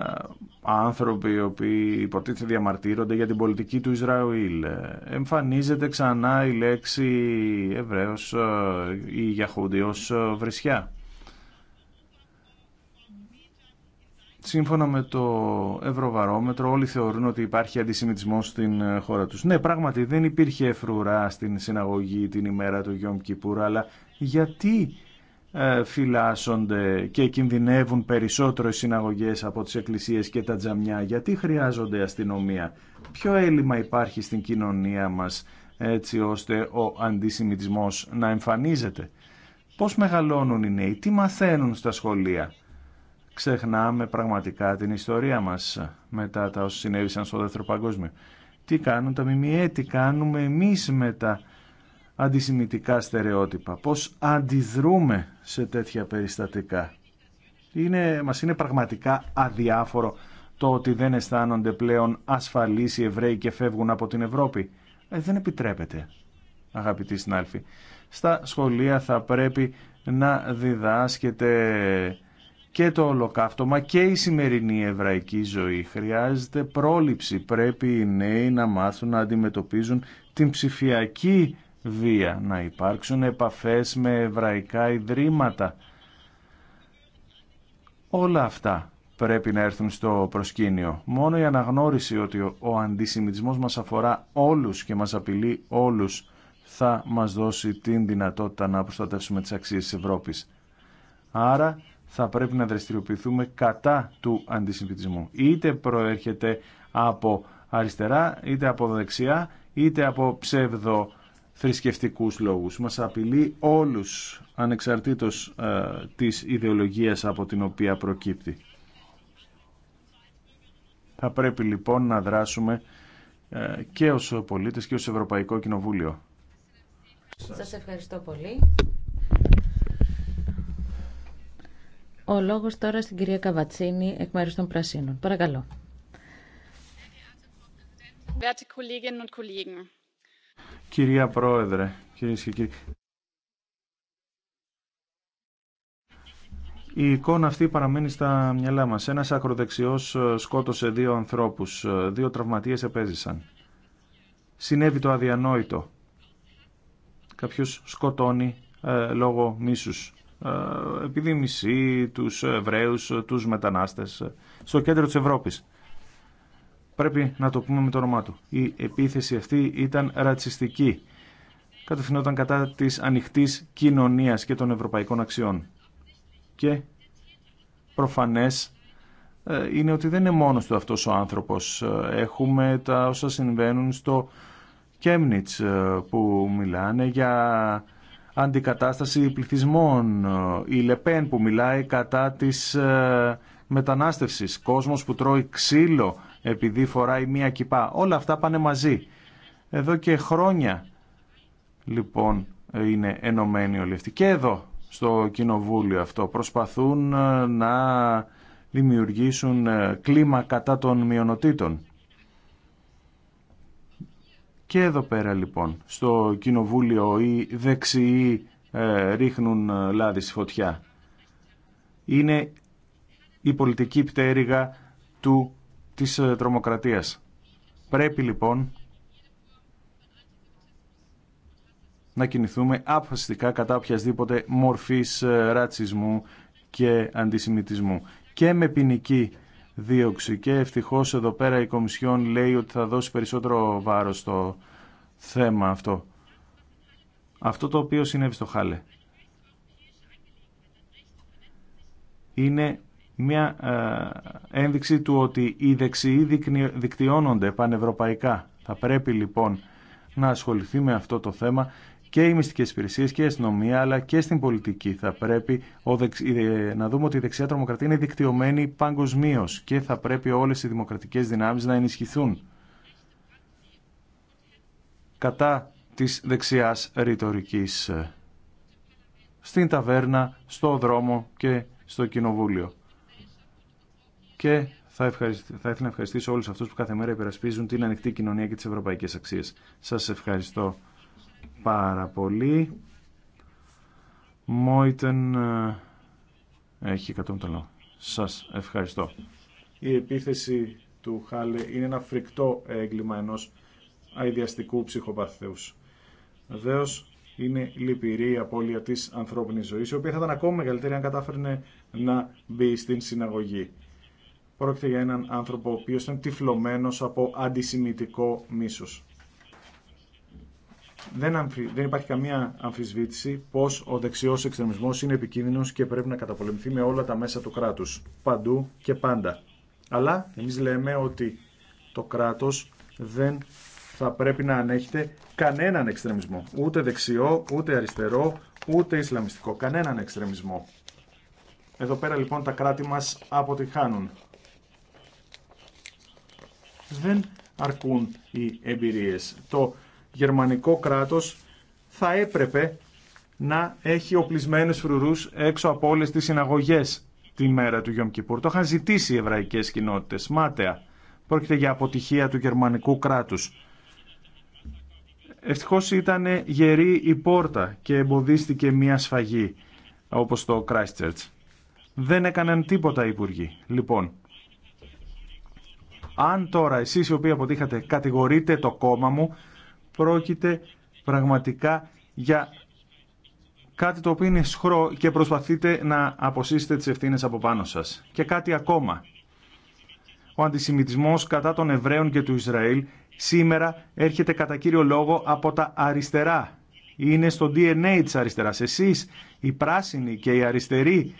άνθρωποι οι οποίοι υποτίθεται διαμαρτύρονται για την πολιτική του Ισραήλ. Ε, εμφανίζεται ξανά η λέξη Εβραίος ή Γιαχούντι βρισιά. Σύμφωνα με το Ευρωβαρόμετρο, όλοι θεωρούν ότι υπάρχει αντισημιτισμό στην ε, χώρα του. Ναι, πράγματι δεν υπήρχε φρουρά στην συναγωγή την ημέρα του Γιώργου Κιπούρα, αλλά γιατί ε, φυλάσσονται και κινδυνεύουν περισσότερο οι συναγωγές από τι εκκλησίε και τα τζαμιά, γιατί χρειάζονται αστυνομία. Ποιο έλλειμμα υπάρχει στην κοινωνία μα έτσι ώστε ο αντισημιτισμός να εμφανίζεται. Πώς μεγαλώνουν οι νέοι, τι μαθαίνουν στα σχολεία ξεχνάμε πραγματικά την ιστορία μας μετά τα όσα συνέβησαν στο δεύτερο παγκόσμιο. Τι κάνουν τα ΜΜΕ, τι κάνουμε εμείς με τα αντισημιτικά στερεότυπα, πώς αντιδρούμε σε τέτοια περιστατικά. Είναι, μας είναι πραγματικά αδιάφορο το ότι δεν αισθάνονται πλέον ασφαλείς οι Εβραίοι και φεύγουν από την Ευρώπη. Ε, δεν επιτρέπεται, αγαπητοί συνάλφοι. Στα σχολεία θα πρέπει να διδάσκεται και το ολοκαύτωμα και η σημερινή εβραϊκή ζωή. Χρειάζεται πρόληψη. Πρέπει οι νέοι να μάθουν να αντιμετωπίζουν την ψηφιακή βία, να υπάρξουν επαφές με εβραϊκά ιδρύματα. Όλα αυτά πρέπει να έρθουν στο προσκήνιο. Μόνο η αναγνώριση ότι ο αντισημιτισμός μας αφορά όλους και μας απειλεί όλους θα μας δώσει την δυνατότητα να προστατεύσουμε τις αξίες της Ευρώπης. Άρα θα πρέπει να δραστηριοποιηθούμε κατά του αντισημιτισμού. Είτε προέρχεται από αριστερά, είτε από δεξιά, είτε από ψεύδο λόγους. Μας απειλεί όλους, ανεξαρτήτως ε, της ιδεολογίας από την οποία προκύπτει. Θα πρέπει λοιπόν να δράσουμε ε, και ως πολίτες και ως Ευρωπαϊκό Κοινοβούλιο. Σας ευχαριστώ πολύ. Ο λόγος τώρα στην κυρία Καβατσίνη εκ μέρους των Πρασίνων. Παρακαλώ. Κυρία Πρόεδρε, κυρίες και κύριοι, Η εικόνα αυτή παραμένει στα μυαλά μας. Ένας ακροδεξιός ε, σκότωσε δύο ανθρώπους, ε, δύο τραυματίες επέζησαν. Συνέβη το αδιανόητο. Κάποιος σκοτώνει ε, λόγω μίσους. Ε, επειδή μισεί τους Εβραίους, τους μετανάστες στο κέντρο της Ευρώπης. Πρέπει να το πούμε με το όνομά του. Η επίθεση αυτή ήταν ρατσιστική. Κατευθυνόταν κατά της ανοιχτής κοινωνίας και των ευρωπαϊκών αξιών. Και προφανές ε, είναι ότι δεν είναι μόνος του αυτός ο άνθρωπος. Ε, έχουμε τα όσα συμβαίνουν στο Κέμνιτς που μιλάνε για αντικατάσταση πληθυσμών. Η Λεπέν που μιλάει κατά της ε, μετανάστευσης. Κόσμος που τρώει ξύλο επειδή φοράει μία κυπά. Όλα αυτά πάνε μαζί. Εδώ και χρόνια λοιπόν είναι ενωμένοι όλοι αυτοί. Και εδώ στο κοινοβούλιο αυτό προσπαθούν ε, να δημιουργήσουν ε, κλίμα κατά των μειονοτήτων. Και εδώ πέρα λοιπόν, στο κοινοβούλιο οι δεξιοί ε, ρίχνουν ε, λάδι στη φωτιά. Είναι η πολιτική πτέρυγα του, της ε, τρομοκρατίας. Πρέπει λοιπόν να κινηθούμε αποφασιστικά κατά οποιασδήποτε μορφής ρατσισμού και αντισημιτισμού. Και με ποινική δίωξη. Και ευτυχώς εδώ πέρα η Κομισιόν λέει ότι θα δώσει περισσότερο βάρος στο θέμα αυτό. Αυτό το οποίο συνέβη στο Χάλε. Είναι μια ε, ένδειξη του ότι οι δεξιοί δικτυώνονται πανευρωπαϊκά. Θα πρέπει λοιπόν να ασχοληθεί με αυτό το θέμα και οι μυστικέ υπηρεσίε και η αστυνομία αλλά και στην πολιτική. Θα πρέπει να δούμε ότι η δεξιά τρομοκρατία είναι δικτυωμένη παγκοσμίω και θα πρέπει όλες οι δημοκρατικές δυνάμεις να ενισχυθούν κατά της δεξιάς ρητορική ε, στην ταβέρνα, στο δρόμο και στο κοινοβούλιο. Και θα, θα ήθελα να ευχαριστήσω όλους αυτούς που κάθε μέρα υπερασπίζουν την ανοιχτή κοινωνία και τις ευρωπαϊκές αξίες. Σας ευχαριστώ πάρα πολύ. Μόιτεν ε, έχει 100 λόγο. Σας ευχαριστώ. Η επίθεση του Χάλε είναι ένα φρικτό έγκλημα ενός αειδιαστικού ψυχοπαθέους. Βεβαίω είναι λυπηρή η απώλεια της ανθρώπινης ζωής, η οποία θα ήταν ακόμα μεγαλύτερη αν κατάφερνε να μπει στην συναγωγή. Πρόκειται για έναν άνθρωπο ο οποίος ήταν τυφλωμένος από αντισημητικό μίσος δεν, δεν υπάρχει καμία αμφισβήτηση πως ο δεξιός εξτρεμισμός είναι επικίνδυνος και πρέπει να καταπολεμηθεί με όλα τα μέσα του κράτους, παντού και πάντα. Αλλά εμείς λέμε ότι το κράτος δεν θα πρέπει να ανέχεται κανέναν εξτρεμισμό. Ούτε δεξιό, ούτε αριστερό, ούτε ισλαμιστικό. Κανέναν εξτρεμισμό. Εδώ πέρα λοιπόν τα κράτη μας αποτυχάνουν. Δεν αρκούν οι εμπειρίες. Το γερμανικό κράτος θα έπρεπε να έχει οπλισμένους φρουρούς έξω από όλες τις συναγωγές τη μέρα του Γιώμ Κιπούρ. Το είχαν ζητήσει οι εβραϊκές κοινότητες, μάταια. Πρόκειται για αποτυχία του γερμανικού κράτους. Ευτυχώ ήταν γερή η πόρτα και εμποδίστηκε μια σφαγή, όπως το Christchurch. Δεν έκαναν τίποτα οι υπουργοί. Λοιπόν, αν τώρα εσείς οι οποίοι αποτύχατε κατηγορείτε το κόμμα μου, πρόκειται πραγματικά για κάτι το οποίο είναι σχρό και προσπαθείτε να αποσύσετε τις ευθύνες από πάνω σας. Και κάτι ακόμα. Ο αντισημιτισμός κατά των Εβραίων και του Ισραήλ σήμερα έρχεται κατά κύριο λόγο από τα αριστερά. Είναι στο DNA της αριστεράς. Εσείς, οι πράσινοι και οι αριστεροί,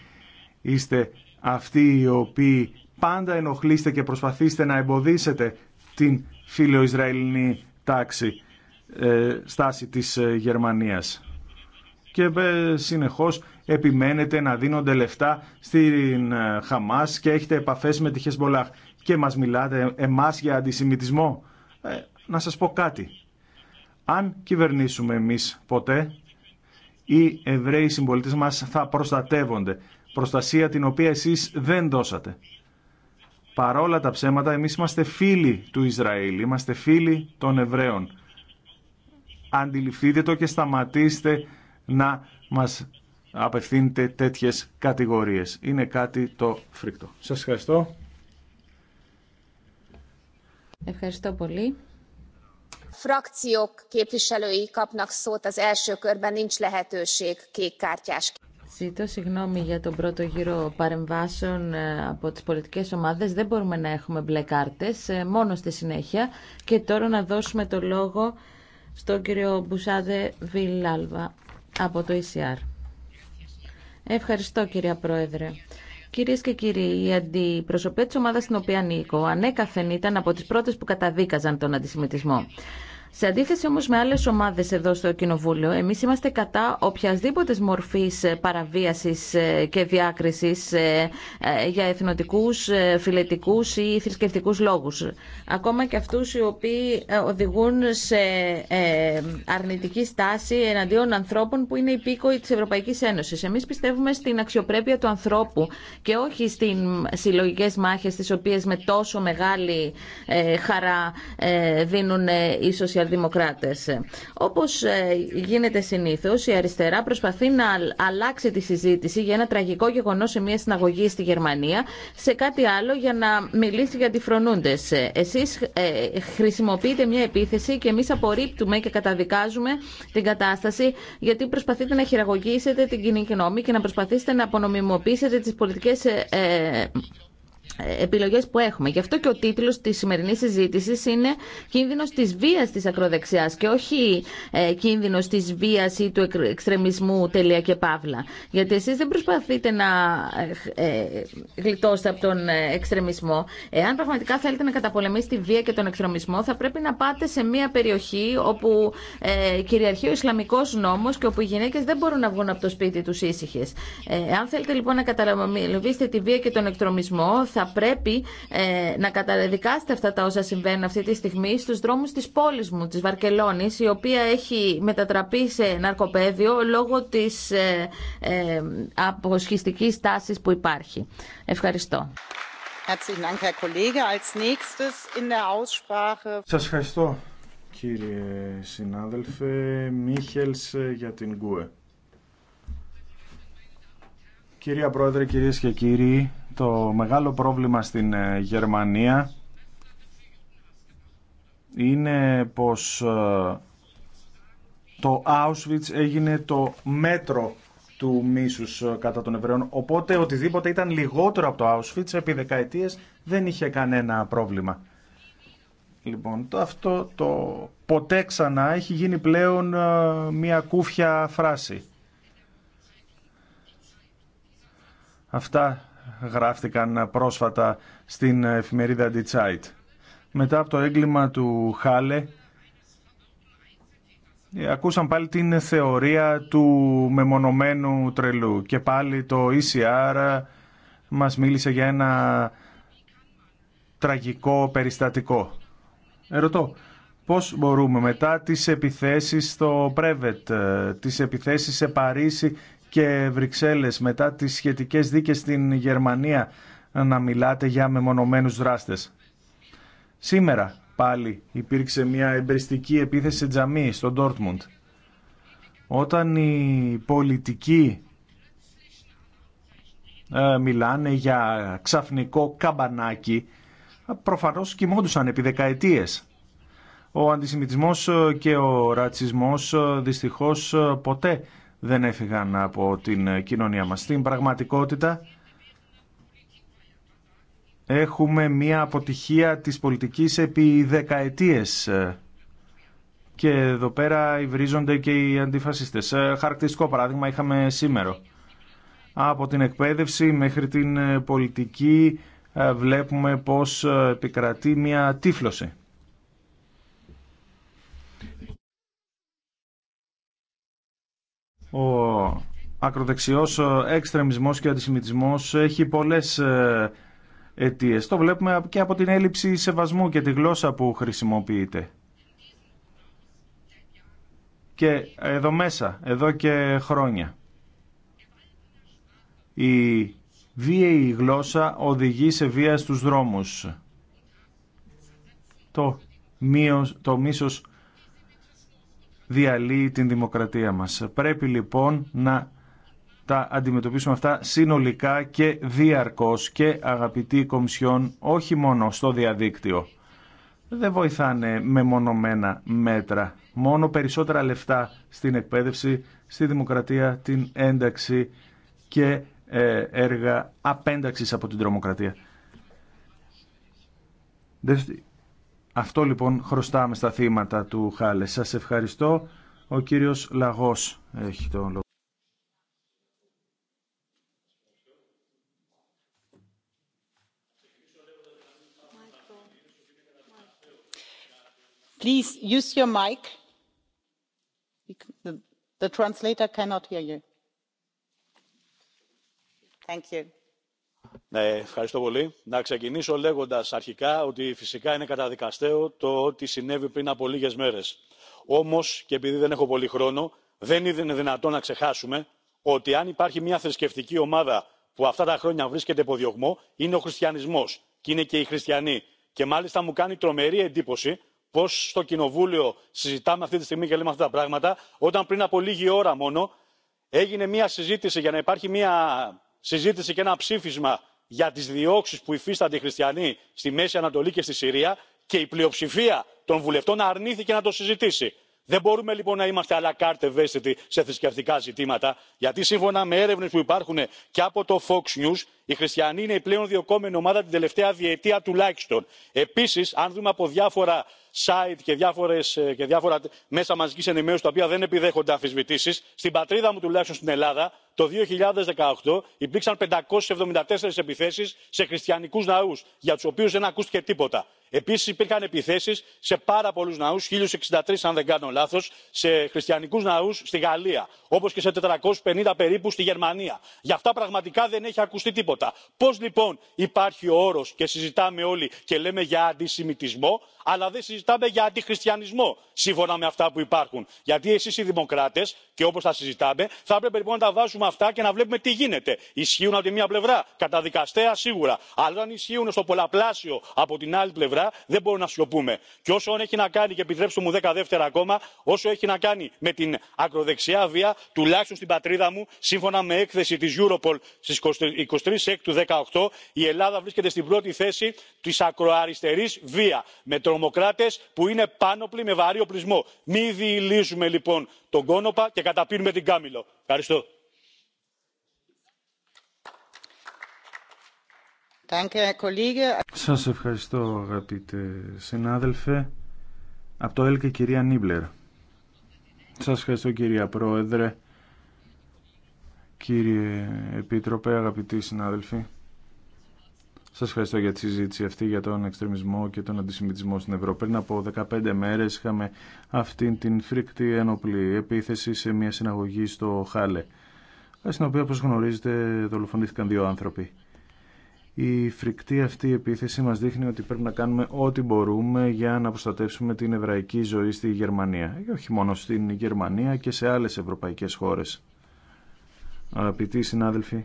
είστε αυτοί οι οποίοι πάντα ενοχλείστε και προσπαθήστε να εμποδίσετε την φιλοϊσραηλινή τάξη. Ε, στάση της ε, Γερμανίας. Και ε, συνεχώς επιμένετε να δίνονται λεφτά στην Χαμάς και έχετε επαφές με τη Χεσμολάχ. Και μας μιλάτε εμάς για αντισημιτισμό. να σας πω κάτι. Αν κυβερνήσουμε εμείς ποτέ, οι Εβραίοι συμπολίτες μας θα προστατεύονται. Προστασία την οποία εσείς δεν δώσατε. Παρόλα τα ψέματα, εμείς είμαστε φίλοι του Ισραήλ, είμαστε φίλοι των Εβραίων αντιληφθείτε το και σταματήστε να μας απευθύνετε τέτοιες κατηγορίες. Είναι κάτι το φρικτό. Σας ευχαριστώ. Ευχαριστώ πολύ. Ζητώ συγγνώμη για τον πρώτο γύρο παρεμβάσεων ε, από τις πολιτικές ομάδες. Δεν μπορούμε να έχουμε μπλε κάρτες, ε, μόνο στη συνέχεια. Και τώρα να δώσουμε το λόγο στον κύριο Μπουσάδε Βιλάλβα από το ECR. Ευχαριστώ κυρία Πρόεδρε. Κυρίε και κύριοι, η αντιπροσωπεία τη ομάδα στην οποία ανήκω ανέκαθεν ήταν από τι πρώτε που καταδίκαζαν τον αντισημιτισμό. Σε αντίθεση όμω με άλλε ομάδε εδώ στο Κοινοβούλιο, εμεί είμαστε κατά οποιασδήποτε μορφή παραβίαση ε, και διάκριση ε, ε, για εθνοτικού, φιλετικού ή θρησκευτικού λόγου. Ακόμα και αυτού οι οποίοι οδηγούν σε αρνητική στάση εναντίον ανθρώπων που είναι υπήκοοι τη Ευρωπαϊκή Ένωση. Εμεί πιστεύουμε στην αξιοπρέπεια του ανθρώπου και όχι στι συλλογικέ μάχε τι οποίε με τόσο μεγάλη χαρά δίνουν οι σοσιαλιστέ δημοκράτες. Όπως ε, γίνεται συνήθως, η αριστερά προσπαθεί να αλλάξει τη συζήτηση για ένα τραγικό γεγονός σε μια συναγωγή στη Γερμανία σε κάτι άλλο για να μιλήσει για φρονούντες. Εσείς ε, χρησιμοποιείτε μια επίθεση και εμείς απορρίπτουμε και καταδικάζουμε την κατάσταση γιατί προσπαθείτε να χειραγωγήσετε την κοινή γνώμη και να προσπαθήσετε να απονομιμοποιήσετε τις πολιτικές ε, επιλογέ που έχουμε. Γι' αυτό και ο τίτλο τη σημερινή συζήτηση είναι κίνδυνο τη βία τη ακροδεξιά και όχι ε, «Κίνδυνος της βίας ή του εξτρεμισμού» τελεία και παύλα. Γιατί εσεί δεν προσπαθείτε να ε, ε, γλιτώσετε από τον ε, εξτρεμισμό. Εάν πραγματικά θέλετε να καταπολεμήσετε τη βία και τον εξτρεμισμό θα πρέπει να πάτε σε μια περιοχή όπου κυριαρχεί ο Ισλαμικό νόμο και όπου οι γυναίκες δεν μπορούν να βγουν από το σπίτι του ήσυχε. Ε, αν θέλετε λοιπόν να καταλαβαίνετε τη βία και τον εκτρομισμό, θα πρέπει ε, να καταδικάσετε αυτά τα όσα συμβαίνουν αυτή τη στιγμή στους δρόμους της πόλης μου, της Βαρκελόνης, η οποία έχει μετατραπεί σε ναρκοπαίδιο λόγω της ε, ε, αποσχιστικής τάσης που υπάρχει. Ευχαριστώ. Σας ευχαριστώ κύριε συνάδελφε Μίχελς ε, για την ΚΟΕ. Κυρία Πρόεδρε, κυρίες και κύριοι, το μεγάλο πρόβλημα στην ε, Γερμανία είναι πως ε, το Auschwitz έγινε το μέτρο του μίσους ε, κατά των Εβραίων. Οπότε οτιδήποτε ήταν λιγότερο από το Auschwitz επί δεκαετίες δεν είχε κανένα πρόβλημα. Λοιπόν, το, αυτό το ποτέ ξανά έχει γίνει πλέον μια κούφια φράση. Αυτά γράφτηκαν πρόσφατα στην εφημερίδα Die Μετά από το έγκλημα του Χάλε, ακούσαν πάλι την θεωρία του μεμονωμένου τρελού και πάλι το ECR μας μίλησε για ένα τραγικό περιστατικό. Ερωτώ, πώς μπορούμε μετά τις επιθέσεις στο Πρέβετ, τις επιθέσεις σε Παρίσι και Βρυξέλλες μετά τις σχετικές δίκες στην Γερμανία να μιλάτε για μεμονωμένους δράστες. Σήμερα πάλι υπήρξε μια εμπριστική επίθεση σε τζαμί στο Ντόρτμουντ. Όταν οι πολιτικοί ε, μιλάνε για ξαφνικό καμπανάκι, προφανώς κοιμόντουσαν επί δεκαετίες. Ο αντισημιτισμός και ο ρατσισμός ε, δυστυχώς ε, ποτέ δεν έφυγαν από την κοινωνία μας. Στην πραγματικότητα έχουμε μία αποτυχία της πολιτικής επί δεκαετίες και εδώ πέρα υβρίζονται και οι αντιφασίστες. Ε, χαρακτηριστικό παράδειγμα είχαμε σήμερα. Από την εκπαίδευση μέχρι την πολιτική ε, βλέπουμε πως ε, επικρατεί μία τύφλωση. Ο ακροδεξιός εξτρεμισμός και ο αντισημιτισμός έχει πολλές ε, αιτίες. Το βλέπουμε και από την έλλειψη σεβασμού και τη γλώσσα που χρησιμοποιείται. Και εδώ μέσα, εδώ και χρόνια. Η βίαιη γλώσσα οδηγεί σε βία στους δρόμους. Το, μίος, το μίσος διαλύει την δημοκρατία μας. Πρέπει λοιπόν να τα αντιμετωπίσουμε αυτά συνολικά και διαρκώς και αγαπητοί κομισιόν όχι μόνο στο διαδίκτυο. Δεν βοηθάνε με μονομένα μέτρα. Μόνο περισσότερα λεφτά στην εκπαίδευση, στη δημοκρατία, την ένταξη και ε, έργα απένταξης από την τρομοκρατία. Αυτό λοιπόν χρωστάμε στα θύματα του Χάλε. Σας ευχαριστώ. Ο κύριος Λαγός έχει τον λόγο. Please use your mic. The translator cannot hear you. Thank you. Ναι, ευχαριστώ πολύ. Να ξεκινήσω λέγοντα αρχικά ότι φυσικά είναι καταδικαστέο το ότι συνέβη πριν από λίγε μέρε. Όμω, και επειδή δεν έχω πολύ χρόνο, δεν είναι δυνατόν να ξεχάσουμε ότι αν υπάρχει μια θρησκευτική ομάδα που αυτά τα χρόνια βρίσκεται υπό διωγμό, είναι ο χριστιανισμό και είναι και οι χριστιανοί. Και μάλιστα μου κάνει τρομερή εντύπωση πώ στο Κοινοβούλιο συζητάμε αυτή τη στιγμή και λέμε αυτά τα πράγματα, όταν πριν από λίγη ώρα μόνο έγινε μια συζήτηση για να υπάρχει μια συζήτησε και ένα ψήφισμα για τις διώξεις που υφίστανται οι χριστιανοί στη μέση ανατολή και στη συρία και η πλειοψηφία των βουλευτών αρνήθηκε να το συζητήσει. δεν μπορούμε λοιπόν να είμαστε la κάρτε ευαίσθητοι σε θρησκευτικά ζητήματα γιατί σύμφωνα με έρευνες που υπάρχουν και από το fox news οι χριστιανοί είναι η πλέον διωκόμενη ομάδα την τελευταία διετία τουλάχιστον. επίσης αν δούμε από διάφορα site και, ε, και διάφορα μέσα μαζικής ενημέρωσης τα οποία δεν επιδέχονται αμφισβητήσεις στην πατρίδα μου τουλάχιστον στην ελλάδα το 2018 υπήρξαν 574 επιθέσεις σε χριστιανικούς ναούς για τους οποίους δεν ακούστηκε τίποτα επίσης υπήρχαν επιθέσεις σε πάρα πολλούς ναούς χίλιους εξήντα αν δεν κάνω λάθος σε χριστιανικούς ναούς στη γαλλία όπως και σε 450 περίπου στη γερμανία. Γι' αυτά πραγματικά δεν έχει ακουστεί τίποτα. πώς λοιπόν υπάρχει ο όρος και συζητάμε όλοι και λέμε για αντισημιτισμό αλλά δεν συζητάμε για αντιχριστιανισμό σύμφωνα με αυτά που υπάρχουν. γιατί εσείς οι δημοκράτες και όπως τα συζητάμε θα έπρεπε λοιπόν να τα βάζουμε αυτά και να βλέπουμε τι γίνεται. ισχύουν από τη μία πλευρά καταδικαστέα σίγουρα αλλά αν ισχύουν στο πολλαπλάσιο από την άλλη πλευρά δεν μπορούμε να σιωπούμε. και όσο έχει να κάνει και επιτρέψτε μου δέκα δεύτερα ακόμα όσο έχει να κάνει με την ακροδεξιά βία τουλάχιστον στην πατρίδα μου σύμφωνα με έκθεση της europol στις 23 του 2018 η ελλάδα βρίσκεται στην πρώτη θέση της ακροαριστερή βία με τρομοκράτε που είναι πάνοπλοι με βαρύ οπλισμό. μην διηλύσουμε λοιπόν τον κόνοπα και καταπίνουμε την κάμιλο. ευχαριστώ. Σας ευχαριστώ αγαπητέ συνάδελφε. Από το ΕΛΚΕ κυρία Νίμπλερ. Σας ευχαριστώ κυρία Πρόεδρε, κύριε Επίτροπε, αγαπητοί συνάδελφοι. Σας ευχαριστώ για τη συζήτηση αυτή για τον εξτρεμισμό και τον αντισημιτισμό στην Ευρώπη. Πριν από 15 μέρες είχαμε αυτήν την φρικτή ένοπλη επίθεση σε μια συναγωγή στο Χάλε, στην οποία όπως γνωρίζετε δολοφονήθηκαν δύο άνθρωποι. Η φρικτή αυτή επίθεση μας δείχνει ότι πρέπει να κάνουμε ό,τι μπορούμε για να προστατεύσουμε την εβραϊκή ζωή στη Γερμανία. όχι μόνο στην Γερμανία και σε άλλες ευρωπαϊκές χώρες. Αγαπητοί συνάδελφοι,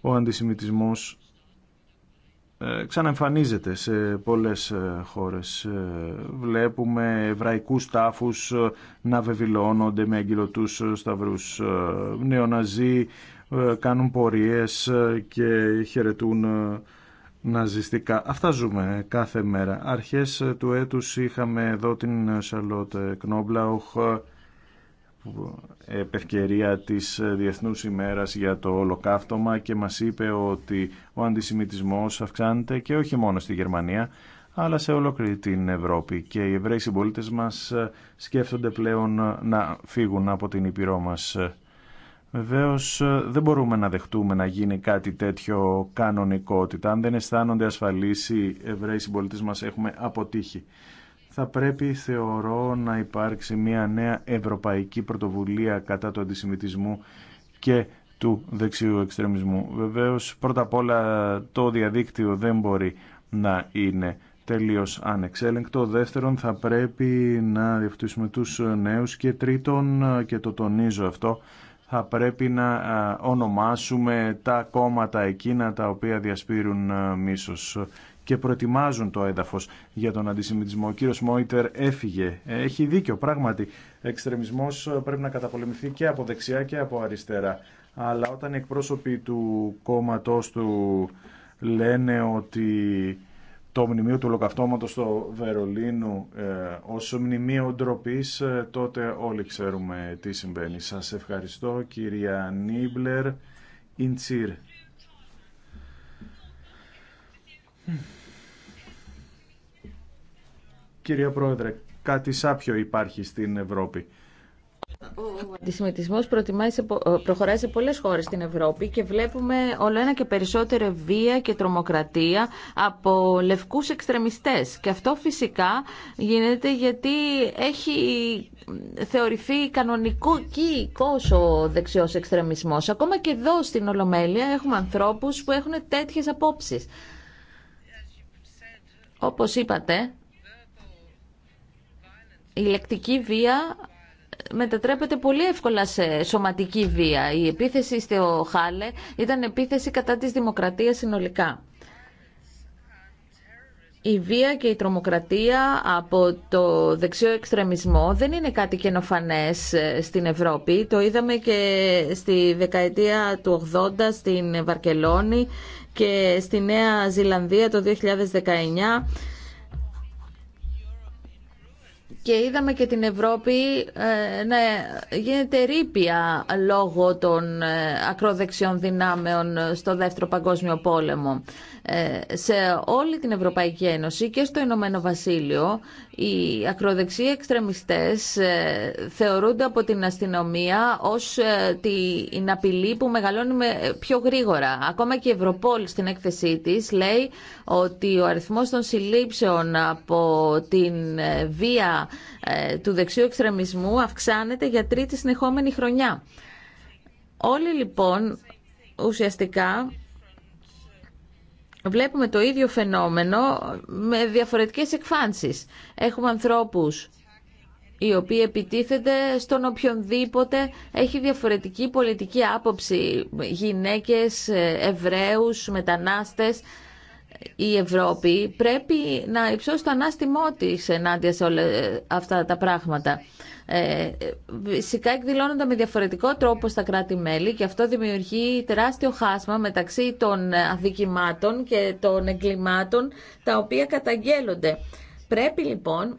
ο αντισημιτισμός ε, ξαναεμφανίζεται σε πολλές ε, χώρες. Ε, βλέπουμε εβραϊκούς τάφους να βεβηλώνονται με αγγελωτούς σταυρούς νεοναζί, ε, κάνουν πορείες ε, και χαιρετούν ε, ναζιστικά. Αυτά ζούμε κάθε μέρα. Αρχές του έτους είχαμε εδώ την Σαλότ Κνόμπλαουχ επευκαιρία της Διεθνούς ημέρας για το ολοκαύτωμα και μας είπε ότι ο αντισημιτισμός αυξάνεται και όχι μόνο στη Γερμανία αλλά σε ολόκληρη την Ευρώπη και οι Εβραίοι συμπολίτε μας σκέφτονται πλέον να φύγουν από την Ήπειρό μας. Βεβαίω, ε, δεν μπορούμε να δεχτούμε να γίνει κάτι τέτοιο κανονικότητα. Αν δεν αισθάνονται ασφαλείς οι Εβραίοι συμπολίτε μας έχουμε αποτύχει. Θα πρέπει, θεωρώ, να υπάρξει μια νέα ευρωπαϊκή πρωτοβουλία κατά του αντισημιτισμού και του δεξιού εξτρεμισμού. Βεβαίω, πρώτα απ' όλα το διαδίκτυο δεν μπορεί να είναι τελείως ανεξέλεγκτο. Δεύτερον, θα πρέπει να διευθύνουμε τους νέους και τρίτον, ε, και το τονίζω αυτό, θα πρέπει να ονομάσουμε τα κόμματα εκείνα τα οποία διασπείρουν μίσος και προετοιμάζουν το έδαφος για τον αντισημιτισμό. Ο κύριος Μόιτερ έφυγε. Έχει δίκιο, πράγματι. Εξτρεμισμός πρέπει να καταπολεμηθεί και από δεξιά και από αριστερά. Αλλά όταν οι εκπρόσωποι του κόμματός του λένε ότι το μνημείο του Ολοκαυτώματος στο Βερολίνο ε, ως μνημείο ντροπή, ε, τότε όλοι ξέρουμε τι συμβαίνει. Σας ευχαριστώ κυρία Νίμπλερ Ιντσίρ. Κυρία Πρόεδρε, κάτι σάπιο υπάρχει στην Ευρώπη. Ο αντισημιτισμός ε, προχωράει σε πολλές χώρες στην Ευρώπη και βλέπουμε όλο ένα και περισσότερο βία και τρομοκρατία από λευκούς εξτρεμιστές. Και αυτό φυσικά γίνεται γιατί έχει θεωρηθεί κανονικό και ο δεξιός εξτρεμισμός. Ακόμα και εδώ στην Ολομέλεια έχουμε ανθρώπους που έχουν τέτοιες απόψεις. Όπως είπατε, η λεκτική βία μετατρέπεται πολύ εύκολα σε σωματική βία. Η επίθεση στο Χάλε ήταν επίθεση κατά της δημοκρατίας συνολικά. Η βία και η τρομοκρατία από το δεξιό εξτρεμισμό δεν είναι κάτι καινοφανές ε, στην Ευρώπη. Το είδαμε και στη δεκαετία του 80 στην Βαρκελόνη και στη Νέα Ζηλανδία το 2019 και είδαμε και την Ευρώπη ε, να γίνεται ρήπια λόγω των ε, ακροδεξιών δυνάμεων στο Δεύτερο Παγκόσμιο Πόλεμο. Ε, σε όλη την Ευρωπαϊκή Ένωση και στο Ηνωμένο Βασίλειο οι ακροδεξιοί εξτρεμιστές θεωρούνται από την αστυνομία ως την απειλή που μεγαλώνει πιο γρήγορα. Ακόμα και η Ευρωπόλ στην έκθεσή της λέει ότι ο αριθμός των συλλήψεων από την βία ε, του δεξιού εξτρεμισμού αυξάνεται για τρίτη συνεχόμενη χρονιά. Όλοι λοιπόν ουσιαστικά βλέπουμε το ίδιο φαινόμενο με διαφορετικές εκφάνσεις. Έχουμε ανθρώπους οι οποίοι επιτίθεται στον οποιονδήποτε έχει διαφορετική πολιτική άποψη, γυναίκες, ε, Εβραίους, μετανάστες η Ευρώπη πρέπει να υψώσει το ανάστημό τη ενάντια σε όλα αυτά τα πράγματα. Ε, φυσικά εκδηλώνονται με διαφορετικό τρόπο στα κράτη-μέλη και αυτό δημιουργεί τεράστιο χάσμα μεταξύ των αδικημάτων και των εγκλημάτων τα οποία καταγγέλλονται. Πρέπει λοιπόν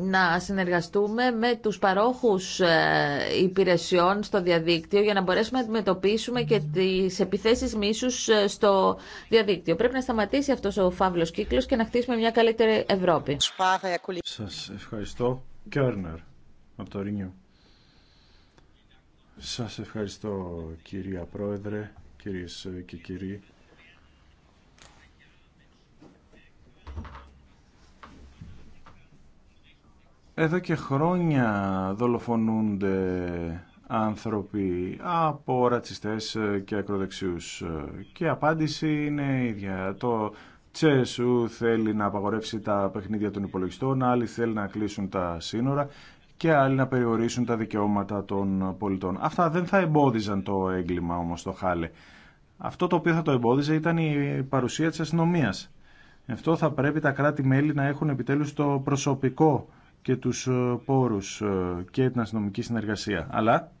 να συνεργαστούμε με τους παρόχους ε, υπηρεσιών στο διαδίκτυο για να μπορέσουμε να αντιμετωπίσουμε και τις επιθέσεις μίσους ε, στο διαδίκτυο. Πρέπει να σταματήσει αυτός ο φαύλος κύκλος και να χτίσουμε μια καλύτερη Ευρώπη. Σας ευχαριστώ. Κέρνερ από το Ρινιού. Σας ευχαριστώ κυρία Πρόεδρε, κυρίες και κύριοι. Εδώ και χρόνια δολοφονούνται άνθρωποι από ρατσιστές και ακροδεξιούς. Και η απάντηση είναι ίδια. Το Τσέσου θέλει να απαγορεύσει τα παιχνίδια των υπολογιστών, άλλοι θέλουν να κλείσουν τα σύνορα και άλλοι να περιορίσουν τα δικαιώματα των πολιτών. Αυτά δεν θα εμπόδιζαν το έγκλημα όμως το χάλε. Αυτό το οποίο θα το εμπόδιζε ήταν η παρουσία της αστυνομία. Αυτό θα πρέπει τα κράτη-μέλη να έχουν επιτέλους το προσωπικό και τους ε, πόρους ε, και την αστυνομική συνεργασία. Αλλά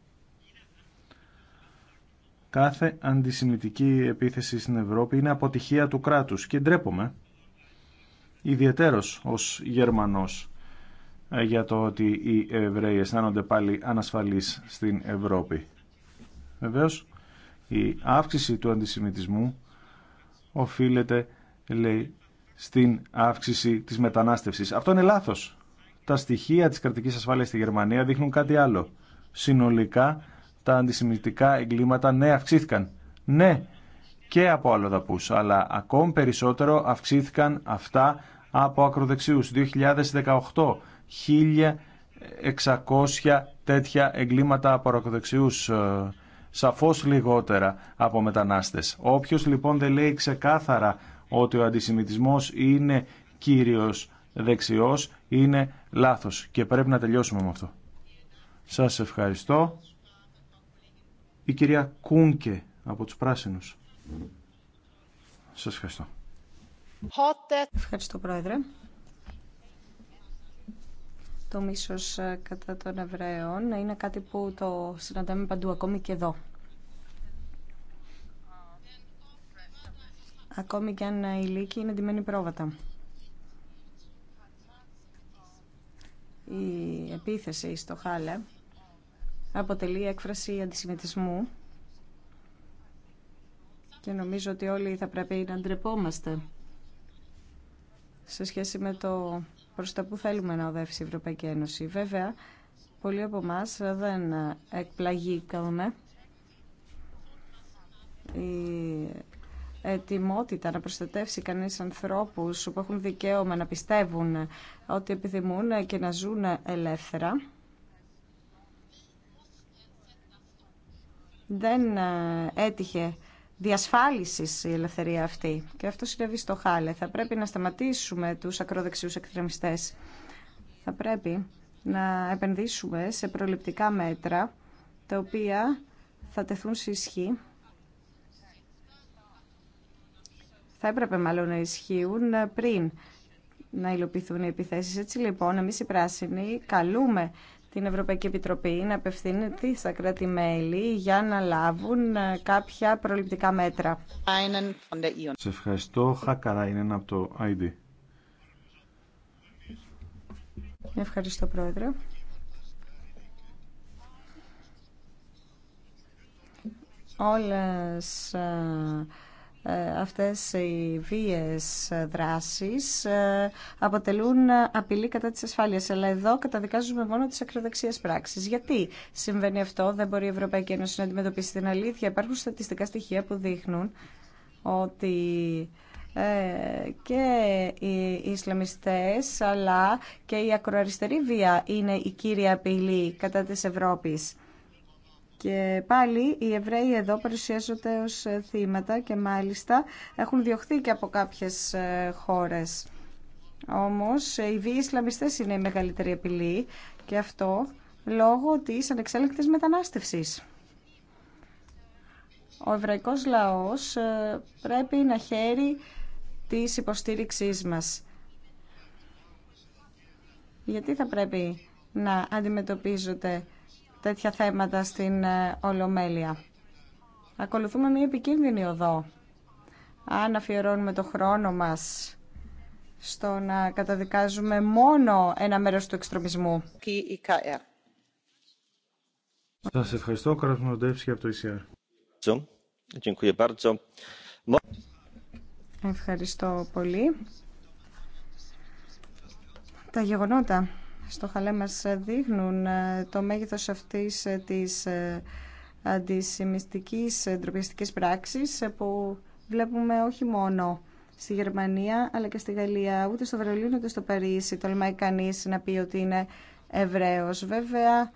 κάθε αντισημιτική επίθεση στην Ευρώπη είναι αποτυχία του κράτους και ντρέπομαι ιδιαίτερος ως Γερμανός ε, για το ότι οι Εβραίοι αισθάνονται πάλι ανασφαλείς στην Ευρώπη. Βεβαίως, η αύξηση του αντισημιτισμού οφείλεται, λέει, στην αύξηση της μετανάστευσης. Αυτό είναι λάθος τα στοιχεία της κρατικής ασφάλειας στη Γερμανία δείχνουν κάτι άλλο. Συνολικά τα αντισημιτικά εγκλήματα ναι αυξήθηκαν. Ναι και από άλλο αλλοδαπούς, αλλά ακόμη περισσότερο αυξήθηκαν αυτά από ακροδεξιούς. 2018, 1600 τέτοια εγκλήματα από ακροδεξιούς, ε, σαφώς λιγότερα από μετανάστες. Όποιος λοιπόν δεν λέει ξεκάθαρα ότι ο αντισημιτισμός είναι κύριος δεξιός, είναι λάθος και πρέπει να τελειώσουμε με αυτό. Σας ευχαριστώ. Η κυρία Κούνκε από τους Πράσινους. Σας ευχαριστώ. Ευχαριστώ, Πρόεδρε. Το μίσος ε, κατά των Εβραίων είναι κάτι που το συναντάμε παντού, ακόμη και εδώ. Ακόμη και αν η λύκη είναι ντυμένη πρόβατα. Η επίθεση στο Χάλε αποτελεί έκφραση αντισημιτισμού και νομίζω ότι όλοι θα πρέπει να ντρεπόμαστε σε σχέση με το προς τα που θέλουμε να οδεύσει η Ευρωπαϊκή Ένωση. Βέβαια, πολλοί από εμά δεν εκπλαγήκαμε ετοιμότητα να προστατεύσει κανείς ανθρώπους που έχουν δικαίωμα να πιστεύουν ότι επιθυμούν και να ζουν ελεύθερα. Δεν ε, έτυχε διασφάλιση η ελευθερία αυτή και αυτό συνέβη στο Χάλε. Θα πρέπει να σταματήσουμε τους ακροδεξιούς εκτρεμιστές. Θα πρέπει να επενδύσουμε σε προληπτικά μέτρα τα οποία θα τεθούν σε ισχύ θα έπρεπε μάλλον να ισχύουν ε, πριν να υλοποιηθούν οι επιθέσεις. Έτσι λοιπόν, εμείς οι πράσινοι καλούμε την Ευρωπαϊκή Επιτροπή να απευθύνεται στα κράτη-μέλη για να λάβουν ε, κάποια προληπτικά μέτρα. Σε ευχαριστώ. Χάκαρα είναι από το ID. Ευχαριστώ, Πρόεδρε. Όλες ε, ε, αυτές οι βίες δράσεις ε, αποτελούν απειλή κατά της ασφάλειας. Αλλά εδώ καταδικάζουμε μόνο τις ακροδεξίες πράξεις. Γιατί συμβαίνει αυτό, δεν μπορεί η Ευρωπαϊκή Ένωση να αντιμετωπίσει την αλήθεια. Υπάρχουν στατιστικά στοιχεία που δείχνουν ότι ε, και οι Ισλαμιστές αλλά και η ακροαριστερή βία είναι η κύρια απειλή κατά της Ευρώπης. Και πάλι οι Εβραίοι εδώ παρουσιάζονται ως ε, θύματα και μάλιστα έχουν διωχθεί και από κάποιες ε, χώρες. Όμως ε, οι βίοι Ισλαμιστές είναι η μεγαλύτερη απειλή και αυτό λόγω της ανεξέλεκτης μετανάστευσης. Ο εβραϊκός λαός πρέπει να χαίρει της υποστήριξής μας. Γιατί θα πρέπει να αντιμετωπίζονται τέτοια θέματα στην ε, Ολομέλεια. Ακολουθούμε μια επικίνδυνη οδό. Αν αφιερώνουμε το χρόνο μας στο να καταδικάζουμε μόνο ένα μέρος του εξτρομισμού. Ε. Σας ευχαριστώ, από το Ευχαριστώ πολύ. Τα γεγονότα στο χαλέ μας δείχνουν ε, το μέγεθος αυτής ε, της ε, αντισημιστικής ντροπιαστικής πράξης που βλέπουμε όχι μόνο στη Γερμανία αλλά και στη Γαλλία, ούτε στο Βερολίνο ούτε στο Παρίσι. Τολμάει κανεί να πει ότι είναι Εβραίος. Βέβαια,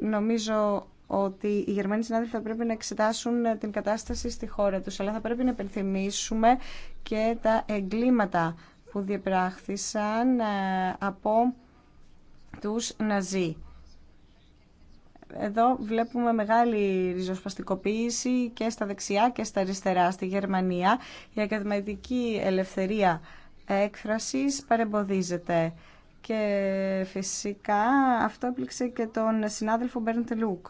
νομίζω ότι οι Γερμανοί συνάδελφοι θα πρέπει να εξετάσουν την κατάσταση στη χώρα τους, αλλά θα πρέπει να υπενθυμίσουμε και τα εγκλήματα που διεπράχθησαν ε, από τους Ναζί. Εδώ βλέπουμε μεγάλη ριζοσπαστικοποίηση και στα δεξιά και στα αριστερά. Στη Γερμανία η ακαδημαϊκή ελευθερία έκφρασης παρεμποδίζεται. Και φυσικά αυτό έπληξε και τον συνάδελφο Μπέρντ Λούκ,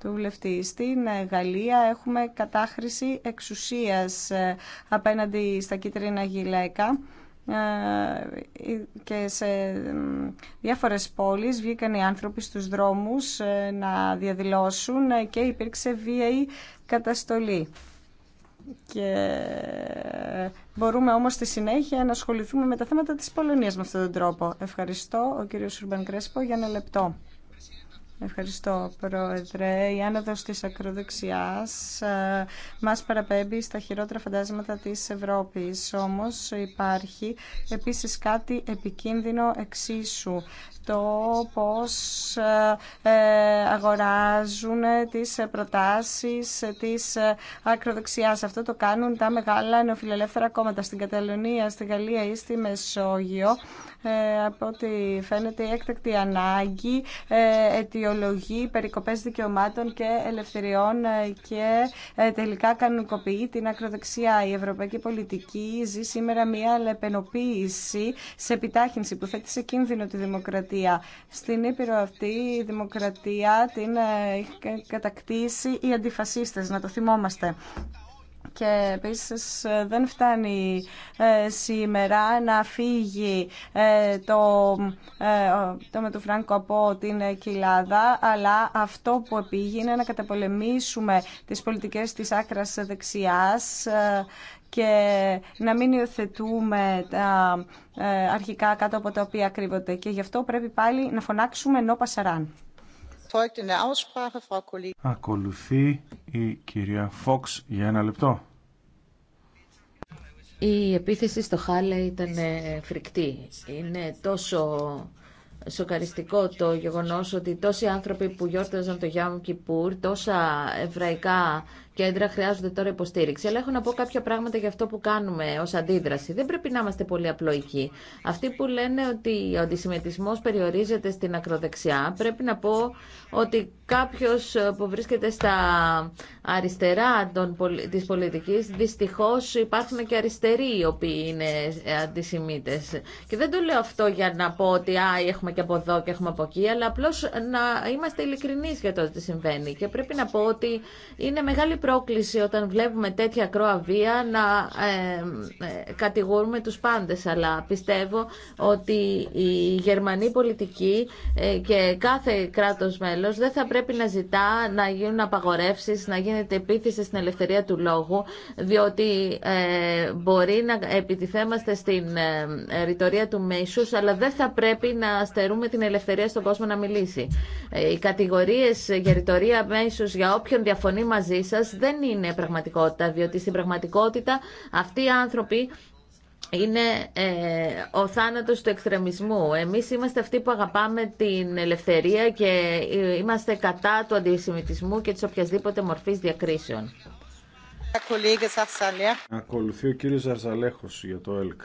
του βουλευτή. Στην ε, Γαλλία έχουμε κατάχρηση εξουσίας ε, απέναντι στα κίτρινα γυλαίκα ε, ε, και σε διάφορες πόλεις βγήκαν οι άνθρωποι στους δρόμους ε, να διαδηλώσουν και υπήρξε ή καταστολή. Και μπορούμε όμως στη συνέχεια να ασχοληθούμε με τα θέματα της Πολωνίας με αυτόν τον τρόπο. Ευχαριστώ ο κύριος Σουρμπαν Κρέσπο για ένα λεπτό. Ευχαριστώ, Πρόεδρε. Η άνοδο τη ακροδεξιάς ε, μας παραπέμπει στα χειρότερα φαντάσματα της Ευρώπης. Όμως υπάρχει επίσης κάτι επικίνδυνο εξίσου το πώς ε, ε, αγοράζουν τις προτάσεις της ακροδεξιάς. Αυτό το κάνουν τα μεγάλα νεοφιλελεύθερα κόμματα στην Καταλωνία, στη Γαλλία ή στη Μεσόγειο. Ε, από ό,τι φαίνεται η έκτακτη ανάγκη αιτιολογεί περικοπές δικαιωμάτων και ελευθεριών και τελικά κανονικοποιεί την ακροδεξιά. Η ευρωπαϊκή πολιτική ζει σήμερα μια λεπενοποίηση σε επιτάχυνση που θέτει σε κίνδυνο τη δημοκρατία στην Ήπειρο αυτή η δημοκρατία την ε, κατακτήσει οι αντιφασίστες, να το θυμόμαστε. Και επίση ε, δεν φτάνει ε, σήμερα να φύγει το, το με του Φράνκο από την κοιλάδα, αλλά αυτό που επήγει είναι να καταπολεμήσουμε τις πολιτικές της άκρας δεξιάς και να μην υιοθετούμε τα ε, αρχικά κάτω από τα οποία κρύβονται. Και γι' αυτό πρέπει πάλι να φωνάξουμε ενώ πασαράν. Ακολουθεί η κυρία Φόξ για ένα λεπτό. Η επίθεση στο Χάλε ήταν ε, φρικτή. Είναι τόσο σοκαριστικό το γεγονός ότι τόσοι άνθρωποι που γιόρταζαν το Γιάμ Κιπούρ, τόσα εβραϊκά κέντρα χρειάζονται τώρα υποστήριξη. Αλλά έχω να πω κάποια πράγματα για αυτό που κάνουμε ω αντίδραση. Δεν πρέπει να είμαστε πολύ απλοϊκοί. Αυτοί που λένε ότι ο αντισημιτισμό περιορίζεται στην ακροδεξιά, πρέπει να πω ότι κάποιο ε, που βρίσκεται στα αριστερά τη πολιτική, δυστυχώ υπάρχουν και αριστεροί οι οποίοι είναι ε, αντισημίτε. Και δεν το λέω αυτό για να πω ότι α, έχουμε και από εδώ και έχουμε από εκεί, αλλά απλώ να είμαστε ειλικρινεί για το τι συμβαίνει. Και πρέπει να πω ότι είναι μεγάλη πρόκληση όταν βλέπουμε τέτοια βία να ε, ε, κατηγορούμε τους πάντες, αλλά πιστεύω ότι η γερμανή πολιτική ε, και κάθε κράτος μέλος δεν θα πρέπει να ζητά να γίνουν απαγορεύσεις, να γίνεται επίθεση στην ελευθερία του λόγου, διότι ε, μπορεί να επιτιθέμαστε στην ρητορία του Μέσου, αλλά δεν θα πρέπει να στερούμε την ελευθερία στον κόσμο να μιλήσει. Οι κατηγορίες για ρητορία για όποιον διαφωνεί μαζί σας δεν είναι πραγματικότητα, διότι στην πραγματικότητα αυτοί οι άνθρωποι είναι ε, ο θάνατος του εξτρεμισμού. Εμείς είμαστε αυτοί που αγαπάμε την ελευθερία και ε, είμαστε κατά του αντισημιτισμού και της οποιασδήποτε μορφής διακρίσεων. Ακολουθεί ο κύριος για το ΕΛΚ.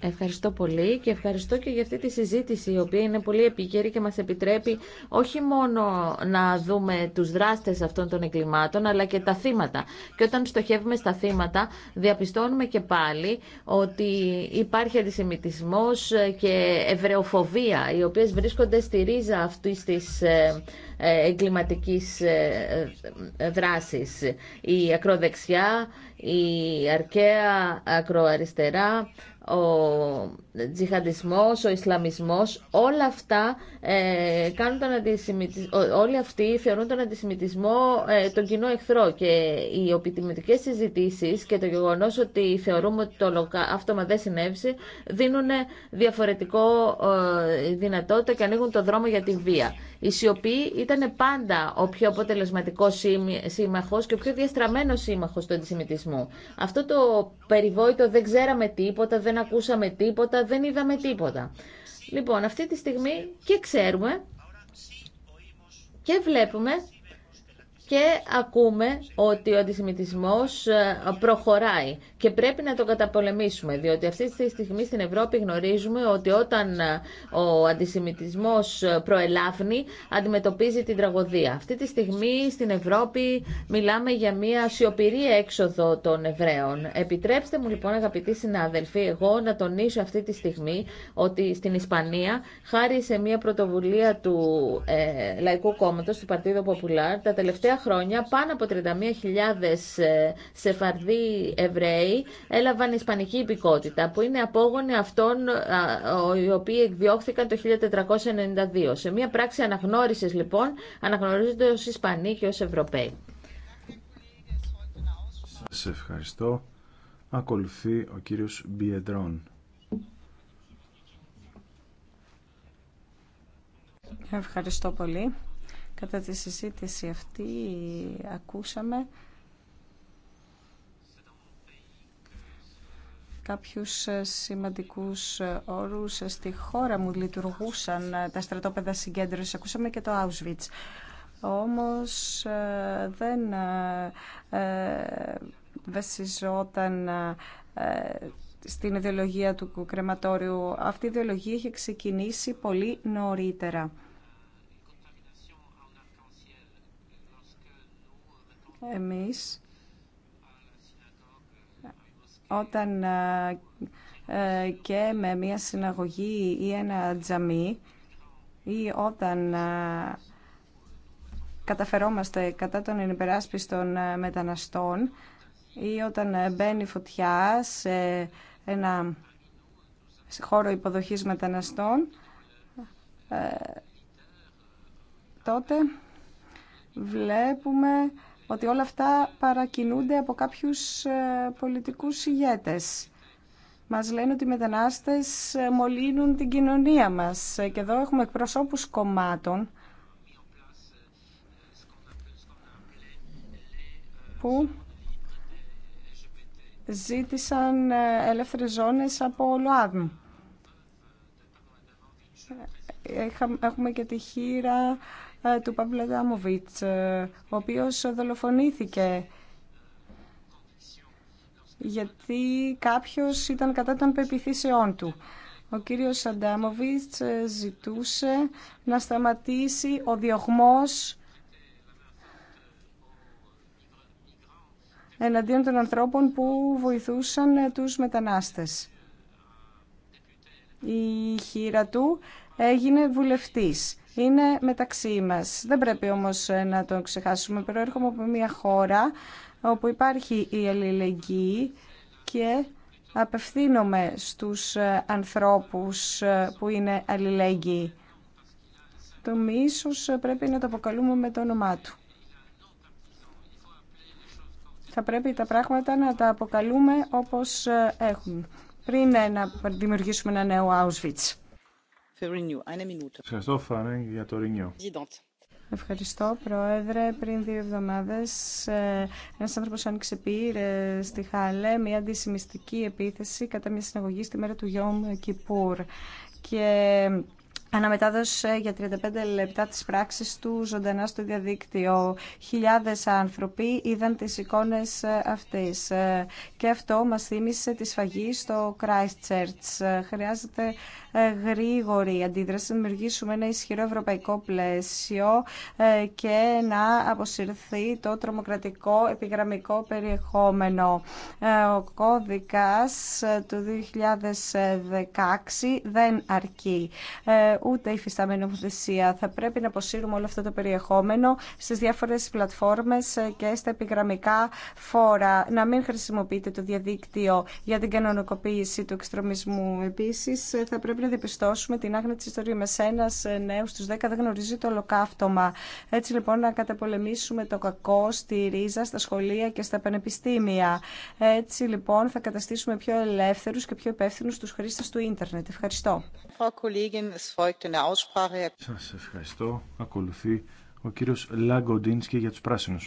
Ευχαριστώ πολύ και ευχαριστώ και για αυτή τη συζήτηση η οποία είναι πολύ επίκαιρη και μας επιτρέπει όχι μόνο να δούμε τους δράστες αυτών των εγκλημάτων αλλά και τα θύματα. Και όταν στοχεύουμε στα θύματα διαπιστώνουμε και πάλι ότι υπάρχει αντισημιτισμός και ευρεοφοβία οι οποίες βρίσκονται στη ρίζα αυτής της ε, ε, εγκληματικής ε, δράσης. Η ακροδεξιά, η αρκαία ακροαριστερά, ο τζιχαντισμός, ο Ισλαμισμός, όλα αυτά ε, κάνουν τον όλοι αυτοί θεωρούν τον αντισημιτισμό ε, τον κοινό εχθρό και οι οπιτιμητικές συζητήσεις και το γεγονός ότι θεωρούμε ότι το λοκα... αυτόμα δεν συνέβησε δίνουν διαφορετικό ε, δυνατότητα και ανοίγουν το δρόμο για τη βία. Η σιωπή ήταν πάντα ο πιο αποτελεσματικό σύμμαχο και ο πιο διαστραμμένο σύμμαχο του αντισημιτισμού. Αυτό το περιβόητο δεν ξέραμε τίποτα, δεν ακούσαμε τίποτα, δεν είδαμε τίποτα. Λοιπόν, αυτή τη στιγμή και ξέρουμε και βλέπουμε και ακούμε ότι ο αντισημιτισμός ε, προχωράει και πρέπει να τον καταπολεμήσουμε διότι αυτή τη στιγμή στην Ευρώπη γνωρίζουμε ότι όταν ε, ο αντισημιτισμός ε, προελάφνει αντιμετωπίζει την τραγωδία. Αυτή τη στιγμή στην Ευρώπη μιλάμε για μια σιωπηρή έξοδο των Εβραίων. Επιτρέψτε μου λοιπόν αγαπητοί συνάδελφοι εγώ να τονίσω αυτή τη στιγμή ότι στην Ισπανία χάρη σε μια πρωτοβουλία του ε, Λαϊκού Κόμματος του Παρτίδο Ποπουλάρ τα τελευταία χρόνια πάνω από 31.000 ε, Σεφαρδοί Εβραίοι έλαβαν Ισπανική υπηκότητα, που είναι απόγονοι αυτών οι οποίοι εκδιώχθηκαν το 1492. Σε μια πράξη αναγνώρισης λοιπόν, αναγνωρίζονται ως Ισπανοί και ως Ευρωπαίοι. Σας ευχαριστώ. Ακολουθεί ο κύριος Μπιεντρών. Ευχαριστώ πολύ. Κατά τη συζήτηση αυτή ακούσαμε κάποιους σημαντικούς όρους στη χώρα μου λειτουργούσαν τα στρατόπεδα συγκέντρωσης. Ακούσαμε και το Auschwitz. Όμως ε, δεν ε, βασιζόταν ε, στην ιδεολογία του κρεματόριου. Αυτή η ιδεολογία είχε ξεκινήσει πολύ νωρίτερα. Εμείς όταν ε, ε, και με μια συναγωγή ή ένα τζαμί ή όταν ε, καταφερόμαστε κατά των ενυπεράσπιστων μεταναστών ή όταν μπαίνει φωτιά σε ένα χώρο υποδοχής μεταναστών, τότε βλέπουμε ότι όλα αυτά παρακινούνται από κάποιους ε, πολιτικούς ηγέτες. Μας λένε ότι οι μετανάστες ε, μολύνουν την κοινωνία μας ε, και εδώ έχουμε εκπροσώπους κομμάτων που ζήτησαν ελεύθερες ζώνες από ΛΟΑΔΜ. Έχουμε και τη χείρα ε, του Παύλα ε, ο οποίος δολοφονήθηκε γιατί κάποιος ήταν κατά των πεπιθήσεών του. Ο κύριος Αντάμοβιτς ε, ζητούσε να σταματήσει ο διωγμός εναντίον των ανθρώπων που βοηθούσαν τους μετανάστες. Η χείρα του έγινε βουλευτής είναι μεταξύ μας. Δεν πρέπει όμως ε, να το ξεχάσουμε. Προέρχομαι από μια χώρα όπου υπάρχει η αλληλεγγύη και απευθύνομαι στους ε, ανθρώπους ε, που είναι αλληλέγγυοι. Το μίσος πρέπει να το αποκαλούμε με το όνομά του. Θα πρέπει τα πράγματα να τα αποκαλούμε όπως έχουν πριν να δημιουργήσουμε ένα νέο Auschwitz. Ευχαριστώ, Φάνεν, για το Ρινιού. Ευχαριστώ, Πρόεδρε. Πριν δύο εβδομάδε, ε, ένα άνθρωπο άνοιξε πύρε στη Χαλέ μια αντισημιστική επίθεση κατά μια συναγωγή στη μέρα του Γιώμ Κιπούρ. Και αναμετάδωσε για 35 λεπτά τι πράξεις του ζωντανά στο διαδίκτυο. Χιλιάδες άνθρωποι είδαν τι εικόνε ε, αυτές. Ε, και αυτό μα θύμισε τη σφαγή στο Christchurch. Χρειάζεται ε, γρήγορη αντίδραση, να δημιουργήσουμε ένα ισχυρό ευρωπαϊκό πλαίσιο ε, και να αποσυρθεί το τρομοκρατικό επιγραμμικό περιεχόμενο. Ε, ο κώδικας του 2016 δεν αρκεί ούτε η φυστάμενη νομοθεσία. Θα πρέπει να αποσύρουμε όλο αυτό το περιεχόμενο στις διάφορες πλατφόρμες και στα επιγραμμικά φόρα. Να μην χρησιμοποιείτε το διαδίκτυο για την κανονικοποίηση του εξτρομισμού. Επίσης, θα πρέπει να διαπιστώσουμε την άγνοια τη ιστορία Με Ένα ε, νέο στου 10 δεν γνωρίζει το ολοκαύτωμα. Έτσι λοιπόν να καταπολεμήσουμε το κακό στη ρίζα, στα σχολεία και στα πανεπιστήμια. Έτσι λοιπόν θα καταστήσουμε πιο ελεύθερου και πιο υπεύθυνου του χρήστε του ίντερνετ. Ευχαριστώ. Σα ευχαριστώ. Ακολουθεί ο κύριος Λαγκοντίνσκι για του πράσινου.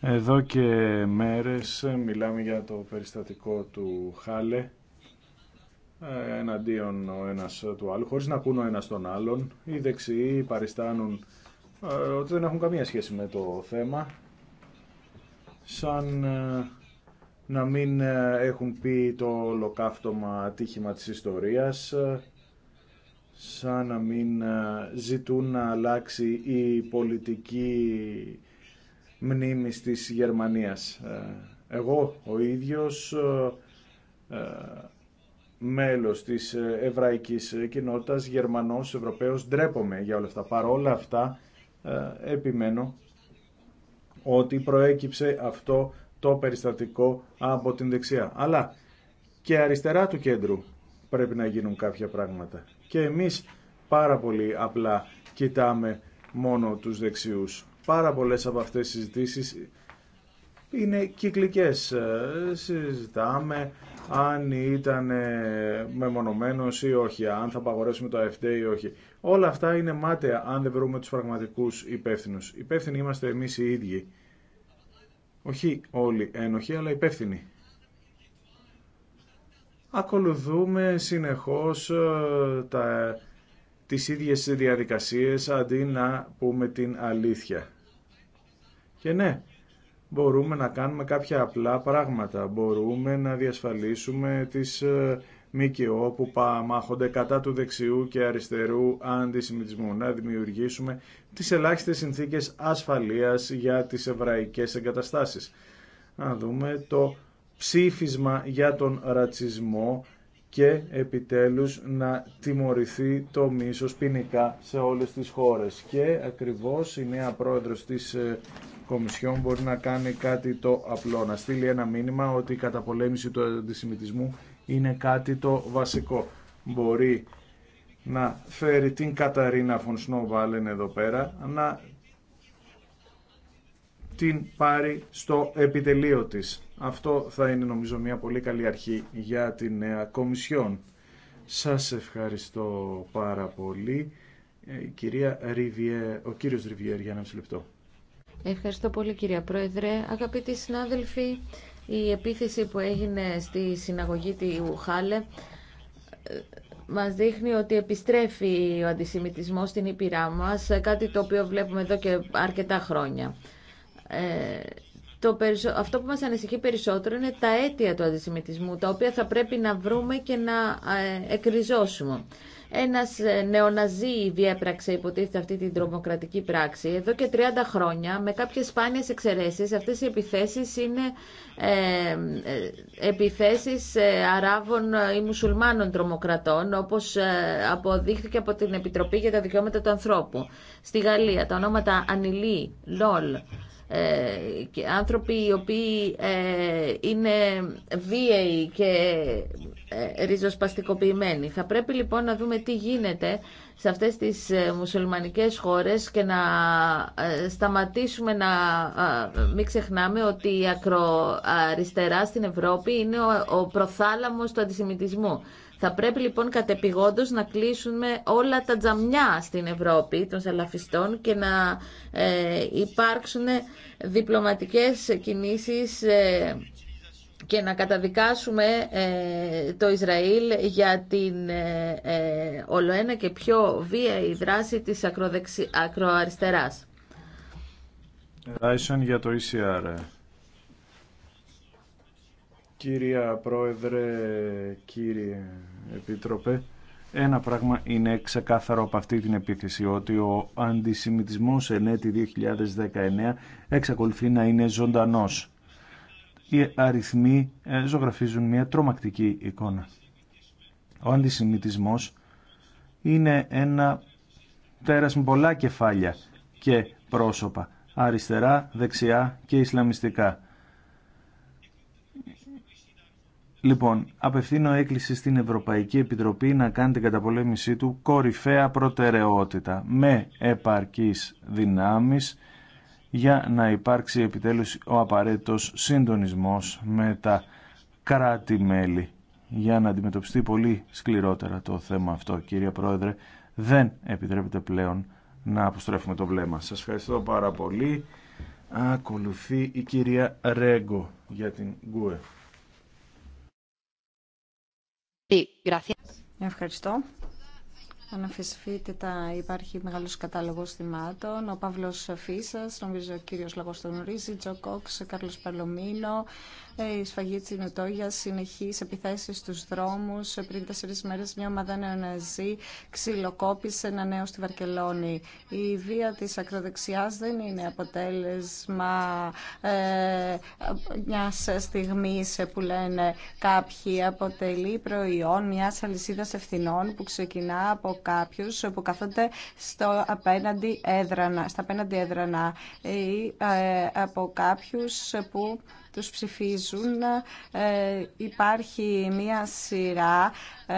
Εδώ και μέρες μιλάμε για το περιστατικό του Χάλε ε, εναντίον ο ένας του άλλου, χωρίς να ακούν ο ένας τον άλλον. Οι δεξιοί παριστάνουν ε, ότι δεν έχουν καμία σχέση με το θέμα, σαν ε, να μην έχουν πει το ολοκαύτωμα ατύχημα της ιστορίας, σαν να μην ζητούν να αλλάξει η πολιτική μνήμης της Γερμανίας. Εγώ ο ίδιος μέλος της ε, εβραϊκής ε, κοινότητας, Γερμανός, Ευρωπαίος, ντρέπομαι για όλα αυτά. Παρόλα αυτά ε, επιμένω ότι προέκυψε αυτό το περιστατικό από την δεξιά. Αλλά και αριστερά του κέντρου πρέπει να γίνουν κάποια πράγματα. Και εμείς πάρα πολύ απλά κοιτάμε μόνο τους δεξιούς. Πάρα πολλές από αυτές τις συζητήσεις είναι κυκλικές. Ε, συζητάμε αν ήταν ε, μεμονωμένος ή όχι, αν θα απαγορέσουμε το FDA ή όχι. Όλα αυτά είναι μάταια αν δεν βρούμε τους πραγματικούς υπεύθυνου. Υπεύθυνοι είμαστε εμείς οι ίδιοι. Όχι όλοι ένοχοι, αλλά υπεύθυνοι. Ακολουθούμε συνεχώς ε, τα, τις ίδιες διαδικασίες αντί να πούμε την αλήθεια. Και ναι, μπορούμε να κάνουμε κάποια απλά πράγματα. Μπορούμε να διασφαλίσουμε τις ε, ΜΚΟ που μάχονται κατά του δεξιού και αριστερού αντισημιτισμού. Να δημιουργήσουμε τις ελάχιστες συνθήκες ασφαλείας για τις εβραϊκές εγκαταστάσεις. Να δούμε το ψήφισμα για τον ρατσισμό και επιτέλους να τιμωρηθεί το μίσος ποινικά σε όλες τις χώρες. Και ακριβώς η νέα πρόεδρος της ε, Κομισιόν μπορεί να κάνει κάτι το απλό, να στείλει ένα μήνυμα ότι η καταπολέμηση του αντισημιτισμού είναι κάτι το βασικό. Μπορεί να φέρει την Καταρίνα Φωνσνό Βάλεν εδώ πέρα, να την πάρει στο επιτελείο της. Αυτό θα είναι νομίζω μια πολύ καλή αρχή για την νέα Κομισιόν. Σας ευχαριστώ πάρα πολύ. Ε, κυρία Ριβιέ, ο κύριος Ριβιέρ για ένα λεπτό. Ευχαριστώ πολύ κυρία Πρόεδρε. Αγαπητοί συνάδελφοι, η επίθεση που έγινε στη συναγωγή του Χάλε ε, μας δείχνει ότι επιστρέφει ο αντισημιτισμός στην Ήπειρά μας, κάτι το οποίο βλέπουμε εδώ και αρκετά χρόνια. Ε, το Αυτό που μας ανησυχεί περισσότερο είναι τα αίτια του αντισημιτισμού, τα οποία θα πρέπει να βρούμε και να ε, εκριζώσουμε. Ένας ε, νεοναζί διέπραξε υποτίθεται αυτή την τρομοκρατική πράξη. Εδώ και 30 χρόνια, με κάποιες σπάνιες εξαιρέσεις, αυτές οι επιθέσεις είναι ε, ε επιθέσεις ε, Αράβων ή Μουσουλμάνων τρομοκρατών, όπως αποδείχθηκε από την Επιτροπή για τα Δικαιώματα του Ανθρώπου. Στη Γαλλία, τα ονόματα Ανιλή, Λόλ, και άνθρωποι οι οποίοι είναι βίαιοι και ε, ριζοσπαστικοποιημένη. Θα πρέπει λοιπόν να δούμε τι γίνεται σε αυτές τις ε, μουσουλμανικές χώρες και να ε, σταματήσουμε να μην ξεχνάμε ότι η ακροαριστερά στην Ευρώπη είναι ο προθάλαμος του αντισημιτισμού. Θα πρέπει λοιπόν κατεπηγόντως να κλείσουμε όλα τα τζαμιά στην Ευρώπη των σαλαφιστών και να υπάρξουν διπλωματικές κινήσεις και να καταδικάσουμε ε, το Ισραήλ για την ε, ε, ολοένα και πιο βία η δράση της ακροδεξι... ακροαριστεράς. Ράισον για το ECR. Κύρια Πρόεδρε, κύριε Επίτροπε, ένα πράγμα είναι ξεκάθαρο από αυτή την επίθεση, ότι ο αντισημιτισμός εν 2019 εξακολουθεί να είναι ζωντανός οι αριθμοί ε, ζωγραφίζουν μια τρομακτική εικόνα. Ο αντισημιτισμός είναι ένα τέρας με πολλά κεφάλια και πρόσωπα, αριστερά, δεξιά και ισλαμιστικά. Λοιπόν, απευθύνω έκκληση στην Ευρωπαϊκή Επιτροπή να κάνει την καταπολέμησή του κορυφαία προτεραιότητα με επαρκείς δυνάμεις για να υπάρξει επιτέλους ο απαραίτητος συντονισμός με τα κράτη-μέλη για να αντιμετωπιστεί πολύ σκληρότερα το θέμα αυτό. Κύριε Πρόεδρε, δεν επιτρέπεται πλέον να αποστρέφουμε το βλέμμα. Σας ευχαριστώ πάρα πολύ. Ακολουθεί η κυρία Ρέγκο για την ΓΚΟΕ. Ευχαριστώ τα υπάρχει μεγάλο κατάλογο θυμάτων. Ο Παύλο Φίσας, νομίζω ο κύριο Λαγός τον γνωρίζει, Τζο Κόξ, Κάρλο Παλωμίνο, ε, η σφαγή της Νοτόγιας συνεχείς επιθέσει στους δρόμους. Ε, πριν τέσσερι μέρε, μια ομάδα νεοναζί ξυλοκόπησε ένα νέο στη Βαρκελόνη. Η βία της ακροδεξιάς δεν είναι αποτέλεσμα ε, μιας στιγμής που λένε κάποιοι. Αποτελεί προϊόν μια αλυσίδα ευθυνών που ξεκινά από κάποιου, που καθόνται στο απέναντι έδρανα, στα απέναντι έδρανα ή ε, από κάποιου που τους ψηφίζουν ε, υπάρχει μία σειρά ε,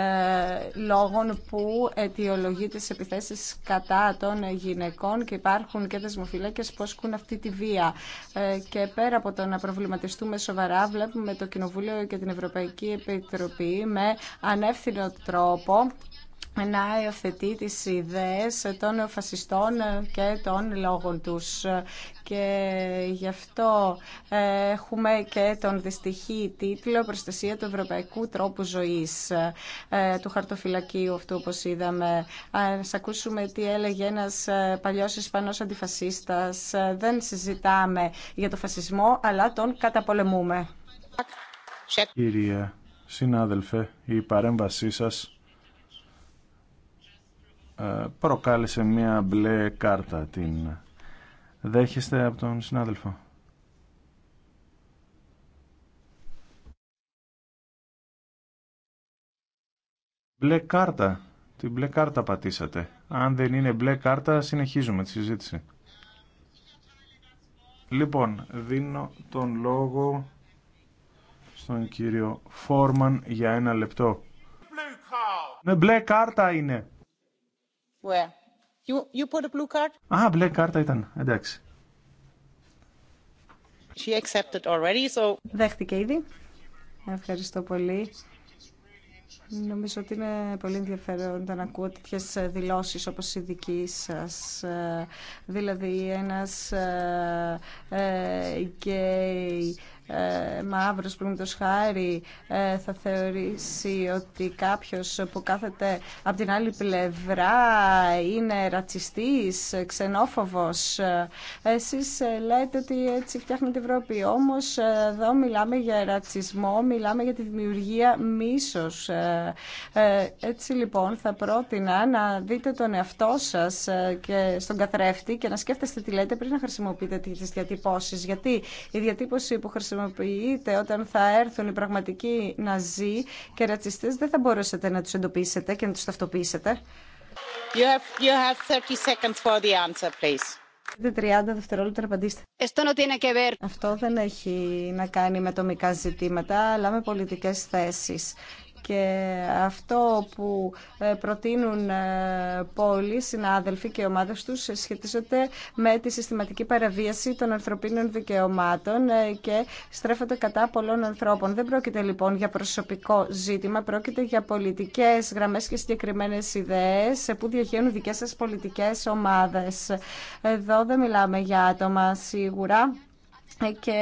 λόγων που αιτιολογεί τις επιθέσεις κατά των γυναικών και υπάρχουν και δεσμοφυλάκες που ασκούν αυτή τη βία. Ε, και πέρα από το να προβληματιστούμε σοβαρά βλέπουμε το Κοινοβούλιο και την Ευρωπαϊκή Επιτροπή με ανεύθυνο τρόπο να υιοθετεί τις ιδέες των φασιστών και των λόγων τους. Και γι' αυτό ε, έχουμε και τον δυστυχή τίτλο «Προστασία του Ευρωπαϊκού Τρόπου Ζωής» ε, του χαρτοφυλακίου αυτού, όπως είδαμε. Ας ακούσουμε τι έλεγε ένας ε, παλιός Ισπανός αντιφασίστας. Δεν συζητάμε για τον φασισμό, αλλά τον καταπολεμούμε. Κυρία συνάδελφε, η παρέμβασή σας ε, προκάλεσε μια μπλε κάρτα. Την δέχεστε από τον συνάδελφο. Μπλε κάρτα. Την μπλε κάρτα πατήσατε. Αν δεν είναι μπλε κάρτα, συνεχίζουμε τη συζήτηση. Λοιπόν, δίνω τον λόγο στον κύριο Φόρμαν για ένα λεπτό. Με ναι, μπλε κάρτα είναι. Where? You, you put a blue card? Α, μπλε κάρτα ήταν. Εντάξει. She accepted already, so... Δέχτηκε ήδη. Ευχαριστώ πολύ. Νομίζω ότι είναι πολύ ενδιαφέρον να ακούω τέτοιε δηλώσεις όπως η δική σας. Δηλαδή ένας ε, γκέι ε, ε, μαύρος το χάρη ε, θα θεωρήσει ότι κάποιος που κάθεται από την άλλη πλευρά είναι ρατσιστής, ξενόφοβος. Εσείς ε, λέτε ότι έτσι την Ευρώπη. Όμως ε, εδώ μιλάμε για ρατσισμό, μιλάμε για τη δημιουργία μίσος. Ε, έτσι λοιπόν θα πρότεινα να δείτε τον εαυτό σας και στον καθρέφτη και να σκέφτεστε τι λέτε πριν να χρησιμοποιείτε τις διατυπώσεις. Γιατί η διατύπωση που χρησιμοποιείτε χρησιμοποιείτε όταν θα έρθουν οι πραγματικοί ναζί και ρατσιστές δεν θα μπορούσατε να τους εντοπίσετε και να τους ταυτοποιήσετε. You have, you have 30 seconds for the answer, please. 30 δευτερόλεπτα να απαντήσετε. Αυτό δεν έχει να κάνει με τομικά ζητήματα, αλλά με πολιτικές θέσεις και αυτό που ε, προτείνουν ε, πολλοί συνάδελφοι και ομάδες τους σχετίζονται με τη συστηματική παραβίαση των ανθρωπίνων δικαιωμάτων ε, και στρέφονται κατά πολλών ανθρώπων. Δεν πρόκειται λοιπόν για προσωπικό ζήτημα, πρόκειται για πολιτικές γραμμές και συγκεκριμένες ιδέες που διαχέουν δικές σας πολιτικές ομάδες. Εδώ δεν μιλάμε για άτομα σίγουρα και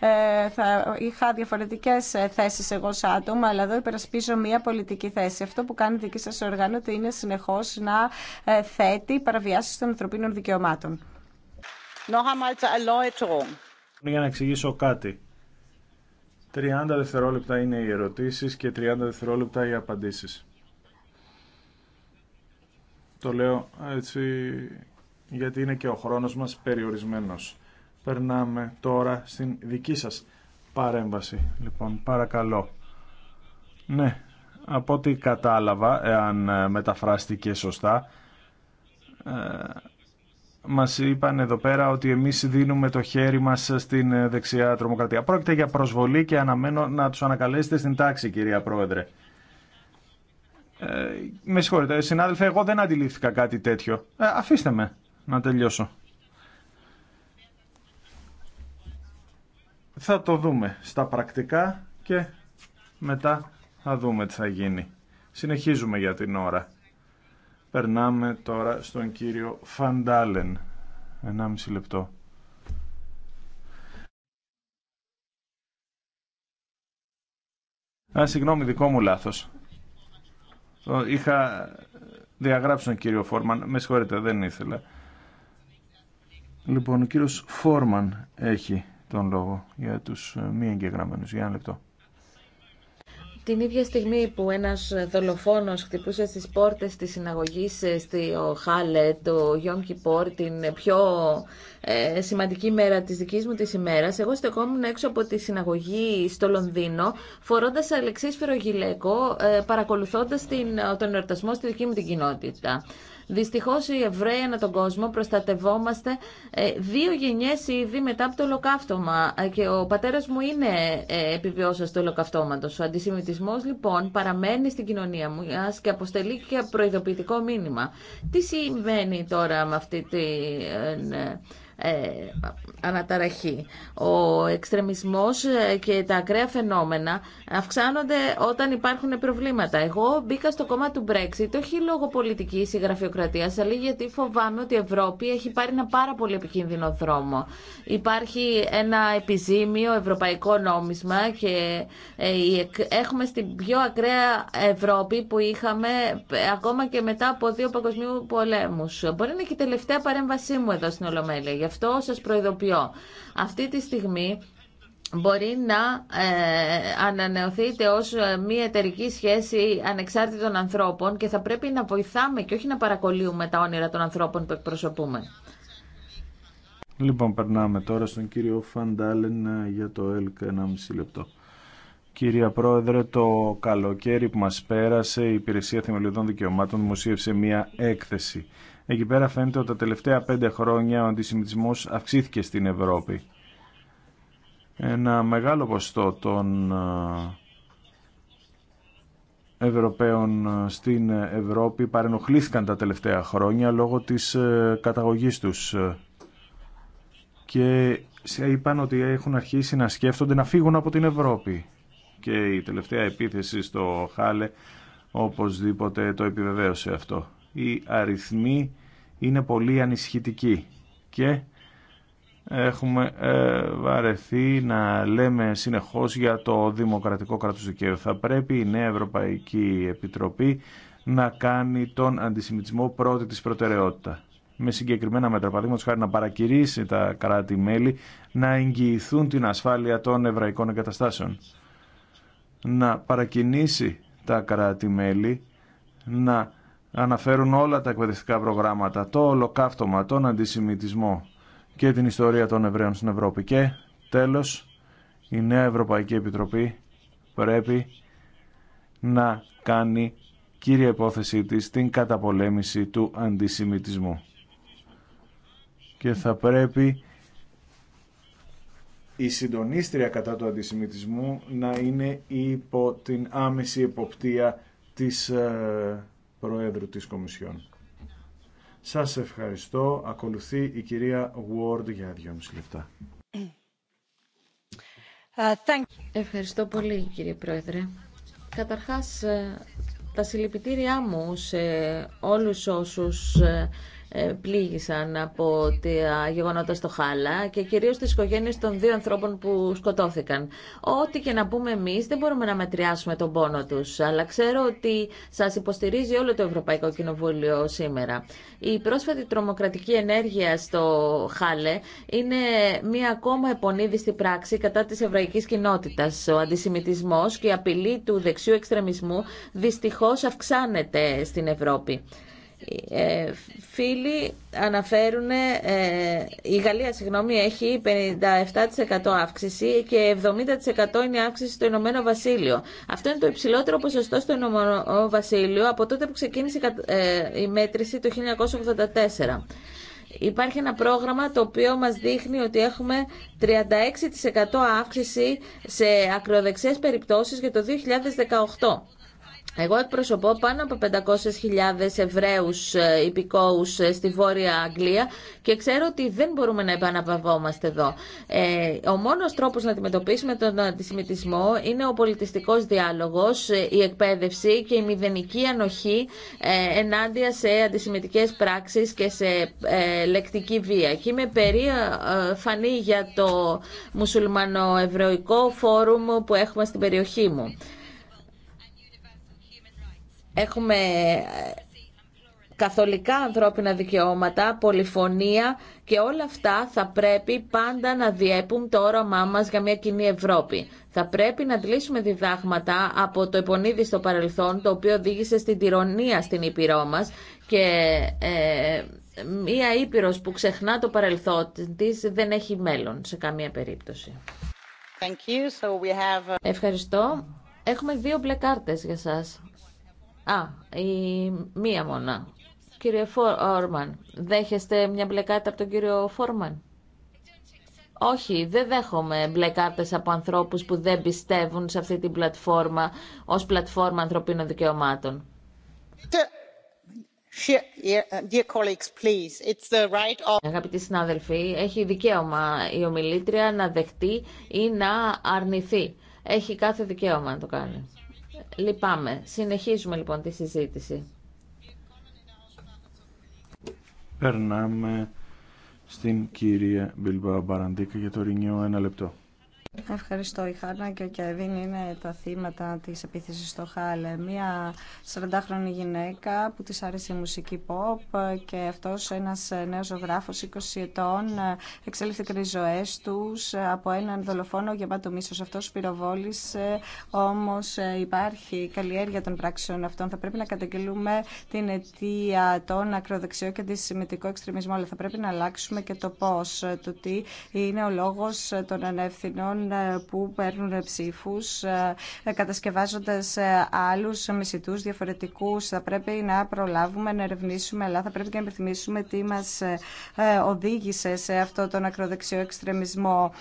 ε, θα είχα διαφορετικές ε, θέσεις εγώ σαν άτομα, αλλά εδώ υπερασπίζω μία πολιτική θέση. Αυτό που κάνει η δική σας οργάνωση είναι συνεχώς να ε, θέτει παραβιάσεις των ανθρωπίνων δικαιωμάτων. Για να εξηγήσω κάτι. 30 δευτερόλεπτα είναι οι ερωτήσεις και 30 δευτερόλεπτα οι απαντήσεις. Το λέω έτσι γιατί είναι και ο χρόνος μας περιορισμένος. Περνάμε τώρα στην δική σας παρέμβαση. Λοιπόν, παρακαλώ. Ναι, από ό,τι κατάλαβα, εάν ε, μεταφράστηκε σωστά, ε, μας είπαν εδώ πέρα ότι εμείς δίνουμε το χέρι μας στην ε, δεξιά τρομοκρατία. Πρόκειται για προσβολή και αναμένω να τους ανακαλέσετε στην τάξη, κυρία Πρόεδρε. με συγχωρείτε, συνάδελφε, εγώ δεν αντιλήφθηκα κάτι τέτοιο. αφήστε με να τελειώσω. Θα το δούμε στα πρακτικά και μετά θα δούμε τι θα γίνει. Συνεχίζουμε για την ώρα. Περνάμε τώρα στον κύριο Φαντάλεν. 1,5 λεπτό. Α, συγγνώμη, δικό μου λάθος. Είχα διαγράψει τον κύριο Φόρμαν. Με συγχωρείτε, δεν ήθελα. Λοιπόν, ο κύριος Φόρμαν έχει τον λόγο για τους ε, μη εγγεγραμμένους. Για ένα λεπτό. Την ίδια στιγμή που ένας δολοφόνος χτυπούσε στις πόρτες της συναγωγής ε, στη Χάλε, το Γιόμ Κιπόρ, την πιο ε, σημαντική μέρα της δικής μου της ημέρας, εγώ στεκόμουν έξω από τη συναγωγή στο Λονδίνο, φορώντας αλεξίσφαιρο γυλαίκο, ε, παρακολουθώντας την, τον εορτασμό στη δική μου την κοινότητα. Δυστυχώ, οι Εβραίοι ανά τον κόσμο προστατευόμαστε ε, δύο γενιέ ήδη μετά από το ολοκαύτωμα ε, και ο πατέρας μου είναι ε, επιβιώσας του ολοκαυτώματος. Ο αντισημιτισμός λοιπόν παραμένει στην κοινωνία μου και αποστελεί και προειδοποιητικό μήνυμα. Τι συμβαίνει τώρα με αυτή την ε, αναταραχή. Ο εξτρεμισμός ε, και τα ακραία φαινόμενα αυξάνονται όταν υπάρχουν προβλήματα. Εγώ μπήκα στο κόμμα του Brexit όχι λόγω πολιτικής ή γραφειοκρατίας, αλλά γιατί φοβάμαι ότι η Ευρώπη έχει πάρει ένα πάρα πολύ επικίνδυνο δρόμο. Υπάρχει ένα επιζήμιο ευρωπαϊκό νόμισμα και ε, έχουμε στην πιο ακραία Ευρώπη που είχαμε ακόμα και μετά από δύο παγκοσμίου πολέμους. Μπορεί να είναι και η τελευταία παρέμβασή μου εδώ στην Ολομέλεια αυτό σας προειδοποιώ. Αυτή τη στιγμή μπορεί να ε, ανανεωθείτε ως ε, μια εταιρική σχέση ανεξάρτητων ανθρώπων και θα πρέπει να βοηθάμε και όχι να παρακολύουμε τα όνειρα των ανθρώπων που εκπροσωπούμε. Λοιπόν, περνάμε τώρα στον κύριο Φαντάλεν ε, για το ΕΛΚ 1,5 λεπτό. Κυρία Πρόεδρε, το καλοκαίρι που μας πέρασε η Υπηρεσία Θεμελιωδών Δικαιωμάτων δημοσίευσε μια έκθεση Εκεί πέρα φαίνεται ότι τα τελευταία πέντε χρόνια ο αντισημιτισμός αυξήθηκε στην Ευρώπη. Ένα μεγάλο ποστό των Ευρωπαίων στην Ευρώπη παρενοχλήθηκαν τα τελευταία χρόνια λόγω της ε, καταγωγής τους και είπαν ότι έχουν αρχίσει να σκέφτονται να φύγουν από την Ευρώπη και η τελευταία επίθεση στο Χάλε οπωσδήποτε το επιβεβαίωσε αυτό οι αριθμοί είναι πολύ ανησυχητικοί και έχουμε ε, βαρεθεί να λέμε συνεχώς για το δημοκρατικό κράτος δικαίου. Θα πρέπει η Νέα Ευρωπαϊκή Επιτροπή να κάνει τον αντισημιτισμό πρώτη της προτεραιότητα. Με συγκεκριμένα μέτρα, παραδείγματο χάρη να παρακυρίσει τα κράτη-μέλη να εγγυηθούν την ασφάλεια των εβραϊκών εγκαταστάσεων. Να παρακινήσει τα κράτη-μέλη να αναφέρουν όλα τα εκπαιδευτικά προγράμματα, το ολοκαύτωμα, τον αντισημιτισμό και την ιστορία των Εβραίων στην Ευρώπη. Και τέλος, η νέα Ευρωπαϊκή Επιτροπή πρέπει να κάνει κύρια υπόθεσή της την καταπολέμηση του αντισημιτισμού. Και θα πρέπει η συντονίστρια κατά του αντισημιτισμού να είναι υπό την άμεση εποπτεία της ε, Προέδρου της Κομισιόν. Σας ευχαριστώ. Ακολουθεί η κυρία Ward για δύο λεπτά. Ε, ευχαριστώ πολύ κύριε Πρόεδρε. Καταρχάς ε, τα συλληπιτήριά μου σε όλους όσους ε, ε, πλήγησαν από τα γεγονότα στο Χάλα και κυρίως τις οικογένειες των δύο ανθρώπων που σκοτώθηκαν. Ό,τι και να πούμε εμείς δεν μπορούμε να μετριάσουμε τον πόνο τους, αλλά ξέρω ότι σας υποστηρίζει όλο το Ευρωπαϊκό Κοινοβούλιο σήμερα. Η πρόσφατη τρομοκρατική ενέργεια στο Χάλε είναι μία ακόμα επωνίδιστη πράξη κατά της εβραϊκή κοινότητας. Ο αντισημιτισμό και η απειλή του δεξιού εξτρεμισμού δυστυχώ αυξάνεται στην Ευρώπη. Ε, φίλοι αναφέρουν, ε, η Γαλλία συγγνώμη, έχει 57% αύξηση και 70% είναι αύξηση στο Ηνωμένο Βασίλειο. Αυτό είναι το υψηλότερο ποσοστό στο Ηνωμένο Βασίλειο από τότε που ξεκίνησε η ε, μέτρηση το 1984. Υπάρχει ένα πρόγραμμα το οποίο μας δείχνει ότι έχουμε 36% αύξηση σε ακροδεξιές περιπτώσεις για το 2018. Εγώ εκπροσωπώ πάνω από 500.000 Εβραίου υπηκόου στη Βόρεια Αγγλία και ξέρω ότι δεν μπορούμε να επαναπαυόμαστε εδώ. Ε, ο μόνο τρόπο να αντιμετωπίσουμε τον αντισημιτισμό είναι ο πολιτιστικό διάλογος, ε, η εκπαίδευση και η μηδενική ανοχή ε, ενάντια σε αντισημιτικέ πράξεις και σε λεκτική βία. Και είμαι φανή για το μουσουλμανοεβρεοϊκό φόρουμ που έχουμε στην περιοχή μου. Έχουμε ε, καθολικά ανθρώπινα δικαιώματα, πολυφωνία και όλα αυτά θα πρέπει πάντα να διέπουν το όραμά μας για μια κοινή Ευρώπη. Θα πρέπει να αντλήσουμε διδάγματα από το επονίδι στο παρελθόν, το οποίο οδήγησε στην τυρονία στην Ήπειρό μας και ε, μια Ήπειρος που ξεχνά το παρελθόν της δεν έχει μέλλον σε καμία περίπτωση. Thank Ευχαριστώ. Έχουμε δύο μπλε κάρτες για σας. Α, η μία μόνα. Κύριε Φόρμαν, δέχεστε μια μπλε κάρτα από τον κύριο Φόρμαν. Όχι, δεν δέχομαι μπλε κάρτες από ανθρώπους που δεν πιστεύουν σε αυτή την πλατφόρμα ως πλατφόρμα ανθρωπίνων δικαιωμάτων. Αγαπητοί συνάδελφοι, έχει δικαίωμα η ομιλήτρια να δεχτεί ή να αρνηθεί. Έχει κάθε δικαίωμα να το κάνει. Λυπάμαι. Συνεχίζουμε λοιπόν τη συζήτηση. Περνάμε στην κυρία Μπιλμπάου Μπαραντίκα για το ρινιό ένα λεπτό. Ευχαριστώ. Η Χάνα και ο Κέβιν είναι τα θύματα τη επίθεση στο Χάλε. Μία 40χρονη γυναίκα που τη άρεσε η μουσική pop και αυτό ένα νέο ζωγράφος 20 ετών εξέλιχθηκαν οι ζωέ τους από έναν δολοφόνο γεμάτο μίσο. Αυτός πυροβόλησε, Όμω ε, υπάρχει καλλιέργεια των πράξεων αυτών. Θα πρέπει να καταγγελούμε την αιτία των ακροδεξιών και αντισημιτικό εξτρεμισμό, αλλά θα πρέπει να αλλάξουμε και το πώ το τι είναι ο λόγος των ανεύθυνων ε, που παίρνουν ψήφου, ε, κατασκευάζοντα ε, άλλου μισητούς διαφορετικού. Θα πρέπει να προλάβουμε, να ερευνήσουμε, αλλά θα πρέπει και να επιθυμήσουμε τι μα οδήγησε σε αυτό τον ακροδεξιό εξτρεμισμό.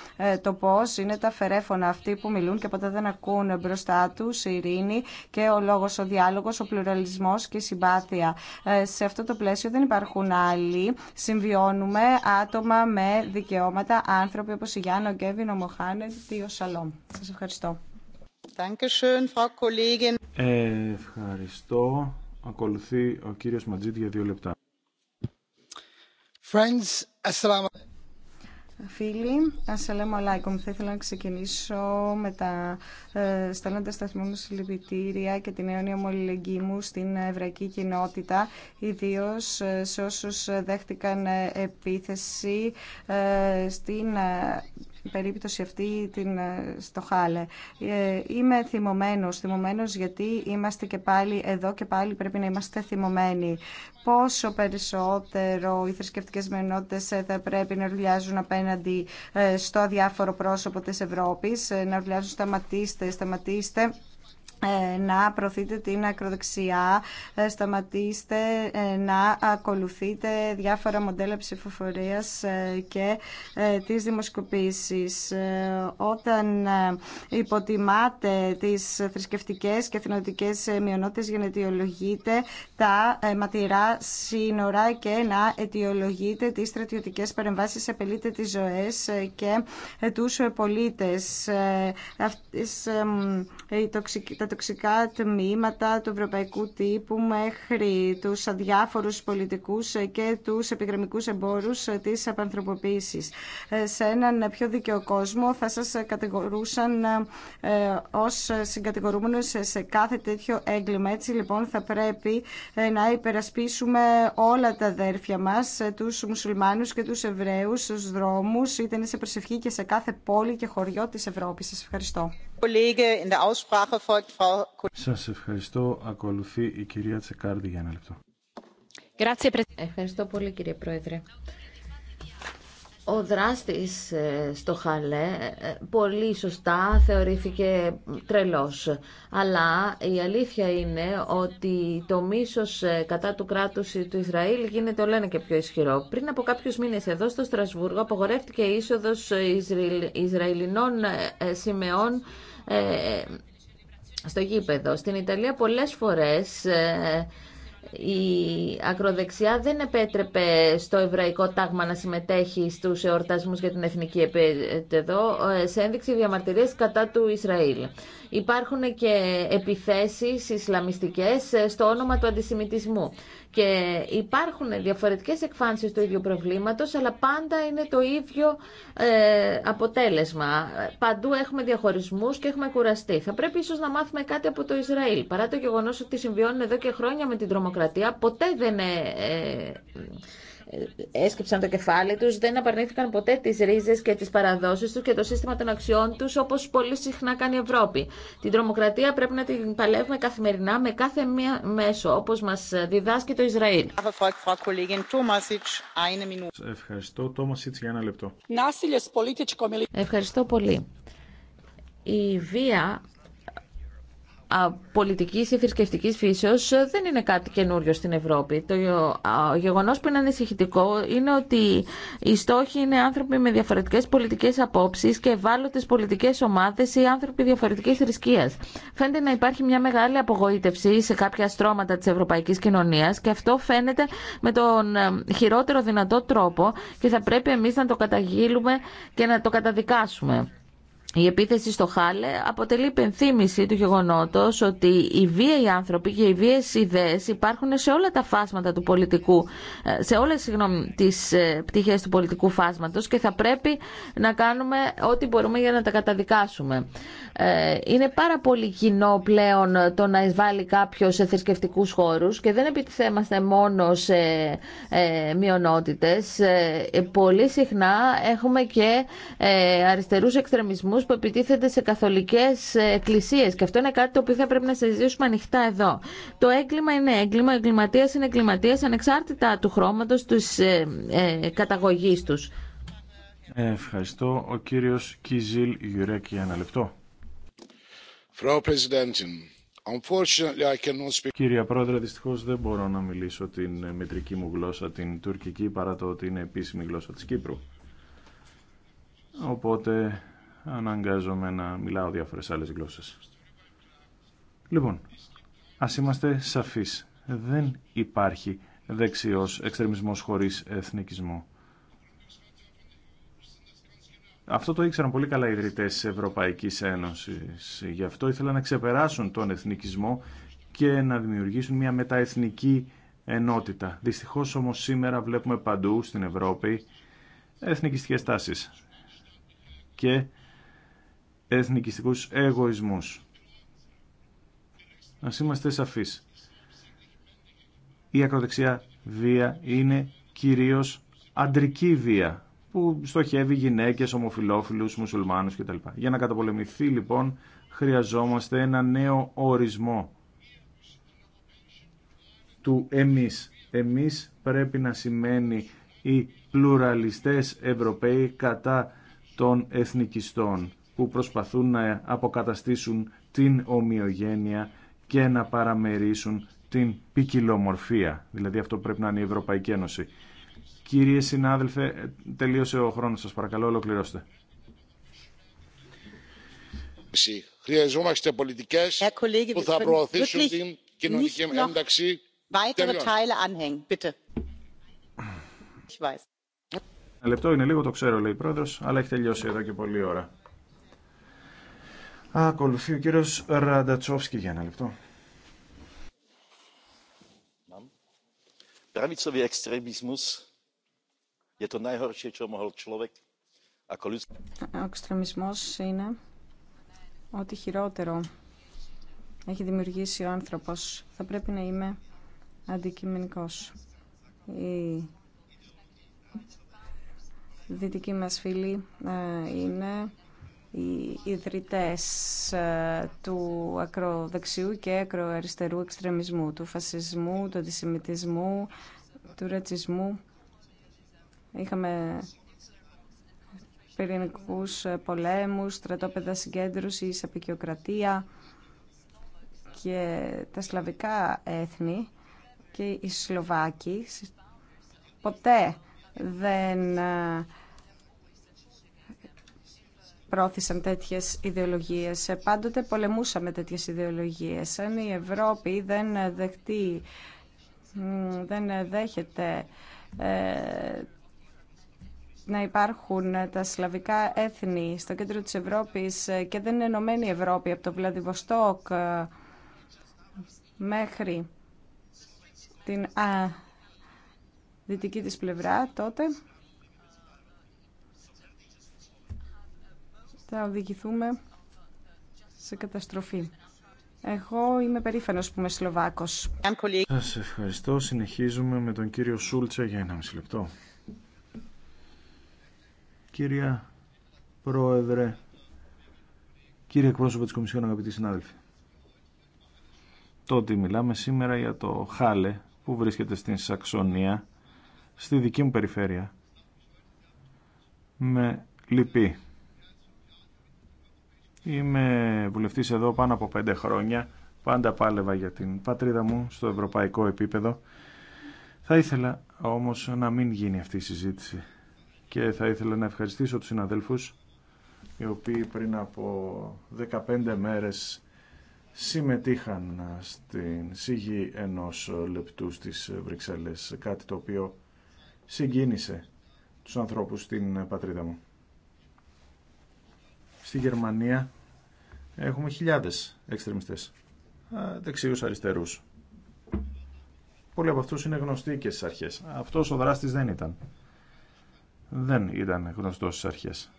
Το πώ είναι τα φερέφωνα αυτοί που μιλούν και ποτέ δεν ακούν μπροστά του, η ειρήνη και ο λόγο, ο διάλογο, ο πλουραλισμό και η συμπάθεια. Σε αυτό το πλαίσιο δεν υπάρχουν άλλοι. Συμβιώνουμε άτομα με δικαιώματα, άνθρωποι όπω η Γιάννα, ο ο Μοχάνετ δύο Σαλόμ. Σας ευχαριστώ. Ευχαριστώ. Ακολουθεί ο κύριος Ματζίτ για δύο λεπτά. Friends, Φίλοι, αλάικομ. Θα ήθελα να ξεκινήσω με τα ε, στέλνοντα τα μου συλληπιτήρια και την αιώνια μου μου στην εβραϊκή κοινότητα, ιδίω ε, σε όσου δέχτηκαν ε, επίθεση ε, στην ε, περίπτωση αυτή την, ε, στο Χάλε. Ε, είμαι θυμωμένος, θυμωμένος γιατί είμαστε και πάλι εδώ και πάλι πρέπει να είμαστε θυμωμένοι. Πόσο περισσότερο οι θρησκευτικέ μειονότητε ε, θα πρέπει να ρουλιάζουν απέναντι στο διάφορο πρόσωπο της Ευρώπης, να ρουλιάζουν σταματήστε, σταματήστε ε, να προωθείτε την ακροδεξιά, ε, σταματήστε ε, να ακολουθείτε διάφορα μοντέλα ψηφοφορίας και τις δημοσκοπήσεις. Όταν υποτιμάτε τις θρησκευτικές και για μειονότητες γενετιολογείτε τα ματηρά σύνορα και να αιτιολογείτε τις στρατιωτικές παρεμβάσεις, επελείτε τις ζωές και τους πολίτες τοξικά τμήματα του ευρωπαϊκού τύπου μέχρι τους αδιάφορους πολιτικούς και τους επιγραμμικούς εμπόρους της απανθρωποποίησης. Ε, σε έναν πιο δίκαιο κόσμο θα σας κατηγορούσαν ε, ως συγκατηγορούμενος σε κάθε τέτοιο έγκλημα. Έτσι λοιπόν θα πρέπει ε, να υπερασπίσουμε όλα τα αδέρφια μας, τους μουσουλμάνους και τους Εβραίους στους δρόμους, είτε είναι σε προσευχή και σε κάθε πόλη και χωριό της Ευρώπης. Σας ευχαριστώ. Σας ευχαριστώ. Ακολουθεί η κυρία Τσεκάρδη για ένα λεπτό. Ευχαριστώ πολύ κύριε Πρόεδρε. Ο δράστης ε, στο Χαλέ ε, ε, πολύ σωστά θεωρήθηκε τρελός. Αλλά η αλήθεια είναι ότι το μίσος κατά του κράτους του Ισραήλ γίνεται όλο ένα και πιο ισχυρό. Πριν από κάποιους μήνες εδώ στο Στρασβούργο απογορεύτηκε η είσοδος Ισραηλινών σημεών ε, στο γήπεδο. Στην Ιταλία πολλές φορές ε, η ακροδεξιά δεν επέτρεπε στο εβραϊκό τάγμα να συμμετέχει στους εορτασμούς για την εθνική επέτεδο ε, σε ένδειξη διαμαρτυρίες κατά του Ισραήλ. Υπάρχουν και επιθέσεις ισλαμιστικές στο όνομα του αντισημιτισμού. Και υπάρχουν διαφορετικές εκφάνσεις του ίδιου προβλήματος, αλλά πάντα είναι το ίδιο ε, αποτέλεσμα. Παντού έχουμε διαχωρισμούς και έχουμε κουραστεί. Θα πρέπει ίσως να μάθουμε κάτι από το Ισραήλ. Παρά το γεγονός ότι συμβιώνουν εδώ και χρόνια με την τρομοκρατία, ποτέ δεν είναι... Ε, έσκυψαν το κεφάλι τους, δεν απαρνήθηκαν ποτέ τις ρίζες και τις παραδόσεις τους και το σύστημα των αξιών τους όπως πολύ συχνά κάνει η Ευρώπη. Την τρομοκρατία πρέπει να την παλεύουμε καθημερινά με κάθε μία μέσο όπως μας διδάσκει το Ισραήλ. Ευχαριστώ. Τόμασιτς για ένα λεπτό. Ευχαριστώ πολύ. Η βία πολιτική ή θρησκευτική φύσεω ε, δεν είναι κάτι καινούριο στην Ευρώπη. Το ε, γεγονό που είναι ανησυχητικό είναι ότι οι στόχοι είναι άνθρωποι με διαφορετικέ πολιτικέ απόψει και ευάλωτε πολιτικέ ομάδε ή άνθρωποι διαφορετική θρησκεία. Φαίνεται να υπάρχει μια μεγάλη απογοήτευση σε κάποια στρώματα τη ευρωπαϊκή κοινωνία και αυτό φαίνεται με τον ε, χειρότερο δυνατό τρόπο και θα πρέπει εμεί να το καταγγείλουμε και να το καταδικάσουμε. Η επίθεση στο Χάλε αποτελεί υπενθύμηση του γεγονότο ότι οι βίαιοι άνθρωποι και οι βίαιε ιδέε υπάρχουν σε όλα τα φάσματα του πολιτικού, ε, σε όλε τι ε, πτυχέ του πολιτικού φάσματος και θα πρέπει να κάνουμε ό,τι μπορούμε για να τα καταδικάσουμε. Ε, είναι πάρα πολύ κοινό πλέον το να εισβάλλει κάποιο σε θρησκευτικού χώρους και δεν επιτιθέμαστε μόνο σε μειονότητε. Πολύ συχνά έχουμε και αριστερού εξτρεμισμού που επιτίθεται σε καθολικές ε, εκκλησίες και αυτό είναι κάτι το οποίο θα πρέπει να συζητήσουμε ανοιχτά εδώ. Το έγκλημα είναι έγκλημα, ο εγκληματίας είναι εγκληματία ανεξάρτητα του χρώματος τη ε, ε, Ευχαριστώ. Ο κύριος Κιζίλ Γιουρέκη, για ένα λεπτό. Κύριε Πρόεδρε, δυστυχώ δεν μπορώ να μιλήσω την μετρική μου γλώσσα, την τουρκική, παρά το ότι είναι επίσημη γλώσσα τη Κύπρου. Οπότε αναγκάζομαι να μιλάω διάφορες άλλες γλώσσες. Λοιπόν, ας είμαστε σαφείς. Δεν υπάρχει δεξιός εξτρεμισμός χωρίς εθνικισμό. Αυτό το ήξεραν πολύ καλά οι ιδρυτές της Ευρωπαϊκής Ένωσης. Γι' αυτό ήθελαν να ξεπεράσουν τον εθνικισμό και να δημιουργήσουν μια μεταεθνική ενότητα. Δυστυχώς όμως σήμερα βλέπουμε παντού στην Ευρώπη εθνικιστικές τάσεις. Και εθνικιστικούς εγωισμούς. Ας είμαστε σαφείς. Η ακροδεξιά βία είναι κυρίως αντρική βία που στοχεύει γυναίκες, ομοφιλόφιλους, μουσουλμάνους κτλ. Για να καταπολεμηθεί λοιπόν χρειαζόμαστε ένα νέο ορισμό του εμείς. Εμείς πρέπει να σημαίνει οι πλουραλιστές Ευρωπαίοι κατά των εθνικιστών που προσπαθούν να αποκαταστήσουν την ομοιογένεια και να παραμερίσουν την ποικιλομορφία. Δηλαδή αυτό πρέπει να είναι η Ευρωπαϊκή Ένωση. Κύριε συνάδελφε, τελείωσε ο χρόνος σας. Παρακαλώ, ολοκληρώστε. Χρειαζόμαστε πολιτικές που θα προωθήσουν την κοινωνική ένταξη. Ένα λεπτό είναι λίγο, το ξέρω, λέει η πρόεδρος, αλλά έχει τελειώσει εδώ και πολλή ώρα. Ακολουθεί ο κύριος Ραντατσόφσκι για ένα λεπτό. Ο εξτρεμισμός είναι ό,τι χειρότερο έχει δημιουργήσει ο άνθρωπος. Θα πρέπει να είμαι αντικειμενικός. Οι δυτικοί μας φίλοι ε, είναι οι ιδρυτές ε, του ακροδεξιού και ακροαριστερού εξτρεμισμού, του φασισμού, του αντισημιτισμού, του ρατσισμού. Είχαμε πυρηνικούς ε, πολέμους, στρατόπεδα συγκέντρωσης, απεικιοκρατία και τα σλαβικά έθνη και οι Σλοβάκοι ποτέ δεν ε, πρόθυσαν τέτοιες ιδεολογίες. Πάντοτε πολεμούσαμε τέτοιες ιδεολογίες. Αν η Ευρώπη δεν δεχτεί, δεν δέχεται ε, να υπάρχουν τα σλαβικά έθνη στο κέντρο της Ευρώπης ε, και δεν είναι ενωμένη η Ευρώπη από το Βλαδιβοστόκ ε, μέχρι την α, δυτική της πλευρά τότε θα οδηγηθούμε σε καταστροφή. Εγώ είμαι περήφανο που είμαι Σλοβάκος. Σα ευχαριστώ. Συνεχίζουμε με τον κύριο Σούλτσα για ένα μισή λεπτό. Κύρια Πρόεδρε, κύριε εκπρόσωπο της Κομισιόν, αγαπητοί συνάδελφοι. Τότε μιλάμε σήμερα για το Χάλε που βρίσκεται στην Σαξονία, στη δική μου περιφέρεια, με λυπή. Είμαι βουλευτής εδώ πάνω από πέντε χρόνια. Πάντα πάλευα για την πατρίδα μου στο ευρωπαϊκό επίπεδο. Θα ήθελα όμως να μην γίνει αυτή η συζήτηση. Και θα ήθελα να ευχαριστήσω τους συναδέλφους οι οποίοι πριν από 15 μέρες συμμετείχαν στην σίγη ενός λεπτού στις Βρυξέλλες, κάτι το οποίο συγκίνησε τους ανθρώπους στην πατρίδα μου. Στη Γερμανία Έχουμε χιλιάδες εξτρεμιστές, δεξιούς αριστερούς. Πολλοί από αυτούς είναι γνωστοί και στις αρχές. Αυτός ο δράστης δεν ήταν. Δεν ήταν γνωστός στις αρχές.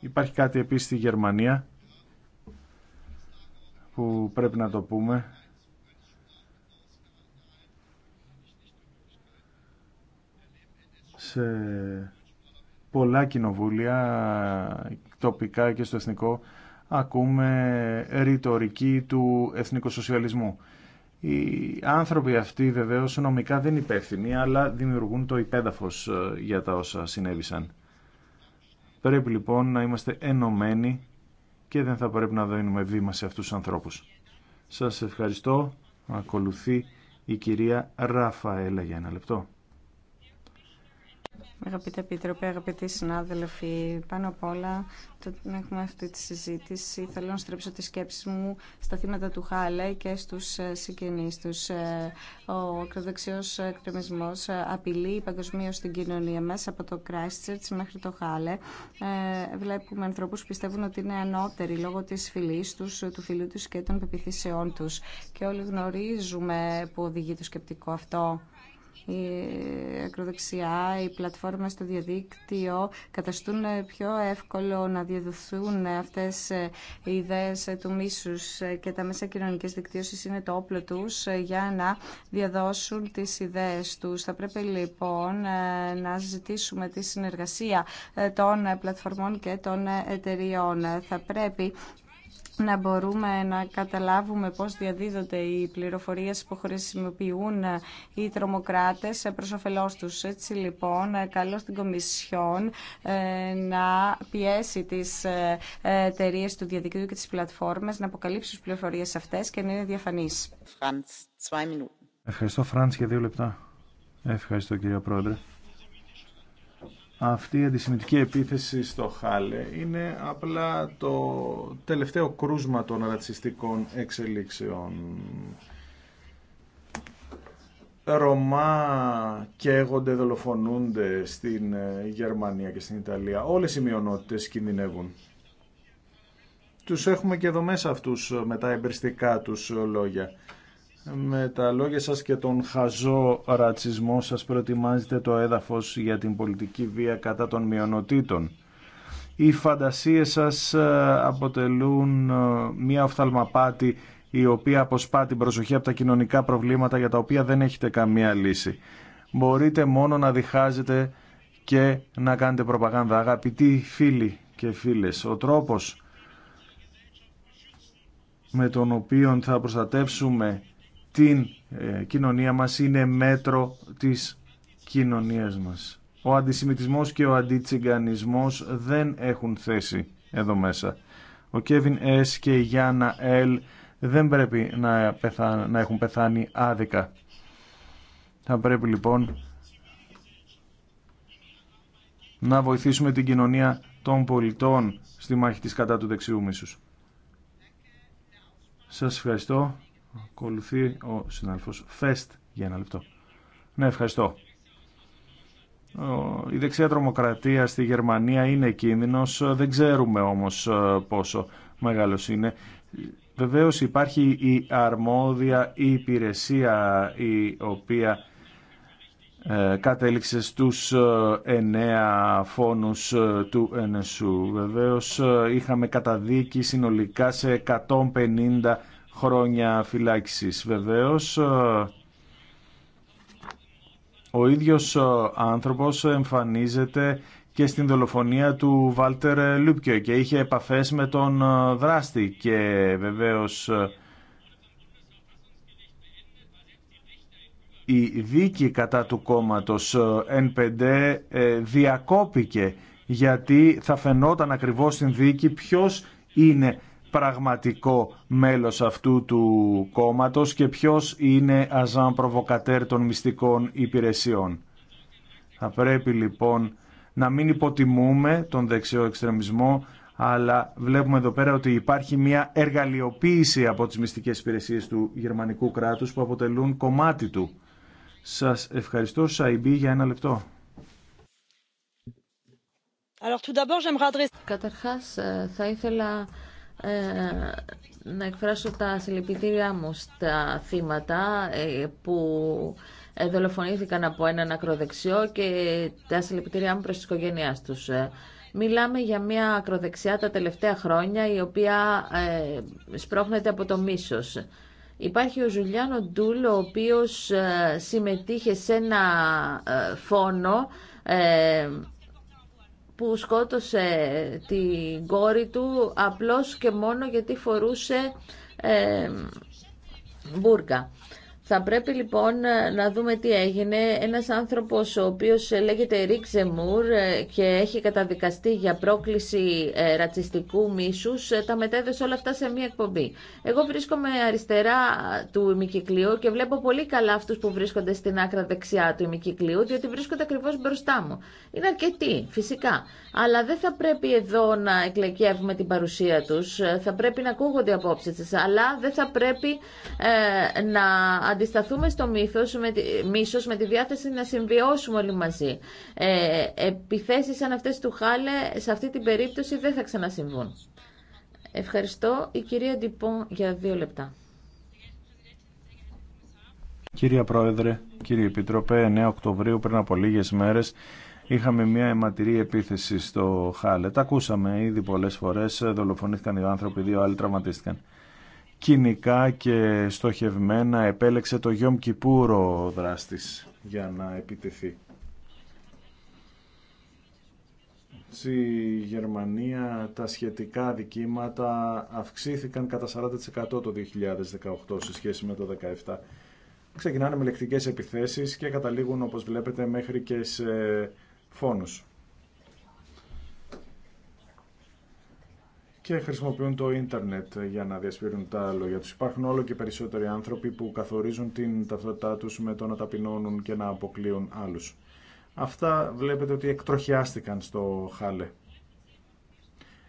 Υπάρχει κάτι επίσης στη Γερμανία που πρέπει να το πούμε. Σε πολλά κοινοβούλια, τοπικά και στο εθνικό, ακούμε ρητορική του εθνικοσοσιαλισμού. Οι άνθρωποι αυτοί βεβαίως νομικά δεν υπεύθυνοι, αλλά δημιουργούν το υπέδαφος ε, για τα όσα συνέβησαν. Πρέπει λοιπόν να είμαστε ενωμένοι και δεν θα πρέπει να δίνουμε βήμα σε αυτούς τους ανθρώπους. Σας ευχαριστώ. Ακολουθεί η κυρία Ραφαέλα για ένα λεπτό. Αγαπητέ Επίτροπε, αγαπητοί συνάδελφοι, πάνω απ' όλα, να έχουμε αυτή τη συζήτηση, θέλω να στρέψω τη σκέψη μου στα θύματα του Χάλε και στους ε, συγγενείς τους. Ε, ο ακροδεξιός εκτρεμισμός ε, απειλεί παγκοσμίω την κοινωνία μας από το Christchurch μέχρι το Χάλε. Βλέπουμε ανθρώπους που πιστεύουν ότι είναι ανώτεροι λόγω της φυλής τους, του φίλου τους και των πεπιθήσεών τους. Και όλοι γνωρίζουμε που οδηγεί το σκεπτικό αυτό η ακροδεξιά, η πλατφόρμα στο διαδίκτυο καταστούν πιο εύκολο να διαδοθούν αυτές ε, οι ιδέες ε, του μίσους ε, και τα μέσα κοινωνικής δικτύωσης είναι το όπλο τους για να διαδώσουν τις ιδέες τους. Θα πρέπει λοιπόν να ζητήσουμε τη συνεργασία των πλατφορμών και των εταιριών. Θα πρέπει να μπορούμε να καταλάβουμε πώς διαδίδονται οι πληροφορίες που χρησιμοποιούν οι τρομοκράτες προς όφελός τους. Έτσι λοιπόν, καλώ την Κομισιόν ε, να πιέσει τις ε, εταιρείε του διαδικτύου και τις πλατφόρμες να αποκαλύψει τις πληροφορίες αυτές και να είναι διαφανείς. Ευχαριστώ Φραντς για δύο λεπτά. Ευχαριστώ κύριε Πρόεδρε αυτή η αντισημιτική επίθεση στο Χάλε είναι απλά το τελευταίο κρούσμα των ρατσιστικών εξελίξεων. Ρωμά καίγονται, δολοφονούνται στην ε, Γερμανία και στην Ιταλία. Όλες οι μειονότητες κινδυνεύουν. Τους έχουμε και εδώ μέσα αυτούς ε, με τα εμπεριστικά τους λόγια με τα λόγια σας και τον χαζό ρατσισμό σας προετοιμάζετε το έδαφος για την πολιτική βία κατά των μειονοτήτων. Οι φαντασίες σας ε, αποτελούν ε, μια οφθαλμαπάτη η οποία αποσπά την προσοχή από τα κοινωνικά προβλήματα για τα οποία δεν έχετε καμία λύση. Μπορείτε μόνο να διχάζετε και να κάνετε προπαγάνδα. Αγαπητοί φίλοι και φίλες, ο τρόπος με τον οποίο θα προστατεύσουμε την ε, κοινωνία μας είναι μέτρο της κοινωνίας μας. Ο αντισημιτισμός και ο αντιτσιγκανισμός δεν έχουν θέση εδώ μέσα. Ο Κέβιν Ες και η Γιάννα Ελ δεν πρέπει να, να έχουν πεθάνει άδικα. Θα πρέπει λοιπόν να βοηθήσουμε την κοινωνία των πολιτών στη μάχη της κατά του δεξιού μίσους. Σας ευχαριστώ. Ακολουθεί ο συνάδελφος Φεστ για ένα λεπτό. Ναι, ευχαριστώ. Η δεξιά τρομοκρατία στη Γερμανία είναι κίνδυνος, δεν ξέρουμε όμως ε, πόσο μεγάλος είναι. Βεβαίως υπάρχει η αρμόδια η υπηρεσία η οποία ε, κατέληξε στους ε, εννέα φόνους του ΕΝΕΣΟΥ. Βεβαίως είχαμε καταδίκη συνολικά σε 150 χρόνια φυλάκισης. Βεβαίως, ο ίδιος ε, άνθρωπος εμφανίζεται και στην δολοφονία του Βάλτερ Λούπκιο και είχε επαφές με τον ε, δράστη και βεβαίως ε, η δίκη κατά του κόμματος N5 διακόπηκε γιατί θα φαινόταν ακριβώς στην δίκη ποιος είναι πραγματικό μέλος αυτού του κόμματος και ποιος είναι αζάν προβοκατέρ των μυστικών υπηρεσιών. Θα πρέπει λοιπόν να μην υποτιμούμε τον δεξιό εξτρεμισμό, αλλά βλέπουμε εδώ πέρα ότι υπάρχει μια εργαλειοποίηση από τις μυστικές υπηρεσίες του γερμανικού κράτους που αποτελούν κομμάτι του. Σας ευχαριστώ, Σαϊμπή, για ένα λεπτό. Καταρχάς, ε, θα ήθελα ε, να εκφράσω τα συλληπιτήριά μου στα θύματα ε, που ε, δολοφονήθηκαν από έναν ακροδεξιό και τα συλληπιτήριά μου προς τις οικογένειάς τους. Μιλάμε για μια ακροδεξιά τα τελευταία χρόνια η οποία σπρώχνεται από το μίσος. Υπάρχει ο Ζουλιάνο Ντούλ ο οποίος συμμετείχε σε ένα φόνο που σκότωσε την κόρη του απλώς και μόνο γιατί φορούσε ε, θα πρέπει λοιπόν ε, να δούμε τι έγινε. Ένας άνθρωπος ο οποίος ε, λέγεται Ρίξ Ζεμούρ ε, και έχει καταδικαστεί για πρόκληση ρατσιστικού μίσους, τα μετέδωσε όλα αυτά σε μία εκπομπή. Εγώ βρίσκομαι αριστερά του ημικυκλίου και βλέπω πολύ καλά αυτούς που βρίσκονται στην άκρα δεξιά του ημικυκλίου, διότι βρίσκονται ακριβώς μπροστά μου. Είναι αρκετοί, φυσικά. Αλλά δεν θα πρέπει εδώ να εκλεκεύουμε την παρουσία τους. Θα πρέπει να ακούγονται απόψεις αλλά δεν θα πρέπει ε, να αντισταθούμε στο μύθος, με, μίσος με τη διάθεση να συμβιώσουμε όλοι μαζί. Ε, επιθέσεις σαν αυτές του Χάλε σε αυτή την περίπτωση δεν θα ξανασυμβούν. Ευχαριστώ. Η κυρία Ντυπών για δύο λεπτά. Κύριε Πρόεδρε, κύριε Επιτροπέ, 9 Οκτωβρίου πριν από λίγες μέρες είχαμε μια αιματηρή επίθεση στο Χάλε. Τα ακούσαμε ήδη πολλές φορές, δολοφονήθηκαν οι άνθρωποι, δύο άλλοι τραυματίστηκαν κοινικά και στοχευμένα επέλεξε το Γιόμ Κιπούρο ο δράστης για να επιτεθεί. Στη Γερμανία τα σχετικά δικήματα αυξήθηκαν κατά 40% το 2018 σε σχέση με το 2017. Ξεκινάνε με λεκτικές επιθέσεις και καταλήγουν όπως βλέπετε μέχρι και σε φόνους. και χρησιμοποιούν το ίντερνετ για να διασπείρουν τα λόγια τους. Υπάρχουν όλο και περισσότεροι άνθρωποι που καθορίζουν την ταυτότητά τους με το να ταπεινώνουν και να αποκλείουν άλλους. Αυτά βλέπετε ότι εκτροχιάστηκαν στο Χάλε.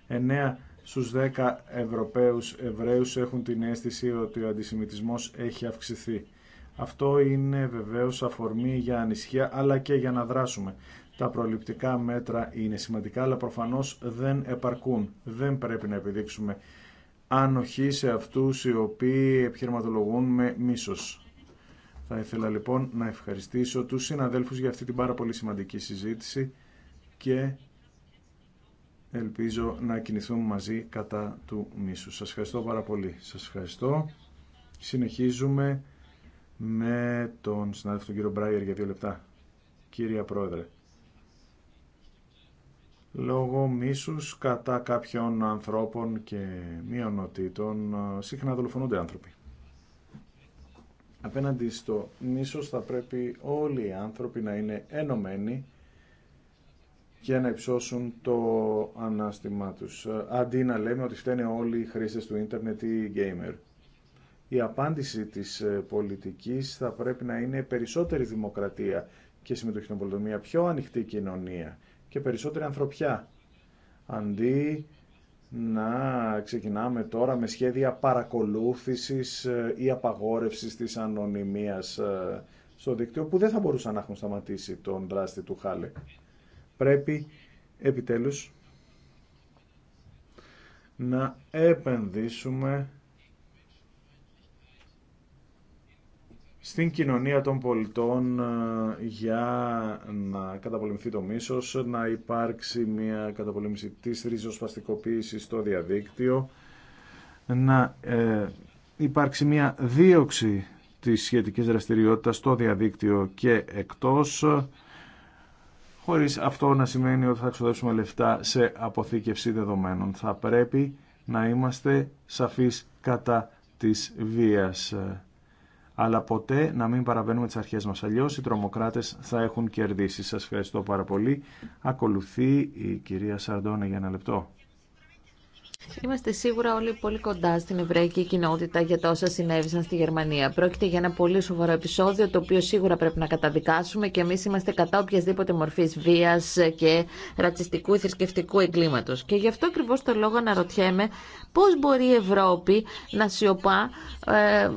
9 στους 10 Ευρωπαίους Εβραίους έχουν την αίσθηση ότι ο αντισημιτισμός έχει αυξηθεί. Αυτό είναι βεβαίως αφορμή για ανησυχία αλλά και για να δράσουμε. Τα προληπτικά μέτρα είναι σημαντικά, αλλά προφανώς δεν επαρκούν. Δεν πρέπει να επιδείξουμε ανοχή σε αυτούς οι οποίοι επιχειρηματολογούν με μίσος. Θα ήθελα λοιπόν να ευχαριστήσω τους συναδέλφους για αυτή την πάρα πολύ σημαντική συζήτηση και ελπίζω να κινηθούμε μαζί κατά του μίσου. Σας ευχαριστώ πάρα πολύ. Σας ευχαριστώ. Συνεχίζουμε με τον συνάδελφο τον κύριο Μπράιερ για δύο λεπτά. Κύριε Πρόεδρε λόγω μίσους κατά κάποιων ανθρώπων και μειονοτήτων συχνά δολοφονούνται άνθρωποι. Απέναντι στο μίσος θα πρέπει όλοι οι άνθρωποι να είναι ενωμένοι και να υψώσουν το ανάστημά τους. Αντί να λέμε ότι φταίνε όλοι οι χρήστες του ίντερνετ ή οι γκέιμερ. Η απάντηση της ε, πολιτικής θα πρέπει να είναι περισσότερη δημοκρατία και συμμετοχή στην πολιτομία, πιο ανοιχτή κοινωνία και περισσότερη ανθρωπιά. Αντί να ξεκινάμε τώρα με σχέδια παρακολούθησης ε, ή απαγόρευσης της ανωνυμίας ε, στο δίκτυο που δεν θα μπορούσαν να έχουν σταματήσει τον δράστη του Χάλε. Πρέπει επιτέλους να επενδύσουμε στην κοινωνία των πολιτών ε, για να καταπολεμηθεί το μίσος, να υπάρξει μια καταπολέμηση της ριζοσπαστικοποίησης στο διαδίκτυο, να ε, υπάρξει μια δίωξη της σχετικής δραστηριότητας στο διαδίκτυο και εκτός, χωρίς αυτό να σημαίνει ότι θα ξοδέψουμε λεφτά σε αποθήκευση δεδομένων. Θα πρέπει να είμαστε σαφείς κατά της βίας αλλά ποτέ να μην παραβαίνουμε τις αρχές μας. Αλλιώς οι τρομοκράτες θα έχουν κερδίσει. Σας ευχαριστώ πάρα πολύ. Ακολουθεί η κυρία Σαρντόνα για ένα λεπτό. Είμαστε σίγουρα όλοι πολύ κοντά στην εβραϊκή κοινότητα για τα όσα συνέβησαν στη Γερμανία. Πρόκειται για ένα πολύ σοβαρό επεισόδιο, το οποίο σίγουρα πρέπει να καταδικάσουμε και εμεί είμαστε κατά οποιασδήποτε μορφή βία και ρατσιστικού ή θρησκευτικού εγκλήματο. Και γι' αυτό ακριβώ το λόγο αναρωτιέμαι πώ μπορεί η Ευρώπη να σιωπά. Ε,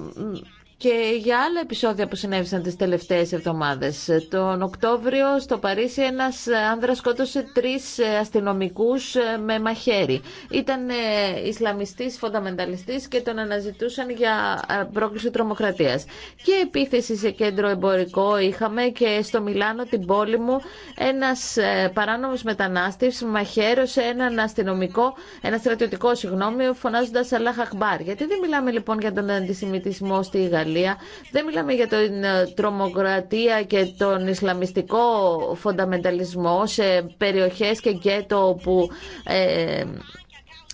και για άλλα επεισόδια που συνέβησαν τις τελευταίες εβδομάδες. Τον Οκτώβριο στο Παρίσι ένας άνδρας σκότωσε τρεις αστυνομικούς με μαχαίρι. Ήταν ε, Ισλαμιστής, φονταμενταλιστής και τον αναζητούσαν για ε, πρόκληση τρομοκρατίας. Και επίθεση σε κέντρο εμπορικό είχαμε και στο Μιλάνο την πόλη μου ένας ε, παράνομος μετανάστης μαχαίρωσε έναν αστυνομικό, ένα στρατιωτικό συγγνώμη, φωνάζοντας Αλάχ Αχμπάρ. Γιατί δεν μιλάμε λοιπόν για τον αντισημιτισμό στη Γαλλία δεν μιλάμε για την ε, τρομοκρατία και τον Ισλαμιστικό φονταμενταλισμό σε περιοχές και γκέτο όπου ε,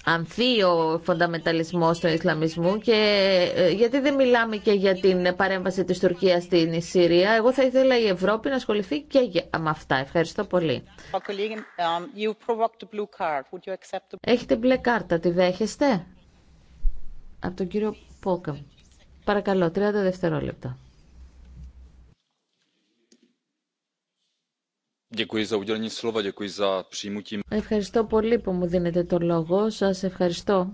ανθεί ο φονταμενταλισμός του Ισλαμισμού και ε, γιατί δεν μιλάμε και για την παρέμβαση της Τουρκίας στην Συρία. Εγώ θα ήθελα η Ευρώπη να ασχοληθεί και με αυτά. Ευχαριστώ πολύ. Έχετε μπλε κάρτα, τη δέχεστε? Από τον κύριο Πόκαμ. Παρακαλώ, 30 δευτερόλεπτα. Ευχαριστώ πολύ που μου δίνετε το λόγο. Σας ευχαριστώ.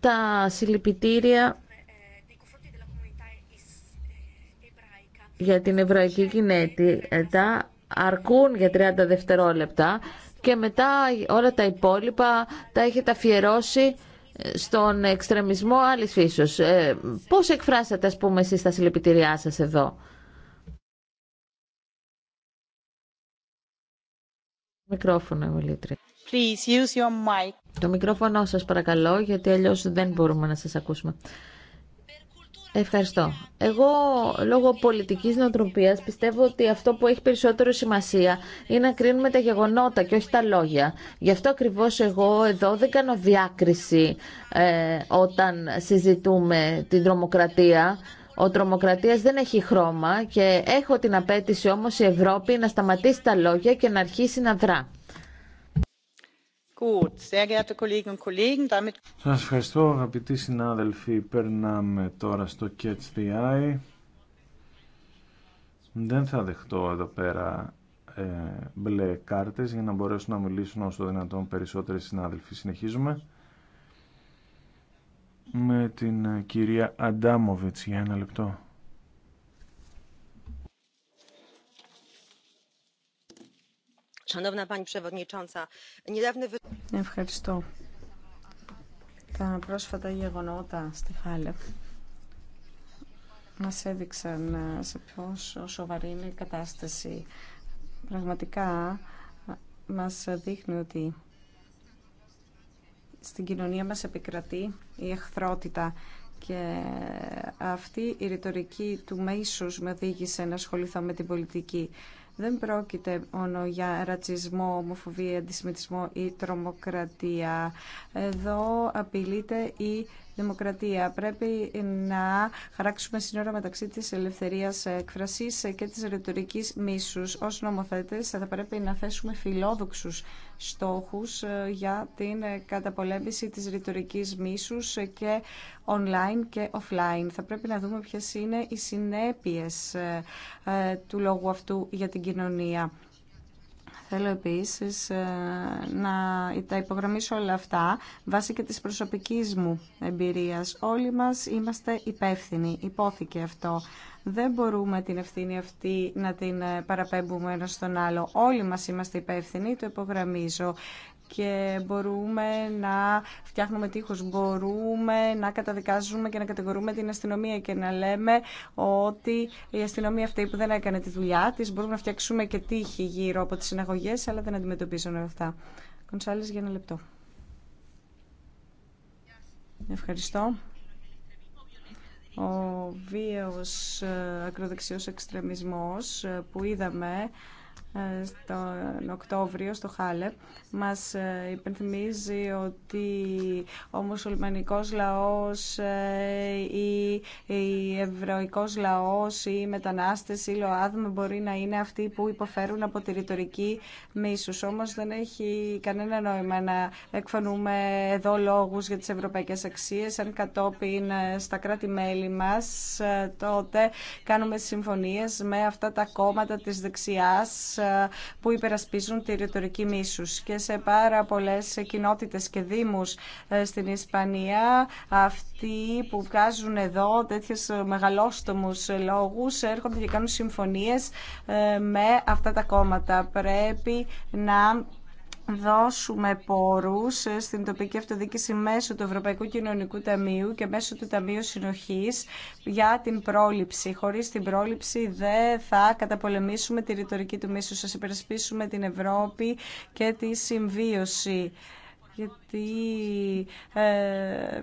Τα συλληπιτήρια για την εβραϊκή κοινότητα αρκούν για 30 δευτερόλεπτα και μετά όλα τα υπόλοιπα τα έχετε αφιερώσει στον εξτρεμισμό άλλης φύσεως. Ε, πώς εκφράσατε, ας πούμε, εσείς τα συλληπιτήριά σας εδώ. Μικρόφωνο, Please use your mic. Το μικρόφωνο σας παρακαλώ, γιατί αλλιώς δεν μπορούμε να σας ακούσουμε. Ευχαριστώ. Εγώ λόγω πολιτικής νοοτροπίας πιστεύω ότι αυτό που έχει περισσότερο σημασία είναι να κρίνουμε τα γεγονότα και όχι τα λόγια. Γι' αυτό ακριβώς εγώ εδώ δεν κάνω διάκριση ε, όταν συζητούμε την τρομοκρατία. Ο τρομοκρατίας δεν έχει χρώμα και έχω την απέτηση όμως η Ευρώπη να σταματήσει τα λόγια και να αρχίσει να δρά. Σας ευχαριστώ αγαπητοί συνάδελφοι. Περνάμε τώρα στο Catch the Eye. Δεν θα δεχτώ εδώ πέρα ε, μπλε κάρτες για να μπορέσουν να μιλήσουν όσο δυνατόν περισσότεροι συνάδελφοι. Συνεχίζουμε με την ε, κυρία Αντάμοβιτς για ένα λεπτό. Ευχαριστώ. Τα πρόσφατα γεγονότα στη Χάλεπ μας έδειξαν ε, σε πόσο σοβαρή είναι η κατάσταση. Πραγματικά ε, μας δείχνει ότι στην κοινωνία μας επικρατεί η εχθρότητα και αυτή η ρητορική του μέσου με οδήγησε να ασχοληθώ με την πολιτική δεν πρόκειται μόνο για ρατσισμό, ομοφοβία, αντισημιτισμό ή τρομοκρατία. Εδώ απειλείται η δημοκρατία. Πρέπει να χαράξουμε σύνορα μεταξύ της ελευθερίας εκφρασής και της ρητορικής μίσους. Ως νομοθέτες θα πρέπει να θέσουμε φιλόδοξους στόχους για την καταπολέμηση της ρητορικής μίσους και online και offline. Θα πρέπει να δούμε ποιες είναι οι συνέπειες ε, του λόγου αυτού για την κοινωνία. Θέλω επίσης ε, να τα υπογραμμίσω όλα αυτά βάσει και της προσωπικής μου εμπειρίας. Όλοι μας είμαστε υπεύθυνοι, υπόθηκε αυτό. Δεν μπορούμε την ευθύνη αυτή να την παραπέμπουμε ένα στον άλλο. Όλοι μας είμαστε υπεύθυνοι, το υπογραμμίζω και μπορούμε να φτιάχνουμε τείχους, μπορούμε να καταδικάζουμε και να κατηγορούμε την αστυνομία και να λέμε ότι η αστυνομία αυτή που δεν έκανε τη δουλειά της, μπορούμε να φτιάξουμε και τείχη γύρω από τις συναγωγές, αλλά δεν αντιμετωπίζουν αυτά. Κονσάλης για ένα λεπτό. Ευχαριστώ. Ο βίαιος ε, ακροδεξιός εξτρεμισμός ε, που είδαμε στον Οκτώβριο στο χάλε, μας ε, υπενθυμίζει ότι ο μουσουλμανικός λαός ή ε, η ευρωϊκός λαός ή μετανάστες ή οι ΛΟΑΔΜ μπορεί να είναι αυτοί που υποφέρουν από τη ρητορική μίσους. Όμως δεν έχει κανένα νόημα να εκφανούμε εδώ λόγους για τις ευρωπαϊκές αξίες αν κατόπιν ε, στα κράτη-μέλη μας τότε κάνουμε συμφωνίες με αυτά τα κόμματα της δεξιάς ε, που υπερασπίζουν τη ρητορική μίσου. Και σε πάρα πολλέ κοινότητε και Δήμου ε, στην Ισπανία αυτοί που βγάζουν εδώ τέτοιου μεγαλόστομους λόγου, έρχονται και κάνουν συμφωνίε ε, με αυτά τα κόμματα. Πρέπει να δώσουμε πόρους στην τοπική αυτοδίκηση μέσω του Ευρωπαϊκού Κοινωνικού Ταμείου και μέσω του Ταμείου Συνοχής για την πρόληψη. Χωρίς την πρόληψη δεν θα καταπολεμήσουμε τη ρητορική του μίσου, θα υπερασπίσουμε την Ευρώπη και τη συμβίωση. Γιατί ε,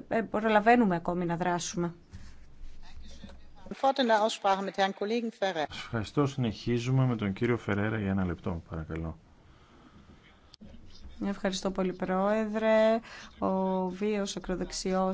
ε, προλαβαίνουμε ακόμη να δράσουμε. Σας ευχαριστώ. Συνεχίζουμε με τον κύριο Φερέρα για ένα λεπτό, παρακαλώ. Ευχαριστώ πολύ Πρόεδρε. Ο βίος ακροδεξιό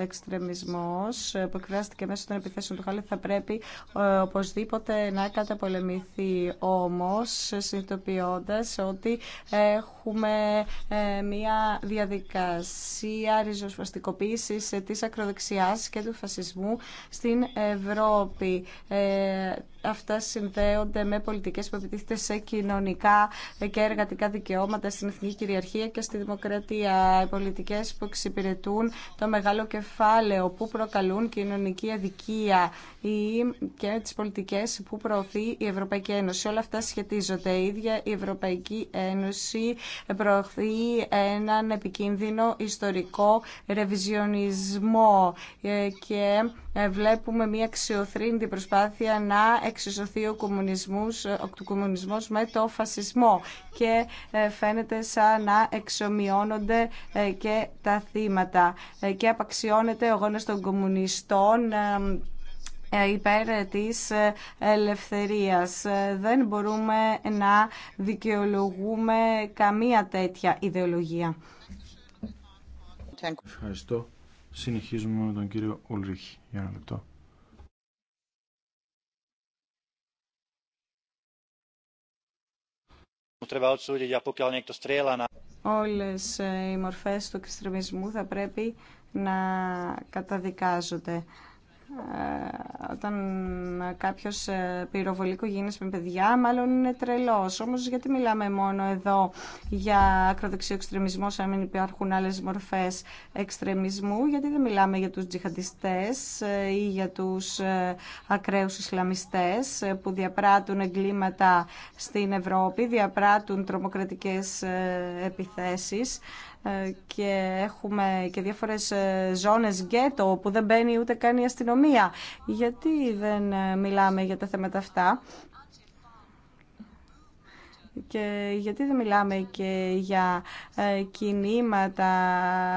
εξτρεμισμός που εκφράστηκε μέσω των επιθέσεων του Χάλε θα πρέπει ε, οπωσδήποτε να καταπολεμηθεί όμω, συνειδητοποιώντα ότι έχουμε ε, μια διαδικασία ριζοσπαστικοποίηση της ακροδεξιάς και του φασισμού στην Ευρώπη. Ε, αυτά συνδέονται με πολιτικές που επιτίθεται σε κοινωνικά και εργατικά δικαιώματα, στην εθνική κυριαρχία και στη δημοκρατία. Οι πολιτικές που εξυπηρετούν το μεγάλο κεφάλαιο που προκαλούν κοινωνική αδικία και τις πολιτικές που προωθεί η Ευρωπαϊκή Ένωση. Όλα αυτά σχετίζονται. Η ίδια η Ευρωπαϊκή Ένωση προωθεί έναν επικίνδυνο ιστορικό ρεβιζιονισμό ε, και ε, βλέπουμε μια αξιοθρύντη προσπάθεια να εξισωθεί ο κομμουνισμός, ε, με το φασισμό και ε, φαίνεται σαν να εξομοιώνονται και τα θύματα και απαξιώνεται ο γόνος των κομμουνιστών υπέρ της ελευθερίας. Δεν μπορούμε να δικαιολογούμε καμία τέτοια ιδεολογία. Ευχαριστώ συνεχίζουμε με τον κύριο Ολρίχη Για ένα λεπτό. Όλες ε, οι μορφές του εξτρεμισμού θα πρέπει να καταδικάζονται. Ε, όταν κάποιος ε, πυροβολεί οικογένειες με παιδιά, μάλλον είναι τρελός. Όμως γιατί μιλάμε μόνο εδώ για ακροδεξιό εξτρεμισμό, σαν μην υπάρχουν άλλες μορφές εξτρεμισμού, γιατί δεν μιλάμε για τους τζιχαντιστές ε, ή για τους ακραίους Ισλαμιστές που διαπράττουν εγκλήματα στην Ευρώπη, διαπράττουν τρομοκρατικές επιθέσεις ε, και έχουμε και διάφορες ε, ζώνες γκέτο που δεν μπαίνει ούτε καν η αστυνομία. Γιατί δεν ε, μιλάμε για τα θέματα αυτά και γιατί δεν μιλάμε και για κινήματα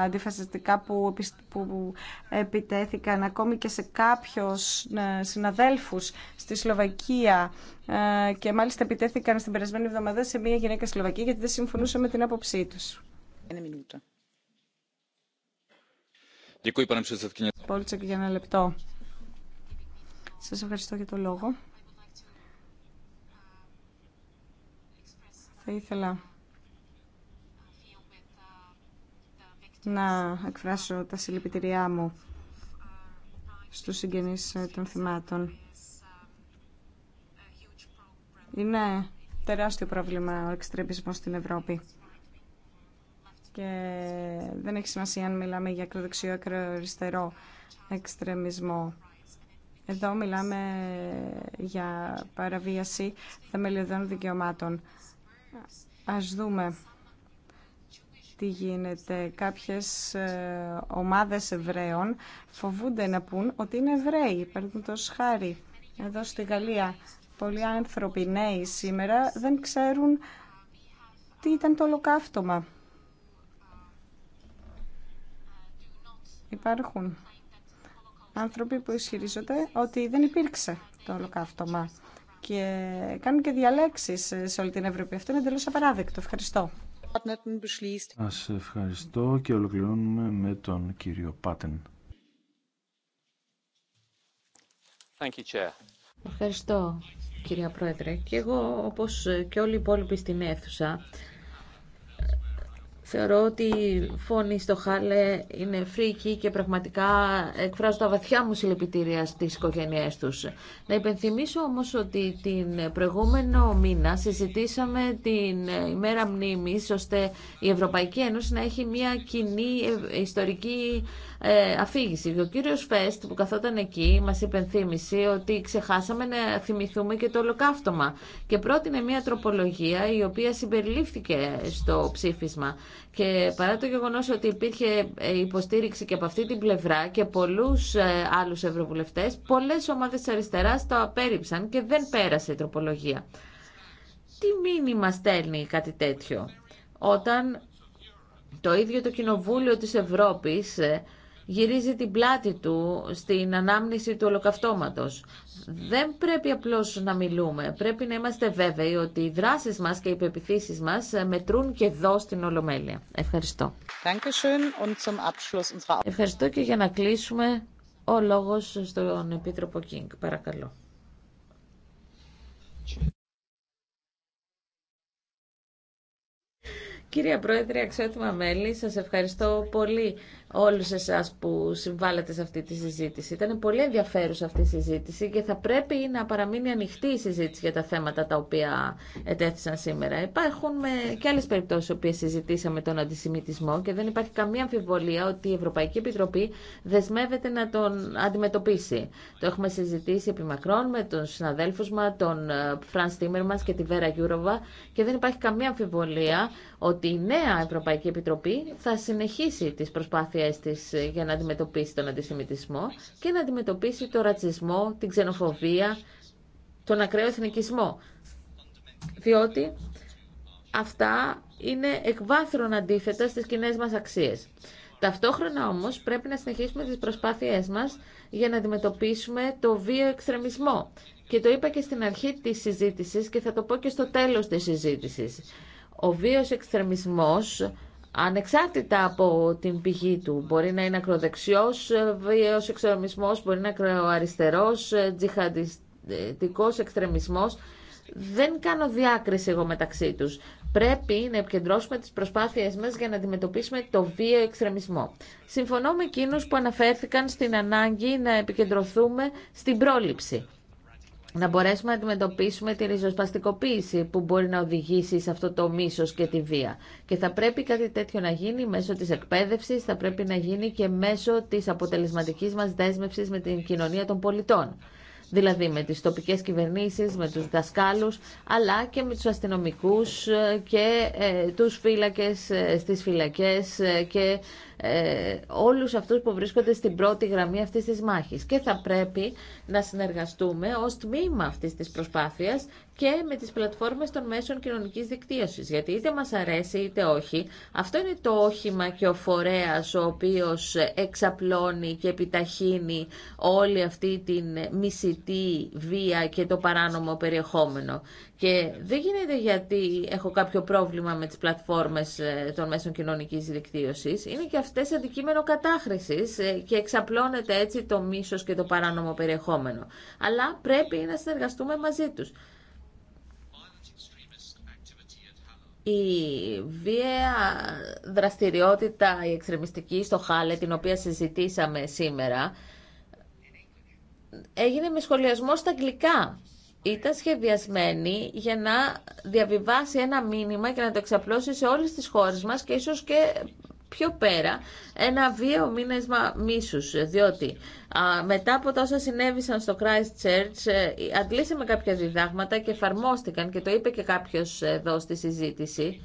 αντιφασιστικά που, που επιτέθηκαν ακόμη και σε κάποιους συναδέλφους στη Σλοβακία και μάλιστα επιτέθηκαν στην περασμένη εβδομάδα σε μια γυναίκα Σλοβακία γιατί δεν συμφωνούσε με την άποψή τους. Πόλτσεκ για ένα λεπτό. Σας ευχαριστώ για το λόγο. Θα ήθελα να εκφράσω τα συλληπιτηριά μου στους συγγενείς των θυμάτων. Είναι τεράστιο πρόβλημα ο εξτρεμισμός στην Ευρώπη και δεν έχει σημασία αν μιλάμε για ακροδεξιό, ακροαριστερό εξτρεμισμό. Εδώ μιλάμε για παραβίαση θεμελιωδών δικαιωμάτων. Ας δούμε τι γίνεται. Κάποιες ε, ομάδες Εβραίων φοβούνται να πούν ότι είναι Εβραίοι. το χάρη, εδώ στη Γαλλία, πολλοί άνθρωποι νέοι σήμερα δεν ξέρουν τι ήταν το ολοκαύτωμα. Υπάρχουν άνθρωποι που ισχυρίζονται ότι δεν υπήρξε το ολοκαύτωμα και κάνουν και διαλέξεις σε όλη την Ευρώπη. Αυτό είναι εντελώς απαράδεκτο. Ευχαριστώ. Σας ευχαριστώ και ολοκληρώνουμε με τον κύριο Πάτεν. Ευχαριστώ, κυρία Πρόεδρε. Και εγώ, όπως και όλοι οι υπόλοιποι στην αίθουσα, Θεωρώ ότι η φωνή στο Χάλε είναι φρίκη και πραγματικά εκφράζω τα βαθιά μου συλληπιτήρια στις οικογένειές τους. Να υπενθυμίσω όμως ότι την προηγούμενο μήνα συζητήσαμε την ημέρα μνήμης ώστε η Ευρωπαϊκή Ένωση να έχει μια κοινή ιστορική ε, αφήγηση. Ο κύριος Φέστ που καθόταν εκεί μας υπενθύμησε ότι ξεχάσαμε να θυμηθούμε και το ολοκαύτωμα και πρότεινε μια τροπολογία η οποία συμπεριλήφθηκε στο ψήφισμα. Και παρά το γεγονός ότι υπήρχε ε, υποστήριξη και από αυτή την πλευρά και πολλούς ε, άλλους ευρωβουλευτές, πολλές ομάδες της αριστεράς το απέρριψαν και δεν πέρασε η τροπολογία. Τι μήνυμα στέλνει κάτι τέτοιο όταν το ίδιο το Κοινοβούλιο της Ευρώπης ε, γυρίζει την πλάτη του στην ανάμνηση του ολοκαυτώματος. Δεν πρέπει απλώς να μιλούμε. Πρέπει να είμαστε βέβαιοι ότι οι δράσεις μας και οι πεπιθήσεις μας ε, μετρούν και εδώ στην Ολομέλεια. Ευχαριστώ. Ευχαριστώ και για να κλείσουμε ο λόγος στον Επίτροπο Κίνγκ. Παρακαλώ. Κυρία Πρόεδρε, αξιότιμα μέλη, σας ευχαριστώ πολύ όλους εσάς που συμβάλλατε σε αυτή τη συζήτηση. Ήταν πολύ ενδιαφέρουσα αυτή η συζήτηση και θα πρέπει να παραμείνει ανοιχτή η συζήτηση για τα θέματα τα οποία ετέθησαν σήμερα. Υπάρχουν ε, και άλλες περιπτώσεις οι συζητήσαμε τον αντισημιτισμό και δεν υπάρχει καμία αμφιβολία ότι η Ευρωπαϊκή Επιτροπή δεσμεύεται να τον αντιμετωπίσει. Το έχουμε συζητήσει επί μακρόν με τον συναδέλφους μας, τον Φραν ε, Τίμερ και τη Βέρα Γιούροβα και δεν υπάρχει καμία αμφιβολία ότι η νέα Ευρωπαϊκή Επιτροπή θα συνεχίσει τις προσπάθειες για να αντιμετωπίσει τον αντισημιτισμό και να αντιμετωπίσει τον ρατσισμό, την ξενοφοβία, τον ακραίο εθνικισμό. Διότι αυτά είναι εκβάθρον αντίθετα στις κοινέ μα αξίες. Ταυτόχρονα όμως πρέπει να συνεχίσουμε τις προσπάθειές μας για να αντιμετωπίσουμε το βίο εξτρεμισμό. Και το είπα και στην αρχή της συζήτησης και θα το πω και στο τέλος της συζήτησης. Ο βίος εξτρεμισμός ανεξάρτητα από την πηγή του. Μπορεί να είναι ακροδεξιός ε, βίαιος μπορεί να είναι ακροαριστερός, ε, τζιχαντιστικός εξτρεμισμός. Δεν κάνω διάκριση εγώ μεταξύ τους. Πρέπει να επικεντρώσουμε τις προσπάθειές μας για να αντιμετωπίσουμε το βίαιο εξτρεμισμό. Συμφωνώ με εκείνους που αναφέρθηκαν στην ανάγκη να επικεντρωθούμε στην πρόληψη να μπορέσουμε να αντιμετωπίσουμε τη ριζοσπαστικοποίηση που μπορεί να οδηγήσει σε αυτό το μίσος και τη βία. Και θα πρέπει κάτι τέτοιο να γίνει μέσω της εκπαίδευσης, θα πρέπει να γίνει και μέσω της αποτελεσματικής μας δέσμευσης με την κοινωνία των πολιτών. Δηλαδή με τις τοπικές κυβερνήσεις, με τους δασκάλους, αλλά και με τους αστυνομικούς ε, και ε, τους φύλακες ε, στις φυλακές και ε, όλους αυτούς που βρίσκονται στην πρώτη γραμμή αυτής της μάχης. Και θα πρέπει να συνεργαστούμε ως τμήμα αυτής της προσπάθειας και με τις πλατφόρμες των μέσων κοινωνικής δικτύωσης. Γιατί είτε μας αρέσει είτε όχι, αυτό είναι το όχημα και ο φορέας ο οποίος εξαπλώνει και επιταχύνει όλη αυτή την μισητή βία και το παράνομο περιεχόμενο. Και δεν γίνεται γιατί έχω κάποιο πρόβλημα με τις πλατφόρμες ε, των μέσων κοινωνικής δικτύωσης. Είναι και αυτές αντικείμενο κατάχρησης ε, και εξαπλώνεται έτσι το μίσος και το παράνομο περιεχόμενο. Αλλά πρέπει να συνεργαστούμε μαζί τους. η βία δραστηριότητα η εξτρεμιστική στο Χάλε την οποία συζητήσαμε σήμερα έγινε με σχολιασμό στα αγγλικά ήταν σχεδιασμένη για να διαβιβάσει ένα μήνυμα και να το εξαπλώσει σε όλες τις χώρες μας και ίσως και πιο πέρα ένα βίαιο μήνεσμα μίσους, διότι μετά από τα όσα συνέβησαν στο Christchurch ε, αντλήσαμε κάποια διδάγματα και εφαρμόστηκαν και το είπε και κάποιος εδώ στη συζήτηση.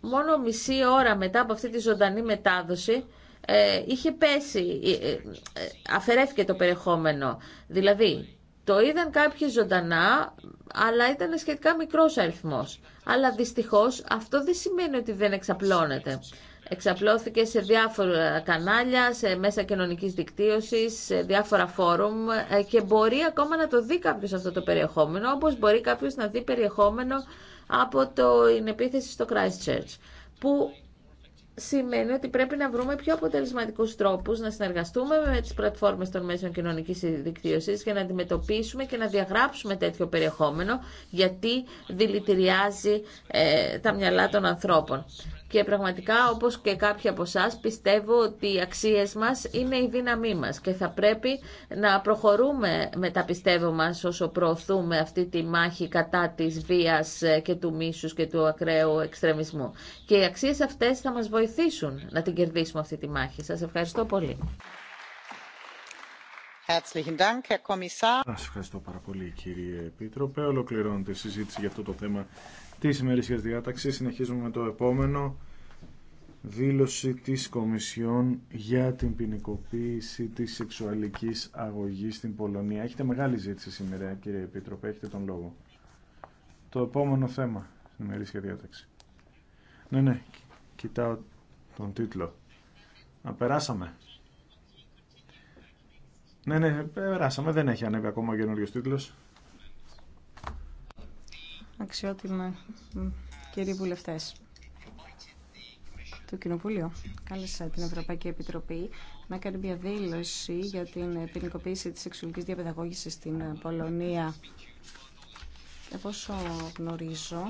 Μόνο μισή ώρα μετά από αυτή τη ζωντανή μετάδοση ε, είχε πέσει, ε, αφαιρέθηκε το περιεχόμενο. Δηλαδή, το είδαν κάποιοι ζωντανά, αλλά ήταν σχετικά μικρός αριθμός. Αλλά δυστυχώς αυτό δεν σημαίνει ότι δεν εξαπλώνεται. Εξαπλώθηκε σε διάφορα κανάλια, σε μέσα κοινωνικής δικτύωσης, σε διάφορα φόρουμ ε, και μπορεί ακόμα να το δει κάποιος αυτό το περιεχόμενο, όπως μπορεί κάποιος να δει περιεχόμενο από το, την επίθεση στο Christchurch, που σημαίνει ότι πρέπει να βρούμε πιο αποτελεσματικούς τρόπους να συνεργαστούμε με τις πλατφόρμες των μέσων κοινωνικής δικτύωσης για να αντιμετωπίσουμε και να διαγράψουμε τέτοιο περιεχόμενο γιατί δηλητηριάζει ε, τα μυαλά των ανθρώπων. Και πραγματικά, όπως και κάποιοι από εσά, πιστεύω ότι οι αξίες μας είναι η δύναμή μας και θα πρέπει να προχωρούμε με τα πιστεύω μα όσο προωθούμε αυτή τη μάχη κατά της βίας και του μίσους και του ακραίου εξτρεμισμού. Και οι αξίες αυτές θα μας βοηθήσουν να την κερδίσουμε αυτή τη μάχη. Σας ευχαριστώ πολύ. ευχαριστώ πάρα πολύ κύριε Επίτροπε. Ολοκληρώνεται η συζήτηση για αυτό το θέμα της ημερήσιας διάταξης. Συνεχίζουμε με το επόμενο. Δήλωση της Κομισιόν για την ποινικοποίηση της σεξουαλικής αγωγής στην Πολωνία. Έχετε μεγάλη ζήτηση σήμερα κύριε Επίτροπε, έχετε τον λόγο. Το επόμενο θέμα στην ημερήσια διάταξη. Ναι, ναι, κοιτάω τον τίτλο. Να περάσαμε. Ναι, ναι, περάσαμε. Δεν έχει ανέβει ακόμα ο καινούριο τίτλος αξιότιμα κύριοι βουλευτές του Κοινοβουλίου. Κάλεσα την Ευρωπαϊκή Επιτροπή να κάνει μια δήλωση για την ποινικοποίηση της σεξουαλικής διαπαιδαγώγησης στην Πολωνία. Από όσο γνωρίζω,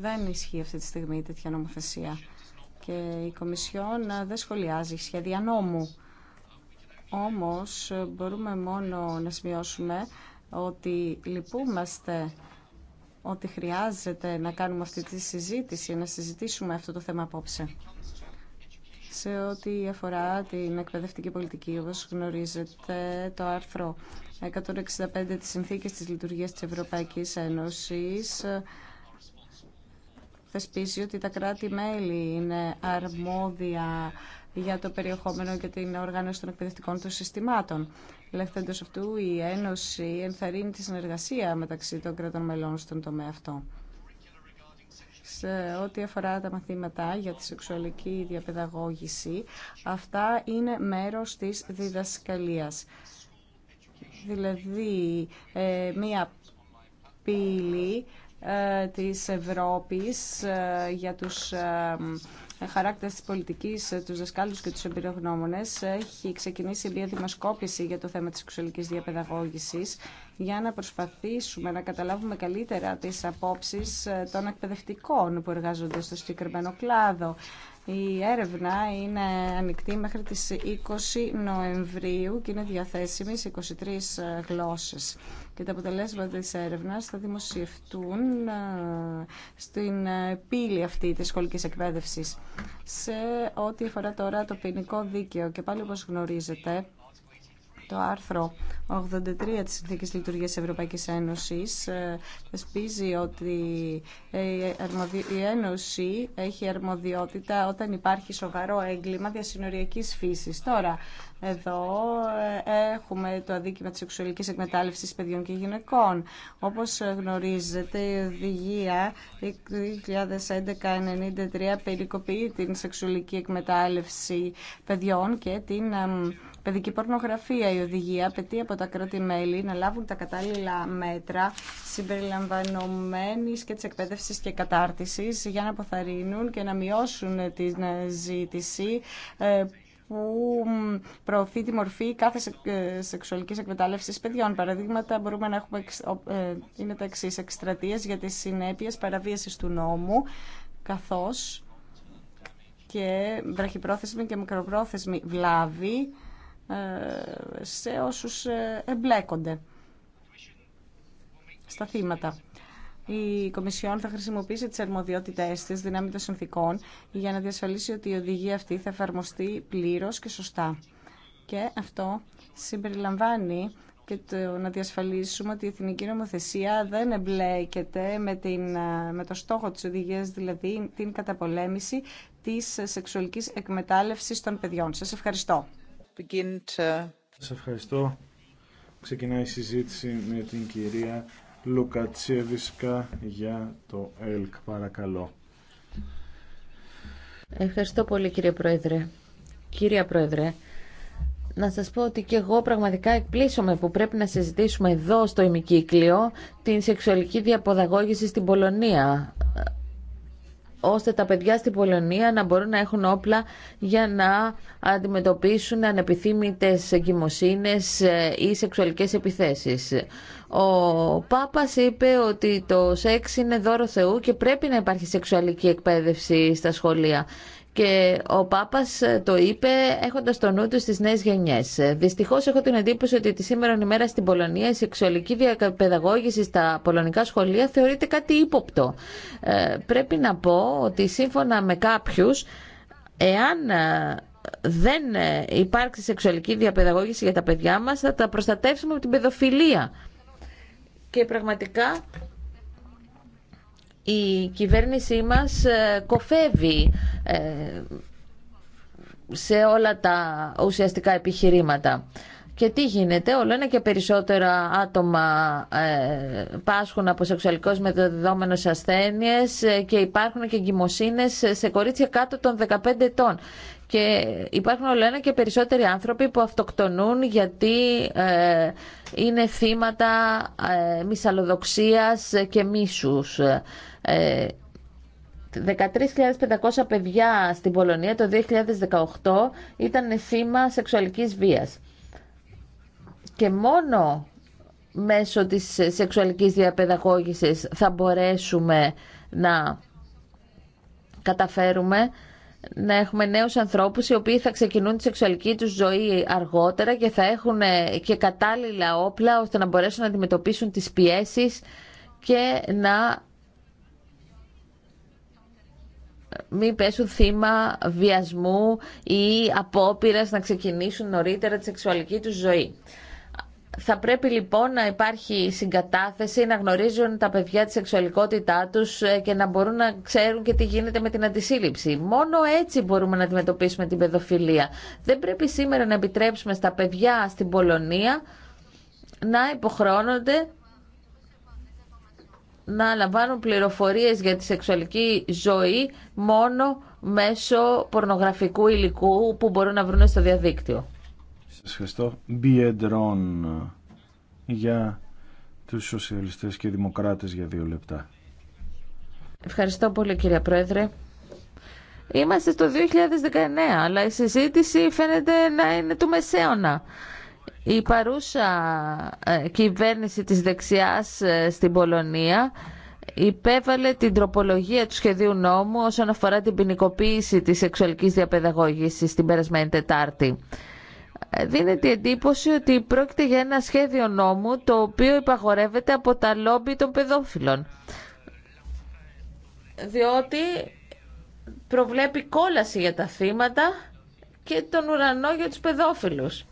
δεν ισχύει αυτή τη στιγμή τέτοια νομοθεσία και η Κομισιόν δεν σχολιάζει σχέδια νόμου. Όμως μπορούμε μόνο να σημειώσουμε ότι λυπούμαστε ότι χρειάζεται να κάνουμε αυτή τη συζήτηση, να συζητήσουμε αυτό το θέμα απόψε. Σε ό,τι αφορά την εκπαιδευτική πολιτική, όπως γνωρίζετε, το άρθρο 165 της Συνθήκης της Λειτουργίας της Ευρωπαϊκής Ένωσης ε, θεσπίζει ότι τα κράτη-μέλη είναι αρμόδια για το περιεχόμενο και την οργάνωση των εκπαιδευτικών του συστημάτων. Λεχθέντος αυτού, η Ένωση ενθαρρύνει τη συνεργασία μεταξύ των κρατών μελών στον τομέα αυτό. Σε ό,τι αφορά τα μαθήματα για τη σεξουαλική διαπαιδαγώγηση, αυτά είναι μέρος της διδασκαλίας. Δηλαδή, ε, μία πύλη ε, της Ευρώπης ε, για τους Χαράκτε τη πολιτικής, ε, του δασκάλου και του εμπειρογνώμονε ε, έχει ξεκινήσει μια δημοσκόπηση για το θέμα της σεξουαλικής διαπαιδαγώγησης για να προσπαθήσουμε να καταλάβουμε καλύτερα τι απόψει ε, των εκπαιδευτικών που εργάζονται στο συγκεκριμένο κλάδο. Η έρευνα είναι ανοιχτή μέχρι τις 20 Νοεμβρίου και είναι διαθέσιμη σε 23 γλώσσες και τα αποτελέσματα της έρευνας θα δημοσιευτούν ε, στην ε, πύλη αυτή της σχολικής εκπαίδευσης. Σε ό,τι αφορά τώρα το ποινικό δίκαιο και πάλι όπως γνωρίζετε, το άρθρο 83 της Συνθήκης Λειτουργίας Ευρωπαϊκής Ένωσης ε, θεσπίζει ότι η Ένωση έχει αρμοδιότητα όταν υπάρχει σοβαρό έγκλημα διασυνοριακής φύσης. Τώρα, εδώ ε, έχουμε το αδίκημα της σεξουαλικής εκμετάλλευσης παιδιών και γυναικών. Όπως γνωρίζετε, η οδηγία 2011-93 περικοπεί την σεξουαλική εκμετάλλευση παιδιών και την παιδική πορνογραφία. Η οδηγία απαιτεί από τα κράτη-μέλη να λάβουν τα κατάλληλα μέτρα συμπεριλαμβανομένης και της εκπαίδευση και κατάρτιση για να αποθαρρύνουν και να μειώσουν την ζήτηση ε, που προωθεί τη μορφή κάθε ε, σεξουαλικής εκμετάλλευση παιδιών. Παραδείγματα μπορούμε να έχουμε, ε, είναι τα εξή εκστρατείε για τι συνέπειε, παραβίασης του νόμου, καθώς και βραχυπρόθεσμη και μικροπρόθεσμη βλάβη ε, σε όσους εμπλέκονται στα θύματα η Κομισιόν θα χρησιμοποιήσει τις αρμοδιότητές της δυνάμει των συνθήκων για να διασφαλίσει ότι η οδηγία αυτή θα εφαρμοστεί πλήρως και σωστά. Και αυτό συμπεριλαμβάνει και το να διασφαλίσουμε ότι η εθνική νομοθεσία δεν εμπλέκεται με, την, με το στόχο της οδηγίας, δηλαδή την καταπολέμηση της σεξουαλικής εκμετάλλευσης των παιδιών. Σας ευχαριστώ. Σας ευχαριστώ. Ξεκινάει η συζήτηση με την κυρία Λουκατσιεβισκα για το ΕΛΚ. Παρακαλώ. Ευχαριστώ πολύ κύριε Πρόεδρε. Κύριε Πρόεδρε, να σας πω ότι και εγώ πραγματικά εκπλήσωμαι που πρέπει να συζητήσουμε εδώ στο ημικύκλιο την σεξουαλική διαποδαγώγηση στην Πολωνία ώστε τα παιδιά στην Πολωνία να μπορούν να έχουν όπλα για να αντιμετωπίσουν ανεπιθύμητες εγκυμοσύνες ε, ή σεξουαλικές επιθέσεις. Ο Πάπας είπε ότι το σεξ είναι δώρο Θεού και πρέπει να υπάρχει σεξουαλική εκπαίδευση στα σχολεία και ο Πάπα ε, το είπε έχοντας το νου του στις νέες γενιές. Ε, δυστυχώς έχω την εντύπωση ότι τη σήμερα ημέρα στην Πολωνία η σεξουαλική διαπαιδαγώγηση στα πολωνικά σχολεία θεωρείται κάτι ύποπτο. Ε, πρέπει να πω ότι σύμφωνα με κάποιους, εάν ε, δεν υπάρξει σεξουαλική διαπαιδαγώγηση για τα παιδιά μας, θα τα προστατεύσουμε από την παιδοφιλία. Και πραγματικά η κυβέρνησή μας ε, κοφεύει ε, σε όλα τα ουσιαστικά επιχειρήματα. Και τι γίνεται, όλο ένα και περισσότερα άτομα ε, πάσχουν από σεξουαλικώς μεταδεδόμενες ασθένειες και υπάρχουν και εγκυμοσύνες σε κορίτσια κάτω των 15 ετών. Και υπάρχουν όλο ένα και περισσότεροι άνθρωποι που αυτοκτονούν γιατί είναι θύματα ε, και μίσους. 13.500 ε, παιδιά στην Πολωνία το 2018 ήταν θύμα σεξουαλικής βίας. Και μόνο μέσω της σεξουαλικής διαπαιδαγώγησης θα μπορέσουμε να καταφέρουμε να έχουμε νέους ανθρώπους οι οποίοι θα ξεκινούν τη σεξουαλική τους ζωή αργότερα και θα έχουν ε, και κατάλληλα όπλα ώστε να μπορέσουν να αντιμετωπίσουν τις πιέσεις και να μην πέσουν θύμα βιασμού ή απόπειρα να ξεκινήσουν νωρίτερα τη σεξουαλική του ζωή. Θα πρέπει λοιπόν να υπάρχει συγκατάθεση, να γνωρίζουν τα παιδιά τη σεξουαλικότητά τους ε, και να μπορούν να ξέρουν και τι γίνεται με την αντισύλληψη. Μόνο έτσι μπορούμε να αντιμετωπίσουμε την παιδοφιλία. Δεν πρέπει σήμερα να επιτρέψουμε στα παιδιά στην Πολωνία να υποχρώνονται να λαμβάνουν πληροφορίες για τη σεξουαλική ζωή μόνο μέσω πορνογραφικού υλικού που μπορούν να βρουν στο διαδίκτυο. Σας ευχαριστώ. Μπιεντρών για τους σοσιαλιστές και δημοκράτες για δύο λεπτά. Ευχαριστώ πολύ κύριε Πρόεδρε. Είμαστε στο 2019, αλλά η συζήτηση φαίνεται να είναι του μεσαίωνα. Η παρούσα ε, κυβέρνηση της δεξιάς ε, στην Πολωνία υπέβαλε την τροπολογία του σχεδίου νόμου όσον αφορά την ποινικοποίηση της σεξουαλικής διαπαιδαγώγησης την περασμένη Τετάρτη. Ε, δίνεται η εντύπωση ότι πρόκειται για ένα σχέδιο νόμου το οποίο υπαγορεύεται από τα λόμπι των παιδόφιλων. Διότι προβλέπει κόλαση για τα θύματα και τον ουρανό για τους παιδόφιλους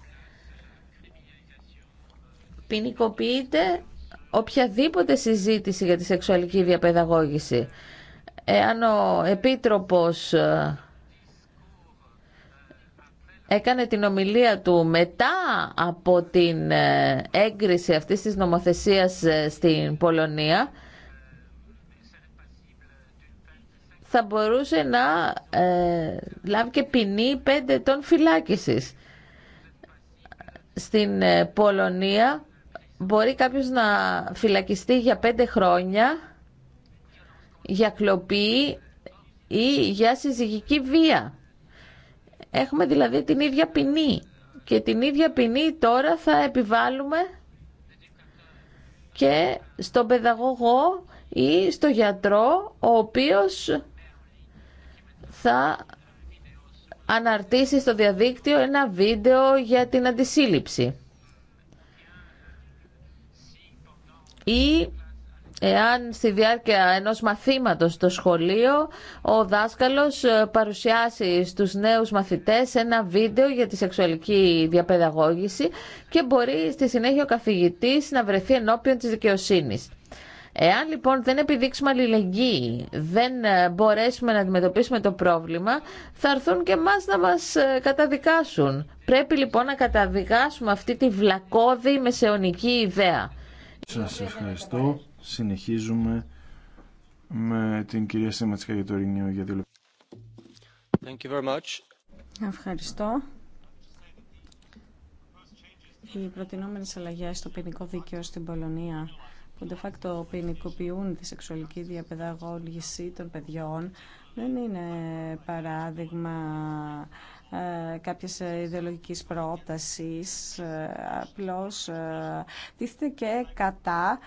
ποινικοποιείται οποιαδήποτε συζήτηση για τη σεξουαλική διαπαιδαγώγηση. Εάν ο Επίτροπος ε, έκανε την ομιλία του μετά από την ε, έγκριση αυτής της νομοθεσίας ε, στην Πολωνία, θα μπορούσε να λάβει και ποινή πέντε ετών φυλάκισης. Στην Πολωνία μπορεί κάποιος να φυλακιστεί για πέντε χρόνια για κλοπή ή για συζυγική βία. Έχουμε δηλαδή την ίδια ποινή και την ίδια ποινή τώρα θα επιβάλλουμε και στον παιδαγωγό ή στο γιατρό ο οποίος θα αναρτήσει στο διαδίκτυο ένα βίντεο για την αντισύλληψη. ή εάν στη διάρκεια ενός μαθήματος στο σχολείο ο δάσκαλος ε, παρουσιάσει στους νέους μαθητές ένα βίντεο για τη σεξουαλική διαπαιδαγώγηση και μπορεί στη συνέχεια ο καθηγητής να βρεθεί ενώπιον της δικαιοσύνης. Εάν λοιπόν δεν επιδείξουμε αλληλεγγύη, δεν ε, μπορέσουμε να αντιμετωπίσουμε το πρόβλημα, θα έρθουν και μας να μας ε, καταδικάσουν. Πρέπει λοιπόν να καταδικάσουμε αυτή τη βλακώδη μεσαιωνική ιδέα. Σας ευχαριστώ. Συνεχίζουμε με την κυρία Σήματσικα για το Ρηνίο για δύο Ευχαριστώ. Οι προτινόμενες αλλαγές στο ποινικό δίκαιο στην Πολωνία που de facto ποινικοποιούν τη σεξουαλική διαπαιδαγώγηση των παιδιών δεν είναι παράδειγμα ε, κάποιες ε, ιδεολογικής πρότασης, ε, απλώς τίθεται και κατά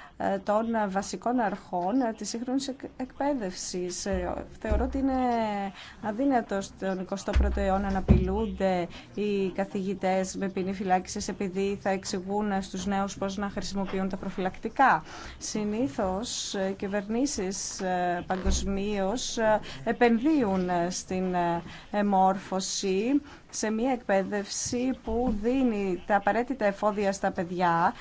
των βασικών αρχών της σύγχρονης εκπαίδευσης. Θεωρώ ότι είναι αδύνατο στον 21ο αιώνα να απειλούνται οι καθηγητές με ποινή φυλάκισης επειδή θα εξηγούν στους νέους πώς να χρησιμοποιούν τα προφυλακτικά. Συνήθως κυβερνήσεις παγκοσμίω επενδύουν στην εμόρφωση σε μια εκπαίδευση που δίνει τα απαραίτητα εφόδια στα παιδιά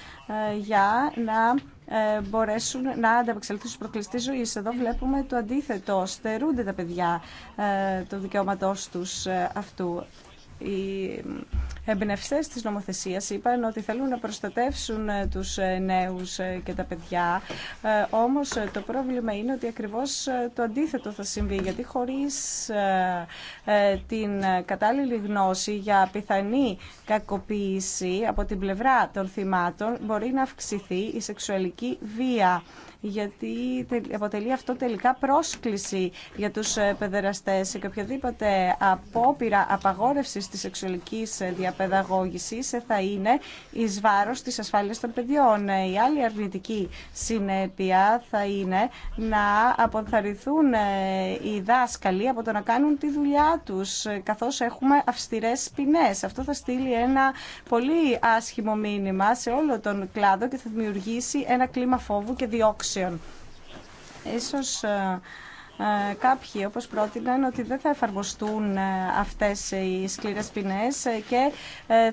ε, για να ε, μπορέσουν να ανταπεξελθούν στους προκλειστές ζωής. Εδώ βλέπουμε το αντίθετο. Στερούνται τα παιδιά ε, το δικαιώματός τους αυτού. Οι εμπνευστές της νομοθεσίας είπαν ότι θέλουν να προστατεύσουν ε, τους ε, νέους ε, και τα παιδιά. Όμως το πρόβλημα είναι ότι ακριβώς το αντίθετο θα συμβεί, γιατί χωρίς την κατάλληλη γνώση για πιθανή κακοποίηση από την πλευρά των θυμάτων μπορεί να αυξηθεί η σεξουαλική βία γιατί αποτελεί αυτό τελικά πρόσκληση για τους ε, παιδεραστές και οποιαδήποτε απόπειρα απαγόρευσης της σεξουαλικής ε, διαπαιδαγώγησης ε, θα είναι εις βάρος της ασφάλειας των παιδιών. Η άλλη αρνητική συνέπεια θα είναι να αποθαρρυνθούν οι δάσκαλοι από το να κάνουν τη δουλειά τους καθώς έχουμε αυστηρές ποινές. Αυτό θα στείλει ένα πολύ άσχημο μήνυμα σε όλο τον κλάδο και θα δημιουργήσει ένα κλίμα φόβου και διώξεων εσως Ίσως ε, ε, κάποιοι όπως πρότειναν ότι δεν θα εφαρμοστούν ε, αυτές οι σκληρές ποινές και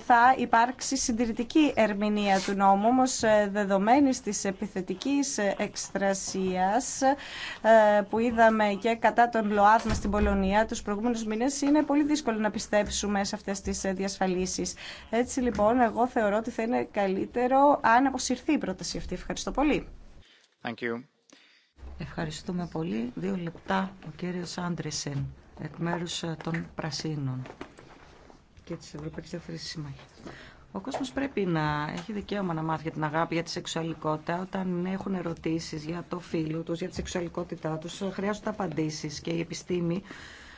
θα υπάρξει συντηρητική ερμηνεία του νόμου όμως δεδομένης της επιθετικής εκστρασίας που είδαμε και κατά τον ΛΟΑΔΜΑ στην Πολωνία τους προηγούμενους μήνες είναι πολύ δύσκολο να πιστέψουμε σε αυτές τις διασφαλίσεις. Έτσι λοιπόν εγώ θεωρώ ότι θα είναι καλύτερο αν αποσυρθεί η πρόταση αυτή. Ευχαριστώ πολύ. Thank you. Ευχαριστούμε πολύ. Δύο λεπτά ο κύριος Άντρεσεν, εκ μέρους ε, των Πρασίνων και της Ευρωπαϊκής Διαφορετικής Συμμαχίας. Ο κόσμος πρέπει να έχει δικαίωμα να μάθει για την αγάπη, για τη σεξουαλικότητα. Όταν έχουν ερωτήσεις για το φίλο τους, για τη σεξουαλικότητά τους, χρειάζονται απαντήσεις και η επιστήμη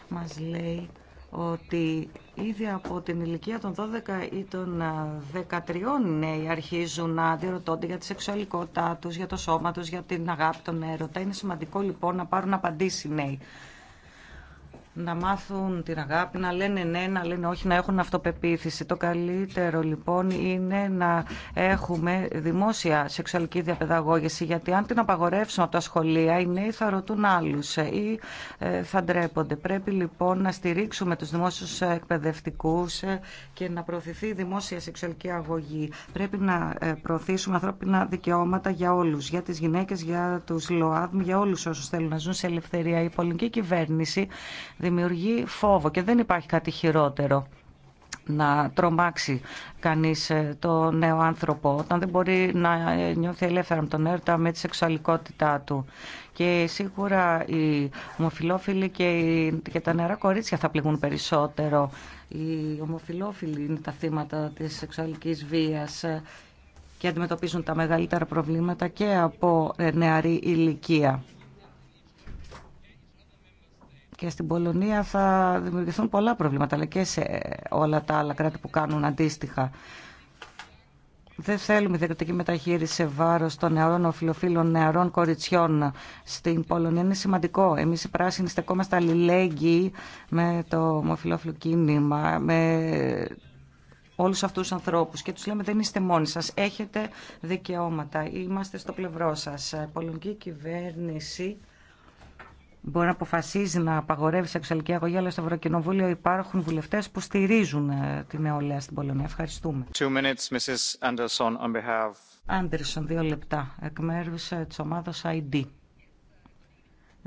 μας λέει ότι ήδη από την ηλικία των 12 ή των 13 νέοι αρχίζουν να διερωτώνται για τη σεξουαλικότητά τους, για το σώμα τους, για την αγάπη των έρωτα. Είναι σημαντικό λοιπόν να πάρουν απαντήσει νέοι να μάθουν την αγάπη, να λένε ναι, να λένε όχι, να έχουν αυτοπεποίθηση. Το καλύτερο λοιπόν είναι να έχουμε δημόσια σεξουαλική διαπαιδαγώγηση, γιατί αν την απαγορεύσουμε από τα σχολεία, οι νέοι θα ρωτούν άλλου ε, ή ε, θα ντρέπονται. Πρέπει λοιπόν να στηρίξουμε του δημόσιου εκπαιδευτικού ε, και να προωθηθεί η δημόσια σεξουαλική αγωγή. Πρέπει να προωθήσουμε ανθρώπινα δικαιώματα για όλου, για τι γυναίκε, για του ΛΟΑΔΜ, για όλου όσου θέλουν να ζουν σε ελευθερία. Η πολιτική κυβέρνηση δημιουργεί φόβο και δεν υπάρχει κάτι χειρότερο να τρομάξει κανείς ε, το νέο άνθρωπο όταν δεν μπορεί να ε, νιώθει ελεύθερα με τον έρωτα με τη σεξουαλικότητά του και σίγουρα οι ομοφιλόφιλοι και, και τα νερά κορίτσια θα πληγούν περισσότερο οι ομοφιλόφιλοι είναι τα θύματα της σεξουαλικής βίας ε, και αντιμετωπίζουν τα μεγαλύτερα προβλήματα και από νεαρή ηλικία και στην Πολωνία θα δημιουργηθούν πολλά προβλήματα, αλλά και σε όλα τα άλλα κράτη που κάνουν αντίστοιχα. Δεν θέλουμε ιδιωτική μεταχείριση σε βάρος των νεαρών οφειλοφίλων, νεαρών κοριτσιών στην Πολωνία. Είναι σημαντικό. Εμείς οι πράσινοι στεκόμαστε αλληλέγγυοι με το ομοφιλόφιλο κίνημα, με όλους αυτούς τους ανθρώπους και τους λέμε δεν είστε μόνοι σας, έχετε δικαιώματα, είμαστε στο πλευρό σας. Η πολωνική κυβέρνηση μπορεί να αποφασίζει να απαγορεύει σεξουαλική αγωγή, αλλά στο Ευρωκοινοβούλιο υπάρχουν βουλευτέ που στηρίζουν ε, τη νεολαία στην Πολωνία. Ευχαριστούμε. δύο λεπτά, εκ μέρου ε, τη ομάδα ID.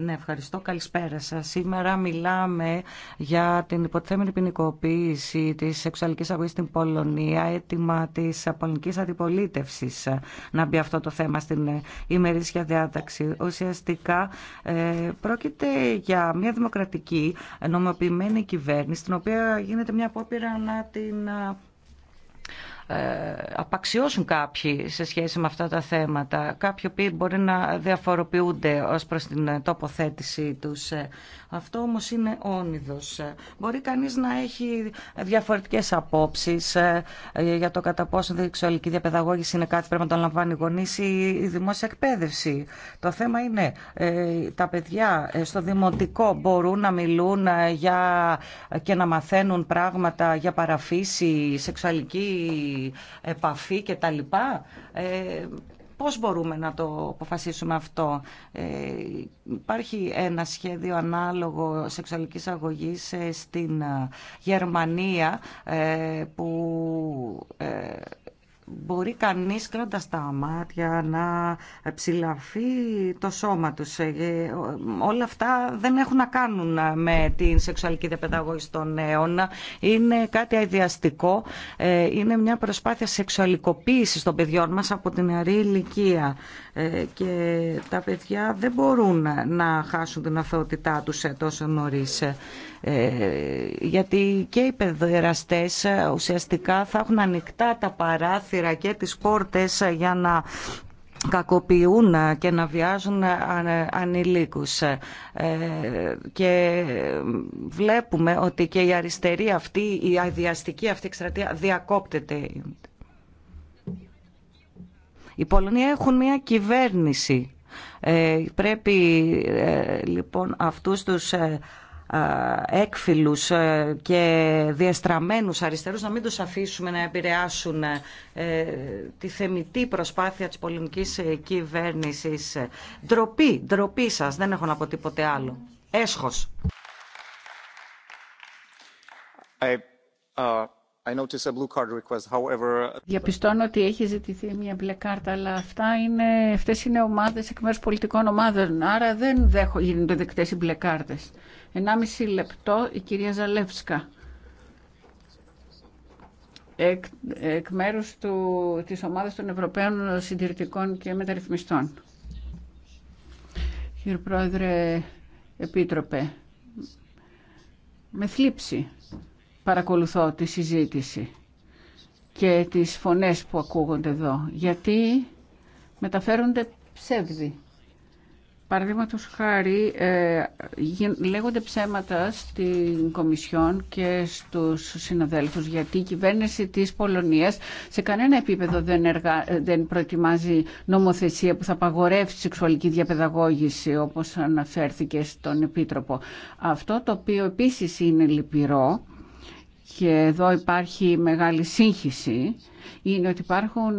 Ναι, ευχαριστώ. Καλησπέρα σα. Σήμερα μιλάμε για την υποθέμενη ποινικοποίηση τη σεξουαλική αγωγή στην Πολωνία, αίτημα τη πολωνική αντιπολίτευση να μπει αυτό το θέμα στην ημερήσια διάταξη. Ουσιαστικά ε, πρόκειται για μια δημοκρατική νομοποιημένη κυβέρνηση, την οποία γίνεται μια απόπειρα να την ε, απαξιώσουν κάποιοι σε σχέση με αυτά τα θέματα. Κάποιοι οποίοι μπορεί να διαφοροποιούνται ως προς την τοποθέτησή τους. Αυτό όμως είναι όνειδος. Μπορεί κανείς να έχει διαφορετικές απόψεις ε, για το κατά πόσο η σεξουαλική διαπαιδαγώγηση είναι κάτι που πρέπει να το λαμβάνει οι η δημόσια εκπαίδευση. Το θέμα είναι ε, τα παιδιά στο δημοτικό μπορούν να μιλούν για, και να μαθαίνουν πράγματα για παραφύση, σεξουαλική επαφή και τα Ε, πώς μπορούμε να το αποφασίσουμε αυτό. Ε, υπάρχει ένα σχέδιο ανάλογο σεξουαλικής αγωγής ε, στην ε, Γερμανία ε, που μπορεί κανείς κρατά τα μάτια να ψηλαφεί το σώμα τους. Ε, ε, όλα αυτά δεν έχουν να κάνουν με την σεξουαλική διαπαιδαγώγηση των νέων. Είναι κάτι αειδιαστικό. Ε, είναι μια προσπάθεια σεξουαλικοποίησης των παιδιών μας από την αρή ηλικία. Και τα παιδιά δεν μπορούν να χάσουν την αθωότητά τους τόσο νωρίς. Ε, γιατί και οι παιδεραστές ε, ουσιαστικά θα έχουν ανοιχτά τα παράθυρα και τις πόρτες ε, για να κακοποιούν και να βιάζουν ανηλίκους. Και βλέπουμε ότι και η αριστερή αυτή, η αδιαστική αυτή εκστρατεία διακόπτεται. Η Πολωνία έχουν μια κυβέρνηση. Πρέπει λοιπόν αυτούς τους έκφυλους ε, και διαστραμμένους αριστερούς να μην τους αφήσουμε να επηρεάσουν ε, τη θεμητή προσπάθεια της πολιτικής ε, κυβέρνησης. Ντροπή, ντροπή σας, δεν έχω να πω τίποτε άλλο. Έσχος. I, uh, a blue card request. However... Uh, Διαπιστώνω ότι έχει ζητηθεί μια μπλε κάρτα, αλλά αυτά είναι, αυτές είναι ομάδες εκ μέρους πολιτικών ομάδων, άρα δεν δέχω, γίνονται δεκτές οι μπλε κάρτες. 1,5 λεπτό η κυρία Ζαλεύσκα. Εκ, μέρους του, της ομάδας των Ευρωπαίων Συντηρητικών και Μεταρρυθμιστών. Κύριε Πρόεδρε, Επίτροπε, με θλίψη παρακολουθώ τη συζήτηση και τις φωνές που ακούγονται εδώ, γιατί μεταφέρονται ψεύδι. Παραδείγματο χάρη, ε, λέγονται ψέματα στην Κομισιόν και στους συναδέλφους γιατί η κυβέρνηση της Πολωνίας σε κανένα επίπεδο δεν, δεν προετοιμάζει νομοθεσία που θα τη σεξουαλική διαπαιδαγώγηση όπως αναφέρθηκε στον Επίτροπο. Αυτό το οποίο επίσης είναι λυπηρό και εδώ υπάρχει μεγάλη σύγχυση είναι ότι υπάρχουν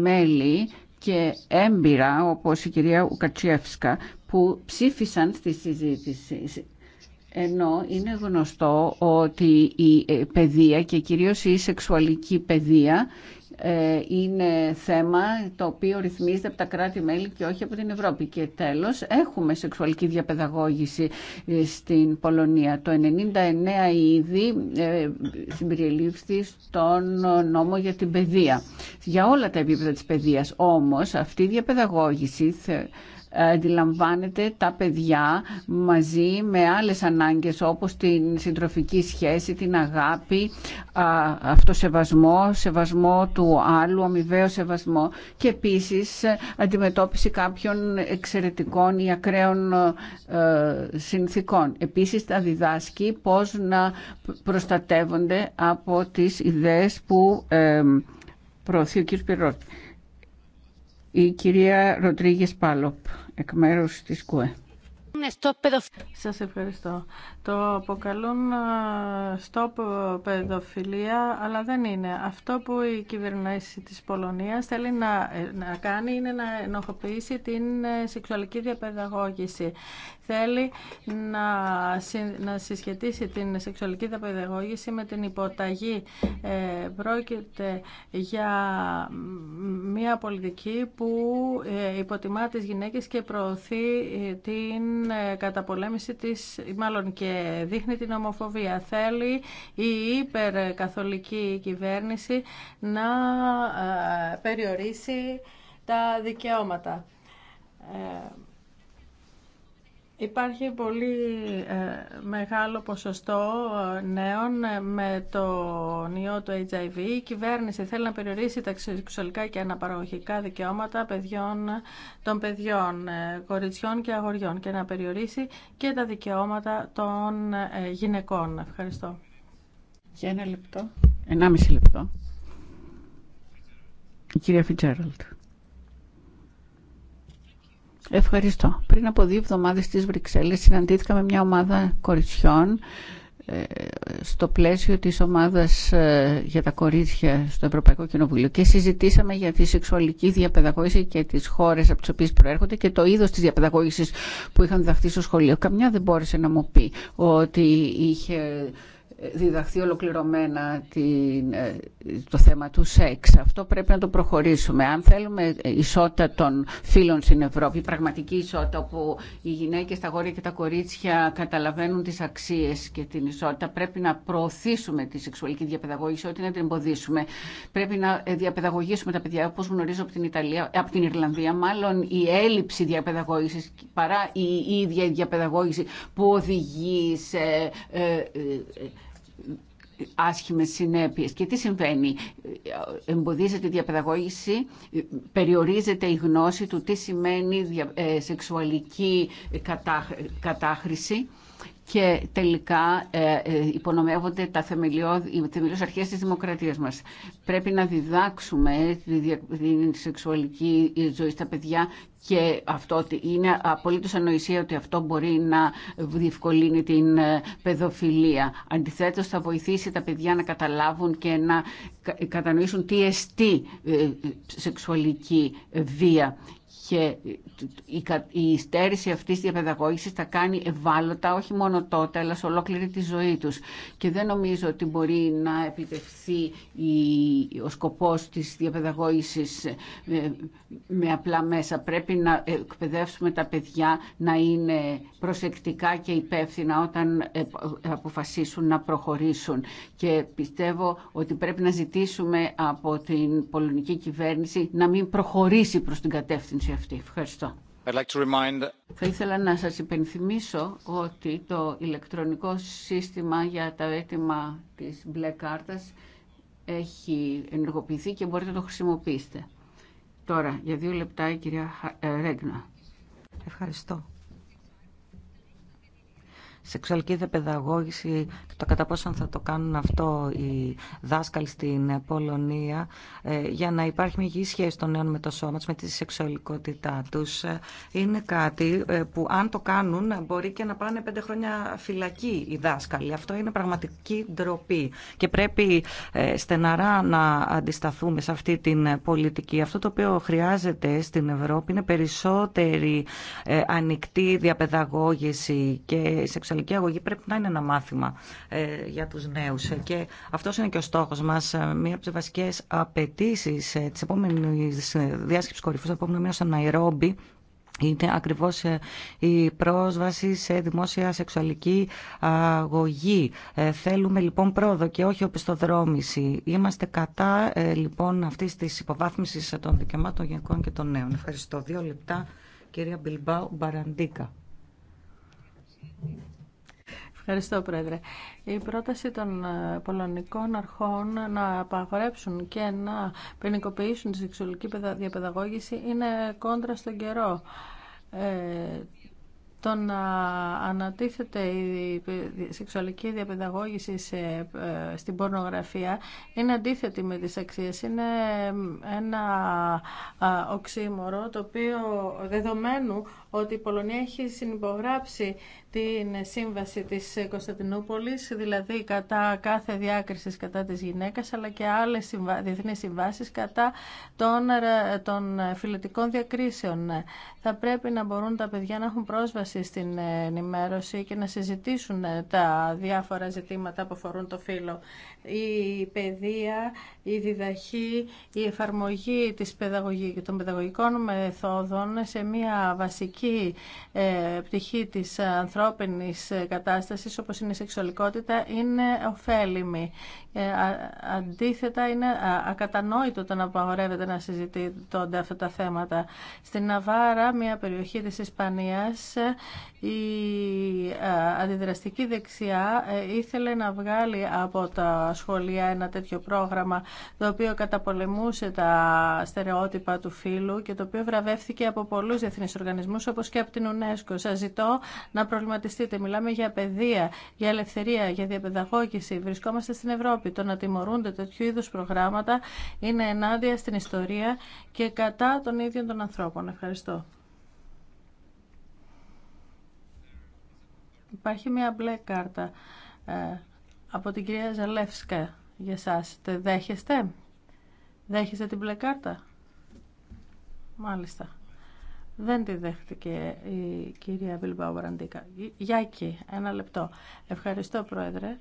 μέλη και έμπειρα όπως η κυρία Ουκατσιεύσκα που ψήφισαν στη συζήτηση ενώ είναι γνωστό ότι η ε, παιδεία και κυρίως η σεξουαλική παιδεία ε, είναι θέμα το οποίο ρυθμίζεται από τα κράτη-μέλη και όχι από την Ευρώπη. Και τέλος, έχουμε σεξουαλική διαπαιδαγώγηση ε, στην Πολωνία. Το 99 ήδη ε, συμπεριελήφθη στον νόμο για την παιδεία. Για όλα τα επίπεδα της παιδείας. Όμως, αυτή η διαπαιδαγώγηση ε, αντιλαμβάνεται τα παιδιά μαζί με άλλες ανάγκες όπως την συντροφική σχέση, την αγάπη, αυτοσεβασμό, σεβασμό του άλλου, αμοιβαίο σεβασμό και επίσης αντιμετώπιση κάποιων εξαιρετικών ή ακραίων ε, συνθήκων. Επίσης τα διδάσκει πώς να προστατεύονται από τις ιδέες που ε, προωθεί ο κ. Πυρός. Η κυρία Ροντρίγες Πάλοπ εκ μέρους της ΚΟΕ. Σας ευχαριστώ. Το αποκαλούν stop παιδοφιλία, αλλά δεν είναι. Αυτό που η κυβερνήση της Πολωνίας θέλει να, ε, να κάνει είναι να ενοχοποιήσει την ε, σεξουαλική διαπαιδαγώγηση θέλει να συσχετίσει την σεξουαλική δαπαιδαγώγηση με την υποταγή. Ε, πρόκειται για μια πολιτική που ε, υποτιμά τις γυναίκες και προωθεί ε, την καταπολέμηση της, μάλλον και δείχνει την ομοφοβία. Θέλει η υπερκαθολική κυβέρνηση να περιορίσει τα δικαιώματα. Υπάρχει πολύ ε, μεγάλο ποσοστό ε, νέων ε, με το νιό του HIV. Η κυβέρνηση θέλει να περιορίσει τα σεξουαλικά και αναπαραγωγικά δικαιώματα παιδιών, των παιδιών, κοριτσιών και αγοριών και να περιορίσει και τα δικαιώματα των γυναικών. Ευχαριστώ. Για ένα λεπτό, ενάμιση λεπτό. Η κυρία Φιτζέραλτ. Ευχαριστώ. Πριν από δύο εβδομάδες στις Βρυξέλλες συναντήθηκα με μια ομάδα κοριτσιών ε, στο πλαίσιο της ομάδας ε, για τα κορίτσια στο Ευρωπαϊκό Κοινοβούλιο και συζητήσαμε για τη σεξουαλική διαπαιδαγώγηση και τις χώρες από τις οποίες προέρχονται και το είδος της διαπαιδαγώγησης που είχαν διδαχθεί στο σχολείο. Καμιά δεν μπόρεσε να μου πει ότι είχε διδαχθεί ολοκληρωμένα ε, το θέμα του σεξ. Αυτό πρέπει να το προχωρήσουμε. Αν θέλουμε ισότητα των φίλων στην Ευρώπη, πραγματική ισότητα όπου οι γυναίκες, τα γόρια και τα κορίτσια καταλαβαίνουν τις αξίες και την ισότητα, πρέπει να προωθήσουμε τη σεξουαλική διαπαιδαγώγηση, ό,τι να την εμποδίσουμε. Πρέπει να ε, διαπαιδαγωγήσουμε τα παιδιά, όπως γνωρίζω από την, Ιταλία, από την Ιρλανδία, μάλλον η έλλειψη διαπαιδαγώγησης παρά η ίδια η διαπαιδαγώγηση που οδηγεί σε ε, άσχημες συνέπειες. Και τι συμβαίνει. Εμποδίζεται η διαπαιδαγώγηση, περιορίζεται η γνώση του τι σημαίνει ε, σεξουαλική κατάχρηση και τελικά ε, ε, υπονομεύονται τα θεμελιώδη, οι θεμελιώδεις αρχές της δημοκρατίας μας. Πρέπει να διδάξουμε την σεξουαλική ζωή στα παιδιά και αυτό ότι είναι απολύτως ανοησία ότι αυτό μπορεί να διευκολύνει την ε, παιδοφιλία. Αντιθέτως θα βοηθήσει τα παιδιά να καταλάβουν και να κατανοήσουν τι εστί σεξουαλική βία και η στέρηση αυτής της διαπαιδαγώγησης τα κάνει ευάλωτα όχι μόνο τότε αλλά σε ολόκληρη τη ζωή τους και δεν νομίζω ότι μπορεί να επιτευχθεί ο σκοπός της διαπαιδαγώγησης ε, με απλά μέσα. Πρέπει να εκπαιδεύσουμε τα παιδιά να είναι προσεκτικά και υπεύθυνα όταν ε, αποφασίσουν να προχωρήσουν και πιστεύω ότι πρέπει να ζητήσουμε από την πολωνική κυβέρνηση να μην προχωρήσει προς την κατεύθυνση αυτή. Ευχαριστώ. Θα ήθελα να σας υπενθυμίσω ότι το ηλεκτρονικό σύστημα για τα αίτημα της μπλε κάρτας έχει ενεργοποιηθεί και μπορείτε να το χρησιμοποιήσετε. Τώρα, για δύο λεπτά η κυρία ε, Ρέγνα. Ευχαριστώ σεξουαλική διαπαιδαγώγηση και το κατά πόσον θα το κάνουν αυτό οι δάσκαλοι στην Πολωνία ε, για να υπάρχει μια υγιή σχέση των νέων με το σώμα τους, με τη σεξουαλικότητά τους. Ε, είναι κάτι ε, που αν το κάνουν μπορεί και να πάνε πέντε χρόνια φυλακή οι δάσκαλοι. Αυτό είναι πραγματική ντροπή και πρέπει στεναρά να αντισταθούμε σε αυτή την πολιτική. Αυτό το οποίο χρειάζεται στην Ευρώπη είναι περισσότερη ανοιχτή διαπαιδαγώγηση και σεξουαλική σεξουαλική αγωγή πρέπει να είναι ένα μάθημα ε, για τους νέους ε, και αυτό είναι και ο στόχος μας. Ε, μία από τις βασικές απαιτήσει της επόμενης διάσκεψης κορυφής, του επόμενου μήνα στο Ναϊρόμπι, είναι ακριβώς η πρόσβαση σε δημόσια σεξουαλική αγωγή. Θέλουμε λοιπόν πρόοδο και όχι οπισθοδρόμηση. Είμαστε κατά λοιπόν αυτής της υποβάθμισης των δικαιωμάτων γενικών και των νέων. Ευχαριστώ. Δύο λεπτά κυρία Μπιλμπάου Μπαραντίκα. Ευχαριστώ, Πρόεδρε. Η πρόταση των ε, πολωνικών αρχών να απαγορέψουν και να ποινικοποιήσουν τη σεξουαλική διαπαιδαγώγηση είναι κόντρα στον καιρό ε, το να ανατίθεται η σεξουαλική διαπαιδαγώγηση σε, ε, στην πορνογραφία είναι αντίθετη με τις αξίες. Είναι ένα οξύμορο το οποίο δεδομένου ότι η Πολωνία έχει συνυπογράψει την σύμβαση της Κωνσταντινούπολης, δηλαδή κατά κάθε διάκριση κατά της γυναίκας, αλλά και άλλες διεθνείς συμβάσεις κατά των, ε, των φιλετικών διακρίσεων. Ναι, θα πρέπει να μπορούν τα παιδιά να έχουν πρόσβαση στην ενημέρωση και να συζητήσουν ε, τα διάφορα ζητήματα που αφορούν το φύλλο η παιδεία, η διδαχή, η εφαρμογή της των παιδαγωγικών μεθόδων σε μια βασική ε, πτυχή της ανθρώπινης ε, κατάστασης όπως είναι η σεξουαλικότητα είναι ωφέλιμη. Ε, αντίθετα είναι ακατανόητο το να απαγορεύεται να συζητώνται αυτά τα θέματα. Στην Ναβάρα, μια περιοχή της Ισπανίας, η αντιδραστική δεξιά ήθελε να βγάλει από τα σχολεία ένα τέτοιο πρόγραμμα το οποίο καταπολεμούσε τα στερεότυπα του φύλου και το οποίο βραβεύθηκε από πολλούς διεθνείς οργανισμούς όπως και από την UNESCO. Σας ζητώ να προβληματιστείτε. Μιλάμε για παιδεία, για ελευθερία, για διαπαιδαγώγηση. Βρισκόμαστε στην Ευρώπη. Το να τιμωρούνται τέτοιου είδους προγράμματα είναι ενάντια στην ιστορία και κατά των ίδιων των ανθρώπων. Ευχαριστώ. Υπάρχει μια μπλε κάρτα. Ε, από την κυρία Ζαλεύσκα για σας. Τε δέχεστε? Δέχεστε την μπλε κάρτα? Μάλιστα. Δεν τη δέχτηκε η κυρία Βιλμπάου Μπραντίκα. Γιάκη, ένα λεπτό. Ευχαριστώ, Πρόεδρε.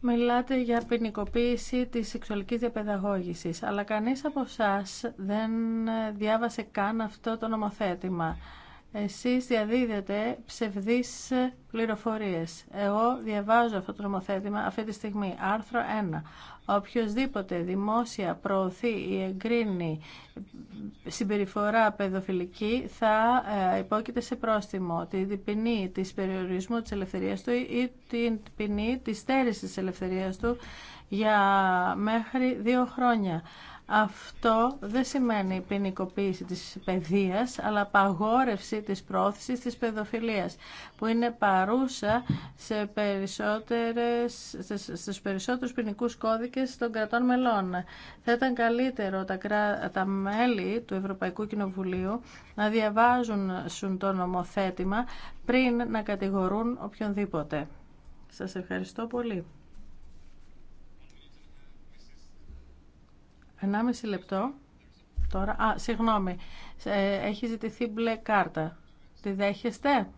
Μιλάτε για ποινικοποίηση της σεξουαλικής διαπαιδαγώγησης, αλλά κανείς από εσά δεν διάβασε καν αυτό το νομοθέτημα. Εσείς διαδίδετε ψευδείς πληροφορίες. Εγώ διαβάζω αυτό το νομοθέτημα αυτή τη στιγμή. Άρθρο 1. Οποιοςδήποτε δημόσια προωθεί ή εγκρίνει συμπεριφορά παιδοφιλική θα ε, υπόκειται σε πρόστιμο την ποινή της περιορισμού της ελευθερίας του ή την ποινή της στέρησης της ελευθερίας του για μέχρι δύο χρόνια. Αυτό δεν σημαίνει ποινικοποίηση της παιδείας, αλλά παγόρευση της πρόθεσης της παιδοφιλίας, που είναι παρούσα σε περισσότερες, στους περισσότερους ποινικού κώδικες των κρατών μελών. Θα ήταν καλύτερο τα, τα μέλη του Ευρωπαϊκού Κοινοβουλίου να διαβάζουν το νομοθέτημα πριν να κατηγορούν οποιονδήποτε. Σας ευχαριστώ πολύ. 1,5 λεπτό τώρα. Α, συγγνώμη. έχει ζητηθεί μπλε κάρτα. Τη δέχεστε?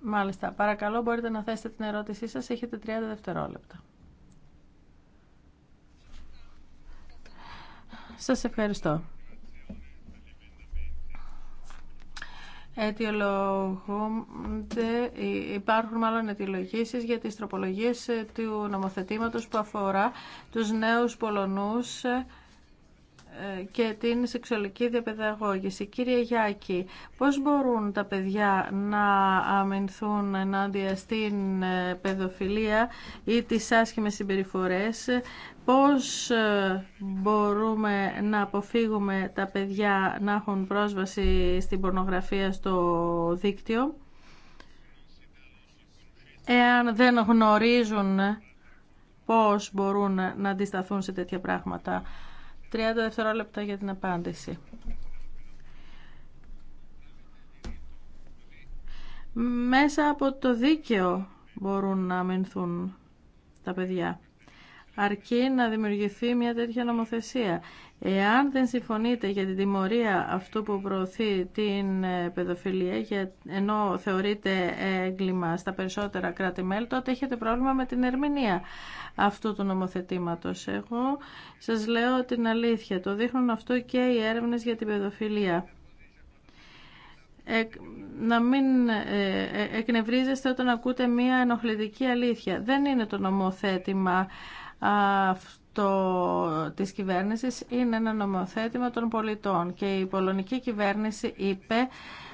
Μάλιστα. Παρακαλώ, μπορείτε να θέσετε την ερώτησή σας. Έχετε 30 δευτερόλεπτα. Σας ευχαριστώ. αιτιολογούνται, υπάρχουν μάλλον αιτιολογήσει για τις τροπολογίες ε, του νομοθετήματος που αφορά τους νέους Πολωνούς ε, και την σεξουαλική διαπαιδαγώγηση. Κύριε Γιάκη, πώς μπορούν τα παιδιά να αμυνθούν ενάντια στην ε, παιδοφιλία ή τις άσχημες συμπεριφορές, πώς ε, μπορούμε να αποφύγουμε τα παιδιά να έχουν πρόσβαση στην πορνογραφία στο δίκτυο, εάν δεν γνωρίζουν πώς μπορούν να αντισταθούν σε τέτοια πράγματα. 30 δευτερόλεπτα για την απάντηση. Μέσα από το δίκαιο μπορούν να αμυνθούν τα παιδιά αρκεί να δημιουργηθεί μια τέτοια νομοθεσία. Εάν δεν συμφωνείτε για την τιμωρία αυτού που προωθεί την ε, παιδοφιλία, ενώ θεωρείτε έγκλημα στα περισσότερα κράτη-μέλη, τότε έχετε πρόβλημα με την ερμηνεία αυτού του νομοθετήματος. Εγώ σας λέω την αλήθεια. Το δείχνουν αυτό και οι έρευνες για την παιδοφιλία. Να μην ε, ε, εκνευρίζεστε όταν ακούτε μία ενοχλητική αλήθεια. Δεν είναι το νομοθέτημα αυτό το, της κυβέρνησης είναι ένα νομοθέτημα των πολιτών και η πολωνική κυβέρνηση είπε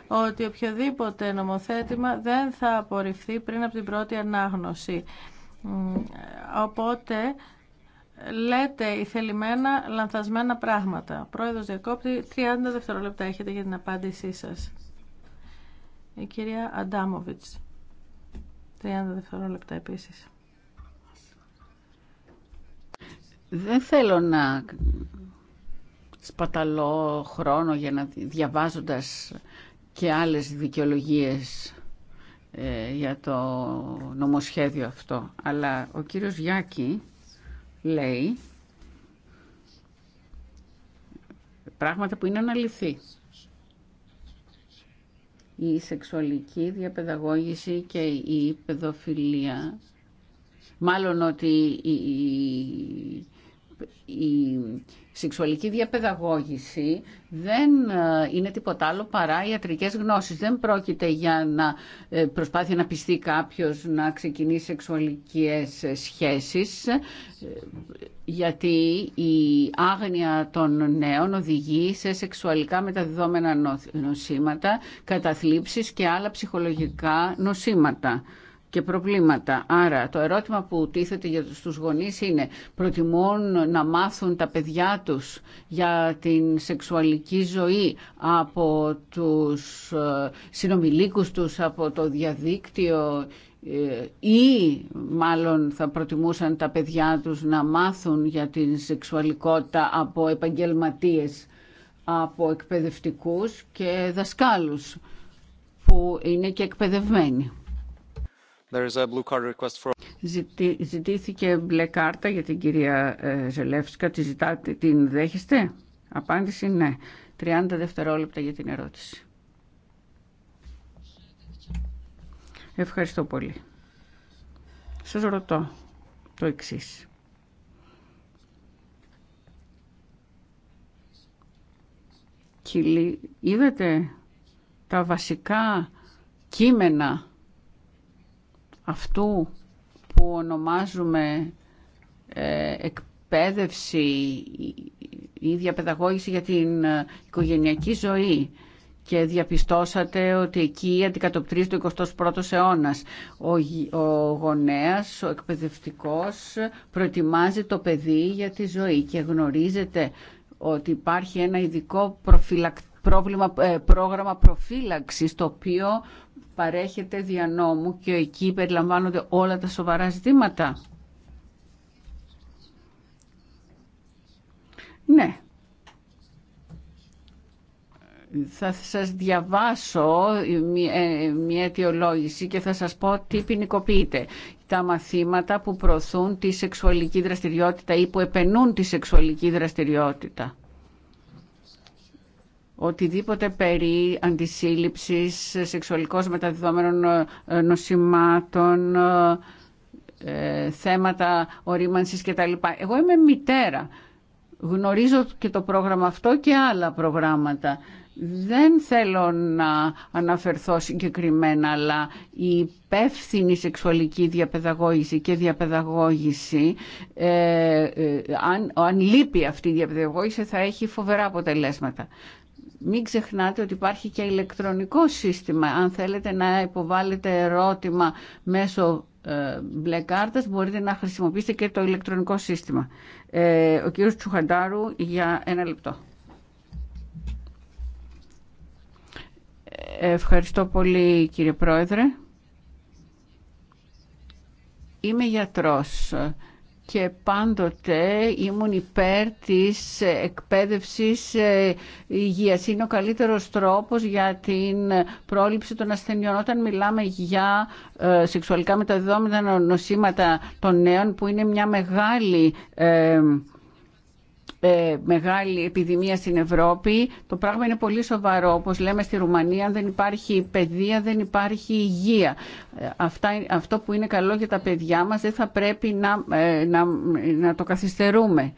ότι οποιοδήποτε νομοθέτημα δεν θα απορριφθεί πριν από την πρώτη ανάγνωση. Οπότε λέτε ηθελημένα λανθασμένα πράγματα. Πρόεδρος Διακόπτη, 30 δευτερόλεπτα έχετε για την απάντησή σας. Η κυρία Αντάμοβιτς, 30 δευτερόλεπτα επίσης. Δεν θέλω να σπαταλώ χρόνο για να διαβάζοντας και άλλες δικαιολογίες ε, για το νομοσχέδιο αυτό. Αλλά ο κύριος Γιάκη λέει πράγματα που είναι αναλυθή. Η σεξουαλική διαπαιδαγώγηση και η παιδοφιλία, μάλλον ότι η, η σεξουαλική διαπαιδαγώγηση δεν ε, είναι τίποτα άλλο παρά ιατρικές γνώσεις. Δεν πρόκειται για να ε, προσπάθει να πιστεί κάποιος να ξεκινήσει σεξουαλικές ε, σχέσεις γιατί η άγνοια των νέων οδηγεί σε σεξουαλικά μεταδεδομένα νοσήματα, καταθλίψεις και άλλα ψυχολογικά νοσήματα και προβλήματα. Άρα το ερώτημα που τίθεται για τους γονείς είναι προτιμούν να μάθουν τα παιδιά τους για την σεξουαλική ζωή από τους ε, συνομιλίκους τους, από το διαδίκτυο ε, ή μάλλον θα προτιμούσαν τα παιδιά τους να μάθουν για την σεξουαλικότητα από επαγγελματίες, από εκπαιδευτικούς και δασκάλους που είναι και εκπαιδευμένοι ζητήθηκε μπλε κάρτα για την κυρία ε, Ζελεύσκα. την δέχεστε? Απάντηση ναι. 30 δευτερόλεπτα για την ερώτηση. Ευχαριστώ πολύ. Σας ρωτώ το εξής. Είδατε τα βασικά κείμενα αυτού που ονομάζουμε ε, εκπαίδευση ή διαπαιδαγώγηση για την ε, οικογενειακή ζωή και διαπιστώσατε ότι εκεί αντικατοπτρίζει το 21ο γονέας, Ο, ο γονέας, ο εκπαιδευτικός προετοιμάζει το παιδί για τη ζωή και γνωρίζετε ότι υπάρχει ένα ειδικό προφυλακτικό πρόβλημα, ε, πρόγραμμα προφύλαξης το οποίο παρέχεται δια νόμου και εκεί περιλαμβάνονται όλα τα σοβαρά ζητήματα. Ναι. Θα σας διαβάσω ε, μια αιτιολόγηση και θα σας πω τι ποινικοποιείται. Τα μαθήματα που προωθούν τη σεξουαλική δραστηριότητα ή που επενούν τη σεξουαλική δραστηριότητα οτιδήποτε περί αντισύλληψης, σεξουαλικώς μεταδιδόμενων ε, ε, νοσημάτων, ε, θέματα ορίμανσης κτλ. Εγώ είμαι μητέρα. Γνωρίζω και το πρόγραμμα αυτό και άλλα προγράμματα. Δεν θέλω να αναφερθώ συγκεκριμένα, αλλά η υπεύθυνη σεξουαλική διαπαιδαγώγηση και διαπαιδαγώγηση, αν, αν λείπει αυτή η διαπαιδαγώγηση, θα έχει φοβερά αποτελέσματα μην ξεχνάτε ότι υπάρχει και ηλεκτρονικό σύστημα. Αν θέλετε να υποβάλλετε ερώτημα μέσω ε, μπλε κάρτας, μπορείτε να χρησιμοποιήσετε και το ηλεκτρονικό σύστημα. Ε, ο κύριος Τσουχαντάρου για ένα λεπτό. Ε, ευχαριστώ πολύ κύριε Πρόεδρε. Είμαι γιατρός και πάντοτε ήμουν υπέρ της εκπαίδευσης ε, υγείας. Είναι ο καλύτερος τρόπος για την πρόληψη των ασθενειών. Όταν μιλάμε για ε, σεξουαλικά μεταδιδόμενα νοσήματα των νέων που είναι μια μεγάλη ε, ε, μεγάλη επιδημία στην Ευρώπη, το πράγμα είναι πολύ σοβαρό. Όπως λέμε στη Ρουμανία, δεν υπάρχει παιδεία, δεν υπάρχει υγεία. Ε, αυτά, αυτό που είναι καλό για τα παιδιά μας δεν θα πρέπει να, ε, να, να το καθυστερούμε.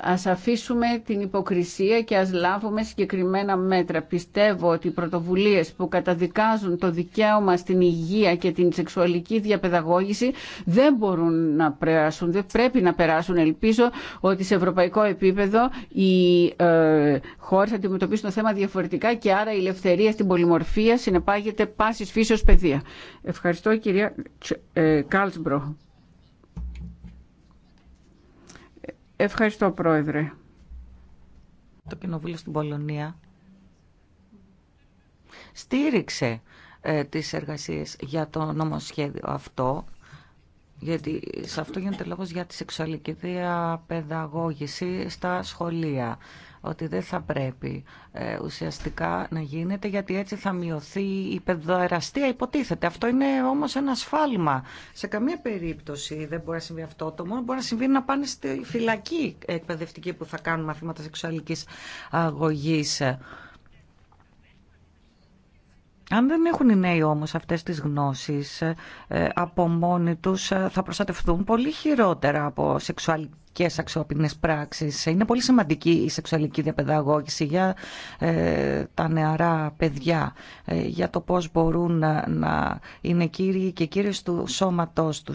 Ας αφήσουμε την υποκρισία και ας λάβουμε συγκεκριμένα μέτρα. Πιστεύω ότι οι πρωτοβουλίες που καταδικάζουν το δικαίωμα στην υγεία και την σεξουαλική διαπαιδαγώγηση δεν μπορούν να περάσουν, δεν πρέπει να περάσουν. Ελπίζω ότι σε ευρωπαϊκό επίπεδο οι ε, χώρες θα αντιμετωπίσουν το θέμα διαφορετικά και άρα η ελευθερία στην πολυμορφία συνεπάγεται πάσης φύσεως παιδεία. Ευχαριστώ κυρία ε, Κάλτσμπρο. Ευχαριστώ, Πρόεδρε. Το Κοινοβούλιο στην Πολωνία στήριξε ε, τις εργασίες για το νομοσχέδιο αυτό γιατί σε αυτό γίνεται λόγος για τη σεξουαλική διαπαιδαγώγηση στα σχολεία ότι δεν θα πρέπει ε, ουσιαστικά να γίνεται γιατί έτσι θα μειωθεί η παιδοεραστία υποτίθεται. Αυτό είναι όμως ένα σφάλμα. Σε καμία περίπτωση δεν μπορεί να συμβεί αυτό. Το μόνο μπορεί να συμβεί να πάνε στη φυλακή εκπαιδευτική που θα κάνουν μαθήματα σεξουαλικής αγωγής. Αν δεν έχουν οι νέοι όμως αυτές τις γνώσεις ε, ε, από μόνοι τους ε, θα προστατευτούν πολύ χειρότερα από σεξουαλικές και πράξεις. πράξει. Είναι πολύ σημαντική η σεξουαλική διαπαιδαγώγηση για τα νεαρά παιδιά, για το πώ μπορούν να, είναι κύριοι και κύριε του σώματό του.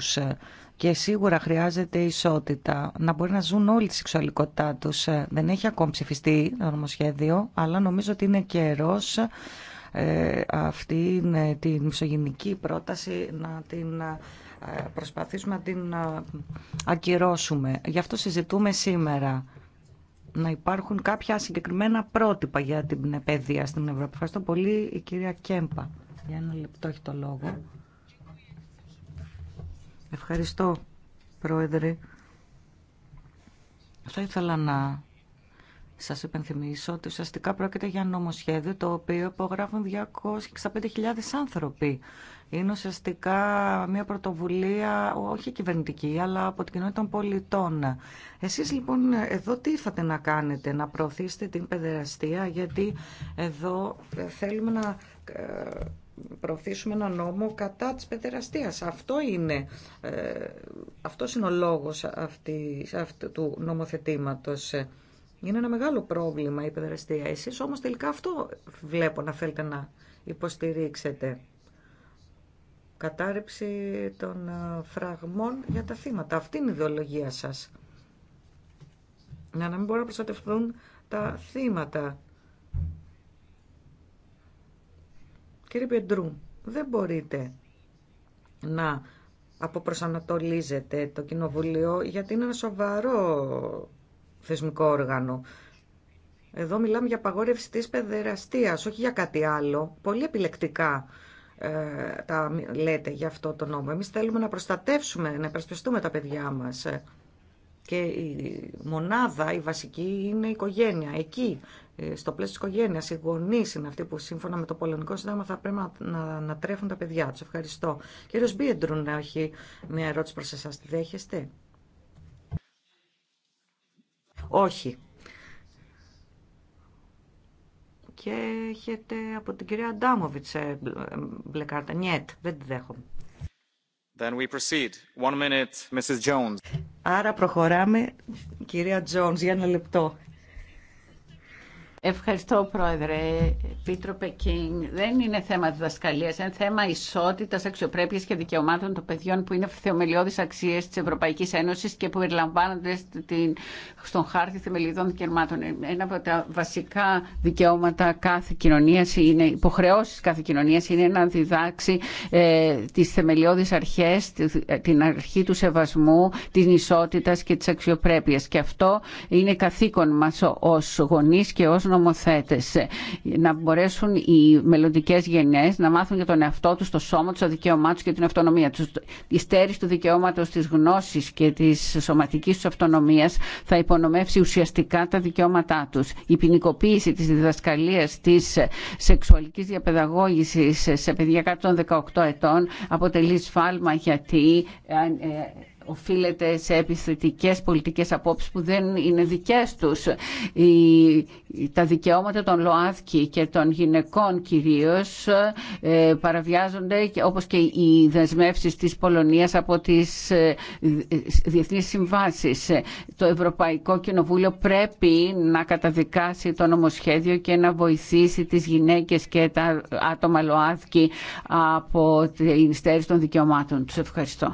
Και σίγουρα χρειάζεται ισότητα, να μπορεί να ζουν όλη τη σεξουαλικότητά του. Δεν έχει ακόμη ψηφιστεί το νομοσχέδιο, αλλά νομίζω ότι είναι καιρό ε, αυτή την μισογενική πρόταση να την ε, προσπαθήσουμε να την ε, ακυρώσουμε. Γι' αυτό συζητούμε σήμερα να υπάρχουν κάποια συγκεκριμένα πρότυπα για την παιδεία στην Ευρώπη. Ευχαριστώ πολύ η κυρία Κέμπα. Για ένα λεπτό έχει το λόγο. Ευχαριστώ, Πρόεδρε. Θα ήθελα να σας υπενθυμίσω ότι ουσιαστικά πρόκειται για νομοσχέδιο το οποίο υπογράφουν 265.000 άνθρωποι. Είναι ουσιαστικά μια πρωτοβουλία όχι κυβερνητική αλλά από την κοινότητα των πολιτών. Εσείς λοιπόν εδώ τι ήρθατε να κάνετε, να προωθήσετε την παιδεραστία γιατί εδώ ε, θέλουμε να ε, προωθήσουμε ένα νόμο κατά της παιδεραστίας. Αυτό είναι, ε, αυτός είναι ο λόγος αυτή, αυτού του νομοθετήματος. Είναι ένα μεγάλο πρόβλημα η παιδεραστία Εσείς όμως τελικά αυτό βλέπω να θέλετε να υποστηρίξετε. Κατάρρεψη των ε, φραγμών για τα θύματα. Αυτή είναι η ιδεολογία σας. Να, να μην μπορούν να προστατευτούν τα θύματα. Κύριε Πεντρού, δεν μπορείτε να αποπροσανατολίζετε το Κοινοβουλίο γιατί είναι ένα σοβαρό θεσμικό όργανο. Εδώ μιλάμε για απαγόρευση της παιδεραστίας, όχι για κάτι άλλο. Πολύ επιλεκτικά ε, τα λέτε για αυτό το νόμο. Εμείς θέλουμε να προστατεύσουμε, να υπερασπιστούμε τα παιδιά μας. Και η μονάδα, η βασική, είναι η οικογένεια. Εκεί, ε, στο πλαίσιο της οικογένειας, οι γονείς είναι αυτοί που σύμφωνα με το Πολωνικό Σύνταγμα θα πρέπει να, να, να τρέφουν τα παιδιά τους. Ευχαριστώ. Κύριος Μπίεντρουν έχει μια ερώτηση προς εσάς. Τη δέχεστε όχι. Και έχετε από την κυρία Ντάμοβιτς μπλε κάρτα. Νιέτ, δεν τη δέχομαι. Then we proceed. One minute, Mrs. Jones. Άρα προχωράμε, κυρία Jones, για ένα λεπτό. Ευχαριστώ Πρόεδρε. Πίτρο Κίνγκ, δεν είναι θέμα διδασκαλία, είναι θέμα ισότητα, αξιοπρέπεια και δικαιωμάτων των παιδιών που είναι θεμελιώδει αξίες τη Ευρωπαϊκή Ένωση και που περιλαμβάνονται στον χάρτη θεμελιωδών δικαιωμάτων. Ένα από τα βασικά δικαιώματα κάθε κοινωνία, είναι, υποχρεώσει κάθε κοινωνία είναι να διδάξει ε, τις θεμελιώδεις αρχές, την αρχή του σεβασμού, την ισότητα και τη αξιοπρέπεια. Και αυτό είναι καθήκον μα ω γονεί και ω νομοθέτες, να μπορέσουν οι μελλοντικέ γενιές να μάθουν για τον εαυτό τους, το σώμα τους, το δικαίωμά τους και την αυτονομία τους. Η στέρηση του δικαιώματος της γνώσης και της σωματικής του αυτονομίας θα υπονομεύσει ουσιαστικά τα δικαιώματά τους. Η ποινικοποίηση της διδασκαλίας της σεξουαλικής διαπαιδαγώγησης σε παιδιά κάτω των 18 ετών αποτελεί σφάλμα γιατί ε, ε, οφείλεται σε επιθετικές πολιτικές απόψεις που δεν είναι δικές τους. τα δικαιώματα των ΛΟΑΔΚΙ και των γυναικών κυρίως ε, παραβιάζονται όπως και οι δεσμεύσεις της Πολωνίας από τις ε, διεθνείς συμβάσεις. Το Ευρωπαϊκό Κοινοβούλιο πρέπει να καταδικάσει το νομοσχέδιο και να βοηθήσει τις γυναίκες και τα άτομα ΛΟΑΔΚΙ από την στέρηση των δικαιωμάτων. Τους ευχαριστώ.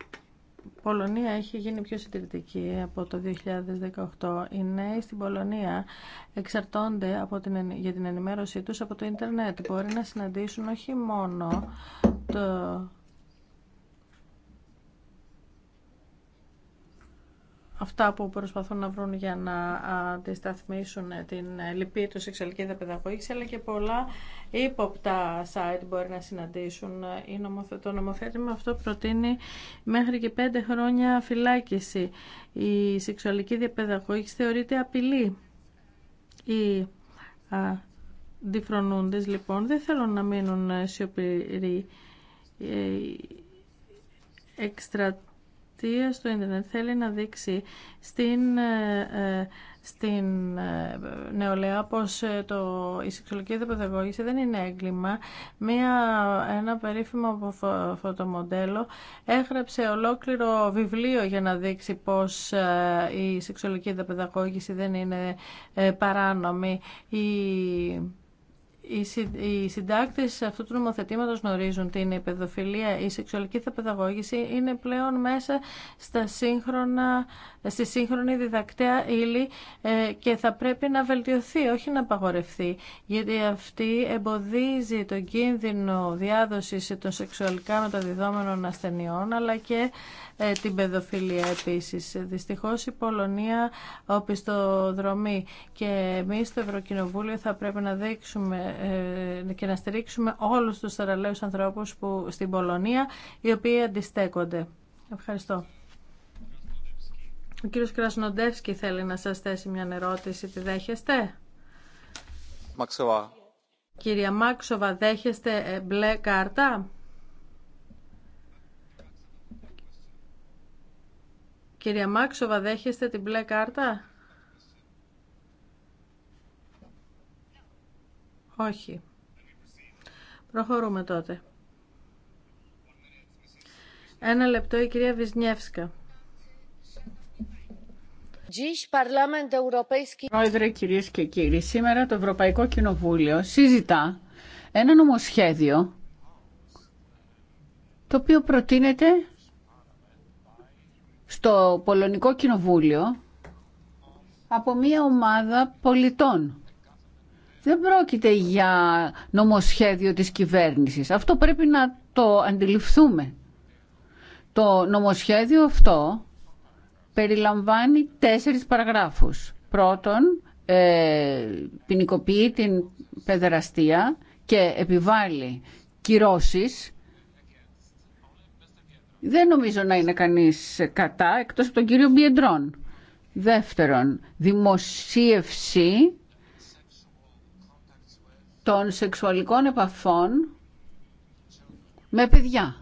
Πολωνία έχει γίνει πιο συντηρητική από το 2018. Οι νέοι στην Πολωνία εξαρτώνται από την, για την ενημέρωσή τους από το ίντερνετ. Μπορεί να συναντήσουν όχι μόνο το αυτά που προσπαθούν να βρουν για να αντισταθμίσουν την λυπή του σεξουαλική διαπαιδαγώγηση, αλλά και πολλά ύποπτα site μπορεί να συναντήσουν. Το νομοθέτημα αυτό προτείνει μέχρι και πέντε χρόνια φυλάκιση. Η σεξουαλική διαπαιδαγώγηση θεωρείται απειλή. Οι διφρονούντες λοιπόν δεν θέλουν να μείνουν σιωπηροί. Το στο ίντερνετ θέλει να δείξει στην, ε, ε, στην ε, νεολαία πως το, η σεξουαλική διαπαιδαγώγηση δεν είναι έγκλημα. Μία, ένα περίφημο φω, φωτομοντέλο έγραψε ολόκληρο βιβλίο για να δείξει πως η σεξουαλική διαπαιδαγώγηση δεν είναι παράνομη. Η, οι συντάκτε αυτού του νομοθετήματο γνωρίζουν ότι είναι η παιδοφιλία, η σεξουαλική θεπαιδαγώγηση είναι πλέον μέσα στα σύγχρονα, στη σύγχρονη διδακτέα ύλη ε, και θα πρέπει να βελτιωθεί, όχι να απαγορευτεί. Γιατί αυτή εμποδίζει τον κίνδυνο διάδοση των σεξουαλικά μεταδιδόμενων ασθενειών, αλλά και ε, την παιδοφιλία επίσης. Δυστυχώ η Πολωνία οπισθοδρομεί και εμεί στο Ευρωκοινοβούλιο θα πρέπει να δείξουμε ε, και να στηρίξουμε όλους τους θαραλέους ανθρώπους που, στην Πολωνία οι οποίοι αντιστέκονται. Ευχαριστώ. Ο κύριος Κρασνοντεύσκη θέλει να σας θέσει μια ερώτηση. Τη δέχεστε? Μαξοβά. Κυρία Μάξοβα, δέχεστε ε, μπλε κάρτα? Κυρία Μάξοβα, δέχεστε την μπλε κάρτα? Όχι. Προχωρούμε τότε. Ένα λεπτό η κυρία Βυσνιεύσκα. Πρόεδρε, κυρίες και κύριοι, σήμερα το Ευρωπαϊκό Κοινοβούλιο συζητά ένα νομοσχέδιο το οποίο προτείνεται στο Πολωνικό Κοινοβούλιο από μια ομάδα πολιτών δεν πρόκειται για νομοσχέδιο της κυβέρνησης. Αυτό πρέπει να το αντιληφθούμε. Το νομοσχέδιο αυτό περιλαμβάνει τέσσερις παραγράφους. Πρώτον, ε, ποινικοποιεί την παιδεραστία και επιβάλλει κυρώσεις. Δεν νομίζω να είναι κανείς κατά, εκτός από τον κύριο Μπιεντρών. Δεύτερον, δημοσίευση των σεξουαλικών επαφών με παιδιά.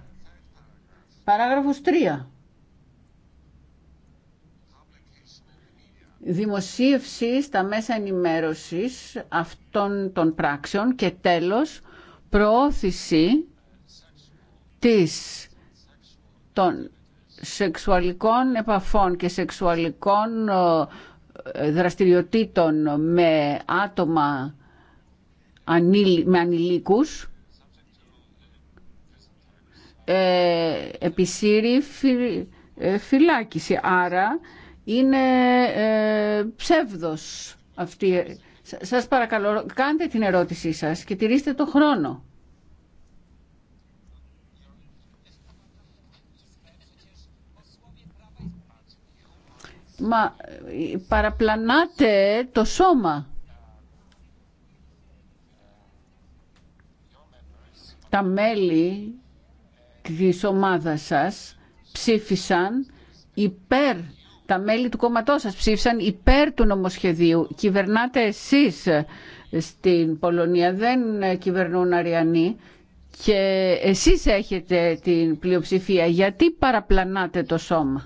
Παράγραφος 3. Δημοσίευση στα μέσα ενημέρωσης αυτών των πράξεων και τέλος προώθηση της των σεξουαλικών επαφών και σεξουαλικών ε, δραστηριοτήτων με άτομα με ανηλίκους ε, επισύρει ε, φυλάκιση. Άρα είναι ε, ψεύδος αυτή. Σας παρακαλώ, κάντε την ερώτησή σας και τηρήστε το χρόνο. Μα παραπλανάτε το σώμα. τα μέλη της ομάδας σας ψήφισαν υπέρ τα μέλη του κόμματό σας ψήφισαν υπέρ του νομοσχεδίου. Κυβερνάτε εσείς στην Πολωνία, δεν κυβερνούν Αριανοί και εσείς έχετε την πλειοψηφία. Γιατί παραπλανάτε το σώμα.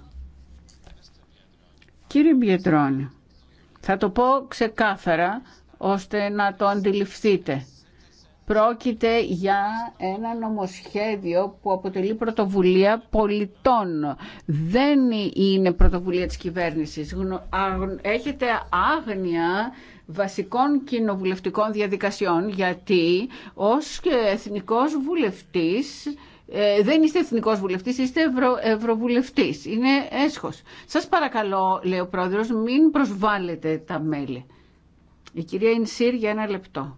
Κύριε Μπιετρώνη, θα το πω ξεκάθαρα ώστε να το αντιληφθείτε. Πρόκειται για ένα νομοσχέδιο που αποτελεί πρωτοβουλία πολιτών. Δεν είναι πρωτοβουλία της κυβέρνησης. Έχετε άγνοια βασικών κοινοβουλευτικών διαδικασιών γιατί ως εθνικός βουλευτής ε, δεν είστε εθνικό βουλευτή, είστε ευρω, ευρωβουλευτή. Είναι έσχο. Σα παρακαλώ, λέει ο πρόεδρο, μην προσβάλλετε τα μέλη. Η κυρία Ινσύρ για ένα λεπτό.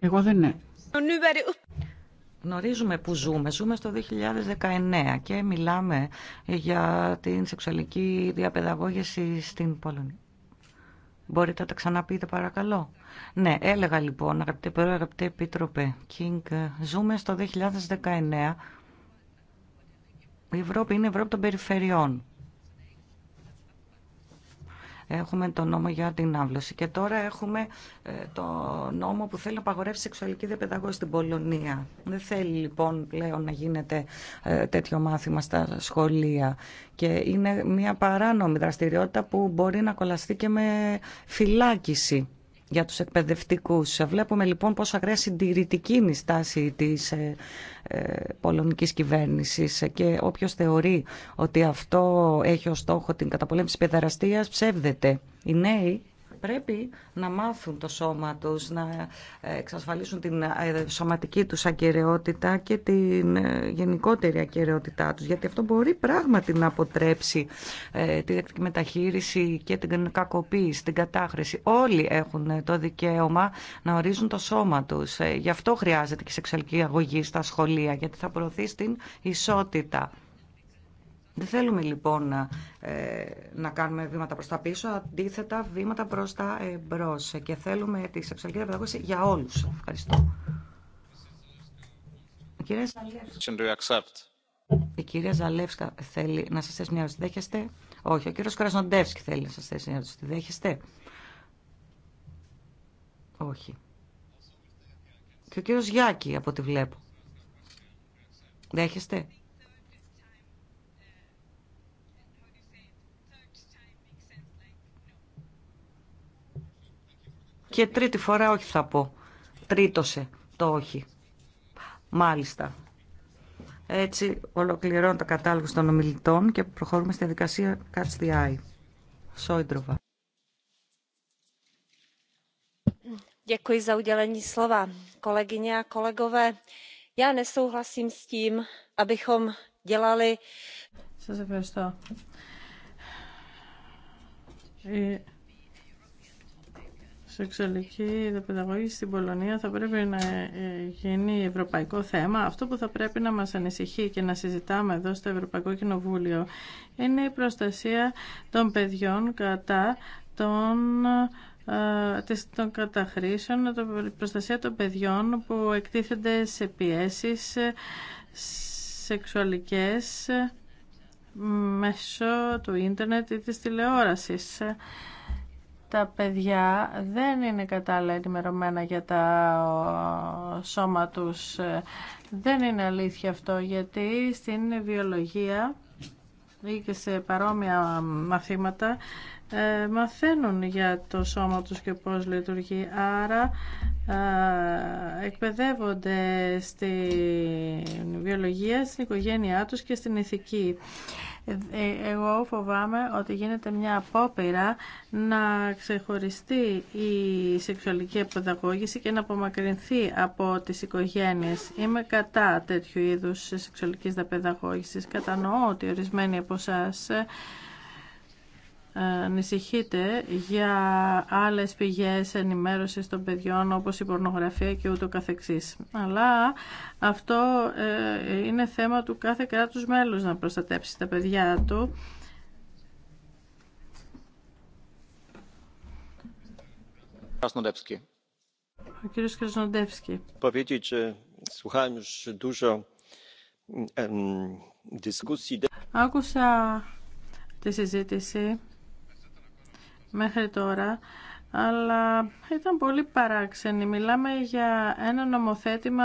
Εγώ δεν είναι. Γνωρίζουμε που ζούμε. Ζούμε στο 2019 και μιλάμε για την σεξουαλική διαπαιδαγώγηση στην Πολωνία. Μπορείτε να τα ξαναπείτε παρακαλώ. Ναι, έλεγα λοιπόν, αγαπητέ Περό, αγαπητέ Επίτροπε Κίνγκ, ζούμε στο 2019. Η Ευρώπη είναι Ευρώπη των περιφερειών. Έχουμε τον νόμο για την άμβλωση Και τώρα έχουμε ε, το νόμο που θέλει να απαγορεύσει σεξουαλική διαπαιδαγώση στην Πολωνία. Δεν θέλει λοιπόν πλέον να γίνεται ε, τέτοιο μάθημα στα σχολεία. Και είναι μια παράνομη δραστηριότητα που μπορεί να κολλαστεί και με φυλάκιση για τους εκπαιδευτικούς. Βλέπουμε λοιπόν πόσο ακραία συντηρητική είναι η στάση της ε, ε, πολωνικής κυβέρνησης και όποιος θεωρεί ότι αυτό έχει ως στόχο την καταπολέμηση παιδεραστίας ψεύδεται. Οι νέοι πρέπει να μάθουν το σώμα τους, να εξασφαλίσουν την ε, σωματική τους ακαιρεότητα και την ε, γενικότερη ακαιρεότητά τους. Γιατί αυτό μπορεί πράγματι να αποτρέψει ε, τη δεκτική μεταχείριση και την κακοποίηση, την κατάχρηση. Όλοι έχουν το δικαίωμα να ορίζουν το σώμα τους. Γι' αυτό χρειάζεται και σεξουαλική αγωγή στα σχολεία, γιατί θα προωθεί στην ισότητα. Δεν θέλουμε λοιπόν να, ε, να κάνουμε βήματα προς τα πίσω, αντίθετα βήματα προς τα μπρος και θέλουμε τη σεξουαλική διαπαιδαγώγηση για όλους. Ευχαριστώ. Η κυρία Ζαλεύσκα, η κυρία Ζαλεύσκα θέλει να σας θέσει μια ερώτηση. Δέχεστε. Όχι, ο κύριος Κρασνοντεύσκη θέλει να σας θέσει μια ερώτηση. Δέχεστε. Όχι. Και ο κύριος Γιάκη από ό,τι βλέπω. Δέχεστε. Και τρίτη φορά όχι θα πω. Τρίτωσε το όχι. Μάλιστα. Έτσι ολοκληρώνω το κατάλογο των ομιλητών και προχωρούμε στη δικασία Catch the Eye. Σόιντροβα. Děkuji za udělení slova. Kolegyně a kolegové, já nesouhlasím s tím, abychom dělali... Σας ευχαριστώ. Η ε, σεξουαλική δεπαιδαγώγηση στην Πολωνία θα πρέπει να ε, γίνει ευρωπαϊκό θέμα. Αυτό που θα πρέπει να μας ανησυχεί και να συζητάμε εδώ στο Ευρωπαϊκό Κοινοβούλιο είναι η προστασία των παιδιών κατά των ε, των καταχρήσεων, η προστασία των παιδιών που εκτίθενται σε πιέσεις ε, σεξουαλικές μέσω του ίντερνετ ή της τηλεόρασης τα παιδιά δεν είναι κατάλληλα ενημερωμένα για τα σώμα τους. Δεν είναι αλήθεια αυτό γιατί στην βιολογία ή και σε παρόμοια μαθήματα ε, μαθαίνουν για το σώμα τους και πώς λειτουργεί. Άρα ε, εκπαιδεύονται στην βιολογία, στην οικογένειά τους και στην ηθική. Ε, εγώ φοβάμαι ότι γίνεται μια απόπειρα να ξεχωριστεί η σεξουαλική επαιδαγώγηση και να απομακρυνθεί από τις οικογένειες. Είμαι κατά τέτοιου είδους σεξουαλικής δαπαιδαγώγησης. Κατανοώ ότι ορισμένοι από εσάς ανησυχείτε για άλλες πηγές ενημέρωσης των παιδιών όπως η πορνογραφία και ούτω καθεξής. Αλλά αυτό ε, είναι θέμα του κάθε κράτους μέλους να προστατέψει τα παιδιά του. Ο κύριος Κρασνοντεύσκη. Άκουσα τη συζήτηση μέχρι τώρα, αλλά ήταν πολύ παράξενη. Μιλάμε για ένα νομοθέτημα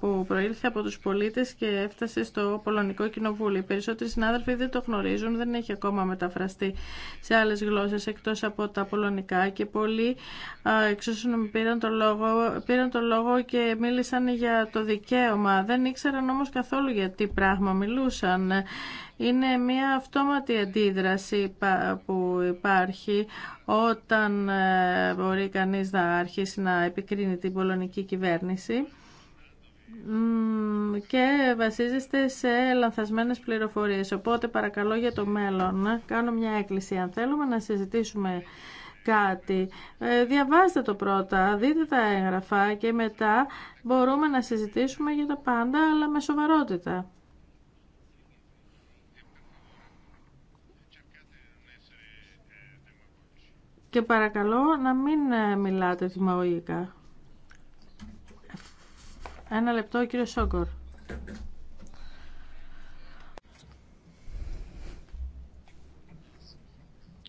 που προήλθε από τους πολίτες και έφτασε στο Πολωνικό Κοινοβούλιο. Οι περισσότεροι συνάδελφοι δεν το γνωρίζουν, δεν έχει ακόμα μεταφραστεί σε άλλες γλώσσες εκτός από τα πολωνικά και πολλοί εξ πήραν το, λόγο, πήραν το λόγο και μίλησαν για το δικαίωμα. Δεν ήξεραν όμως καθόλου για τι πράγμα μιλούσαν. Είναι μια αυτόματη αντίδραση που υπάρχει όταν ε, μπορεί κανείς να αρχίσει να επικρίνει την πολωνική κυβέρνηση και βασίζεστε σε λανθασμένες πληροφορίες. Οπότε παρακαλώ για το μέλλον κάνω μια έκκληση. Αν θέλουμε να συζητήσουμε κάτι, ε, διαβάστε το πρώτα, δείτε τα έγγραφα και μετά μπορούμε να συζητήσουμε για τα πάντα αλλά με σοβαρότητα. Και παρακαλώ να μην ε, μιλάτε θυμαγωγικά. Ένα λεπτό, κύριο Σόκορ.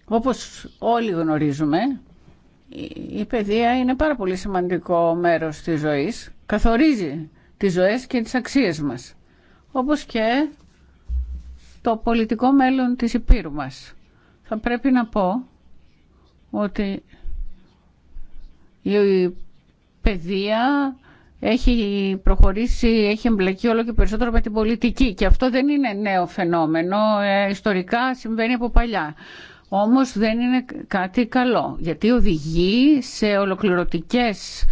Όπως όλοι γνωρίζουμε, η παιδεία είναι πάρα πολύ σημαντικό μέρος της ζωής. Καθορίζει τις ζωές και τις αξίες μας. Όπως και το πολιτικό μέλλον της Υπήρου μας. Θα πρέπει να πω ότι η παιδεία έχει προχωρήσει, έχει εμπλακεί όλο και περισσότερο με την πολιτική και αυτό δεν είναι νέο φαινόμενο, ε, ιστορικά συμβαίνει από παλιά. Όμως δεν είναι κάτι καλό, γιατί οδηγεί σε ολοκληρωτικές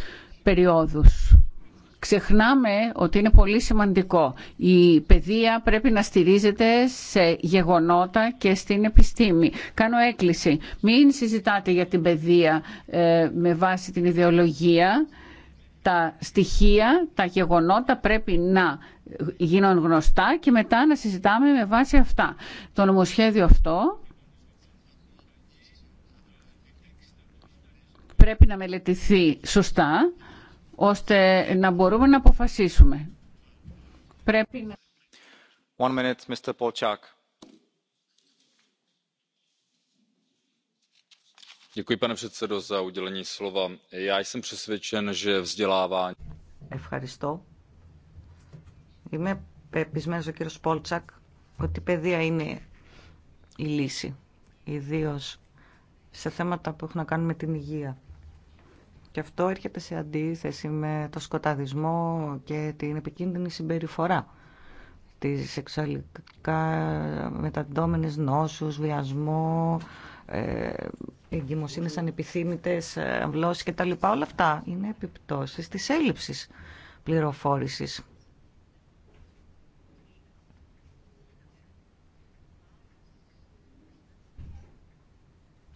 περιόδους ξεχνάμε ότι είναι πολύ σημαντικό. Η παιδεία πρέπει να στηρίζεται σε γεγονότα και στην επιστήμη. Κάνω έκκληση. Μην συζητάτε για την παιδεία ε, με βάση την ιδεολογία. Τα στοιχεία, τα γεγονότα πρέπει να γίνουν γνωστά και μετά να συζητάμε με βάση αυτά. Το νομοσχέδιο αυτό πρέπει να μελετηθεί σωστά ώστε να μπορούμε να αποφασίσουμε. Πρέπει να... One minute, Mr. Ευχαριστώ. Είμαι πεπισμένος ο κύριος Πόλτσακ ότι η παιδεία είναι η λύση, ιδίως σε θέματα που έχουν να κάνουν με την υγεία. Και αυτό έρχεται σε αντίθεση με το σκοταδισμό και την επικίνδυνη συμπεριφορά τη σεξουαλικά μεταδόμενες νόσους, βιασμό, ε, εγκυμοσύνες ανεπιθύμητες, ε, αμβλώσεις κτλ. Όλα αυτά είναι επιπτώσεις της έλλειψης πληροφόρησης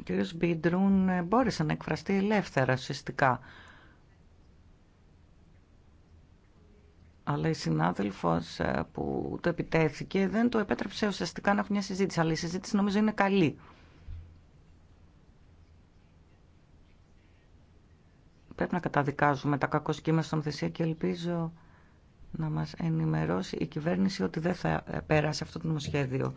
κύριος Μπιντρούν ε, μπόρεσε να εκφραστεί ελεύθερα ουσιαστικά. αλλά η συνάδελφο ε, που το επιτέθηκε δεν το επέτρεψε ουσιαστικά να έχουν μια συζήτηση. Αλλά η συζήτηση νομίζω είναι καλή. Πρέπει να καταδικάζουμε τα κακό σκήμα στον θεσία και ελπίζω να μας ενημερώσει η κυβέρνηση ότι δεν θα πέρασε αυτό το νομοσχέδιο.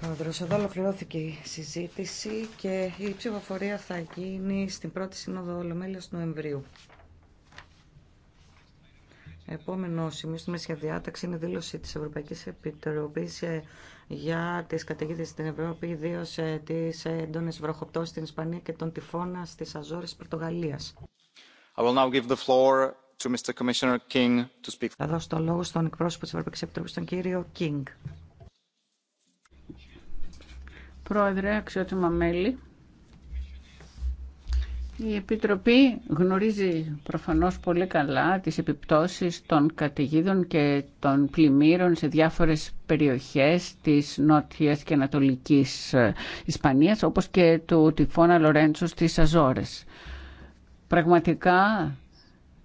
Πρόεδρος, εδώ ολοκληρώθηκε η συζήτηση και η ψηφοφορία θα γίνει στην πρώτη σύνοδο Ολομέλειας Νοεμβρίου. Επόμενο σημείο στη μέση διάταξη είναι δήλωση της Ευρωπαϊκής Επιτροπής ε, για τις καταιγίδε στην Ευρώπη, ιδίω ε, τις έντονες βροχοπτώσεις στην Ισπανία και τον τυφώνα στις Αζόρες Πορτογαλίας. I Θα δώσω το λόγο στον εκπρόσωπο της Ευρωπαϊκής Επιτροπής, τον κύριο King. Πρόεδρε, αξιότιμα μέλη. Η Επιτροπή γνωρίζει προφανώς πολύ καλά τις επιπτώσεις των καταιγίδων και των πλημμύρων σε διάφορες περιοχές της νότιας και ανατολικής Ισπανίας, όπως και του τυφώνα Λορέντσο στις Αζόρες. Πραγματικά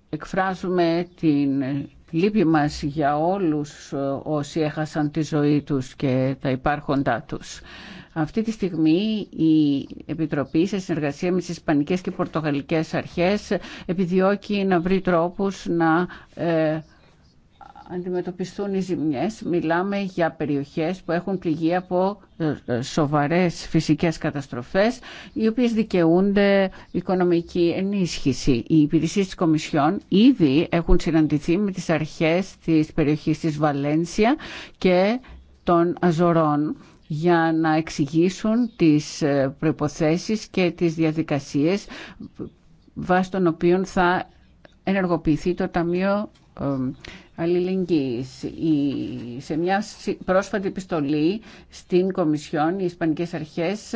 εκφράζουμε την λύπη μας για όλους ε, όσοι έχασαν τη ζωή τους και τα υπάρχοντά τους. Αυτή τη στιγμή η Επιτροπή σε συνεργασία με τις Ισπανικές και Πορτογαλικές αρχές επιδιώκει να βρει τρόπους να ε, αντιμετωπιστούν οι ζημιές. Μιλάμε για περιοχές που έχουν πληγεί από ε, ε, σοβαρές φυσικές καταστροφές, οι οποίες δικαιούνται οικονομική ενίσχυση. Οι υπηρεσίες της Κομισιόν ήδη έχουν συναντηθεί με τις αρχές της περιοχής της Βαλένσια και των Αζωρών για να εξηγήσουν τις ε, προϋποθέσεις και τις διαδικασίες βάσει των οποίων θα ενεργοποιηθεί το Ταμείο ε, αλληλεγγύης. σε μια πρόσφατη επιστολή στην Κομισιόν, οι Ισπανικές Αρχές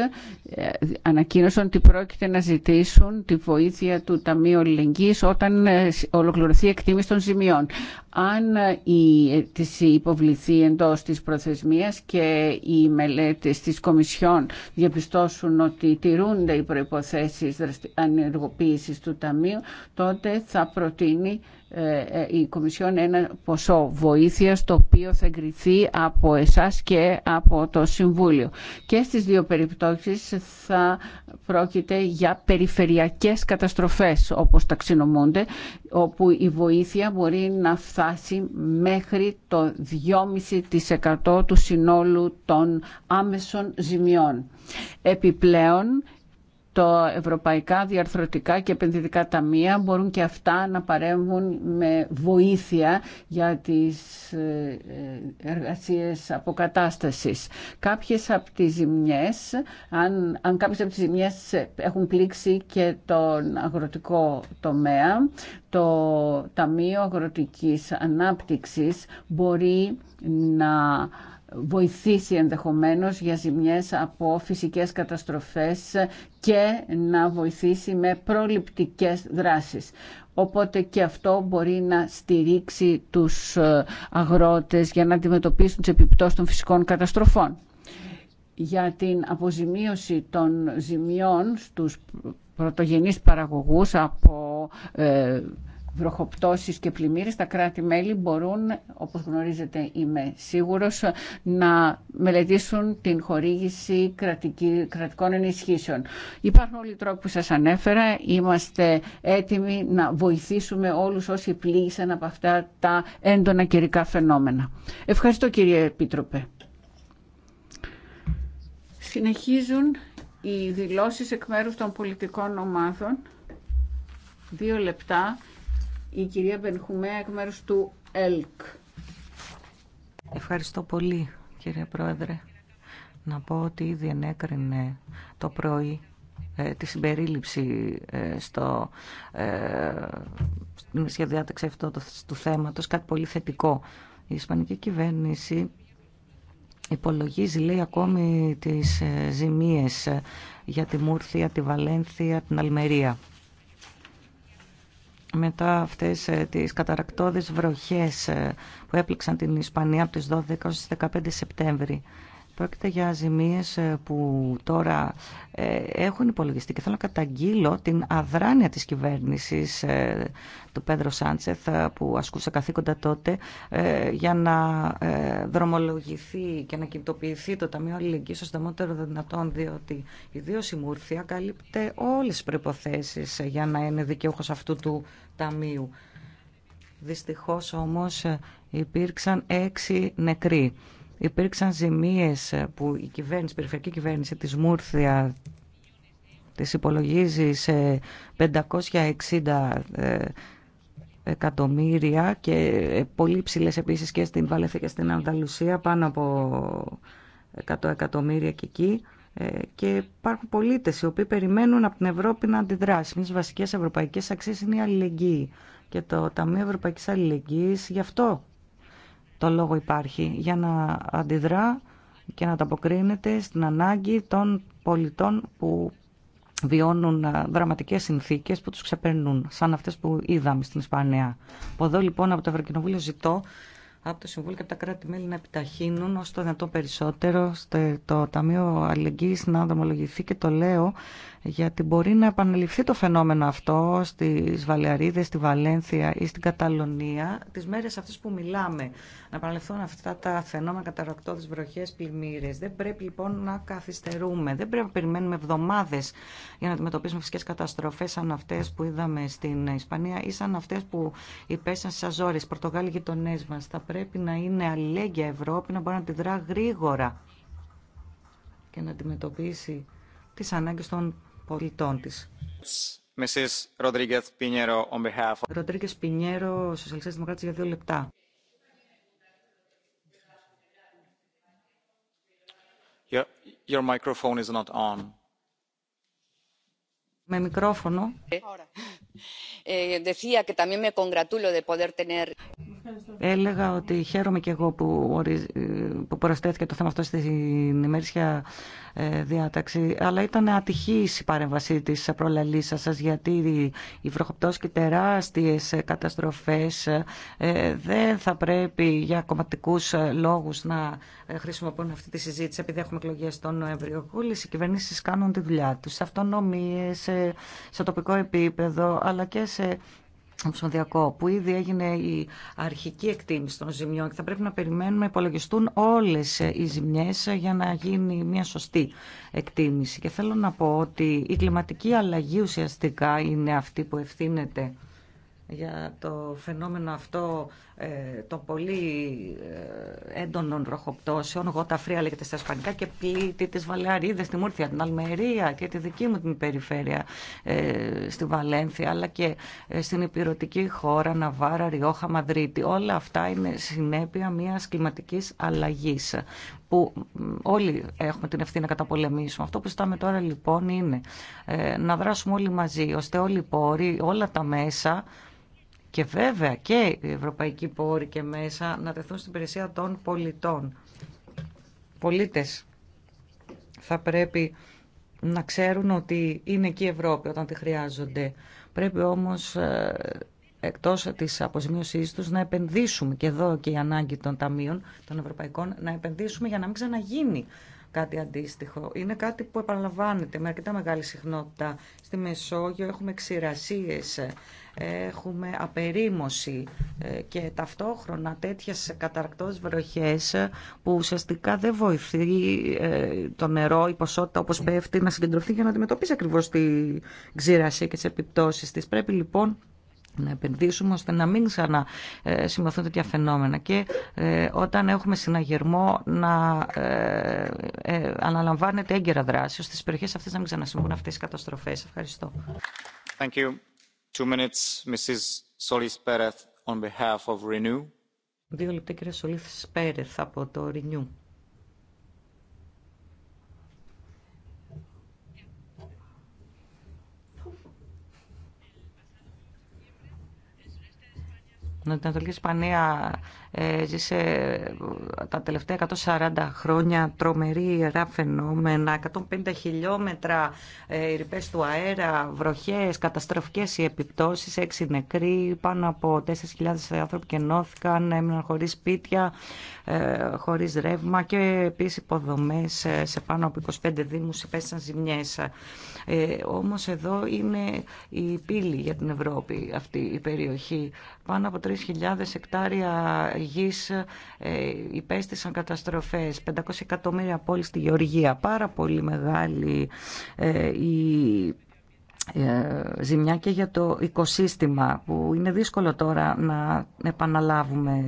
ε, ανακοίνωσαν ότι πρόκειται να ζητήσουν τη βοήθεια του Ταμείου Αλληλεγγύης όταν ε, ολοκληρωθεί η εκτίμηση των ζημιών. Αν ε, η αίτηση υποβληθεί εντός της προθεσμίας και οι μελέτες της Κομισιόν διαπιστώσουν ότι τηρούνται οι προϋποθέσεις ανεργοποίησης του Ταμείου, τότε θα προτείνει ε, ε, η Κομισιόν ένα ποσό βοήθειας το οποίο θα εγκριθεί από εσάς και από το Συμβούλιο. Και στις δύο περιπτώσεις θα πρόκειται για περιφερειακές καταστροφές όπως ταξινομούνται όπου η βοήθεια μπορεί να φτάσει μέχρι το 2,5% του συνόλου των άμεσων ζημιών. Επιπλέον το ευρωπαϊκά διαρθρωτικά και επενδυτικά ταμεία μπορούν και αυτά να παρέμβουν με βοήθεια για τις ε, ε, εργασίες αποκατάστασης. Κάποιες από τις ζημιές, αν, αν κάποιες από τις έχουν πλήξει και τον αγροτικό τομέα, το Ταμείο Αγροτικής Ανάπτυξης μπορεί να βοηθήσει ενδεχομένως για ζημιές από φυσικές καταστροφές και να βοηθήσει με προληπτικές δράσεις. Οπότε και αυτό μπορεί να στηρίξει τους ε, αγρότες για να αντιμετωπίσουν τις επιπτώσεις των φυσικών καταστροφών. Για την αποζημίωση των ζημιών στους πρωτογενείς παραγωγούς από ε, βροχοπτώσεις και πλημμύρες, τα κράτη-μέλη μπορούν, όπως γνωρίζετε είμαι σίγουρος, να μελετήσουν την χορήγηση κρατική, κρατικών ενισχύσεων. Υπάρχουν όλοι οι τρόποι που σας ανέφερα. Είμαστε έτοιμοι να βοηθήσουμε όλους όσοι πλήγησαν από αυτά τα έντονα καιρικά φαινόμενα. Ευχαριστώ κύριε Επίτροπε. Συνεχίζουν οι δηλώσει εκ μέρους των πολιτικών ομάδων. Δύο λεπτά η κυρία Μπενχουμέα εκ μέρους του ΕΛΚ. Ευχαριστώ πολύ κύριε Πρόεδρε. Να πω ότι ήδη ενέκρινε το πρωί ε, τη συμπερίληψη ε, στο, ε, στην σχεδιάταξη αυτό το, του θέματος, κάτι πολύ θετικό. Η Ισπανική κυβέρνηση υπολογίζει, λέει, ακόμη τις ε, ζημίες για τη Μούρθια, τη Βαλένθια, την Αλμερία μετά αυτές ε, τις καταρακτώδεις βροχές ε, που έπληξαν την Ισπανία από τις 12 έως 15 Σεπτέμβρη. Πρόκειται για ζημίες ε, που τώρα έχουν υπολογιστεί και θέλω να καταγγείλω την αδράνεια της κυβέρνησης του Πέντρο Σάντσεθ που ασκούσε καθήκοντα τότε για να δρομολογηθεί και να κινητοποιηθεί το Ταμείο Αλληλεγγύης ως δεμότερο δυνατόν διότι ιδίω η Μούρθια καλύπτει όλες τις προποθέσει για να είναι δικαιούχος αυτού του Ταμείου. Δυστυχώς όμως υπήρξαν έξι νεκροί. Υπήρξαν ζημίες που η κυβέρνηση, η περιφερειακή κυβέρνηση της Μούρθια τις υπολογίζει σε 560 ε, εκατομμύρια και ε, πολύ ψηλέ επίσης και στην Βαλέθη και στην Ανταλουσία πάνω από 100 εκατομμύρια και εκεί. Ε, και υπάρχουν πολίτε οι οποίοι περιμένουν από την Ευρώπη να αντιδράσει. Μια βασικέ ευρωπαϊκέ αξίε είναι η αλληλεγγύη. Και το Ταμείο Ευρωπαϊκή Αλληλεγγύη γι' αυτό το λόγο υπάρχει. Για να αντιδρά και να αποκρίνεται στην ανάγκη των πολιτών που βιώνουν ε, δραματικές συνθήκες που τους ξεπερνούν, σαν αυτές που είδαμε στην Ισπανία. Από εδώ λοιπόν από το Ευρωκοινοβούλιο ζητώ από το Συμβούλιο και από τα κράτη-μέλη να επιταχύνουν όσο το δυνατόν περισσότερο στο, το Ταμείο Αλληλεγγύης να δομολογηθεί και το λέω γιατί μπορεί να επαναληφθεί το φαινόμενο αυτό στις Βαλεαρίδες, στη Βαλένθια ή στην Καταλωνία τις μέρες αυτές που μιλάμε. Να επαναληφθούν αυτά τα φαινόμενα καταρακτώδεις βροχές, πλημμύρες. Δεν πρέπει λοιπόν να καθυστερούμε. Δεν πρέπει να περιμένουμε εβδομάδες για να αντιμετωπίσουμε φυσικές καταστροφές σαν αυτές που είδαμε στην Ισπανία ή σαν αυτές που υπέσαν στις Αζόρες, Πορτογάλοι γειτονές μας. Θα πρέπει να είναι αλληλέγγυα Ευρώπη, να μπορεί να αντιδρά γρήγορα και να αντιμετωπίσει τις ανάγκες των πολιτώντις. Mrs. Rodríguez Pinedo on behalf of Rodríguez Pinedo, Socialists and Democrats, for two minutes. Your Your microphone is not on. My microphone. Eh, Έλεγα ότι χαίρομαι και εγώ που, που προσθέθηκε το θέμα αυτό στην ημερήσια ε, διάταξη, αλλά ήταν ατυχή η παρέμβασή τη προλαλή σα, γιατί οι βροχοπτώσει και τεράστιες καταστροφές ε, δεν θα πρέπει για κομματικού ε, λόγου να χρησιμοποιούν αυτή τη συζήτηση, επειδή έχουμε εκλογέ τον Νοέμβριο. Όλε οι κυβερνήσει κάνουν τη δουλειά του σε αυτονομίες, σε τοπικό επίπεδο, αλλά και σε Ομοσπονδιακό, που ήδη έγινε η αρχική εκτίμηση των ζημιών και θα πρέπει να περιμένουμε να υπολογιστούν όλε οι ζημιές για να γίνει μια σωστή εκτίμηση. Και θέλω να πω ότι η κλιματική αλλαγή ουσιαστικά είναι αυτή που ευθύνεται για το φαινόμενο αυτό ε, των πολύ ε, έντονων ροχοπτώσεων, Εγώ τα φρία λέγεται στα Ισπανικά και πλήττει τις Βαλεαρίδες, τη Μούρθια, την Αλμερία και τη δική μου την περιφέρεια ε, στη Βαλένθια, αλλά και ε, στην υπηρετική χώρα Ναβάρα, Ριόχα, Μαδρίτη. Όλα αυτά είναι συνέπεια μιας κλιματικής αλλαγής που όλοι έχουμε την ευθύνη να καταπολεμήσουμε. Αυτό που ζητάμε τώρα λοιπόν είναι ε, να δράσουμε όλοι μαζί, ώστε όλοι οι πόροι, όλα τα μέσα και βέβαια και οι ευρωπαϊκοί πόροι και μέσα να τεθούν στην υπηρεσία των πολιτών. Πολίτες θα πρέπει να ξέρουν ότι είναι εκεί η Ευρώπη όταν τη χρειάζονται. Πρέπει όμως ε, εκτός της αποζημίωσής τους να επενδύσουμε και εδώ και η ανάγκη των ταμείων των ευρωπαϊκών να επενδύσουμε για να μην ξαναγίνει κάτι αντίστοιχο. Είναι κάτι που επαναλαμβάνεται με αρκετά μεγάλη συχνότητα. Στη Μεσόγειο έχουμε ξηρασίες έχουμε απερίμωση ε, και ταυτόχρονα τέτοιες καταρακτός βροχές ε, που ουσιαστικά δεν βοηθεί ε, το νερό, η ποσότητα όπως πέφτει να συγκεντρωθεί για να αντιμετωπίσει ακριβώς τη ξηρασία και τις επιπτώσεις της. Πρέπει λοιπόν να επενδύσουμε ώστε να μην ξανά τέτοια φαινόμενα και όταν έχουμε συναγερμό να ε, ε, αναλαμβάνεται έγκαιρα δράση ώστε στις περιοχές αυτές να μην ξανασυμβούν αυτές οι καταστροφές. Ευχαριστώ. Δύο λεπτά, κύριε Σολίθ Πέρεθ από το Renew. Νοτιοανατολική Ισπανία ε, ζήσε ε, τα τελευταία 140 χρόνια τρομερή φαινόμενα, 150 χιλιόμετρα ε, ρηπές του αέρα, βροχές, καταστροφικές οι επιπτώσεις, 6 νεκροί, πάνω από 4.000 άνθρωποι κενώθηκαν, έμειναν χωρίς σπίτια, χωρίς ρεύμα και επίσης υποδομές σε πάνω από 25 δήμους υπέστησαν ζημιές. Ε, όμως εδώ είναι η πύλη για την Ευρώπη αυτή η περιοχή. Πάνω από 3.000 εκτάρια γης ε, υπέστησαν καταστροφές. 500 εκατομμύρια πόλη στη Γεωργία. Πάρα πολύ μεγάλη ε, η ε, ζημιά και για το οικοσύστημα που είναι δύσκολο τώρα να επαναλάβουμε,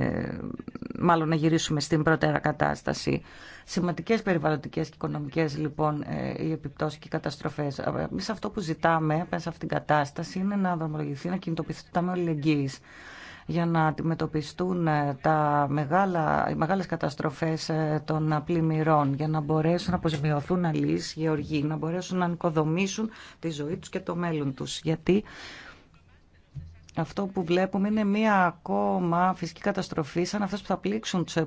μάλλον να γυρίσουμε στην πρώτερα κατάσταση. Σημαντικές περιβαλλοντικές και οικονομικές λοιπόν οι επιπτώσεις και οι καταστροφές. Εμεί αυτό που ζητάμε πέρα σε αυτήν την κατάσταση είναι να δομολογηθεί, να κινητοποιηθεί το Ταμείο για να αντιμετωπιστούν ε, τα μεγάλα, οι μεγάλες καταστροφές ε, των ε, πλημμυρών, για να μπορέσουν να αποζημιωθούν αλείς γεωργοί, να μπορέσουν να οικοδομήσουν τη ζωή τους και το μέλλον τους. Γιατί αυτό που βλέπουμε είναι μία ακόμα φυσική καταστροφή σαν αυτές που θα πλήξουν τους τα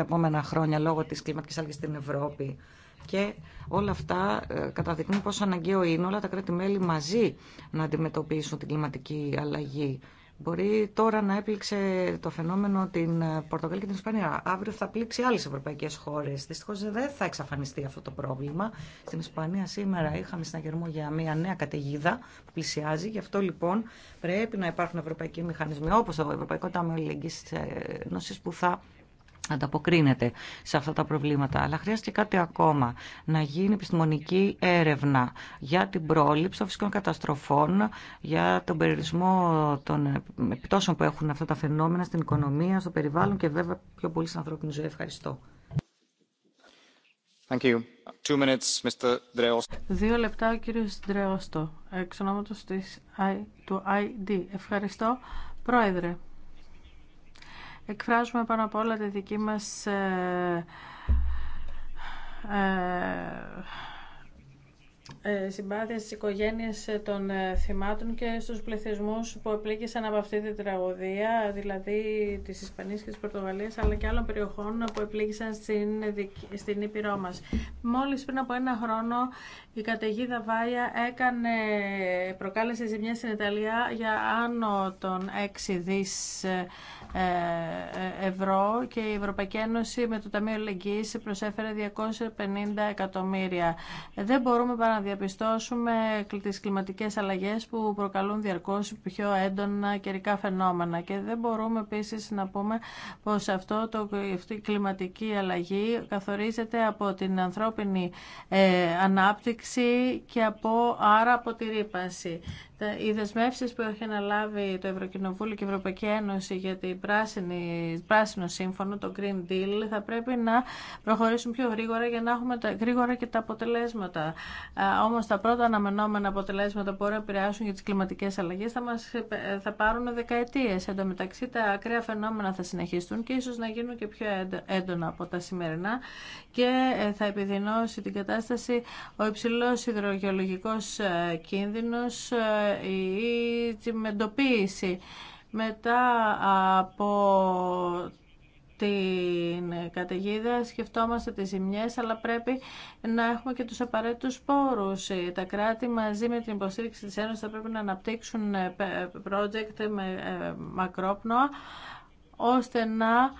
επόμενα χρόνια λόγω της κλιματικής αλλαγής στην Ευρώπη. Και όλα αυτά καταδεικνύουν πόσο αναγκαίο είναι όλα τα κράτη-μέλη μαζί να αντιμετωπίσουν την κλιματική αλλαγή. Μπορεί τώρα να έπληξε το φαινόμενο την Πορτογαλία και την Ισπανία. Αύριο θα πλήξει άλλε ευρωπαϊκέ χώρε. Δυστυχώ δεν θα εξαφανιστεί αυτό το πρόβλημα. Στην Ισπανία σήμερα είχαμε συναγερμό για μια νέα καταιγίδα που πλησιάζει. Γι' αυτό λοιπόν πρέπει να υπάρχουν ευρωπαϊκοί μηχανισμοί όπω το Ευρωπαϊκό Ταμείο Ελληνική Ένωση που θα ανταποκρίνεται σε αυτά τα προβλήματα. Αλλά χρειάζεται κάτι ακόμα, να γίνει επιστημονική έρευνα για την πρόληψη των φυσικών καταστροφών, για τον περιορισμό των επιπτώσεων που έχουν αυτά τα φαινόμενα στην οικονομία, στο περιβάλλον και βέβαια πιο πολύ στην ανθρώπινη ζωή. Ευχαριστώ. Thank you. Two minutes, Mr. Δύο λεπτά ο κύριο Ντρεώστο, εξ ονόματο του ID. Ευχαριστώ, Πρόεδρε εκφράζουμε πάνω απ' όλα τη δική μας ε, ε, ε, συμπάθεια στις οικογένειες των θυμάτων και στους πληθυσμούς που επλήγησαν από αυτή τη τραγωδία, δηλαδή της Ισπανίας και της Πορτογαλίας, αλλά και άλλων περιοχών που επλήγησαν στην, στην Ήπειρό μας. Μόλις πριν από ένα χρόνο η καταιγίδα Βάια έκανε, προκάλεσε ζημιά στην Ιταλία για άνω των 6 δις ε, ε, ευρώ και η Ευρωπαϊκή Ένωση με το Ταμείο Λεγγύης προσέφερε 250 εκατομμύρια. Δεν μπορούμε παρά να διαπιστώσουμε τις κλιματικές αλλαγές που προκαλούν διαρκώς πιο έντονα καιρικά φαινόμενα και δεν μπορούμε επίσης να πούμε πως αυτό το, αυτή η κλιματική αλλαγή καθορίζεται από την ανθρώπινη ε, ανάπτυξη και από, άρα από τη ρήπαση οι δεσμεύσει που έχει αναλάβει το Ευρωκοινοβούλιο και η Ευρωπαϊκή Ένωση για το πράσινο σύμφωνο, το Green Deal, θα πρέπει να προχωρήσουν πιο γρήγορα για να έχουμε τα, γρήγορα και τα αποτελέσματα. Όμω τα πρώτα αναμενόμενα αποτελέσματα που μπορεί να επηρεάσουν για τι κλιματικέ αλλαγέ θα, θα πάρουν δεκαετίε. Εν τω μεταξύ, τα ακραία φαινόμενα θα συνεχιστούν και ίσω να γίνουν και πιο έντονα από τα σημερινά και ε, θα επιδεινώσει την κατάσταση ο υψηλό υδρογεωλογικό ε, κίνδυνο ε, η τσιμεντοποίηση. Μετά από την καταιγίδα σκεφτόμαστε τις ζημιές αλλά πρέπει να έχουμε και τους απαραίτητους πόρους. Τα κράτη μαζί με την υποστήριξη της Ένωσης θα πρέπει να αναπτύξουν ε, ε, project με ε, μακρόπνοα ώστε να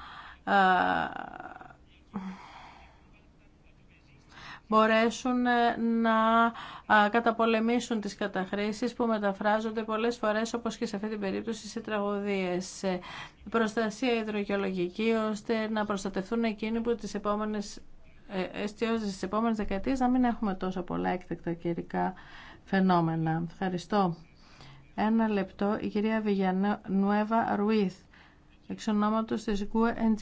μπορέσουν ε, να καταπολεμήσουν τις καταχρήσεις που μεταφράζονται πολλές φορές όπως και σε αυτή την περίπτωση σε τραγωδίες. Ε, προστασία υδρογεολογική, ώστε να προστατευτούν εκείνοι που τις επόμενες ε, εστιώσεις στις επόμενες δεκαετίες να μην έχουμε τόσο πολλά έκτακτα καιρικά φαινόμενα. Ευχαριστώ. Ένα λεπτό, η κυρία Νουέβα Ρουίθ, εξ ονόματος της GUE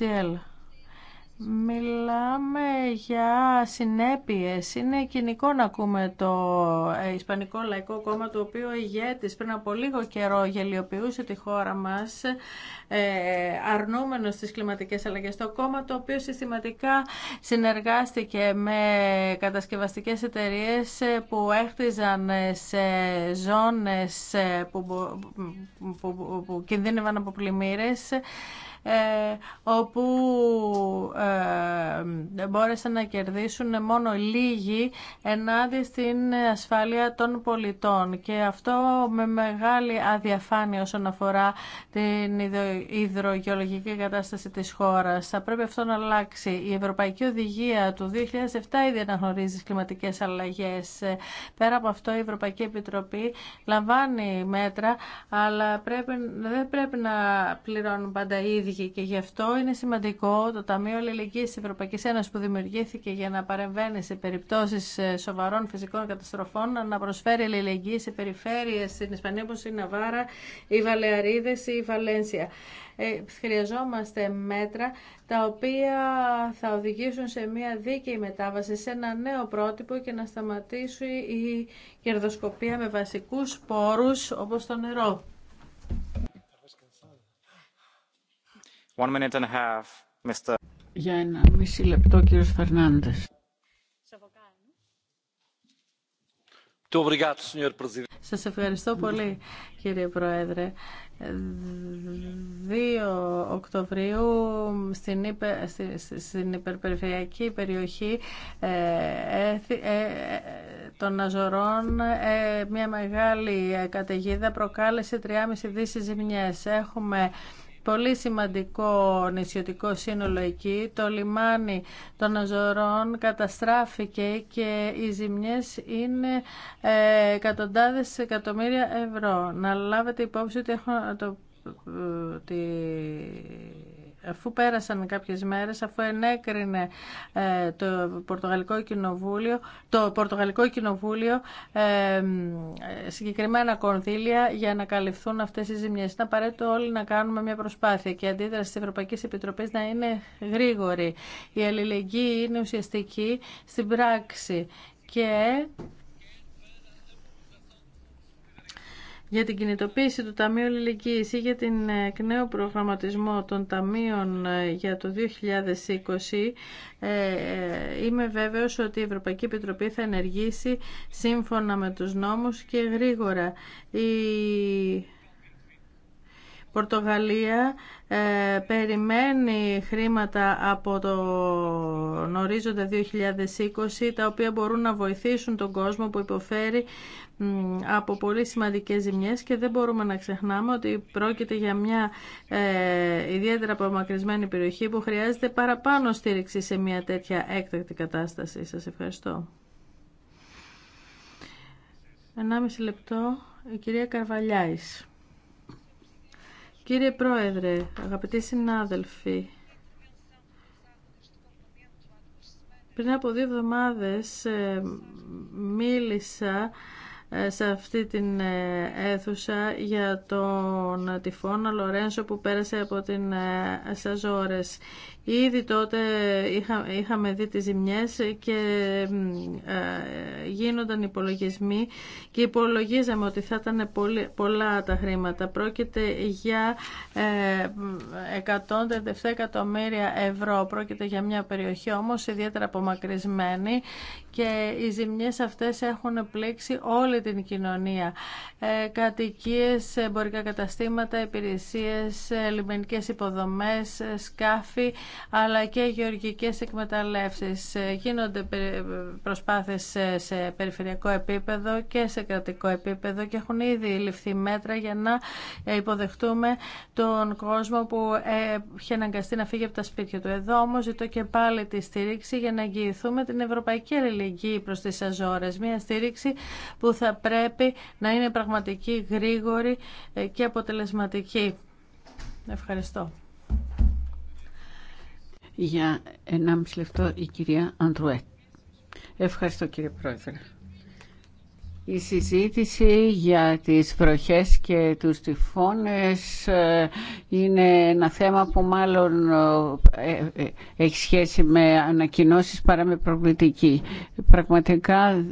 Μιλάμε για συνέπειες. Είναι κοινικό να ακούμε το Ισπανικό Λαϊκό Κόμμα, το οποίο ηγέτης πριν από λίγο καιρό γελιοποιούσε τη χώρα μας, ε, αρνούμενος στις κλιματικές αλλαγές. Το κόμμα το οποίο συστηματικά συνεργάστηκε με κατασκευαστικές εταιρείες που έχτιζαν σε ζώνες που, που, που, που κινδύνευαν από πλημμύρες, ε, όπου ε, μπόρεσαν να κερδίσουν μόνο λίγοι ενάντια στην ασφάλεια των πολιτών και αυτό με μεγάλη αδιαφάνεια όσον αφορά την υδρογεωλογική κατάσταση της χώρας. Θα πρέπει αυτό να αλλάξει. Η Ευρωπαϊκή Οδηγία του 2007 ήδη αναγνωρίζει τις κλιματικές αλλαγές. Ε, πέρα από αυτό η Ευρωπαϊκή Επιτροπή λαμβάνει μέτρα αλλά πρέπει, δεν πρέπει να πληρώνουν πάντα οι ίδιοι και γι' αυτό είναι σημαντικό το Ταμείο Αλληλεγγύης της Ευρωπαϊκής Ένωσης που δημιουργήθηκε για να παρεμβαίνει σε περιπτώσεις ε, σοβαρών φυσικών καταστροφών να προσφέρει αλληλεγγύη σε περιφέρειες στην Ισπανία όπως η Ναβάρα, οι Βαλεαρίδες ή η Βαλένσια. Ε, χρειαζόμαστε μέτρα τα οποία θα οδηγήσουν σε μια δίκαιη μετάβαση, σε ένα νέο πρότυπο και να σταματήσει η κερδοσκοπία με βασικούς πόρους όπως το νερό. Για ένα μισή λεπτό, κύριο Φερνάντε. Σας ευχαριστώ πολύ, κύριε Πρόεδρε. 2 Οκτωβρίου στην, υπε, στην υπερπεριφερειακή περιοχή ε, ε, ε, των Αζωρών ε, μια μεγάλη καταιγίδα προκάλεσε 3,5 δίσεις ζημιές. Έχουμε πολύ σημαντικό νησιωτικό σύνολο εκεί. Το λιμάνι των Αζωρών καταστράφηκε και οι ζημιές είναι ε, εκατοντάδες εκατομμύρια ευρώ. Να λάβετε υπόψη ότι έχω το, ε, αφού πέρασαν κάποιες μέρες, αφού ενέκρινε ε, το Πορτογαλικό Κοινοβούλιο, το Πορτογαλικό Κοινοβούλιο ε, συγκεκριμένα κονδύλια για να καλυφθούν αυτές οι ζημιές. Είναι απαραίτητο όλοι να κάνουμε μια προσπάθεια και η αντίδραση της Ευρωπαϊκής Επιτροπής να είναι γρήγορη. Η αλληλεγγύη είναι ουσιαστική στην πράξη και για την κινητοποίηση του Ταμείου Λιλικής ή για την ε, εκ νέου προγραμματισμό των Ταμείων ε, για το 2020 ε, είμαι βέβαιος ότι η Ευρωπαϊκή Επιτροπή θα ενεργήσει σύμφωνα με τους νόμους και γρήγορα. Πορτογαλία ε, περιμένει χρήματα από το ορίζοντα 2020 τα οποία μπορούν να βοηθήσουν τον κόσμο που υποφέρει από πολύ σημαντικές ζημιές και δεν μπορούμε να ξεχνάμε ότι πρόκειται για μια ε, ιδιαίτερα απομακρυσμένη περιοχή που χρειάζεται παραπάνω στήριξη σε μια τέτοια έκτακτη κατάσταση. Σας ευχαριστώ. 1,5 λεπτό η κυρία Καρβαλιάης. Κύριε Πρόεδρε, αγαπητοί συνάδελφοι, πριν από δύο εβδομάδες ε, μίλησα ε, σε αυτή την ε, αίθουσα για τον τυφώνα Λορένσο που πέρασε από την Σαζόρες. Ήδη τότε είχα, είχαμε δει τις ζημιές και ε, γίνονταν υπολογισμοί και υπολογίζαμε ότι θα ήταν πολύ, πολλά τα χρήματα. Πρόκειται για εφτά εκατομμύρια ευρώ. Πρόκειται για μια περιοχή όμως ιδιαίτερα απομακρυσμένη και οι ζημιές αυτές έχουν πλήξει όλη την κοινωνία. Ε, κατοικίες, εμπορικά καταστήματα, υπηρεσίες, ε, λιμενικές υποδομές, ε, σκάφη, αλλά και γεωργικές εκμεταλλεύσεις. Ε, γίνονται ε, προσπάθειες σε περιφερειακό επίπεδο και σε κρατικό επίπεδο και έχουν ήδη ληφθεί μέτρα για να ε, υποδεχτούμε τον κόσμο που έχει αναγκαστεί να φύγει από τα σπίτια του. Εδώ όμως ζητώ και πάλι τη στήριξη για να εγγυηθούμε την ευρωπαϊκή αλληλεγγύη προς τις Αζόρες. Μια στήριξη που θα πρέπει να είναι πραγματική, γρήγορη και αποτελεσματική. Ευχαριστώ. Για ένα λεπτό η κυρία Αντρουέ. Ευχαριστώ κύριε Πρόεδρε. Η συζήτηση για τις βροχές και τους τυφώνες ε, είναι ένα θέμα που μάλλον ε, ε, έχει σχέση με ανακοινώσεις παρά με προβλητική. Πραγματικά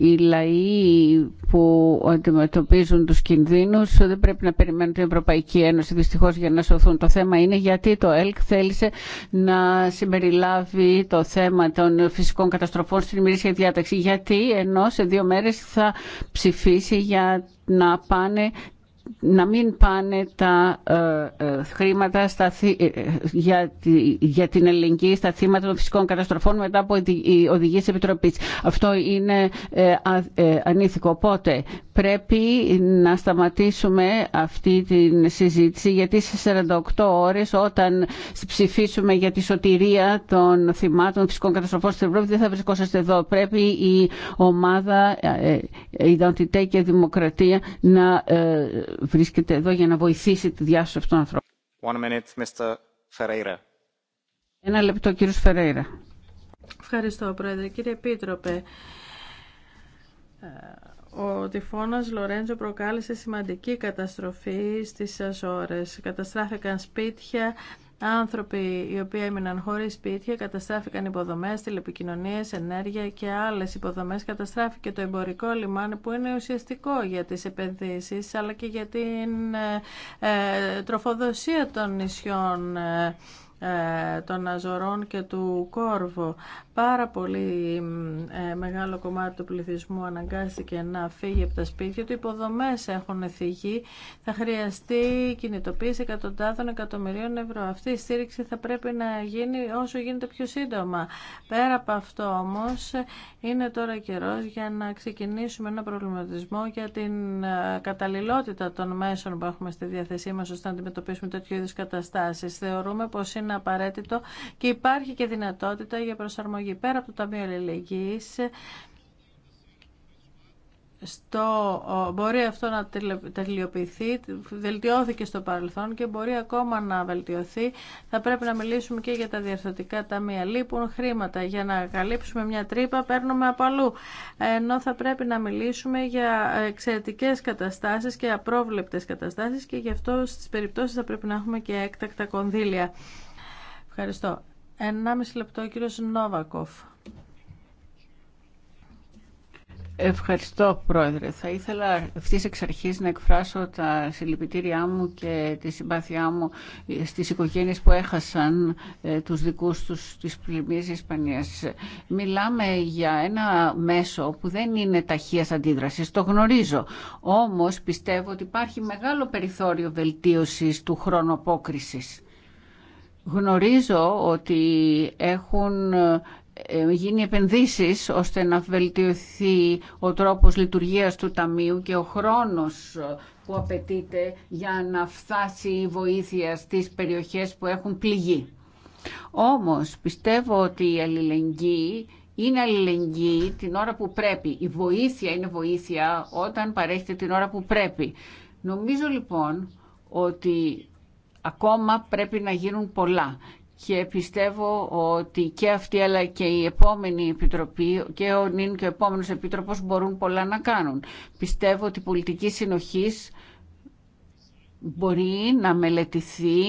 οι λαοί που αντιμετωπίζουν τους κινδύνους δεν πρέπει να περιμένουν την Ευρωπαϊκή Ένωση δυστυχώς για να σωθούν. Το θέμα είναι γιατί το ΕΛΚ θέλησε να συμπεριλάβει το θέμα των φυσικών καταστροφών στην ημερήσια διάταξη. Γιατί ενώ σε δύο μέρες θα ψηφίσει για να πάνε να μην πάνε τα ε, ε, χρήματα στα ε, για, τη, για την ελληνική στα θύματα των φυσικών καταστροφών μετά από οι οδηγίες επιτροπής. Αυτό είναι α, ανήθικο. Οπότε πρέπει να σταματήσουμε αυτή τη συζήτηση γιατί σε 48 ώρες όταν ψηφίσουμε για τη σωτηρία των θυμάτων των φυσικών καταστροφών στην Ευρώπη δεν θα βρισκόσαστε εδώ. Πρέπει η ομάδα Ιδαντιτέ και Δημοκρατία να βρίσκεται εδώ για να βοηθήσει τη διάσωση αυτών των ανθρώπων. One minute, Mr. Ferreira. Ένα λεπτό, κύριος Φερέιρα. Ευχαριστώ, Πρόεδρε. Κύριε Επίτροπε, ε, ο τυφώνας Λορέντζο προκάλεσε σημαντική καταστροφή στις Αζόρες. Καταστράφηκαν σπίτια, Άνθρωποι οι οποίοι έμειναν χωρί σπίτια, καταστράφηκαν υποδομέ, τηλεπικοινωνίε, ενέργεια και άλλε υποδομέ. Καταστράφηκε το εμπορικό λιμάνι που είναι ουσιαστικό για τι επενδύσει αλλά και για την ε, ε τροφοδοσία των νησιών ε, ε, των Αζωρών και του Κόρβου πάρα πολύ ε, μεγάλο κομμάτι του πληθυσμού αναγκάστηκε να φύγει από τα σπίτια του. Οι υποδομές έχουν φύγει. Θα χρειαστεί κινητοποίηση εκατοντάδων εκατομμυρίων ευρώ. Αυτή η στήριξη θα πρέπει να γίνει όσο γίνεται πιο σύντομα. Πέρα από αυτό όμω είναι τώρα καιρό για να ξεκινήσουμε ένα προβληματισμό για την ε, καταλληλότητα των μέσων που έχουμε στη διάθεσή μα ώστε να αντιμετωπίσουμε τέτοιου είδου καταστάσει. Θεωρούμε πω είναι απαραίτητο και υπάρχει και δυνατότητα για προσαρμογή εφαρμογή πέρα από το Ταμείο Αλληλεγγύης στο, μπορεί αυτό να τελειοποιηθεί, βελτιώθηκε στο παρελθόν και μπορεί ακόμα να βελτιωθεί. Θα πρέπει να μιλήσουμε και για τα διαρθρωτικά ταμεία. Λείπουν χρήματα για να καλύψουμε μια τρύπα, παίρνουμε από αλλού. Ενώ θα πρέπει να μιλήσουμε για εξαιρετικέ καταστάσεις και απρόβλεπτες καταστάσεις και γι' αυτό στις περιπτώσεις θα πρέπει να έχουμε και έκτακτα κονδύλια. Ευχαριστώ. 1,5 λεπτό ο Νόβακοφ. Ευχαριστώ, Πρόεδρε. Θα ήθελα ευθύ εξ αρχή να εκφράσω τα συλληπιτήριά μου και τη συμπάθειά μου στις οικογένειες που έχασαν ε, τους δικούς τους της πλημμύρας Ισπανίας. Μιλάμε για ένα μέσο που δεν είναι ταχείας αντίδρασης, το γνωρίζω. Όμως πιστεύω ότι υπάρχει μεγάλο περιθώριο βελτίωσης του χρόνου απόκριση. Γνωρίζω ότι έχουν ε, γίνει επενδύσεις ώστε να βελτιωθεί ο τρόπος λειτουργίας του Ταμείου και ο χρόνος ε, που απαιτείται για να φτάσει η βοήθεια στις περιοχές που έχουν πληγεί. Όμως πιστεύω ότι η αλληλεγγύη είναι αλληλεγγύη την ώρα που πρέπει. Η βοήθεια είναι βοήθεια όταν παρέχεται την ώρα που πρέπει. Νομίζω λοιπόν ότι Ακόμα πρέπει να γίνουν πολλά και πιστεύω ότι και αυτή αλλά και η επόμενη επιτροπή και ο νυν και ο επόμενος επίτροπος μπορούν πολλά να κάνουν. Πιστεύω ότι η πολιτική συνοχής μπορεί να μελετηθεί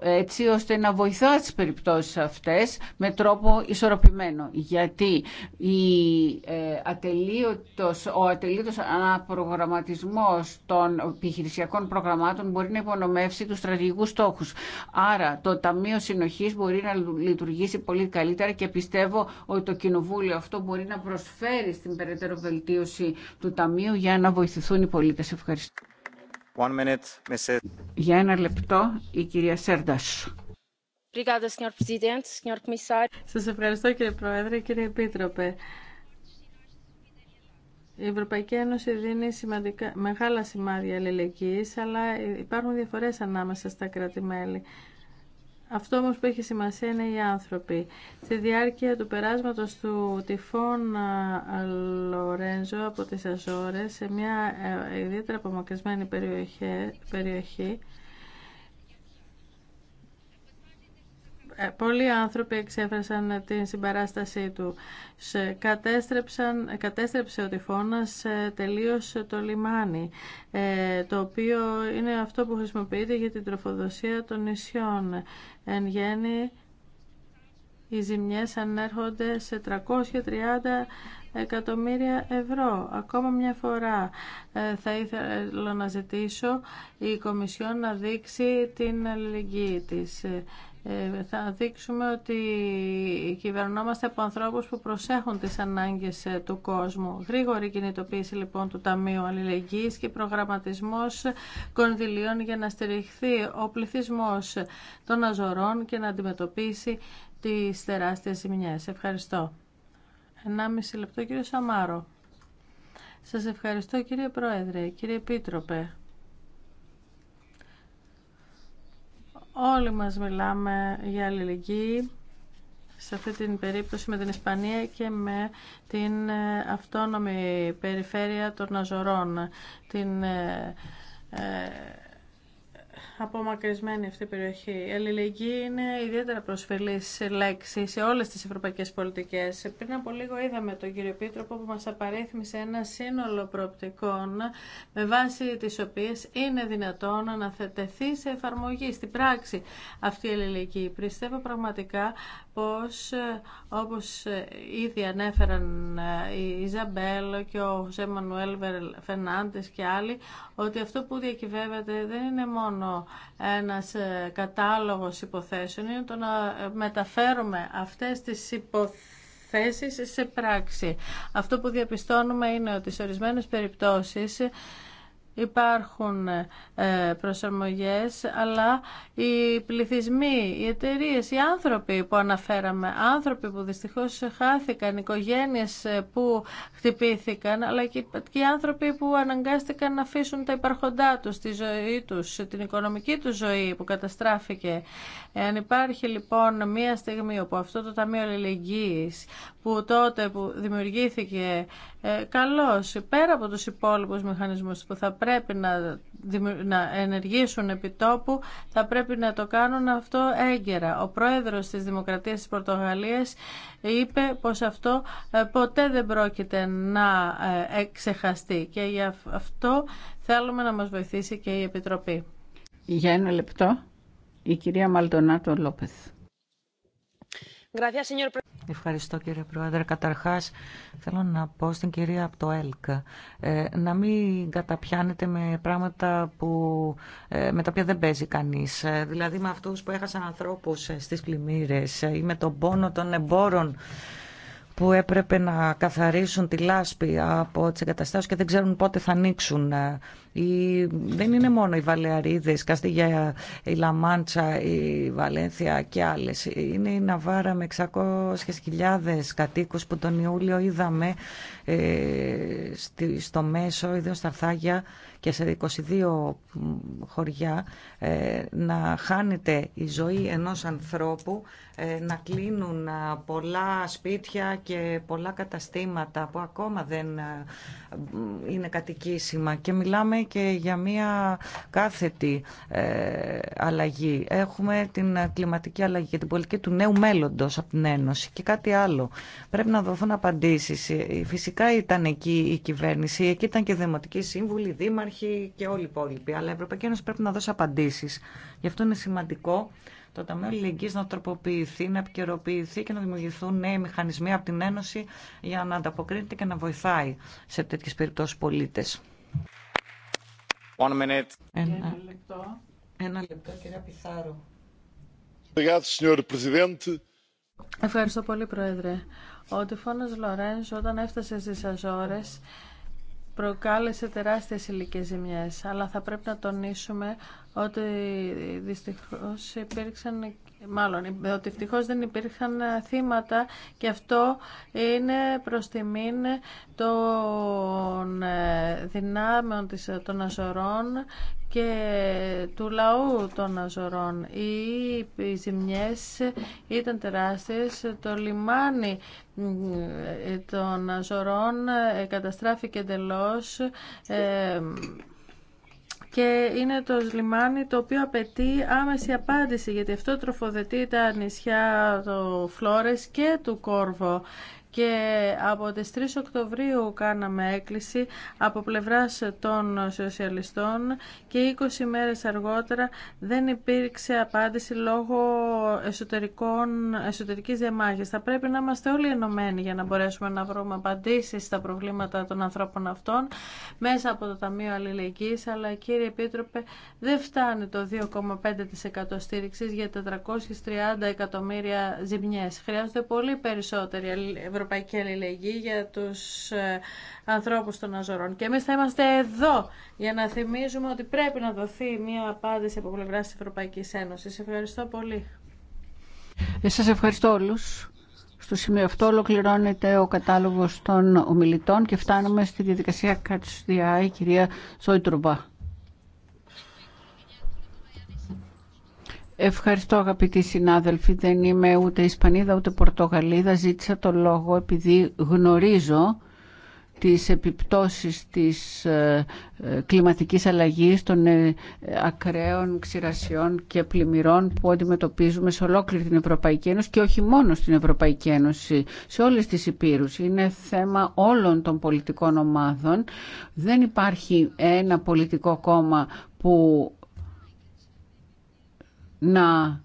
έτσι ώστε να βοηθά τις περιπτώσεις αυτές με τρόπο ισορροπημένο. Γιατί η, ε, ατελείωτος, ο ατελείωτος αναπρογραμματισμός των επιχειρησιακών προγραμμάτων μπορεί να υπονομεύσει τους στρατηγικούς στόχους. Άρα το Ταμείο Συνοχής μπορεί να λειτουργήσει πολύ καλύτερα και πιστεύω ότι το Κοινοβούλιο αυτό μπορεί να προσφέρει στην περαιτέρω βελτίωση του Ταμείου για να βοηθηθούν οι πολίτες. Ευχαριστώ. Για ένα λεπτό, η κυρία Σέρντας. Σας ευχαριστώ κύριε Πρόεδρε, κύριε Επίτροπε. Η Ευρωπαϊκή Ένωση δίνει σημαντικά, μεγάλα σημάδια αλληλεγγύης, αλλά υπάρχουν διαφορές ανάμεσα στα κράτη-μέλη. Αυτό όμως που έχει σημασία είναι οι άνθρωποι. Στη διάρκεια του περάσματος του τυφών Λορένζο από τις Αζόρες σε μια ε, ιδιαίτερα απομακρυσμένη περιοχή, Ε, πολλοί άνθρωποι εξέφρασαν την συμπαράστασή του. Κατέστρεψαν, κατέστρεψε ο τυφώνας ε, τελείως το λιμάνι, ε, το οποίο είναι αυτό που χρησιμοποιείται για την τροφοδοσία των νησιών. Εν γέννη, οι ζημιές ανέρχονται σε 330 εκατομμύρια ευρώ. Ακόμα μια φορά θα ήθελα να ζητήσω η Κομισιόν να δείξει την αλληλεγγύη της. Ε, θα δείξουμε ότι κυβερνόμαστε από ανθρώπους που προσέχουν τις ανάγκες ε, του κόσμου. Γρήγορη κινητοποίηση λοιπόν του Ταμείου Αλληλεγγύης και προγραμματισμός κονδυλίων για να στηριχθεί ο πληθυσμός των αζωρών και να αντιμετωπίσει τις τεράστιες ζημιές. Ευχαριστώ. 1,5 λεπτό κύριο Σαμάρο. Σας ευχαριστώ κύριε Πρόεδρε, κύριε Επίτροπε. Όλοι μας μιλάμε για αλληλεγγύη σε αυτή την περίπτωση με την Ισπανία και με την ε, αυτόνομη περιφέρεια των Αζωρών, την ε, ε, απομακρυσμένη αυτή η περιοχή. Η αλληλεγγύη είναι ιδιαίτερα προσφυλή λέξη σε όλε τι ευρωπαϊκέ πολιτικέ. Πριν από λίγο είδαμε τον κύριο Πίτροπο που μα απαρίθμησε ένα σύνολο προοπτικών με βάση τις οποίες είναι δυνατόν να θετεθεί σε εφαρμογή, στην πράξη αυτή η αλληλεγγύη. Πιστεύω πραγματικά πω όπω ήδη ανέφεραν η Ιζαμπέλ και ο Ζεμανουέλ Φερνάντε και άλλοι ότι αυτό που διακυβεύεται δεν είναι μόνο ένας ε, κατάλογος υποθέσεων είναι το να ε, μεταφέρουμε αυτές τις υποθέσεις σε πράξη. Αυτό που διαπιστώνουμε είναι ότι σε ορισμένες περιπτώσεις υπάρχουν ε, προσαρμογές, αλλά οι πληθυσμοί, οι εταιρείε, οι άνθρωποι που αναφέραμε, άνθρωποι που δυστυχώς χάθηκαν, οικογένειες ε, που χτυπήθηκαν, αλλά και οι άνθρωποι που αναγκάστηκαν να αφήσουν τα υπαρχοντά τους, τη ζωή τους, την οικονομική τους ζωή που καταστράφηκε. Εάν υπάρχει λοιπόν μία στιγμή όπου αυτό το Ταμείο Αλληλεγγύης που τότε που δημιουργήθηκε ε, καλώς πέρα από τους υπόλοιπους μηχανισμούς που θα πρέπει να, να ενεργήσουν επί τόπου, θα πρέπει να το κάνουν αυτό έγκαιρα. Ο πρόεδρος της Δημοκρατίας της Πορτογαλίας είπε πως αυτό ε, ποτέ δεν πρόκειται να ε, ξεχαστεί και γι' αυτό θέλουμε να μας βοηθήσει και η Επιτροπή. Για ένα λεπτό. Η κυρία Λόπεθ. Ευχαριστώ κύριε Πρόεδρε. Καταρχάς θέλω να πω στην κυρία από το ΕΛΚΑ ε, να μην καταπιάνετε με πράγματα που, ε, με τα οποία δεν παίζει κανείς. Ε, δηλαδή με αυτούς που έχασαν ανθρώπους στις πλημμύρες ή με τον πόνο των εμπόρων που έπρεπε να καθαρίσουν τη λάσπη από τις εγκαταστάσεις και δεν ξέρουν πότε θα ανοίξουν. Ε, δεν είναι μόνο οι Βαλεαρίδες, η Καστίγια, η Λαμάντσα, η Βαλένθια και άλλες. Είναι η Ναβάρα με 600.000 κατοίκους που τον Ιούλιο είδαμε ε, στο μέσο, ιδίως στα Αρθάγια, και σε 22 χωριά ε, να χάνεται η ζωή ενός ανθρώπου, ε, να κλείνουν ε, πολλά σπίτια και πολλά καταστήματα που ακόμα δεν είναι κατοικήσιμα. Και μιλάμε και για μία κάθετη αλλαγή. Έχουμε την κλιματική αλλαγή και την πολιτική του νέου μέλλοντος από την Ένωση. Και κάτι άλλο. Πρέπει να δοθούν απαντήσεις. Φυσικά ήταν εκεί η κυβέρνηση, εκεί ήταν και δημοτικοί σύμβουλοι, δήμαρχοι, έχει και όλοι οι υπόλοιποι. Αλλά η Ευρωπαϊκή Ένωση πρέπει να δώσει απαντήσει. Γι' αυτό είναι σημαντικό το Ταμείο Αλληλεγγύη να τροποποιηθεί, να επικαιροποιηθεί και να δημιουργηθούν νέοι μηχανισμοί από την Ένωση για να ανταποκρίνεται και να βοηθάει σε τέτοιε περιπτώσει πολίτε. Ένα, ένα λεπτό. Ένα λεπτό, κυρία Πιθάρο. Ευχαριστώ πολύ, Πρόεδρε. Ο τυφώνα Λορένς όταν έφτασε στις Αζόρες προκάλεσε τεράστιες ηλικές ζημιές, αλλά θα πρέπει να τονίσουμε ότι δυστυχώς υπήρξαν μάλλον ότι ευτυχώ δεν υπήρχαν ε, θύματα και αυτό είναι προ τιμήν των ε, δυνάμεων ε, των Αζωρών και του λαού των Αζωρών. Οι ζημιές ήταν τεράστιες. Το λιμάνι των Αζωρών καταστράφηκε εντελώς και είναι το λιμάνι το οποίο απαιτεί άμεση απάντηση γιατί αυτό τροφοδετεί τα νησιά το Φλόρες και του Κόρβο και από τις 3 Οκτωβρίου κάναμε έκκληση από πλευράς των σοσιαλιστών και 20 μέρες αργότερα δεν υπήρξε απάντηση λόγω εσωτερικών, εσωτερικής διαμάχης. Θα πρέπει να είμαστε όλοι ενωμένοι για να μπορέσουμε να βρούμε απαντήσεις στα προβλήματα των ανθρώπων αυτών μέσα από το Ταμείο Αλληλεγγύης, αλλά κύριε Επίτροπε δεν φτάνει το 2,5% στήριξης για 430 εκατομμύρια ζημιές. Χρειάζονται πολύ περισσότερη ευρωπαϊκή ευρωπαϊκή αλληλεγγύη για τους ε, ανθρώπους των Αζωρών. Και εμείς θα είμαστε εδώ για να θυμίζουμε ότι πρέπει να δοθεί μια απάντηση από πλευρά της Ευρωπαϊκής Ένωσης. Ευχαριστώ πολύ. Ε, σας ευχαριστώ όλους. Στο σημείο αυτό ολοκληρώνεται ο κατάλογος των ομιλητών και φτάνουμε στη διαδικασία Catch the κυρία Σόιτρουμπα. Ευχαριστώ αγαπητοί συνάδελφοι. Δεν είμαι ούτε Ισπανίδα ούτε Πορτογαλίδα. Ζήτησα το λόγο επειδή γνωρίζω τις επιπτώσεις της ε, κλιματικής αλλαγής, των ε, ακραίων ξηρασιών και πλημμυρών που αντιμετωπίζουμε σε ολόκληρη την Ευρωπαϊκή Ένωση και όχι μόνο στην Ευρωπαϊκή Ένωση, σε όλες τις υπήρους. Είναι θέμα όλων των πολιτικών ομάδων. Δεν υπάρχει ένα πολιτικό κόμμα που να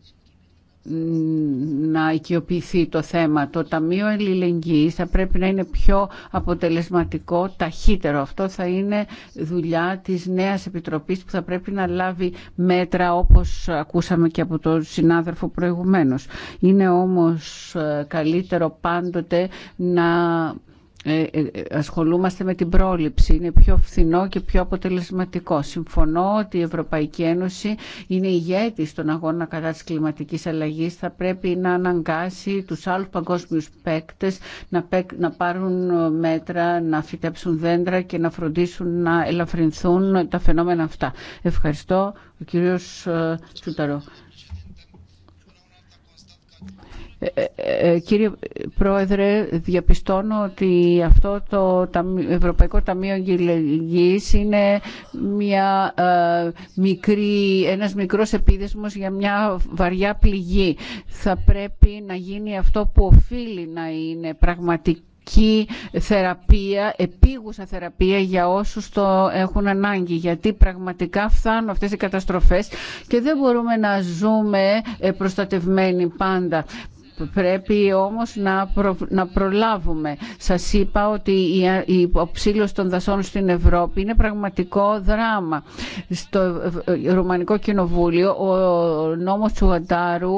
να οικειοποιηθεί το θέμα. Το Ταμείο Ελληνικής θα πρέπει να είναι πιο αποτελεσματικό, ταχύτερο. Αυτό θα είναι δουλειά της νέας επιτροπής που θα πρέπει να λάβει μέτρα όπως ακούσαμε και από τον συνάδελφο προηγουμένως. Είναι όμως ε, καλύτερο πάντοτε να ε, ε, ε, ασχολούμαστε με την πρόληψη. Είναι πιο φθηνό και πιο αποτελεσματικό. Συμφωνώ ότι η Ευρωπαϊκή Ένωση είναι ηγέτη στον αγώνα κατά της κλιματικής αλλαγής. Θα πρέπει να αναγκάσει τους άλλους παγκόσμιους παίκτες να, πάρουν μέτρα, να φυτέψουν δέντρα και να φροντίσουν να ελαφρυνθούν τα φαινόμενα αυτά. Ευχαριστώ. Ο κύριος Τσούταρο. Ε, ε, ε, κύριε Πρόεδρε, διαπιστώνω ότι αυτό το Ευρωπαϊκό Ταμείο Γυλεγγύης είναι μια, μικρή, ένας μικρός επίδεσμος για μια βαριά πληγή. Θα πρέπει να γίνει αυτό που οφείλει να είναι πραγματική θεραπεία, επίγουσα θεραπεία για όσους το έχουν ανάγκη. Γιατί πραγματικά φτάνουν αυτές οι καταστροφές και δεν μπορούμε να ζούμε προστατευμένοι πάντα. Πρέπει όμως να, προλάβουμε. Σας είπα ότι η αποψίλωση των δασών στην Ευρώπη είναι πραγματικό δράμα. Στο Ρουμανικό Κοινοβούλιο ο νόμος του Αντάρου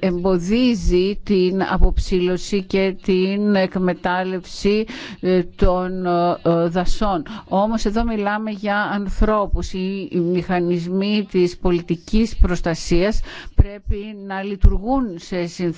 εμποδίζει την αποψήλωση και την εκμετάλλευση ε, των ε, δασών. Όμως εδώ μιλάμε για ανθρώπους. Οι μηχανισμοί της πολιτικής προστασίας πρέπει να λειτουργούν σε συνδυασμό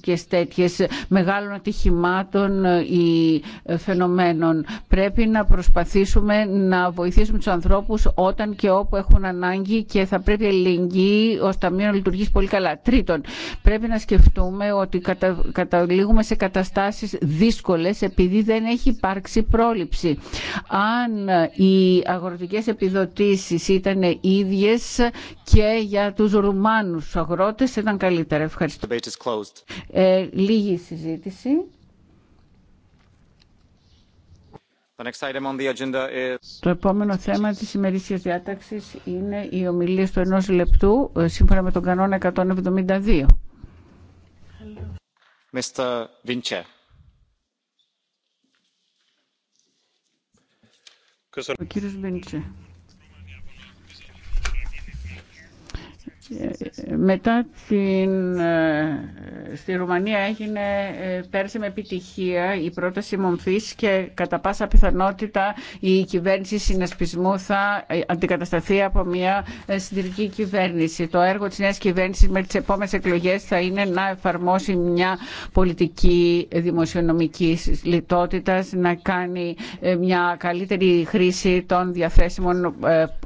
και τέτοιες μεγάλων ατυχημάτων ή φαινομένων. Πρέπει να προσπαθήσουμε να βοηθήσουμε τους ανθρώπους όταν και όπου έχουν ανάγκη και θα πρέπει η ελληνική ως ταμείο να λειτουργήσει πολύ καλά. Τρίτον, πρέπει να σκεφτούμε ότι καταλήγουμε σε καταστάσεις δύσκολες επειδή δεν έχει υπάρξει πρόληψη. Αν οι αγροτικές επιδοτήσεις ήταν ίδιες και για τους Ρουμάνους αγρότες ήταν καλύτερα. Ευχαριστώ closed. Ε, λίγη συζήτηση. The next item on the agenda is... Το επόμενο θέμα της ημερήσια διάταξη είναι οι ομιλία του ενό λεπτού ε, σύμφωνα με τον κανόνα 172. Mr. Ο κύριος μετά την, ε, στη Ρουμανία έγινε ε, πέρσι με επιτυχία η πρόταση μομφής και κατά πάσα πιθανότητα η κυβέρνηση συνασπισμού θα ε, αντικατασταθεί από μια συντηρική κυβέρνηση. Το έργο της νέας κυβέρνησης με τις επόμενες εκλογές θα είναι να εφαρμόσει μια πολιτική δημοσιονομική λιτότητα, να κάνει μια καλύτερη χρήση των διαθέσιμων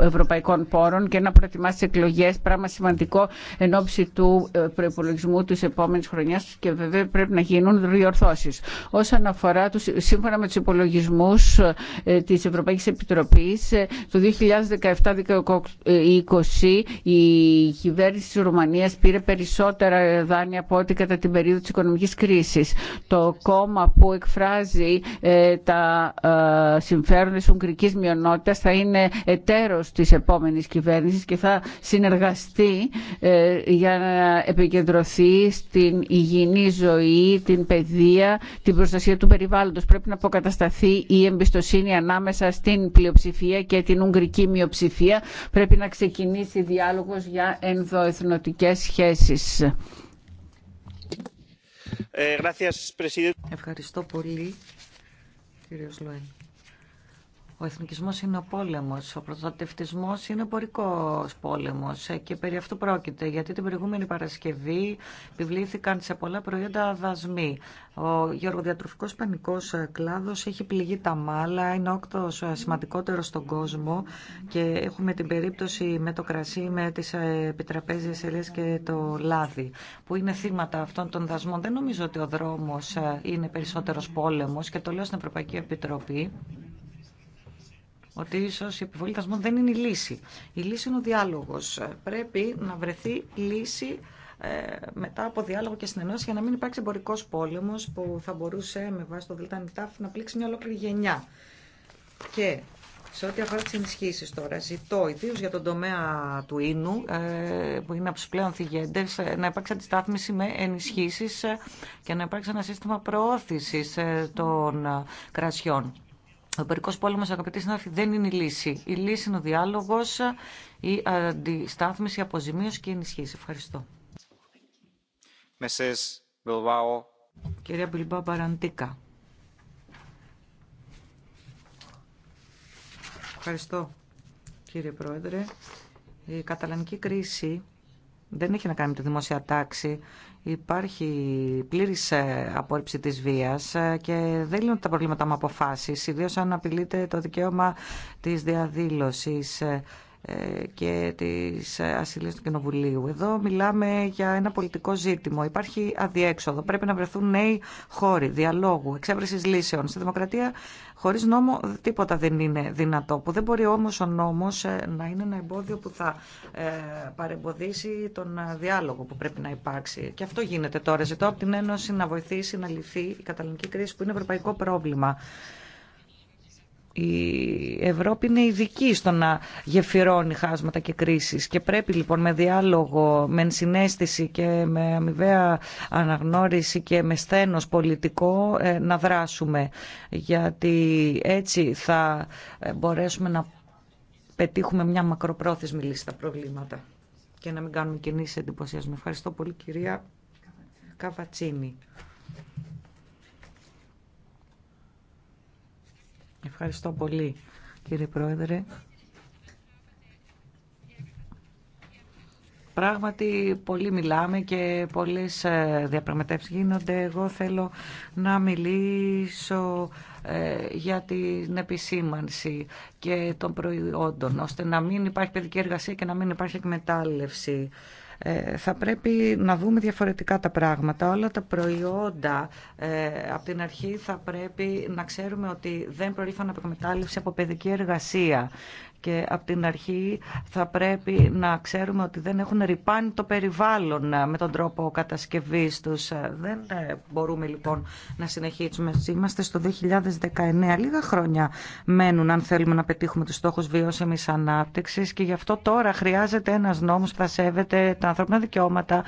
ευρωπαϊκών πόρων και να προετοιμάσει εκλογές, πράγμα σημαντικό σημαντικό εν ώψη του ε, προπολογισμού τη επόμενη χρονιά και βέβαια πρέπει να γίνουν διορθώσει. Όσον αφορά τους, σύμφωνα με του υπολογισμού ε, τη Ευρωπαϊκή Επιτροπή, ε, το 2017-2020 η κυβέρνηση τη Ρουμανία πήρε περισσότερα δάνεια από ό,τι κατά την περίοδο τη οικονομική κρίση. Το κόμμα που εκφράζει τα συμφέροντα τη ουγγρική μειονότητα θα είναι εταίρο τη επόμενη κυβέρνηση και θα συνεργαστεί ε, για να επικεντρωθεί στην υγιεινή ζωή, την παιδεία, την προστασία του περιβάλλοντος. Πρέπει να αποκατασταθεί η εμπιστοσύνη ανάμεσα στην πλειοψηφία και την ουγγρική μειοψηφία. Πρέπει να ξεκινήσει διάλογος για ενδοεθνωτικές σχέσεις. Ε, Ευχαριστώ πολύ, κύριος Λουέν. Ο Εθνικισμό είναι ο πόλεμο. ο προστατευτισμός είναι ο πορικό πόλεμο. Ε, και περί αυτού πρόκειται, γιατί την προηγούμενη Παρασκευή επιβλήθηκαν σε πολλά προϊόντα δασμοί. Ο γεωργοδιατροφικό πανικό κλάδο έχει πληγεί τα μάλα, είναι όκτο σημαντικότερο στον κόσμο και έχουμε την περίπτωση με το κρασί, με τι ε, επιτραπέζιε ελιές και το λάδι, που είναι θύματα αυτών των δασμών. Δεν νομίζω ότι ο δρόμο ε, είναι περισσότερο πόλεμο και το λέω στην Ευρωπαϊκή Επιτροπή ότι ίσω η επιβολή δασμών δεν είναι η λύση. Η λύση είναι ο διάλογο. Πρέπει να βρεθεί λύση ε, μετά από διάλογο και συνεννόηση για να μην υπάρξει εμπορικό πόλεμο που θα μπορούσε με βάση το Ταφ να πλήξει μια ολόκληρη γενιά. Και σε ό,τι αφορά τι ενισχύσει τώρα, ζητώ ιδίω για τον τομέα του ίνου, ε, που είναι από του πλέον θηγέντε, ε, να υπάρξει αντιστάθμιση με ενισχύσει και να υπάρξει ένα σύστημα προώθηση των κρασιών. Ο εμπορικό πόλεμο, αγαπητοί συνάδελφοι, δεν είναι η λύση. Η λύση είναι ο διάλογο, η αντιστάθμιση, η αποζημίωση και η ενισχύση. Ευχαριστώ. Κυρία Μπιλμπά Παραντίκα. Ευχαριστώ, κύριε Πρόεδρε. Η καταλανική κρίση δεν έχει να κάνει με τη δημόσια τάξη. Υπάρχει πλήρη ε, απόρριψη τη βία ε, και δεν λύνονται τα προβλήματα με αποφάσει, ιδίω αν απειλείται το δικαίωμα τη διαδήλωση. Ε, ε, και της ασυλίας του Κοινοβουλίου. Εδώ μιλάμε για ένα πολιτικό ζήτημα. Υπάρχει αδιέξοδο. Πρέπει να βρεθούν νέοι χώροι διαλόγου, εξέβρεση λύσεων. Στη δημοκρατία χωρίς νόμο τίποτα δεν είναι δυνατό. Που δεν μπορεί όμως ο νόμος ε, να είναι ένα εμπόδιο που θα ε, παρεμποδίσει τον διάλογο που πρέπει να υπάρξει. Και αυτό γίνεται τώρα. Ζητώ από την Ένωση να βοηθήσει να λυθεί η καταλληλική κρίση που είναι ευρωπαϊκό πρόβλημα η Ευρώπη είναι ειδική στο να γεφυρώνει χάσματα και κρίσεις και πρέπει λοιπόν με διάλογο, με συνέστηση και με αμοιβαία αναγνώριση και με σθένος πολιτικό ε, να δράσουμε γιατί έτσι θα ε, μπορέσουμε να πετύχουμε μια μακροπρόθεσμη λύση στα προβλήματα και να μην κάνουμε κινήσεις εντυπωσιασμού. Ευχαριστώ πολύ κυρία Καβατσίνη. Ευχαριστώ πολύ κύριε Πρόεδρε. Πράγματι, πολύ μιλάμε και πολλές ε, διαπραγματεύσεις γίνονται. Εγώ θέλω να μιλήσω ε, για την επισήμανση και των προϊόντων, ώστε να μην υπάρχει παιδική εργασία και να μην υπάρχει εκμετάλλευση. Ε, θα πρέπει να δούμε διαφορετικά τα πράγματα. Όλα τα προϊόντα ε, από την αρχή θα πρέπει να ξέρουμε ότι δεν προήλθαν από εκμετάλλευση από παιδική εργασία και από την αρχή θα πρέπει να ξέρουμε ότι δεν έχουν ρηπάνει το περιβάλλον ε, με τον τρόπο κατασκευής τους. Ε, δεν ε, μπορούμε λοιπόν να συνεχίσουμε. Είμαστε στο 2019. Λίγα χρόνια μένουν αν θέλουμε να πετύχουμε τους στόχους βιώσιμης ανάπτυξης και γι' αυτό τώρα χρειάζεται ένας νόμος που θα σέβεται τα ανθρώπινα δικαιώματα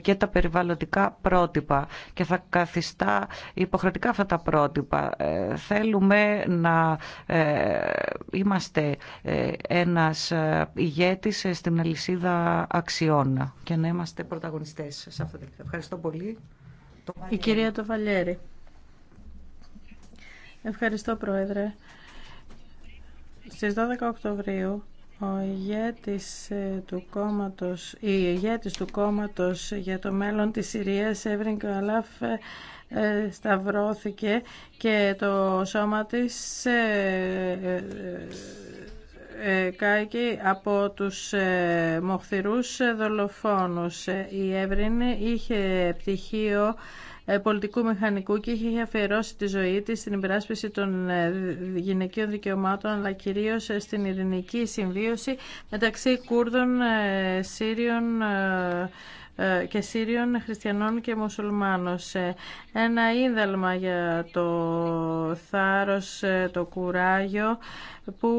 και τα περιβαλλοντικά πρότυπα και θα καθιστά υποχρεωτικά αυτά τα πρότυπα. Θέλουμε να είμαστε ε, ένας ε, ηγέτης ε, στην αλυσίδα αξιών και να είμαστε πρωταγωνιστές σε αυτό το Ευχαριστώ πολύ. Η κυρία Τοβαλιέρη. Ευχαριστώ Πρόεδρε. Στις 12 Οκτωβρίου ο ηγέτης του κόμματος, η ηγέτης του κόμματος για το μέλλον της Συρίας, Εύριν Καλάφ, σταυρώθηκε και το σώμα της ε, από τους ε, μοχθηρούς ε, δολοφόνους. Η ευρυνη είχε πτυχίο πολιτικού μηχανικού και είχε αφιερώσει τη ζωή της στην υπεράσπιση των γυναικείων δικαιωμάτων αλλά κυρίως στην ειρηνική συμβίωση μεταξύ Κούρδων, Σύριων, ε, και Σύριων, Χριστιανών και Μουσουλμάνων. Ένα είδαλμα για το θάρρος, ε, το κουράγιο που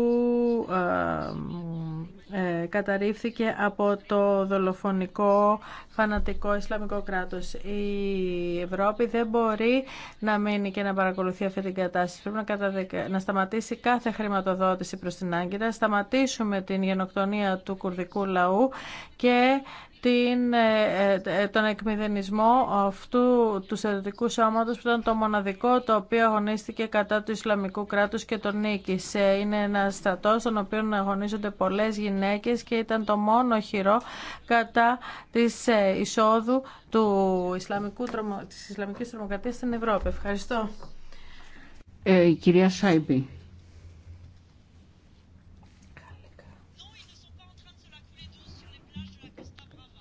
ε, καταρρίφθηκε από το δολοφονικό φανατικό Ισλαμικό κράτος. Η Ευρώπη δεν μπορεί να μείνει και να παρακολουθεί αυτή την κατάσταση. Πρέπει να, να σταματήσει κάθε χρηματοδότηση προς την Άγκυρα, σταματήσουμε την γενοκτονία του κουρδικού λαού και την, ε, ε, τον εκμηδενισμό αυτού του στρατιωτικού σώματος που ήταν το μοναδικό το οποίο αγωνίστηκε κατά του Ισλαμικού κράτους και τον νίκησε. Είναι ένα στρατό στον οποίο αγωνίζονται πολλές γυναίκες και ήταν το μόνο χειρό κατά της ε, εισόδου του Ισλαμικού, της Ισλαμικής Τρομοκρατίας στην Ευρώπη. Ευχαριστώ. κυρία Σάιμπη.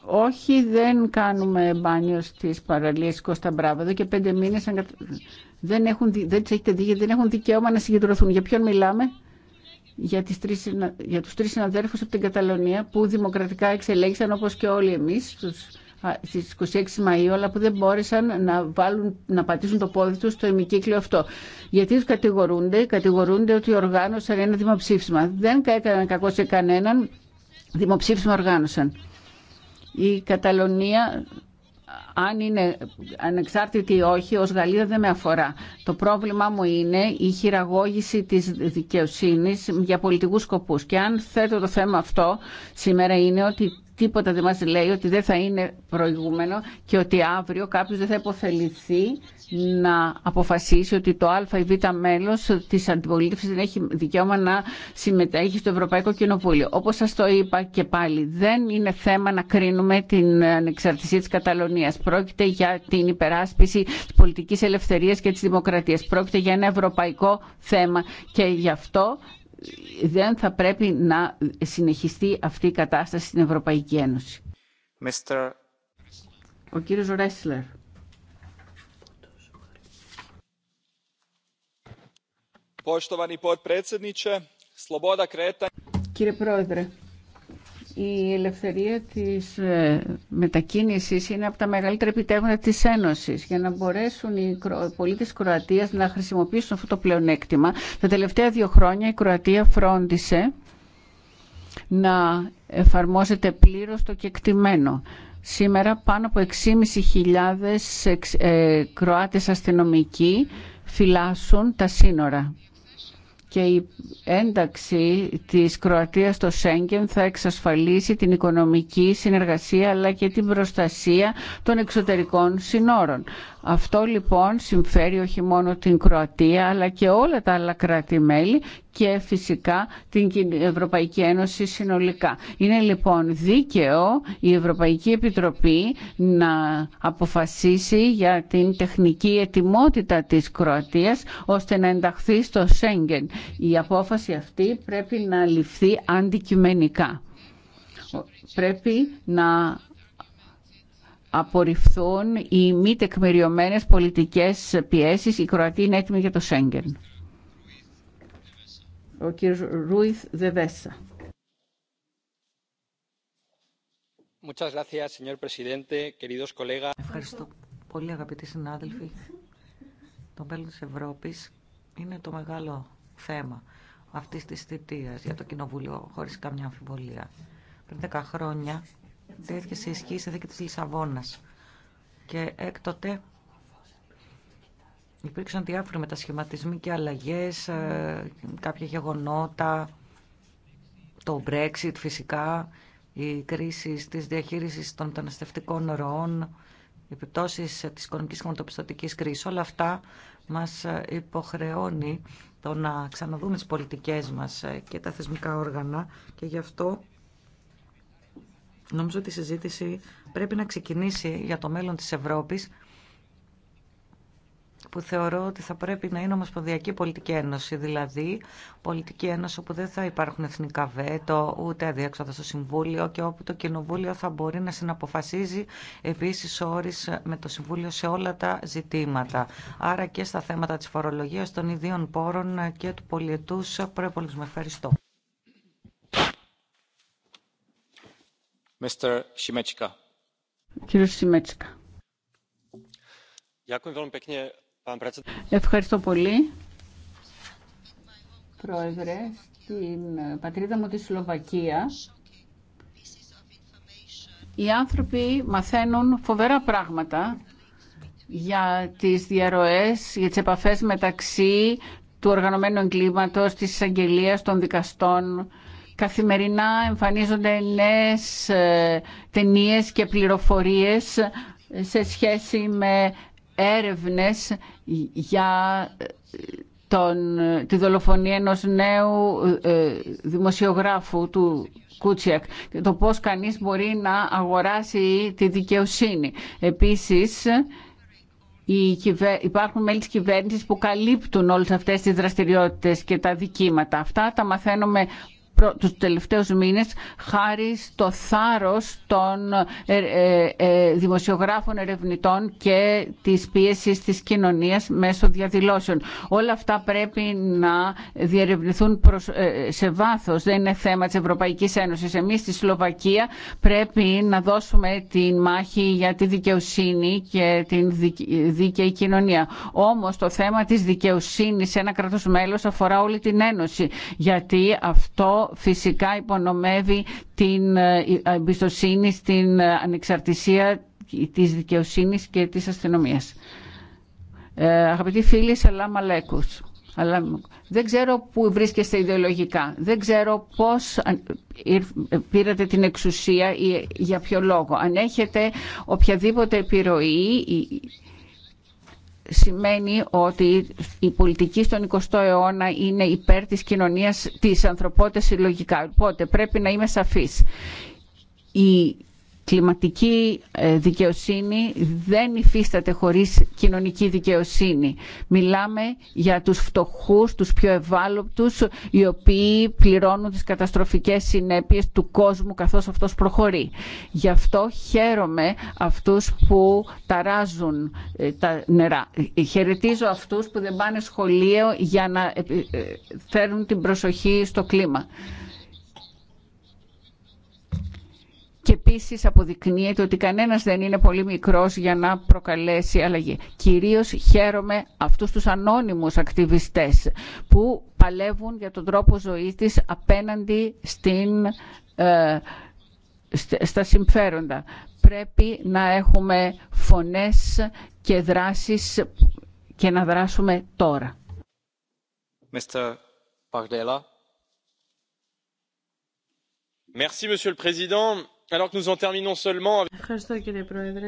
Όχι, δεν κάνουμε μπάνιο στις παραλίες Κώστα Μπράβο. Εδώ και πέντε μήνες δεν, έχουν, δεν έχετε δει, δεν έχουν δικαίωμα να συγκεντρωθούν. Για ποιον μιλάμε? Για, τις τρεις, για τους τρεις συναδέρφους από την Καταλωνία που δημοκρατικά εξελέγησαν όπως και όλοι εμείς στις 26 Μαΐου, αλλά που δεν μπόρεσαν να, βάλουν, να πατήσουν το πόδι τους στο ημικύκλιο αυτό. Γιατί τους κατηγορούνται, κατηγορούνται ότι οργάνωσαν ένα δημοψήφισμα. Δεν έκαναν κακό σε κανέναν, δημοψήφισμα οργάνωσαν. Η Καταλωνία αν είναι ανεξάρτητη ή όχι, ως Γαλλία δεν με αφορά. Το πρόβλημά μου είναι η χειραγώγηση της δικαιοσύνης για πολιτικούς σκοπούς. Και αν θέτω το θέμα αυτό, σήμερα είναι ότι τίποτα δεν μας λέει ότι δεν θα είναι προηγούμενο και ότι αύριο κάποιος δεν θα υποφεληθεί να αποφασίσει ότι το α ή β μέλος της αντιπολίτευσης δεν έχει δικαίωμα να συμμετέχει στο Ευρωπαϊκό Κοινοβούλιο. Όπως σας το είπα και πάλι, δεν είναι θέμα να κρίνουμε την ανεξαρτησία της Καταλωνίας. Πρόκειται για την υπεράσπιση της πολιτικής ελευθερίας και της δημοκρατίας. Πρόκειται για ένα ευρωπαϊκό θέμα και γι' αυτό δεν θα πρέπει να συνεχιστεί αυτή η κατάσταση στην Ευρωπαϊκή Ένωση. Ο κύριος Ρέσλερ. Κύριε Πρόεδρε, η ελευθερία της ε, μετακίνησης είναι από τα μεγαλύτερα επιτεύγματα της Ένωσης. Για να μπορέσουν οι πολίτες Κροατίας να χρησιμοποιήσουν αυτό το πλεονέκτημα, τα τελευταία δύο χρόνια η Κροατία φρόντισε να εφαρμόζεται πλήρως το κεκτημένο. Σήμερα πάνω από 6.500 ε, Κροάτες αστυνομικοί φυλάσσουν τα σύνορα και η ένταξη της Κροατίας στο Σέγγεν θα εξασφαλίσει την οικονομική συνεργασία αλλά και την προστασία των εξωτερικών συνόρων. Αυτό λοιπόν συμφέρει όχι μόνο την Κροατία αλλά και όλα τα άλλα κράτη-μέλη και φυσικά την Ευρωπαϊκή Ένωση συνολικά. Είναι λοιπόν δίκαιο η Ευρωπαϊκή Επιτροπή να αποφασίσει για την τεχνική ετοιμότητα της Κροατίας ώστε να ενταχθεί στο Σέγγεν. Η απόφαση αυτή πρέπει να ληφθεί αντικειμενικά. Πρέπει να απορριφθούν οι μη τεκμηριωμένες πολιτικές πιέσεις. Η Κροατία είναι έτοιμη για το Σέγγεν. Ο κύριος Ρούιθ Δεβέσα. Ευχαριστώ πολύ αγαπητοί συνάδελφοι. Το μέλλον της Ευρώπης είναι το μεγάλο θέμα αυτής της θητείας για το Κοινοβούλιο χωρίς καμιά αμφιβολία. Πριν 10 χρόνια τέθηκε σε ισχύ η συνθήκη της Λισαβόνας. Και έκτοτε υπήρξαν διάφοροι μετασχηματισμοί και αλλαγές, ε, κάποια γεγονότα, το Brexit φυσικά, η κρίση της διαχείρισης των μεταναστευτικών ροών, οι επιπτώσεις ε, της οικονομικής χρηματοπιστωτικής κρίσης. Όλα αυτά μας ε, υποχρεώνει το να ξαναδούμε τις πολιτικές μας και τα θεσμικά όργανα και γι' αυτό Νομίζω ότι η συζήτηση πρέπει να ξεκινήσει για το μέλλον της Ευρώπης που θεωρώ ότι θα πρέπει να είναι ομοσπονδιακή πολιτική ένωση, δηλαδή πολιτική ένωση όπου δεν θα υπάρχουν εθνικά βέτο, ούτε αδιέξοδο στο Συμβούλιο και όπου το Κοινοβούλιο θα μπορεί να συναποφασίζει επίση όρει με το Συμβούλιο σε όλα τα ζητήματα. Άρα και στα θέματα τη φορολογία, των ιδίων πόρων και του πολιετού προεπολισμού. Ευχαριστώ. Ευχαριστώ πολύ. Πρόεδρε, στην πατρίδα μου τη Σλοβακία οι άνθρωποι μαθαίνουν φοβερά πράγματα για τις διαρροές, για τις επαφές μεταξύ του οργανωμένου εγκλήματος, της εισαγγελία των δικαστών Καθημερινά εμφανίζονται νέες ε, ταινίες και πληροφορίες σε σχέση με έρευνες για ε, τον, τη δολοφονία ενός νέου ε, δημοσιογράφου του Κούτσιακ και το πώς κανείς μπορεί να αγοράσει τη δικαιοσύνη. Επίσης, υπάρχουν μέλη της κυβέρνησης που καλύπτουν όλες αυτές τις δραστηριότητες και τα δικήματα. Αυτά τα μαθαίνουμε τους τελευταίους μήνες χάρη στο θάρρος των ε, ε, ε, δημοσιογράφων ερευνητών και της πίεσης της κοινωνίας μέσω διαδηλώσεων. Όλα αυτά πρέπει να διερευνηθούν σε βάθος. Δεν είναι θέμα της Ευρωπαϊκής Ένωσης. Εμείς στη Σλοβακία πρέπει να δώσουμε την μάχη για τη δικαιοσύνη και την δίκαιη κοινωνία. Όμως το θέμα της δικαιοσύνης σε ένα κράτος μέλος αφορά όλη την Ένωση γιατί αυτό φυσικά υπονομεύει την ε, εμπιστοσύνη στην ανεξαρτησία της δικαιοσύνης και της αστυνομίας. Ε, αγαπητοί φίλοι, σαλάμ αλέκους. Αλλά δεν ξέρω πού βρίσκεστε ιδεολογικά. Δεν ξέρω πώς πήρατε την εξουσία ή για ποιο λόγο. Αν έχετε οποιαδήποτε επιρροή σημαίνει ότι η πολιτική στον 20ο αιώνα είναι υπέρ της κοινωνίας της ανθρωπότητας συλλογικά. Οπότε πρέπει να είμαι σαφής. Η κλιματική ε, δικαιοσύνη δεν υφίσταται χωρίς κοινωνική δικαιοσύνη. Μιλάμε για τους φτωχούς, τους πιο ευάλωτους, οι οποίοι πληρώνουν τις καταστροφικές συνέπειες του κόσμου καθώς αυτός προχωρεί. Γι' αυτό χαίρομαι αυτούς που ταράζουν ε, τα νερά. Χαιρετίζω αυτούς που δεν πάνε σχολείο για να ε, φέρουν την προσοχή στο κλίμα. και επίση αποδεικνύεται ότι κανένας δεν είναι πολύ μικρός για να προκαλέσει αλλαγή. Κυρίως χαίρομαι αυτούς τους ανώνυμους ακτιβιστές που παλεύουν για τον τρόπο ζωής της απέναντι στην, ε, στα συμφέροντα. Πρέπει να έχουμε φωνές και δράσεις και να δράσουμε τώρα. Mr. Pardella. Merci, Monsieur le Ευχαριστώ κύριε Πρόεδρε.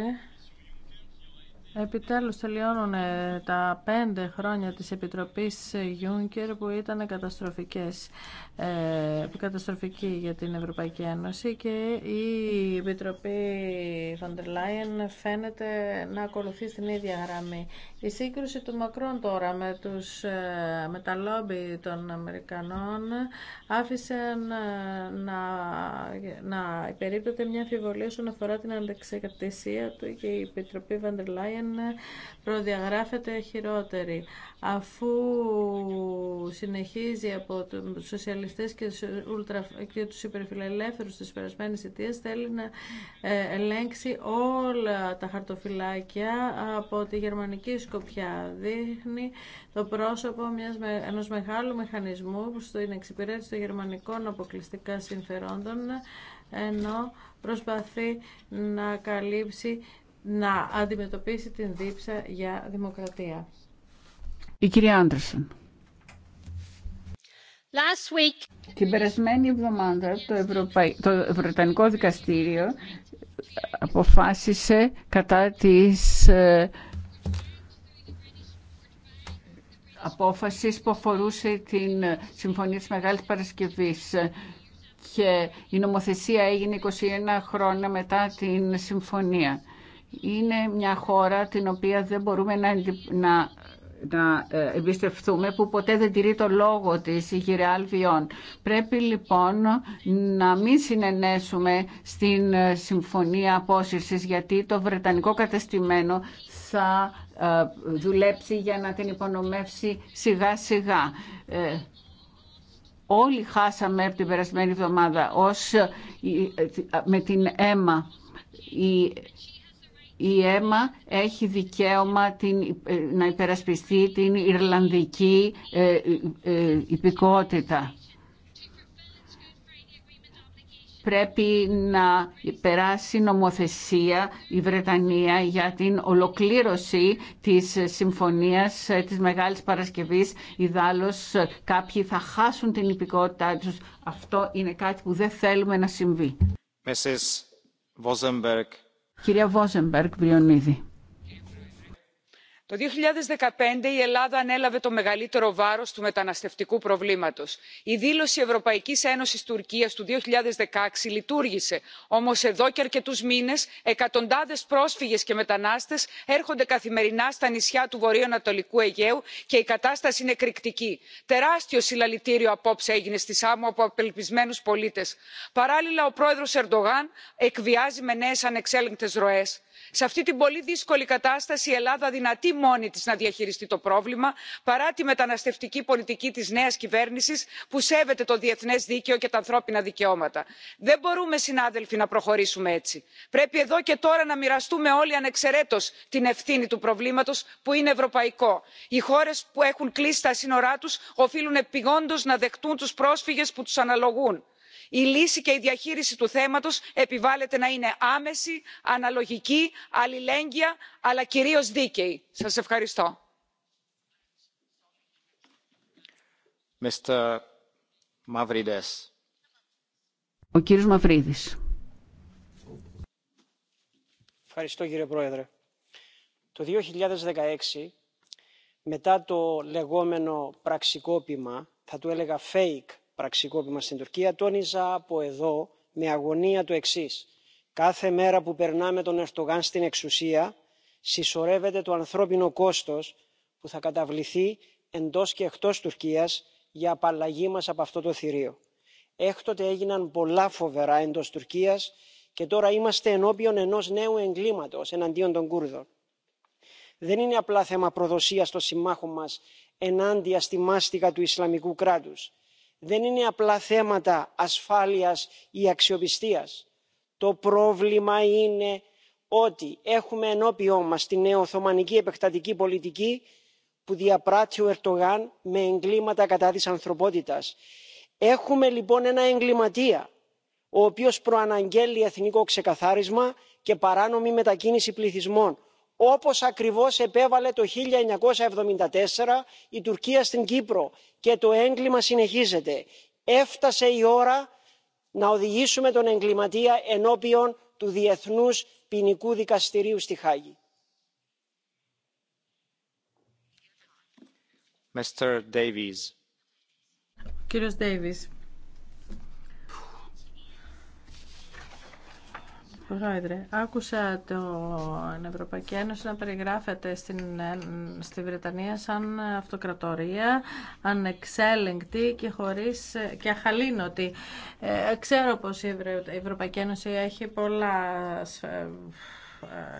Επιτέλους τελειώνουν ε, τα πέντε χρόνια της Επιτροπής Juncker που ήταν καταστροφικές. Ε, καταστροφική για την Ευρωπαϊκή Ένωση και η Επιτροπή Φοντερ φαίνεται να ακολουθεί στην ίδια γραμμή. Η σύγκρουση του Μακρόν τώρα με, τους, ε, με τα λόμπι των Αμερικανών άφησε να, να, μια αμφιβολία όσον αφορά την ανταξεκατησία του και η Επιτροπή Βαντερ προδιαγράφεται χειρότερη. Αφού συνεχίζει από τον σοσιαλισμό και, του και τους Περασμένη της θέλει να ε, ελέγξει όλα τα χαρτοφυλάκια από τη γερμανική σκοπιά. Δείχνει το πρόσωπο ενό μεγάλου μηχανισμού που είναι εξυπηρέτηση των γερμανικών αποκλειστικά συμφερόντων ενώ προσπαθεί να καλύψει, να αντιμετωπίσει την δίψα για δημοκρατία. Η κυρία Άντερσον. Την περασμένη εβδομάδα το, Ευρωπαϊ... Βρετανικό Δικαστήριο αποφάσισε κατά της ε, απόφασης που αφορούσε την Συμφωνία της Μεγάλης Παρασκευής και η νομοθεσία έγινε 21 χρόνια μετά την Συμφωνία. Είναι μια χώρα την οποία δεν μπορούμε να να ε, εμπιστευτούμε που ποτέ δεν τηρεί το λόγο της η κυρία Αλβιών. Πρέπει λοιπόν να μην συνενέσουμε στην ε, συμφωνία απόσυρσης γιατί το βρετανικό κατεστημένο θα ε, δουλέψει για να την υπονομεύσει σιγά σιγά. Όλοι χάσαμε από την περασμένη εβδομάδα ως με την αίμα η η ΕΜΑ έχει δικαίωμα την, ε, να υπερασπιστεί την Ιρλανδική ε, ε, υπηκότητα. Πρέπει να περάσει νομοθεσία η Βρετανία για την ολοκλήρωση της συμφωνίας ε, της Μεγάλης Παρασκευής. Ιδάλλως κάποιοι θα χάσουν την υπηκότητά τους. Αυτό είναι κάτι που δεν θέλουμε να συμβεί. Mrs. Κυρία Βόζεμπεργκ, Βριονίδη το 2015 η ελλάδα ανέλαβε το μεγαλύτερο βάρος του μεταναστευτικού προβλήματος. η δήλωση ευρωπαϊκής ένωσης τουρκίας του 2016 δεκαέξι λειτουργήσε όμως εδώ και αρκετούς μήνες εκατοντάδες πρόσφυγες και μετανάστες έρχονται καθημερινά στα νησιά του βορειοανατολικού αιγαίου και η κατάσταση είναι εκρηκτική. τεράστιο συλλαλητήριο απόψε έγινε στη σάμο από απελπισμένους πολίτες. παράλληλα ο πρόεδρος ερντογάν εκβιάζει με νέε ανεξέλεγκτες ροές σε αυτή την πολύ δύσκολη κατάσταση η ελλάδα δυνατεί μόνη της να διαχειριστεί το πρόβλημα παρά τη μεταναστευτική πολιτική της νέας κυβέρνησης που σέβεται το διεθνές δίκαιο και τα ανθρώπινα δικαιώματα. δεν μπορούμε συνάδελφοι να προχωρήσουμε έτσι. πρέπει εδώ και τώρα να μοιραστούμε όλοι ανεξαιρέτως την ευθύνη του προβλήματος που είναι ευρωπαϊκό. οι χώρες που έχουν κλείσει τα σύνορά τους οφείλουν επειγόντως να δεχτούν τους πρόσφυγες που τους αναλογούν η λύση και η διαχείριση του θέματος επιβάλλεται να είναι άμεση αναλογική αλληλέγγυα αλλά κυρίως δίκαιη. σας ευχαριστώ. Mr. Ο Ευχαριστώ κύριε Πρόεδρε. Το 2016 μετά το λεγόμενο πραξικόπημα, θα του έλεγα fake πραξικόπημα στην τουρκία τόνιζα από εδώ με αγωνία το εξή κάθε μέρα που περνάμε τον Ερτογάν στην εξουσία συσσωρεύεται το ανθρώπινο κόστος που θα καταβληθεί εντός και εκτός τουρκίας για απαλλαγή μα από αυτό το θηρίο. έκτοτε έγιναν πολλά φοβερά εντός τουρκίας και τώρα είμαστε ενώπιον ενός νέου εγκλήματο εναντίον των κούρδων. δεν είναι απλά θέμα προδοσία των συμμάχων μας ενάντια στη μάστιγα του ισλαμικού κράτου δεν είναι απλά θέματα ασφάλειας ή αξιοπιστίας. το πρόβλημα είναι ότι έχουμε ενώπιόν μας τη Οθωμανική επεκτατική πολιτική που διαπράττει ο ερντογάν με εγκλήματα κατά της ανθρωπότητας. έχουμε λοιπόν ένα εγκληματία ο οποίος προαναγγέλει εθνικό ξεκαθάρισμα και παράνομη μετακίνηση πληθυσμών όπως ακριβώς επέβαλε το 1974 η τουρκία στην κύπρο και το έγκλημα συνεχίζεται. έφτασε η ώρα να οδηγήσουμε τον εγκληματία ενώπιον του διεθνούς ποινικού δικαστηρίου στη χάγη. Mr. Davies. Κύριος Davies. Πρόεδρε, άκουσα την Ευρωπαϊκή Ένωση να περιγράφεται στην, στη Βρετανία σαν αυτοκρατορία, ανεξέλεγκτη και, χωρίς, και αχαλήνοτη. Ε, ξέρω πως η, Ευρωπαϊκή Ένωση έχει πολλά ε,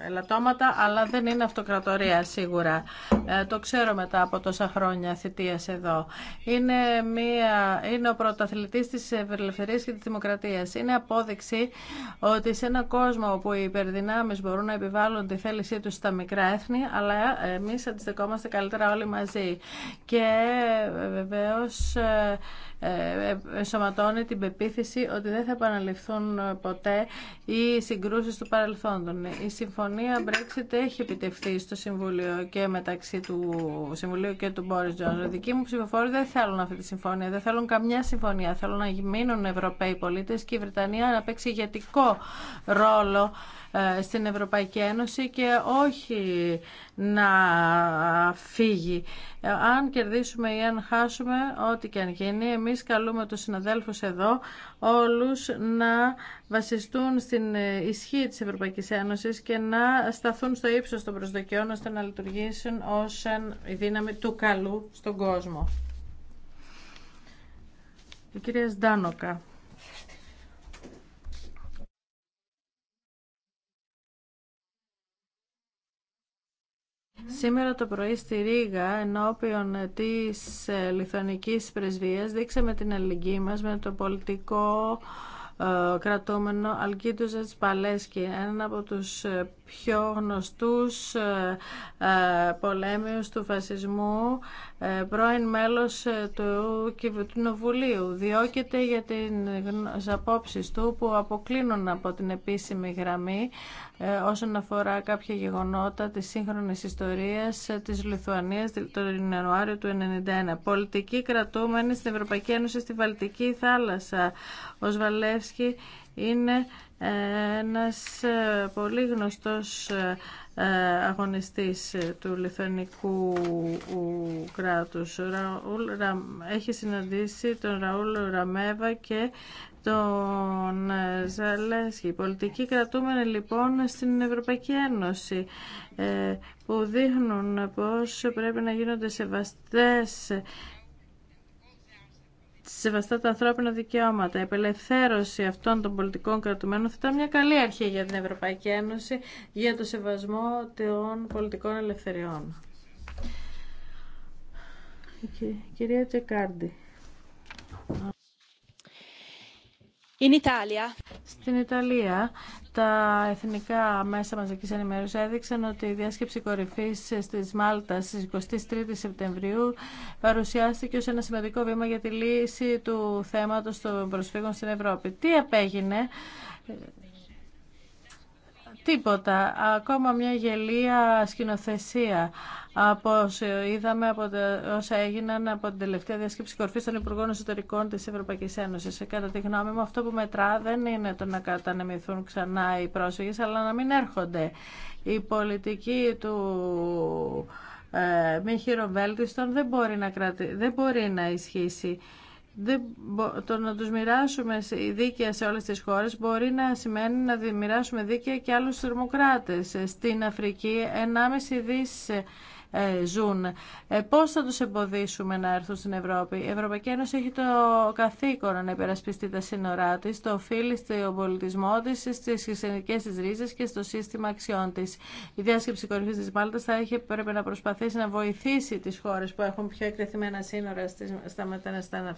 ε, ελαττώματα, αλλά δεν είναι αυτοκρατορία σίγουρα. Ε, το ξέρω μετά από τόσα χρόνια θητείας εδώ. Είναι, μία, είναι ο πρωταθλητής της ευελευθερίας και της δημοκρατίας. Είναι απόδειξη ότι σε ένα κόσμο όπου οι υπερδυνάμεις μπορούν να επιβάλλουν τη θέλησή τους στα μικρά έθνη, αλλά ε, εμείς αντιστεκόμαστε καλύτερα όλοι μαζί. Και βεβαίως ε, ενσωματώνει την πεποίθηση ότι δεν θα επαναληφθούν ποτέ οι συγκρούσεις του παρελθόντων. Η συμφωνία Brexit έχει επιτευχθεί στο Συμβούλιο και μεταξύ του Συμβουλίου και του Μπόρις Τζόνσον. Δικοί μου ψηφοφόροι δεν θέλουν αυτή τη συμφωνία, δεν θέλουν καμιά συμφωνία. Θέλουν να μείνουν Ευρωπαίοι πολίτες και η Βρετανία να παίξει ηγετικό ρόλο ε, στην Ευρωπαϊκή Ένωση και όχι να φύγει. Ε, αν κερδίσουμε ή αν χάσουμε, ό,τι και αν γίνει, εμείς καλούμε τους συναδέλφους εδώ όλους να βασιστούν στην ε, ισχύ της Ευρωπαϊκής Ένωσης και να σταθούν στο ύψος των προσδοκιών ώστε να λειτουργήσουν ως η δύναμη του καλού στον κόσμο. Η κυρία Σντάνοκα. Σήμερα το πρωί στη Ρήγα, ενώπιον της ε, Λιθωνικής Πρεσβείας, δείξαμε την αλληλεγγύη μας με το πολιτικό κρατούμενο Αλκίτουζας Παλέσκι, έναν από τους πιο γνωστούς ε, ε, πολέμιους του φασισμού, ε, πρώην μέλος του Κοινοβουλίου. Διώκεται για τις απόψεις του που αποκλίνουν από την επίσημη γραμμή όσον αφορά κάποια γεγονότα της σύγχρονης ιστορίας της Λιθουανίας τον Ιανουάριο του 1991. Πολιτικοί κρατούμενοι στην Ευρωπαϊκή Ένωση στη Βαλτική θάλασσα είναι ε, ένας ε, πολύ γνωστός ε, αγωνιστής του Λιθανικού κράτους. Έχει συναντήσει τον Ραούλ Ραμέβα και τον Ζαλέσκι. Πολιτικοί κρατούμενοι λοιπόν στην Ευρωπαϊκή Ένωση που δείχνουν πώς πρέπει να γίνονται σεβαστές σεβαστά τα ανθρώπινα δικαιώματα. Η απελευθέρωση αυτών των πολιτικών κρατουμένων θα ήταν μια καλή αρχή για την Ευρωπαϊκή Ένωση για το σεβασμό των πολιτικών ελευθεριών. Κυρία Τσεκάρντι. In Στην Ιταλία, τα εθνικά μέσα μαζική ενημέρωση έδειξαν ότι η διάσκεψη κορυφή τη Μάλτα στις 23 Σεπτεμβρίου παρουσιάστηκε ω ένα σημαντικό βήμα για τη λύση του θέματο των προσφύγων στην Ευρώπη. Τι απέγινε τίποτα. Ακόμα μια γελία σκηνοθεσία από είδαμε από όσα έγιναν από την τελευταία διασκέψη Κορφή των Υπουργών Εσωτερικών τη Ευρωπαϊκή Ένωσης. Ε, κατά τη γνώμη μου αυτό που μετρά δεν είναι το να κατανεμηθούν ξανά οι πρόσφυγε, αλλά να μην έρχονται. Η πολιτική του ε, μη χειροβέλτιστον δεν μπορεί να, δεν μπορεί να ισχύσει το να τους μοιράσουμε δίκαια σε όλες τις χώρες μπορεί να σημαίνει να μοιράσουμε δίκαια και άλλους θερμοκράτες. Στην Αφρική 1,5 δις ε, ζουν. Ε, πώς θα τους εμποδίσουμε να έρθουν στην Ευρώπη. Η Ευρωπαϊκή Ένωση έχει το καθήκον να υπερασπιστεί τα σύνορά τη, το οφείλει στον πολιτισμό τη, στι χριστιανικέ τη ρίζε και στο σύστημα αξιών τη. Η διάσκεψη κορυφή της Μάλτας θα έχει, πρέπει να προσπαθήσει να βοηθήσει τις χώρες που έχουν πιο εκτεθειμένα σύνορα στα μεταναστά